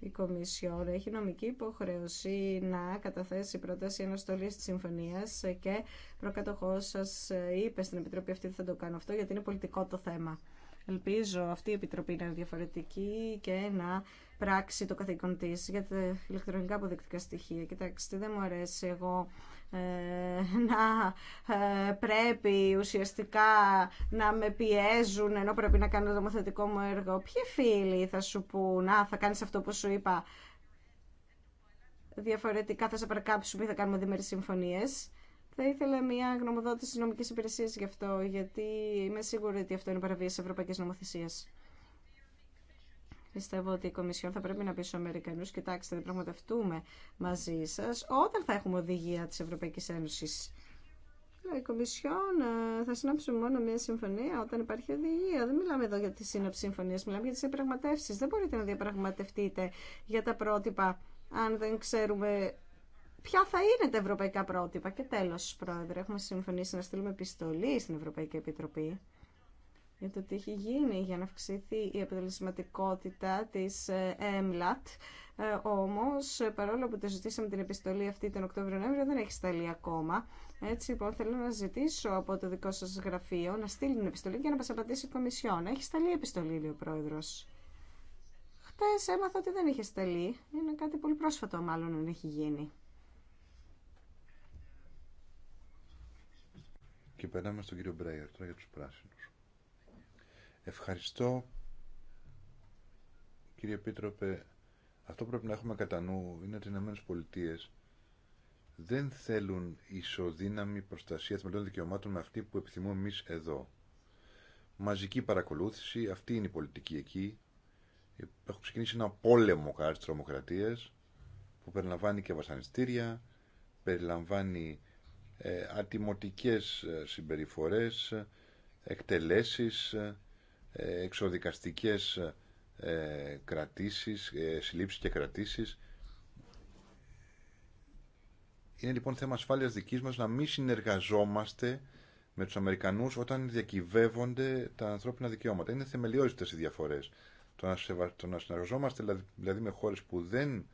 η Κομισιόν έχει νομική υποχρέωση να καταθέσει πρόταση αναστολής της συμφωνίας και προκατοχώς σας είπε στην Επιτροπή αυτή ότι θα το κάνω αυτό γιατί είναι πολιτικό το θέμα. Ελπίζω αυτή η Επιτροπή να είναι διαφορετική και να Πράξη το καθήκον τη για τα ηλεκτρονικά αποδεικτικά στοιχεία. Κοιτάξτε, δεν μου αρέσει εγώ ε, να ε, πρέπει ουσιαστικά να με πιέζουν ενώ πρέπει να κάνω το νομοθετικό μου έργο. Ποιοι φίλοι θα σου πούν, Α, θα κάνει αυτό που σου είπα. Διαφορετικά θα σε παρακάψουμε ή θα κάνουμε διμερεί συμφωνίε. Θα ήθελα μια γνωμοδότηση νομική υπηρεσία γι' αυτό, γιατί είμαι σίγουρη ότι αυτό είναι παραβίαση ευρωπαϊκή νομοθεσία. Πιστεύω ότι η Κομισιόν θα πρέπει να πει στου Αμερικανού, κοιτάξτε, δεν πραγματευτούμε μαζί σα όταν θα έχουμε οδηγία τη Ευρωπαϊκή Ένωση. Η Κομισιόν ε, θα συνάψουμε μόνο μία συμφωνία όταν υπάρχει οδηγία. Δεν μιλάμε εδώ για τη σύνοψη συμφωνία, μιλάμε για τι διαπραγματεύσει. Δεν μπορείτε να διαπραγματευτείτε για τα πρότυπα αν δεν ξέρουμε ποια θα είναι τα ευρωπαϊκά πρότυπα. Και τέλο, Πρόεδρε, έχουμε συμφωνήσει να στείλουμε επιστολή στην Ευρωπαϊκή Επιτροπή για το τι έχει γίνει για να αυξηθεί η αποτελεσματικότητα της ε, ΕΜΛΑΤ. Ε, όμως, παρόλο που το ζητήσαμε την επιστολή αυτή τον Οκτώβριο-Νοέμβριο, δεν έχει σταλεί ακόμα. Έτσι, λοιπόν, θέλω να ζητήσω από το δικό σας γραφείο να στείλει την επιστολή και να μας απαντήσει η Κομισιόν. Έχει σταλεί η επιστολή, λέει ο Πρόεδρος. Χτες έμαθα ότι δεν είχε σταλεί. Είναι κάτι πολύ πρόσφατο, μάλλον, αν έχει γίνει. Και περνάμε στον κύριο Μπρέιερ τώρα για τους πράσινους. Ευχαριστώ. Κύριε Πίτροπε. αυτό που πρέπει να έχουμε κατά νου είναι ότι οι ΗΠΑ δεν θέλουν ισοδύναμη προστασία θεμελιών δικαιωμάτων με αυτή που επιθυμούμε εμεί εδώ. Μαζική παρακολούθηση, αυτή είναι η πολιτική εκεί. Έχουν ξεκινήσει ένα πόλεμο κατά τη που περιλαμβάνει και βασανιστήρια, περιλαμβάνει ε, ατιμωτικές ε, συμπεριφορές, εκτελέσεις, ε, εξοδικαστικές ε, κρατήσεις, ε, συλλήψεις και κρατήσεις. Είναι λοιπόν θέμα ασφάλειας δικής μας να μην συνεργαζόμαστε με τους Αμερικανούς όταν διακυβεύονται τα ανθρώπινα δικαιώματα. Είναι θεμελιώσιτες οι διαφορές. Το να, συνεργαζόμαστε δηλαδή με χώρες που δεν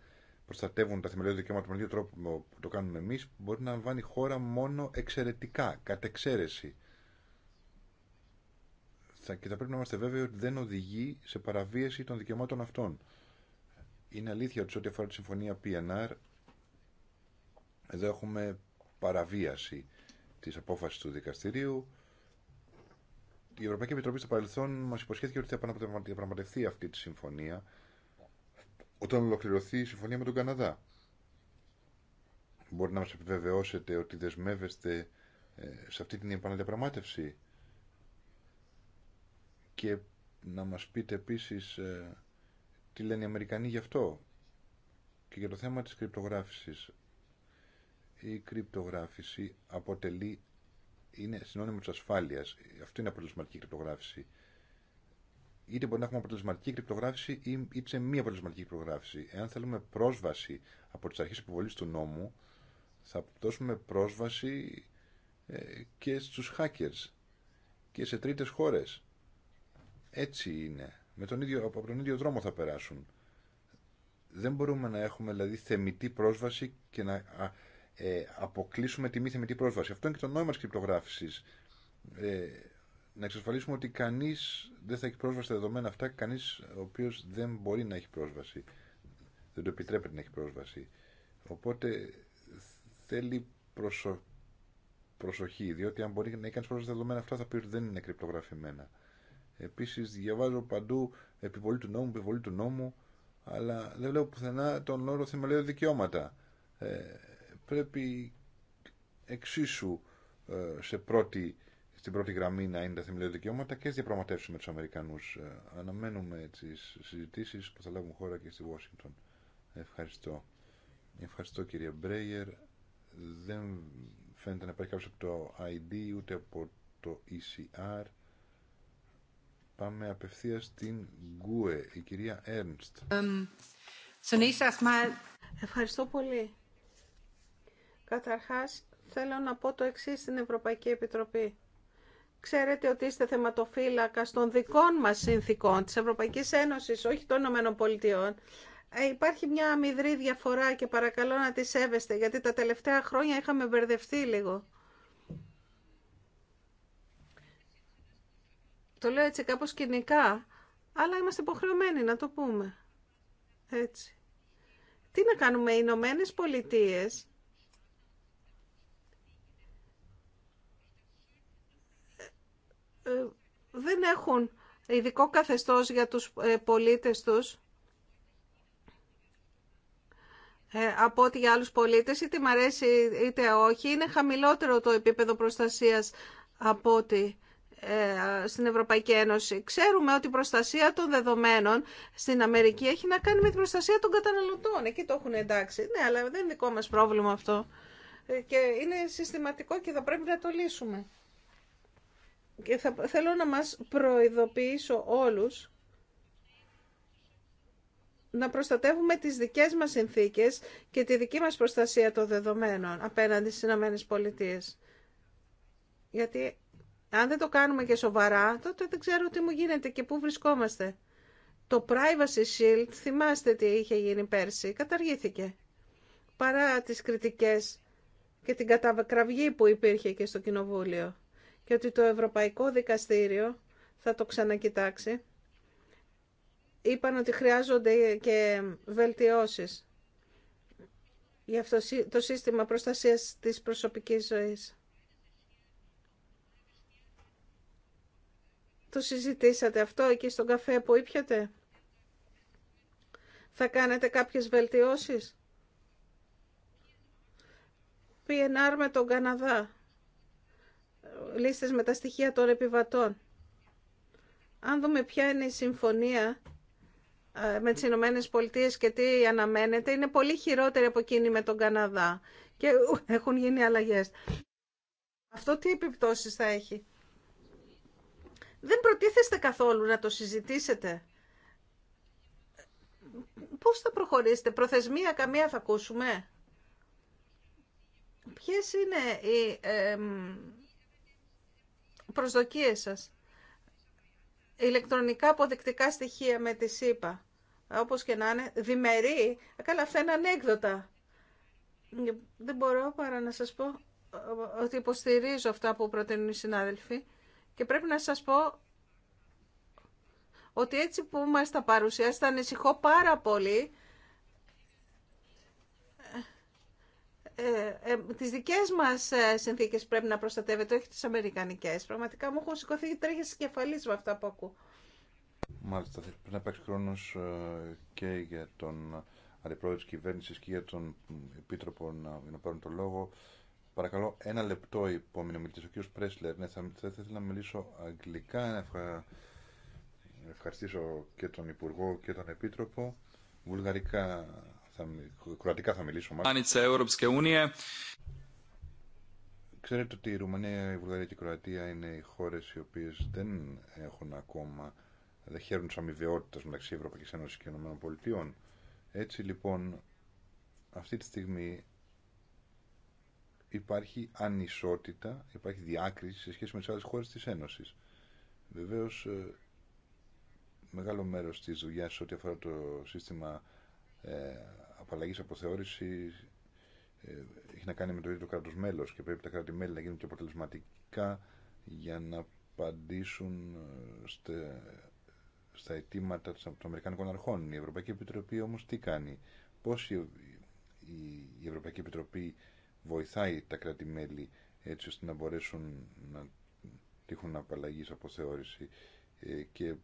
προστατεύουν τα θεμελιώδη δικαιώματα με τον ίδιο τρόπο που το κάνουμε εμείς μπορεί να λαμβάνει χώρα μόνο εξαιρετικά, κατ' εξαίρεση και θα πρέπει να είμαστε βέβαιοι ότι δεν οδηγεί σε παραβίαση των δικαιωμάτων αυτών. Είναι αλήθεια ότι σε ό,τι αφορά τη συμφωνία PNR, εδώ έχουμε παραβίαση της απόφασης του δικαστηρίου. Η Ευρωπαϊκή Επιτροπή στο παρελθόν μας υποσχέθηκε ότι θα επαναπραγματευτεί αυτή τη συμφωνία όταν ολοκληρωθεί η συμφωνία με τον Καναδά. Μπορεί να μας επιβεβαιώσετε ότι δεσμεύεστε ε, σε αυτή την επαναδιαπραγμάτευση και να μας πείτε επίσης ε, τι λένε οι Αμερικανοί γι' αυτό και για το θέμα της κρυπτογράφησης. Η κρυπτογράφηση αποτελεί, είναι συνώνυμο της ασφάλειας. Αυτό είναι αποτελεσματική κρυπτογράφηση. Είτε μπορεί να έχουμε αποτελεσματική κρυπτογράφηση ή είτε μη αποτελεσματική κρυπτογράφηση. Εάν θέλουμε πρόσβαση από τις αρχές υποβολής του νόμου, θα δώσουμε πρόσβαση ε, και στους hackers και σε τρίτες χώρες έτσι είναι. Με τον ίδιο, από τον ίδιο δρόμο θα περάσουν. Δεν μπορούμε να έχουμε δηλαδή θεμητή πρόσβαση και να ε, αποκλείσουμε τη μη θεμητή πρόσβαση. Αυτό είναι και το νόημα της κρυπτογράφησης. Ε, να εξασφαλίσουμε ότι κανείς δεν θα έχει πρόσβαση στα δεδομένα αυτά, κανείς ο οποίος δεν μπορεί να έχει πρόσβαση. Δεν το επιτρέπεται να έχει πρόσβαση. Οπότε θέλει προσο... προσοχή, διότι αν μπορεί να έχει πρόσβαση στα δεδομένα αυτά θα πει ότι δεν είναι κρυπτογραφημένα. Επίσης διαβάζω παντού επιβολή του νόμου, επιβολή του νόμου, αλλά δεν βλέπω πουθενά τον όρο θεμελιώδη δικαιώματα. Ε, πρέπει εξίσου ε, σε πρώτη, στην πρώτη γραμμή να είναι τα θεμελιώδη δικαιώματα και στις διαπραγματεύσεις με τους Αμερικανούς. Ε, αναμένουμε τις συζητήσεις που θα λάβουν χώρα και στη Washington. Ευχαριστώ. Ευχαριστώ κύριε Μπρέιερ. Δεν φαίνεται να υπάρχει κάποιος από το ID ούτε από το ECR. Πάμε απευθεία στην Γκουε, η κυρία Έρνστ. Ευχαριστώ πολύ. Καταρχάς, θέλω να πω το εξής στην Ευρωπαϊκή Επιτροπή. Ξέρετε ότι είστε θεματοφύλακα των δικών μας συνθήκων της Ευρωπαϊκής Ένωσης, όχι των Ηνωμένων Πολιτειών. Ε, υπάρχει μια αμυδρή διαφορά και παρακαλώ να τη σέβεστε, γιατί τα τελευταία χρόνια είχαμε μπερδευτεί λίγο. Το λέω έτσι κάπως κοινικά, αλλά είμαστε υποχρεωμένοι να το πούμε. Έτσι. Τι να κάνουμε, οι Ηνωμένε Πολιτείε. δεν έχουν ειδικό καθεστώς για τους ε, πολίτες τους ε, από ό,τι για άλλους πολίτες, είτε μ' αρέσει είτε όχι, είναι χαμηλότερο το επίπεδο προστασίας από ό,τι ε, στην Ευρωπαϊκή Ένωση. Ξέρουμε ότι η προστασία των δεδομένων στην Αμερική έχει να κάνει με την προστασία των καταναλωτών. Εκεί το έχουν εντάξει. Ναι, αλλά δεν είναι δικό μας πρόβλημα αυτό. Ε, και είναι συστηματικό και θα πρέπει να το λύσουμε. Και θα, θέλω να μας προειδοποιήσω όλους να προστατεύουμε τις δικές μας συνθήκες και τη δική μας προστασία των δεδομένων απέναντι στις Ηνωμένες Πολιτείες. Γιατί αν δεν το κάνουμε και σοβαρά, τότε δεν ξέρω τι μου γίνεται και πού βρισκόμαστε. Το Privacy Shield, θυμάστε τι είχε γίνει πέρσι, καταργήθηκε. Παρά τις κριτικές και την καταβεκραυγή που υπήρχε και στο Κοινοβούλιο. Και ότι το Ευρωπαϊκό Δικαστήριο θα το ξανακοιτάξει. Είπαν ότι χρειάζονται και βελτιώσεις για αυτό το σύστημα προστασίας της προσωπικής ζωής. Το συζητήσατε αυτό εκεί στον καφέ που ήπιατε. Θα κάνετε κάποιες βελτιώσεις. PNR με τον Καναδά. Λίστες με τα στοιχεία των επιβατών. Αν δούμε ποια είναι η συμφωνία με τις Ηνωμένε Πολιτείε και τι αναμένεται, είναι πολύ χειρότερη από εκείνη με τον Καναδά. Και έχουν γίνει αλλαγές. Αυτό τι επιπτώσεις θα έχει. Δεν προτίθεστε καθόλου να το συζητήσετε. Πώς θα προχωρήσετε, προθεσμία καμία θα ακούσουμε. Ποιες είναι οι ε, προσδοκίες σας. Ηλεκτρονικά αποδεικτικά στοιχεία με τη ΣΥΠΑ, όπως και να είναι, διμερεί, καλά αυτά είναι ανέκδοτα. Δεν μπορώ παρά να σας πω ε, ότι υποστηρίζω αυτά που προτείνουν οι συνάδελφοι. Και πρέπει να σας πω ότι έτσι που μας τα παρουσιάσετε ανησυχώ πάρα πολύ ε, ε, ε τις δικές μας ε, συνθήκες πρέπει να προστατεύεται, όχι τις αμερικανικές. Πραγματικά μου έχουν σηκωθεί τρέχες κεφαλής με αυτά που ακούω. Μάλιστα, πρέπει να υπάρξει χρόνος ε, και για τον αντιπρόεδρο της κυβέρνησης και για τον επίτροπο να, να πάρουν το λόγο. Παρακαλώ, ένα λεπτό υπόμενο μιλητής, ο κύριος Πρέσλερ. Ναι, θα, ήθελα να μιλήσω αγγλικά, ευχαριστήσω και τον Υπουργό και τον Επίτροπο. Βουλγαρικά, θα, κροατικά θα μιλήσω Ξέρετε ότι η Ρουμανία, η Βουλγαρία και η Κροατία είναι οι χώρε οι οποίε δεν έχουν ακόμα, δεν χαίρουν τη αμοιβαιότητα μεταξύ Ευρωπαϊκή Ένωση και ΗΠΑ. Έτσι λοιπόν, αυτή τη στιγμή υπάρχει ανισότητα, υπάρχει διάκριση σε σχέση με τις άλλες χώρες της Ένωσης. Βεβαίως, ε, μεγάλο μέρος της δουλειά ό,τι αφορά το σύστημα ε, απαλλαγής αποθεώρησης ε, έχει να κάνει με το ίδιο το κράτος μέλος και πρέπει τα κράτη-μέλη να γίνουν και αποτελεσματικά για να απαντήσουν ε, στα, στα αιτήματα των Αμερικανικών αρχών. Η Ευρωπαϊκή Επιτροπή όμως τι κάνει, πώς η, η, η Ευρωπαϊκή Επιτροπή βοηθάει τα κράτη-μέλη έτσι ώστε να μπορέσουν να τύχουν απαλλαγής από θεώρηση ε, και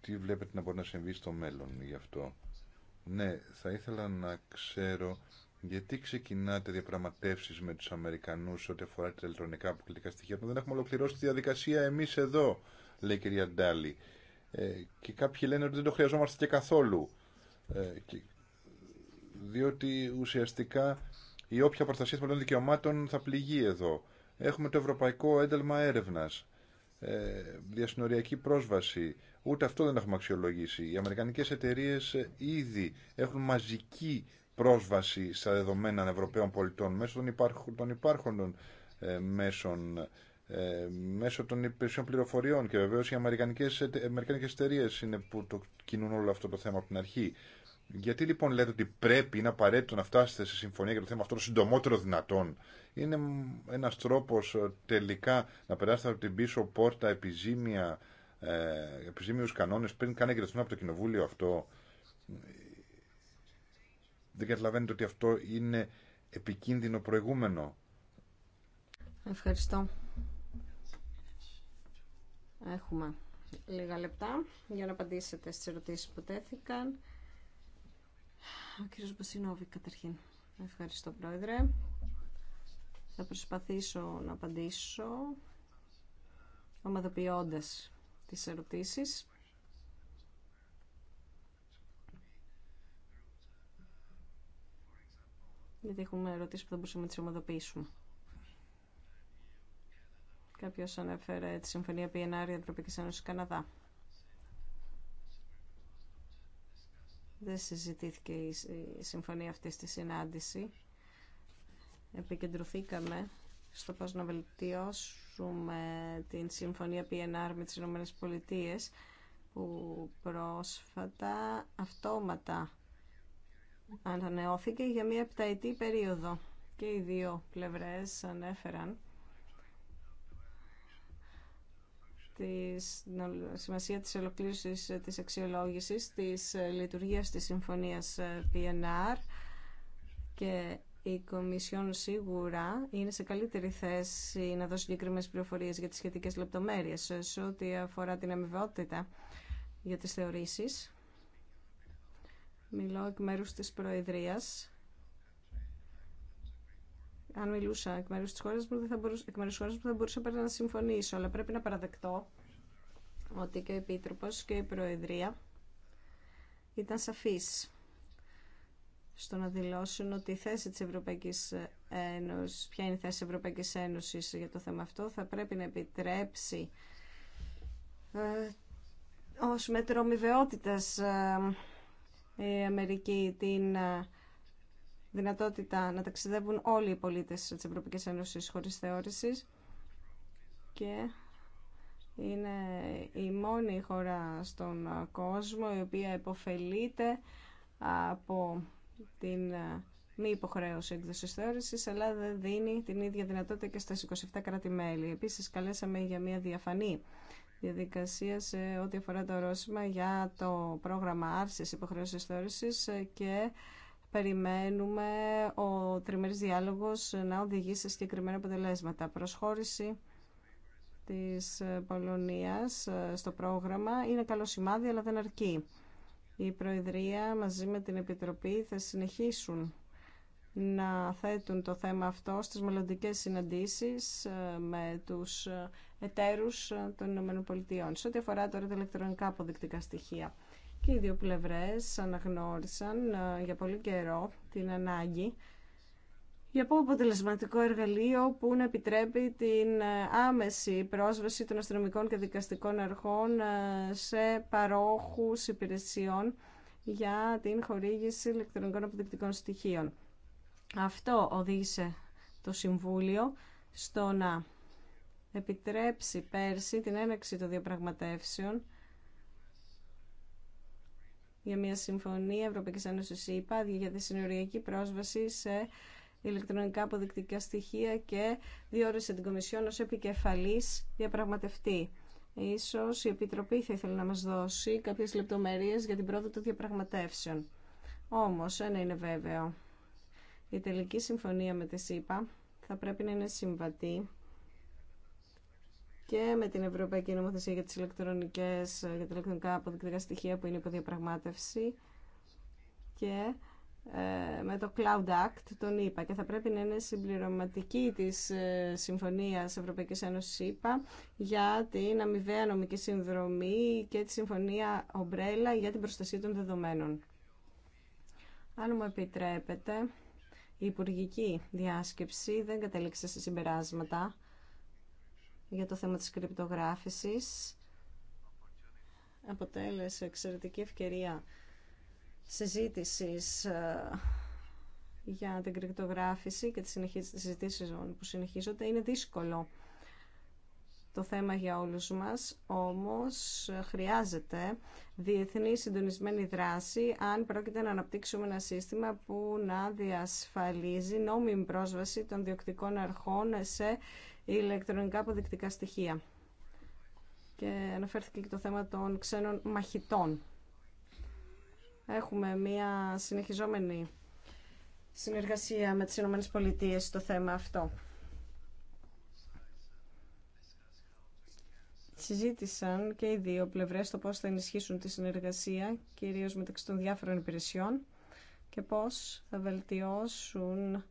τι βλέπετε να μπορεί να συμβεί στο μέλλον γι' αυτό. Ναι, θα ήθελα να ξέρω γιατί ξεκινάτε διαπραγματεύσεις με τους Αμερικανούς ό,τι αφορά τα ηλεκτρονικά αποκλειτικά στοιχεία που δεν έχουμε ολοκληρώσει τη διαδικασία εμείς εδώ, λέει η κυρία Ντάλη. Ε, και κάποιοι λένε ότι δεν το χρειαζόμαστε και καθόλου. Ε, διότι ουσιαστικά η όποια προστασία των δικαιωμάτων θα πληγεί εδώ. Έχουμε το Ευρωπαϊκό Ένταλμα Έρευνα, ε, διασυνοριακή πρόσβαση. Ούτε αυτό δεν έχουμε αξιολογήσει. Οι Αμερικανικέ εταιρείε ε, ήδη έχουν μαζική πρόσβαση στα δεδομένα Ευρωπαίων πολιτών μέσω των, των υπάρχοντων ε, μέσων, ε, μέσω των υπηρεσιών πληροφοριών και βεβαίω οι Αμερικανικέ εταιρείε είναι που το κινούν όλο αυτό το θέμα από την αρχή. Γιατί λοιπόν λέτε ότι πρέπει, είναι απαραίτητο να φτάσετε σε συμφωνία για το θέμα αυτό το συντομότερο δυνατόν. Είναι ένας τρόπος ε, τελικά να περάσετε από την πίσω πόρτα επιζήμια, ε, επιζήμιους κανόνες πριν καν εγκριθούν από το κοινοβούλιο αυτό. Δεν καταλαβαίνετε ότι αυτό είναι επικίνδυνο προηγούμενο. Ευχαριστώ. Έχουμε λίγα λεπτά για να απαντήσετε στις ερωτήσεις που τέθηκαν. Ο κύριος Μπασινόβη καταρχήν. Ευχαριστώ πρόεδρε. Θα προσπαθήσω να απαντήσω ομαδοποιώντας τις ερωτήσεις. Γιατί έχουμε ερωτήσεις που δεν μπορούσαμε να τις ομαδοποιήσουμε. Κάποιος ανέφερε τη Συμφωνία Πιενάρια Ευρωπαϊκής Ένωσης Καναδά. Δεν συζητήθηκε η συμφωνία αυτή στη συνάντηση. Επικεντρωθήκαμε στο πώς να βελτιώσουμε την συμφωνία PNR με τις ΗΠΑ που πρόσφατα αυτόματα ανανεώθηκε για μια επταετή περίοδο και οι δύο πλευρές ανέφεραν τη σημασία της ολοκλήρωσης ε, της αξιολόγησης της ε, λειτουργίας της συμφωνίας ε, PNR και η Κομισιόν σίγουρα είναι σε καλύτερη θέση να δώσει συγκεκριμένε πληροφορίες για τις σχετικές λεπτομέρειες σε ό,τι αφορά την αμοιβαιότητα για τις θεωρήσεις. Μιλώ εκ μέρους της Προεδρίας αν μιλούσα εκ μέρου τη χώρα μου, θα μπορούσα, χώρας μου, μπορούσα παρά να συμφωνήσω. Αλλά πρέπει να παραδεκτώ ότι και ο Επίτροπο και η Προεδρία ήταν σαφής στο να δηλώσουν ότι η θέση της Ευρωπαϊκής Ένωσης, ποια είναι η θέση της Ευρωπαϊκής Ένωσης για το θέμα αυτό, θα πρέπει να επιτρέψει ε, ως μέτρο αμοιβαιότητας ε, η Αμερική την ε, δυνατότητα να ταξιδεύουν όλοι οι πολίτες της Ευρωπαϊκής Ένωσης χωρίς θεώρηση και είναι η μόνη χώρα στον κόσμο η οποία υποφελείται από την μη υποχρέωση έκδοση θεώρηση, αλλά δεν δίνει την ίδια δυνατότητα και στα 27 κράτη-μέλη. Επίση, καλέσαμε για μια διαφανή διαδικασία σε ό,τι αφορά το ορόσημα για το πρόγραμμα άρση υποχρέωση θεώρηση και περιμένουμε ο τριμερής διάλογος να οδηγεί σε συγκεκριμένα αποτελέσματα. Προσχώρηση της Πολωνίας ε, στο πρόγραμμα είναι καλό σημάδι αλλά δεν αρκεί. Η Προεδρία μαζί με την Επιτροπή θα συνεχίσουν να θέτουν το θέμα αυτό στις μελλοντικέ συναντήσεις ε, με τους ε, εταίρους των ΗΠΑ. Σε ό,τι αφορά τώρα τα ηλεκτρονικά αποδεικτικά στοιχεία και οι δύο πλευρές αναγνώρισαν ε, για πολύ καιρό την ανάγκη για πού αποτελεσματικό εργαλείο που να επιτρέπει την ε, άμεση πρόσβαση των αστυνομικών και δικαστικών αρχών ε, σε παρόχους υπηρεσιών για την χορήγηση ηλεκτρονικών αποδεικτικών στοιχείων. Αυτό οδήγησε το Συμβούλιο στο να επιτρέψει πέρσι την έναξη των διαπραγματεύσεων για μια συμφωνία Ευρωπαϊκή Ένωση για τη συνοριακή πρόσβαση σε ηλεκτρονικά αποδεικτικά στοιχεία και διόρισε την Κομισιόν ως επικεφαλής διαπραγματευτή. Ίσως η Επιτροπή θα ήθελε να μας δώσει κάποιες λεπτομέρειες για την πρόοδο των διαπραγματεύσεων. Όμως, ένα είναι βέβαιο. Η τελική συμφωνία με τη ΣΥΠΑ θα πρέπει να είναι συμβατή και με την Ευρωπαϊκή Νομοθεσία για τις ηλεκτρονικές, για τα ηλεκτρονικά αποδεικτικά στοιχεία που είναι διαπραγμάτευση και ε, με το Cloud Act, τον είπα, και θα πρέπει να είναι συμπληρωματική της ε, Συμφωνίας Ευρωπαϊκής Ένωσης, είπα, για την αμοιβαία νομική συνδρομή και τη Συμφωνία Ομπρέλα για την προστασία των δεδομένων. Αν μου επιτρέπετε, η Υπουργική Διάσκεψη δεν κατέληξε σε συμπεράσματα για το θέμα της κρυπτογράφησης. Αποτέλεσε εξαιρετική ευκαιρία συζήτησης ε, για την κρυπτογράφηση και τις συζητήσεις που συνεχίζονται. Είναι δύσκολο το θέμα για όλους μας, όμως ε, χρειάζεται διεθνή συντονισμένη δράση αν πρόκειται να αναπτύξουμε ένα σύστημα που να διασφαλίζει νόμιμη πρόσβαση των διοκτικών αρχών σε ηλεκτρονικά αποδεικτικά στοιχεία. Και αναφέρθηκε και το θέμα των ξένων μαχητών. Έχουμε μία συνεχιζόμενη συνεργασία με τις Ηνωμένες Πολιτείες στο θέμα αυτό. Συζήτησαν και οι δύο πλευρές το πώς θα ενισχύσουν τη συνεργασία, κυρίως μεταξύ των διάφορων υπηρεσιών και πώς θα βελτιώσουν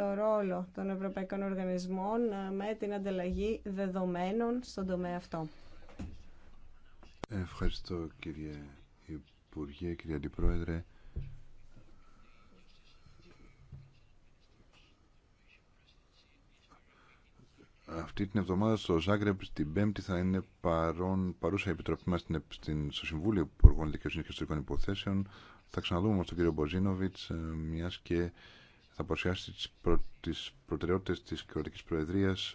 το ρόλο των ευρωπαϊκών οργανισμών ε, με την ανταλλαγή δεδομένων στον τομέα αυτό. Ευχαριστώ κύριε Υπουργέ, κύριε Αντιπρόεδρε. Αυτή την εβδομάδα στο Ζάγκρεπ, την Πέμπτη, θα είναι παρόν, παρούσα η επιτροπή μα στο Συμβούλιο Υπουργών Δικαιοσύνη και Ιστορικών Υποθέσεων. Θα ξαναδούμε όμω τον κύριο Μποζίνοβιτ, ε, μια και θα παρουσιάσει τις, προ... τις προτεραιότητες της Κροατικής Προεδρίας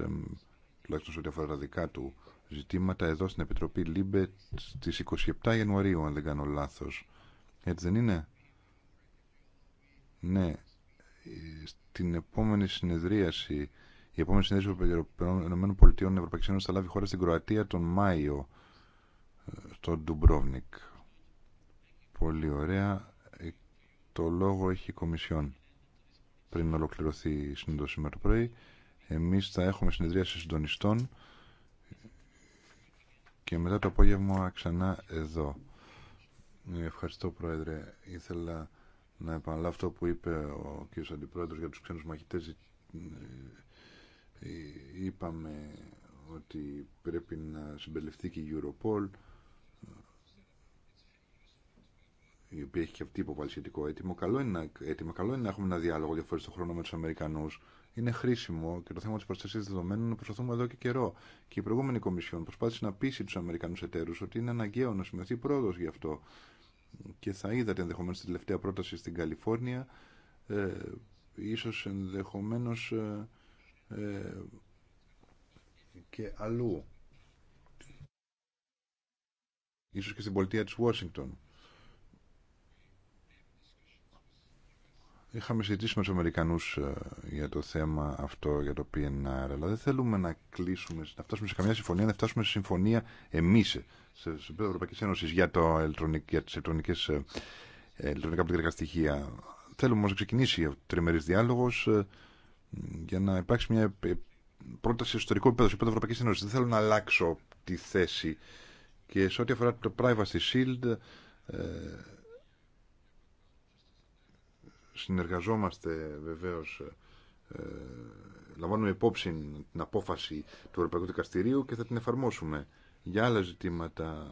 τουλάχιστον σε ό,τι αφορά τα δικά του ζητήματα εδώ στην Επιτροπή ΛΥΜΠΕ στις 27 Ιανουαρίου αν δεν κάνω λάθος έτσι δεν είναι ναι στην επόμενη συνεδρίαση η επόμενη συνεδρίαση των ΗΠΑ θα λάβει χώρα στην Κροατία τον Μάιο ε, στο Ντουμπρόβνικ πολύ ωραία ε, το λόγο έχει η Κομισιόν πριν ολοκληρωθεί η συνέντευξη σήμερα το πρωί. Εμείς θα έχουμε συνεδρίαση συντονιστών και μετά το απόγευμα ξανά εδώ. Ε, ευχαριστώ Πρόεδρε. Ήθελα να επαναλάβω αυτό που είπε ο κ. Αντιπρόεδρος για τους ξένους μαχητές. Ε, ε, είπαμε ότι πρέπει να συμπεριληφθεί και η Europol. η οποία έχει και αυτή υποβάλει σχετικό έτοιμο. Καλό είναι, να, έτοιμο. Καλό είναι να έχουμε ένα διάλογο δύο φορέ το χρόνο με του Αμερικανού. Είναι χρήσιμο και το θέμα τη προστασία δεδομένων προσπαθούμε εδώ και καιρό. Και η προηγούμενη Κομισιόν προσπάθησε να πείσει του Αμερικανού εταίρου ότι είναι αναγκαίο να σημειωθεί πρόοδο γι' αυτό. Και θα είδατε ενδεχομένω την τελευταία πρόταση στην Καλιφόρνια. Ε, ίσως ενδεχομένως ε, ε, και αλλού. Ίσως και στην πολιτεία της Ουάσιγκτον. Είχαμε συζητήσει με τους Αμερικανούς ε, για το θέμα αυτό, για το PNR, αλλά δεν θέλουμε να κλείσουμε, να φτάσουμε σε καμιά συμφωνία, να φτάσουμε σε συμφωνία εμεί ε, σε επίπεδο Ευρωπαϊκή Ένωση για, το για τις ε, ηλεκτρονικά πολιτικά στοιχεία. Θέλουμε όμω να ξεκινήσει ο τριμερής διάλογος για να υπάρξει μια πρόταση στο ιστορικό επίπεδο, σε επίπεδο Ευρωπαϊκή Ένωση. Δεν θέλω να αλλάξω τη θέση και σε ό,τι αφορά το Privacy Shield, συνεργαζόμαστε βεβαίως ε, ε, λαμβάνουμε υπόψη την απόφαση του Ευρωπαϊκού Δικαστηρίου και θα την εφαρμόσουμε. Για άλλα ζητήματα,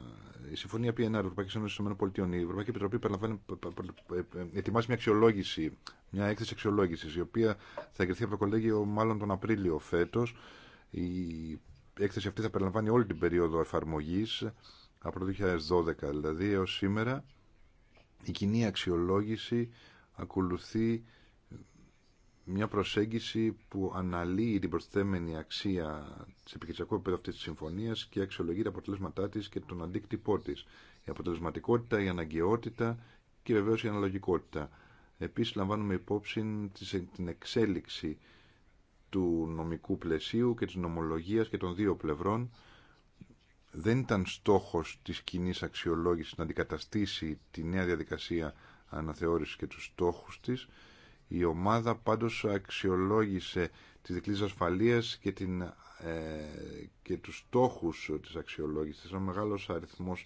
η Συμφωνία PNR Ευρωπαϊκή Ένωση ΗΠΑ, η Ευρωπαϊκή Επιτροπή ε, ε, ετοιμάζει μια αξιολόγηση, μια έκθεση αξιολόγηση, η οποία θα εγκριθεί από το κολέγιο μάλλον τον Απρίλιο φέτο. Η έκθεση αυτή θα περιλαμβάνει όλη την περίοδο εφαρμογή, από το 2012 δηλαδή έω σήμερα. Η κοινή αξιολόγηση ακολουθεί μια προσέγγιση που αναλύει την προσθέμενη αξία τη επιχειρησιακό επίπεδο αυτή τη συμφωνία και αξιολογεί τα αποτελέσματά τη και τον αντίκτυπό τη. Η αποτελεσματικότητα, η αναγκαιότητα και βεβαίω η αναλογικότητα. Επίση, λαμβάνουμε υπόψη την εξέλιξη του νομικού πλαισίου και της νομολογίας και των δύο πλευρών δεν ήταν στόχος της κοινή αξιολόγησης να αντικαταστήσει τη νέα διαδικασία αναθεώρηση και τους στόχους της. Η ομάδα πάντως αξιολόγησε τη δικλής ασφαλείας και, την, ε, και τους στόχους της αξιολόγησης. Ένα μεγάλος αριθμός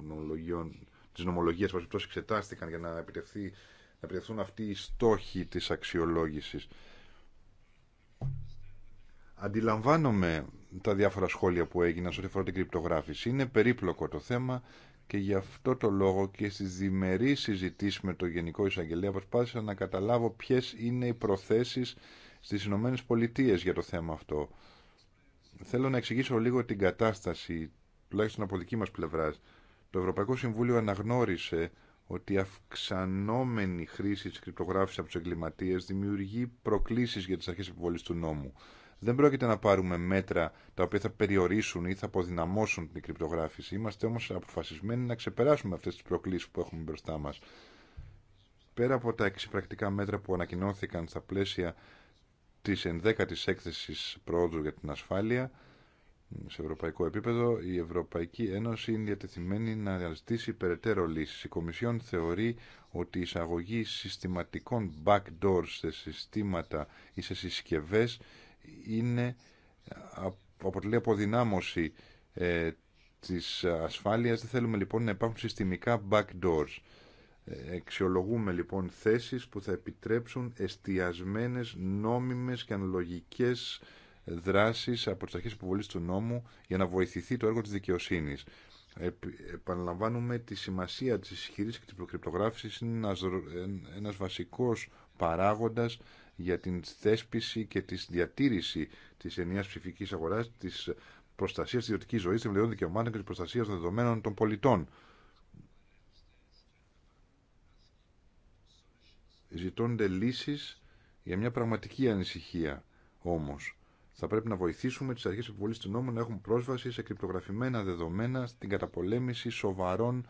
νομολογιών, της νομολογίας που εξετάστηκαν για να, επιτευχθεί, αυτοί οι στόχοι της αξιολόγησης. Αντιλαμβάνομαι τα διάφορα σχόλια που έγιναν σε ό,τι αφορά την κρυπτογράφηση. Είναι περίπλοκο το θέμα και γι' αυτό το λόγο και στις διμερείς συζητήσει με το Γενικό Εισαγγελέα προσπάθησα να καταλάβω ποιες είναι οι προθέσεις στις Ηνωμένε Πολιτείες για το θέμα αυτό. Θέλω να εξηγήσω λίγο την κατάσταση, τουλάχιστον από δική μας πλευράς. Το Ευρωπαϊκό Συμβούλιο αναγνώρισε ότι η αυξανόμενη χρήση της κρυπτογράφησης από τους εγκληματίες δημιουργεί προκλήσεις για τις αρχές επιβολής του νόμου. Δεν πρόκειται να πάρουμε μέτρα τα οποία θα περιορίσουν ή θα αποδυναμώσουν την κρυπτογράφηση. Είμαστε όμως αποφασισμένοι να ξεπεράσουμε αυτές τις προκλήσεις που έχουμε μπροστά μας. Πέρα από τα εξυπρακτικά μέτρα που ανακοινώθηκαν στα πλαίσια της ενδέκατης έκθεσης πρόοδου για την ασφάλεια, σε ευρωπαϊκό επίπεδο, η Ευρωπαϊκή Ένωση είναι διατεθειμένη να αναζητήσει περαιτέρω λύσει. Η Κομισιόν θεωρεί ότι η εισαγωγή συστηματικών backdoors σε συστήματα ή σε συσκευέ είναι, αποτελεί αποδυνάμωση ε, της ασφάλειας. Δεν θέλουμε λοιπόν να υπάρχουν συστημικά backdoors. Ε, εξιολογούμε λοιπόν θέσεις που θα επιτρέψουν εστιασμένες, νόμιμες και αναλογικές δράσεις από τις αρχές υποβολής του νόμου για να βοηθηθεί το έργο της δικαιοσύνης. Επαναλαμβάνουμε τη σημασία της ισχυρής και της προκρυπτογράφησης είναι ένας βασικός παράγοντας για την θέσπιση και τη διατήρηση τη ενιαία ψηφική αγορά, τη προστασία τη ιδιωτική ζωή, των βιβλίων δικαιωμάτων και τη προστασία των δεδομένων των πολιτών. Ζητώνται λύσει για μια πραγματική ανησυχία όμω. Θα πρέπει να βοηθήσουμε τι αρχέ επιβολή του νόμου να έχουν πρόσβαση σε κρυπτογραφημένα δεδομένα στην καταπολέμηση σοβαρών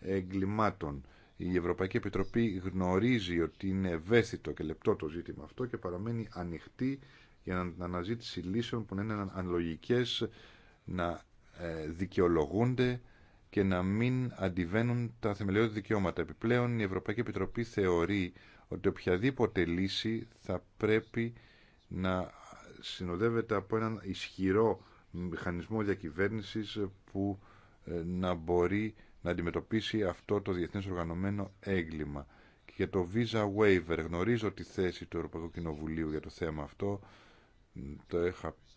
εγκλημάτων. Η Ευρωπαϊκή Επιτροπή γνωρίζει ότι είναι ευαίσθητο και λεπτό το ζήτημα αυτό και παραμένει ανοιχτή για την αναζήτηση λύσεων που να είναι αναλογικές, να ε, δικαιολογούνται και να μην αντιβαίνουν τα θεμελιώδη δικαιώματα. Επιπλέον, η Ευρωπαϊκή Επιτροπή θεωρεί ότι οποιαδήποτε λύση θα πρέπει να συνοδεύεται από έναν ισχυρό μηχανισμό διακυβέρνησης που ε, να μπορεί να αντιμετωπίσει αυτό το διεθνές οργανωμένο έγκλημα. Και για το Visa Waiver γνωρίζω τη θέση του Ευρωπαϊκού Κοινοβουλίου για το θέμα αυτό. Το,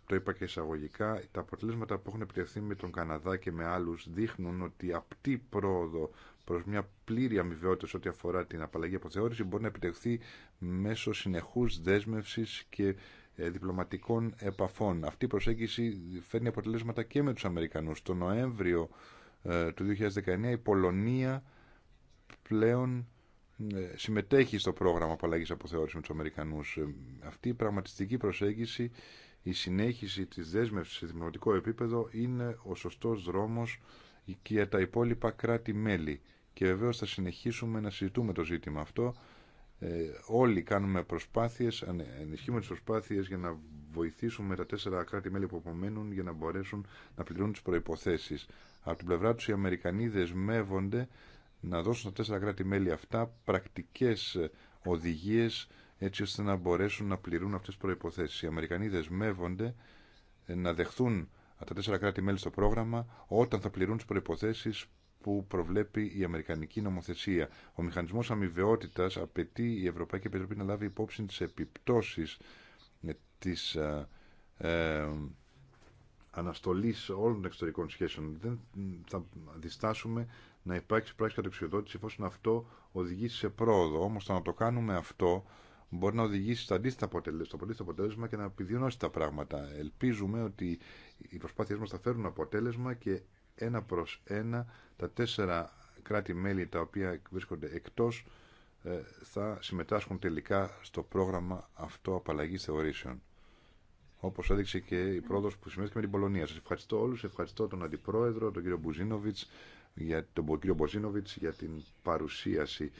το είπα και εισαγωγικά. Τα αποτελέσματα που έχουν επιτευχθεί με τον Καναδά και με άλλους δείχνουν ότι απτή πρόοδο προς μια πλήρη αμοιβαιότητα σε ό,τι αφορά την απαλλαγή αποθεώρηση μπορεί να επιτευχθεί μέσω συνεχούς δέσμευσης και ε, διπλωματικών επαφών. Αυτή η προσέγγιση φέρνει αποτελέσματα και με τους Αμερικανούς. Το Νοέμβριο ε, του 2019 η Πολωνία πλέον ε, συμμετέχει στο πρόγραμμα απαλλαγής αποθεώρησης με τους Αμερικανούς. Ε, αυτή η πραγματιστική προσέγγιση, η συνέχιση της δέσμευσης σε δημοτικό επίπεδο είναι ο σωστός δρόμος και για τα υπόλοιπα κράτη-μέλη. Και βεβαίως θα συνεχίσουμε να συζητούμε το ζήτημα αυτό. Ε, όλοι κάνουμε προσπάθειες, ενισχύουμε τις προσπάθειες για να βοηθήσουμε τα τέσσερα κράτη-μέλη που απομένουν για να μπορέσουν να πληρούν τις προϋποθέσεις. Από την πλευρά τους οι Αμερικανοί δεσμεύονται να δώσουν στα τέσσερα κράτη-μέλη αυτά πρακτικές οδηγίες έτσι ώστε να μπορέσουν να πληρούν αυτές τις προϋποθέσεις. Οι Αμερικανοί δεσμεύονται ε, να δεχθούν τα τέσσερα κράτη-μέλη στο πρόγραμμα όταν θα πληρούν τις προϋποθέσεις που προβλέπει η Αμερικανική νομοθεσία. Ο μηχανισμός αμοιβαιότητας απαιτεί η Ευρωπαϊκή Επιτροπή να λάβει υπόψη τις επιπτώσεις ε, της ε, Αναστολή όλων των εξωτερικών σχέσεων. Δεν θα διστάσουμε να υπάρξει πράξη κατεξοδότηση εφόσον αυτό οδηγήσει σε πρόοδο. όμω το να το κάνουμε αυτό μπορεί να οδηγήσει στο αντίθετο αποτέλεσμα, και να επιδεινώσει τα πράγματα. Ελπίζουμε ότι οι προσπάθειε μα θα φέρουν αποτέλεσμα και ένα προ ένα τα τέσσερα κράτη-μέλη τα οποία βρίσκονται εκτό ε, θα συμμετάσχουν τελικά στο πρόγραμμα αυτό απαλλαγή θεωρήσεων. Όπω έδειξε και η πρόοδο που σημαίνει με την Πολωνία. Σας ευχαριστώ όλου, ευχαριστώ τον Αντιπρόεδρο, τον κύριο Μπουζίνοβιτ, για τον κύριο Μποζίνοβιτς για την παρουσίαση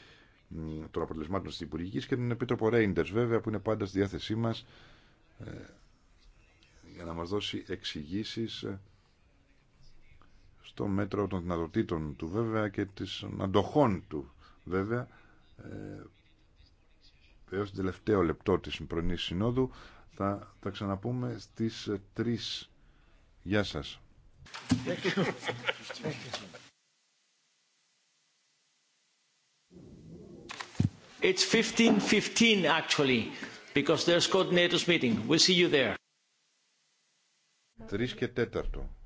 των αποτελεσμάτων της Υπουργική και τον Επίτροπο Ρέιντερ, βέβαια που είναι πάντα στη διάθεσή μα ε, για να μα δώσει εξηγήσει ε, στο μέτρο των δυνατοτήτων του βέβαια και των αντοχών του βέβαια ε, έως το τελευταίο λεπτό της πρωινής συνόδου θα τα ξαναπούμε στις 3. Γεια σας. It's 15.15 actually, because there's coordinators meeting. We'll see you there. 3 και 4.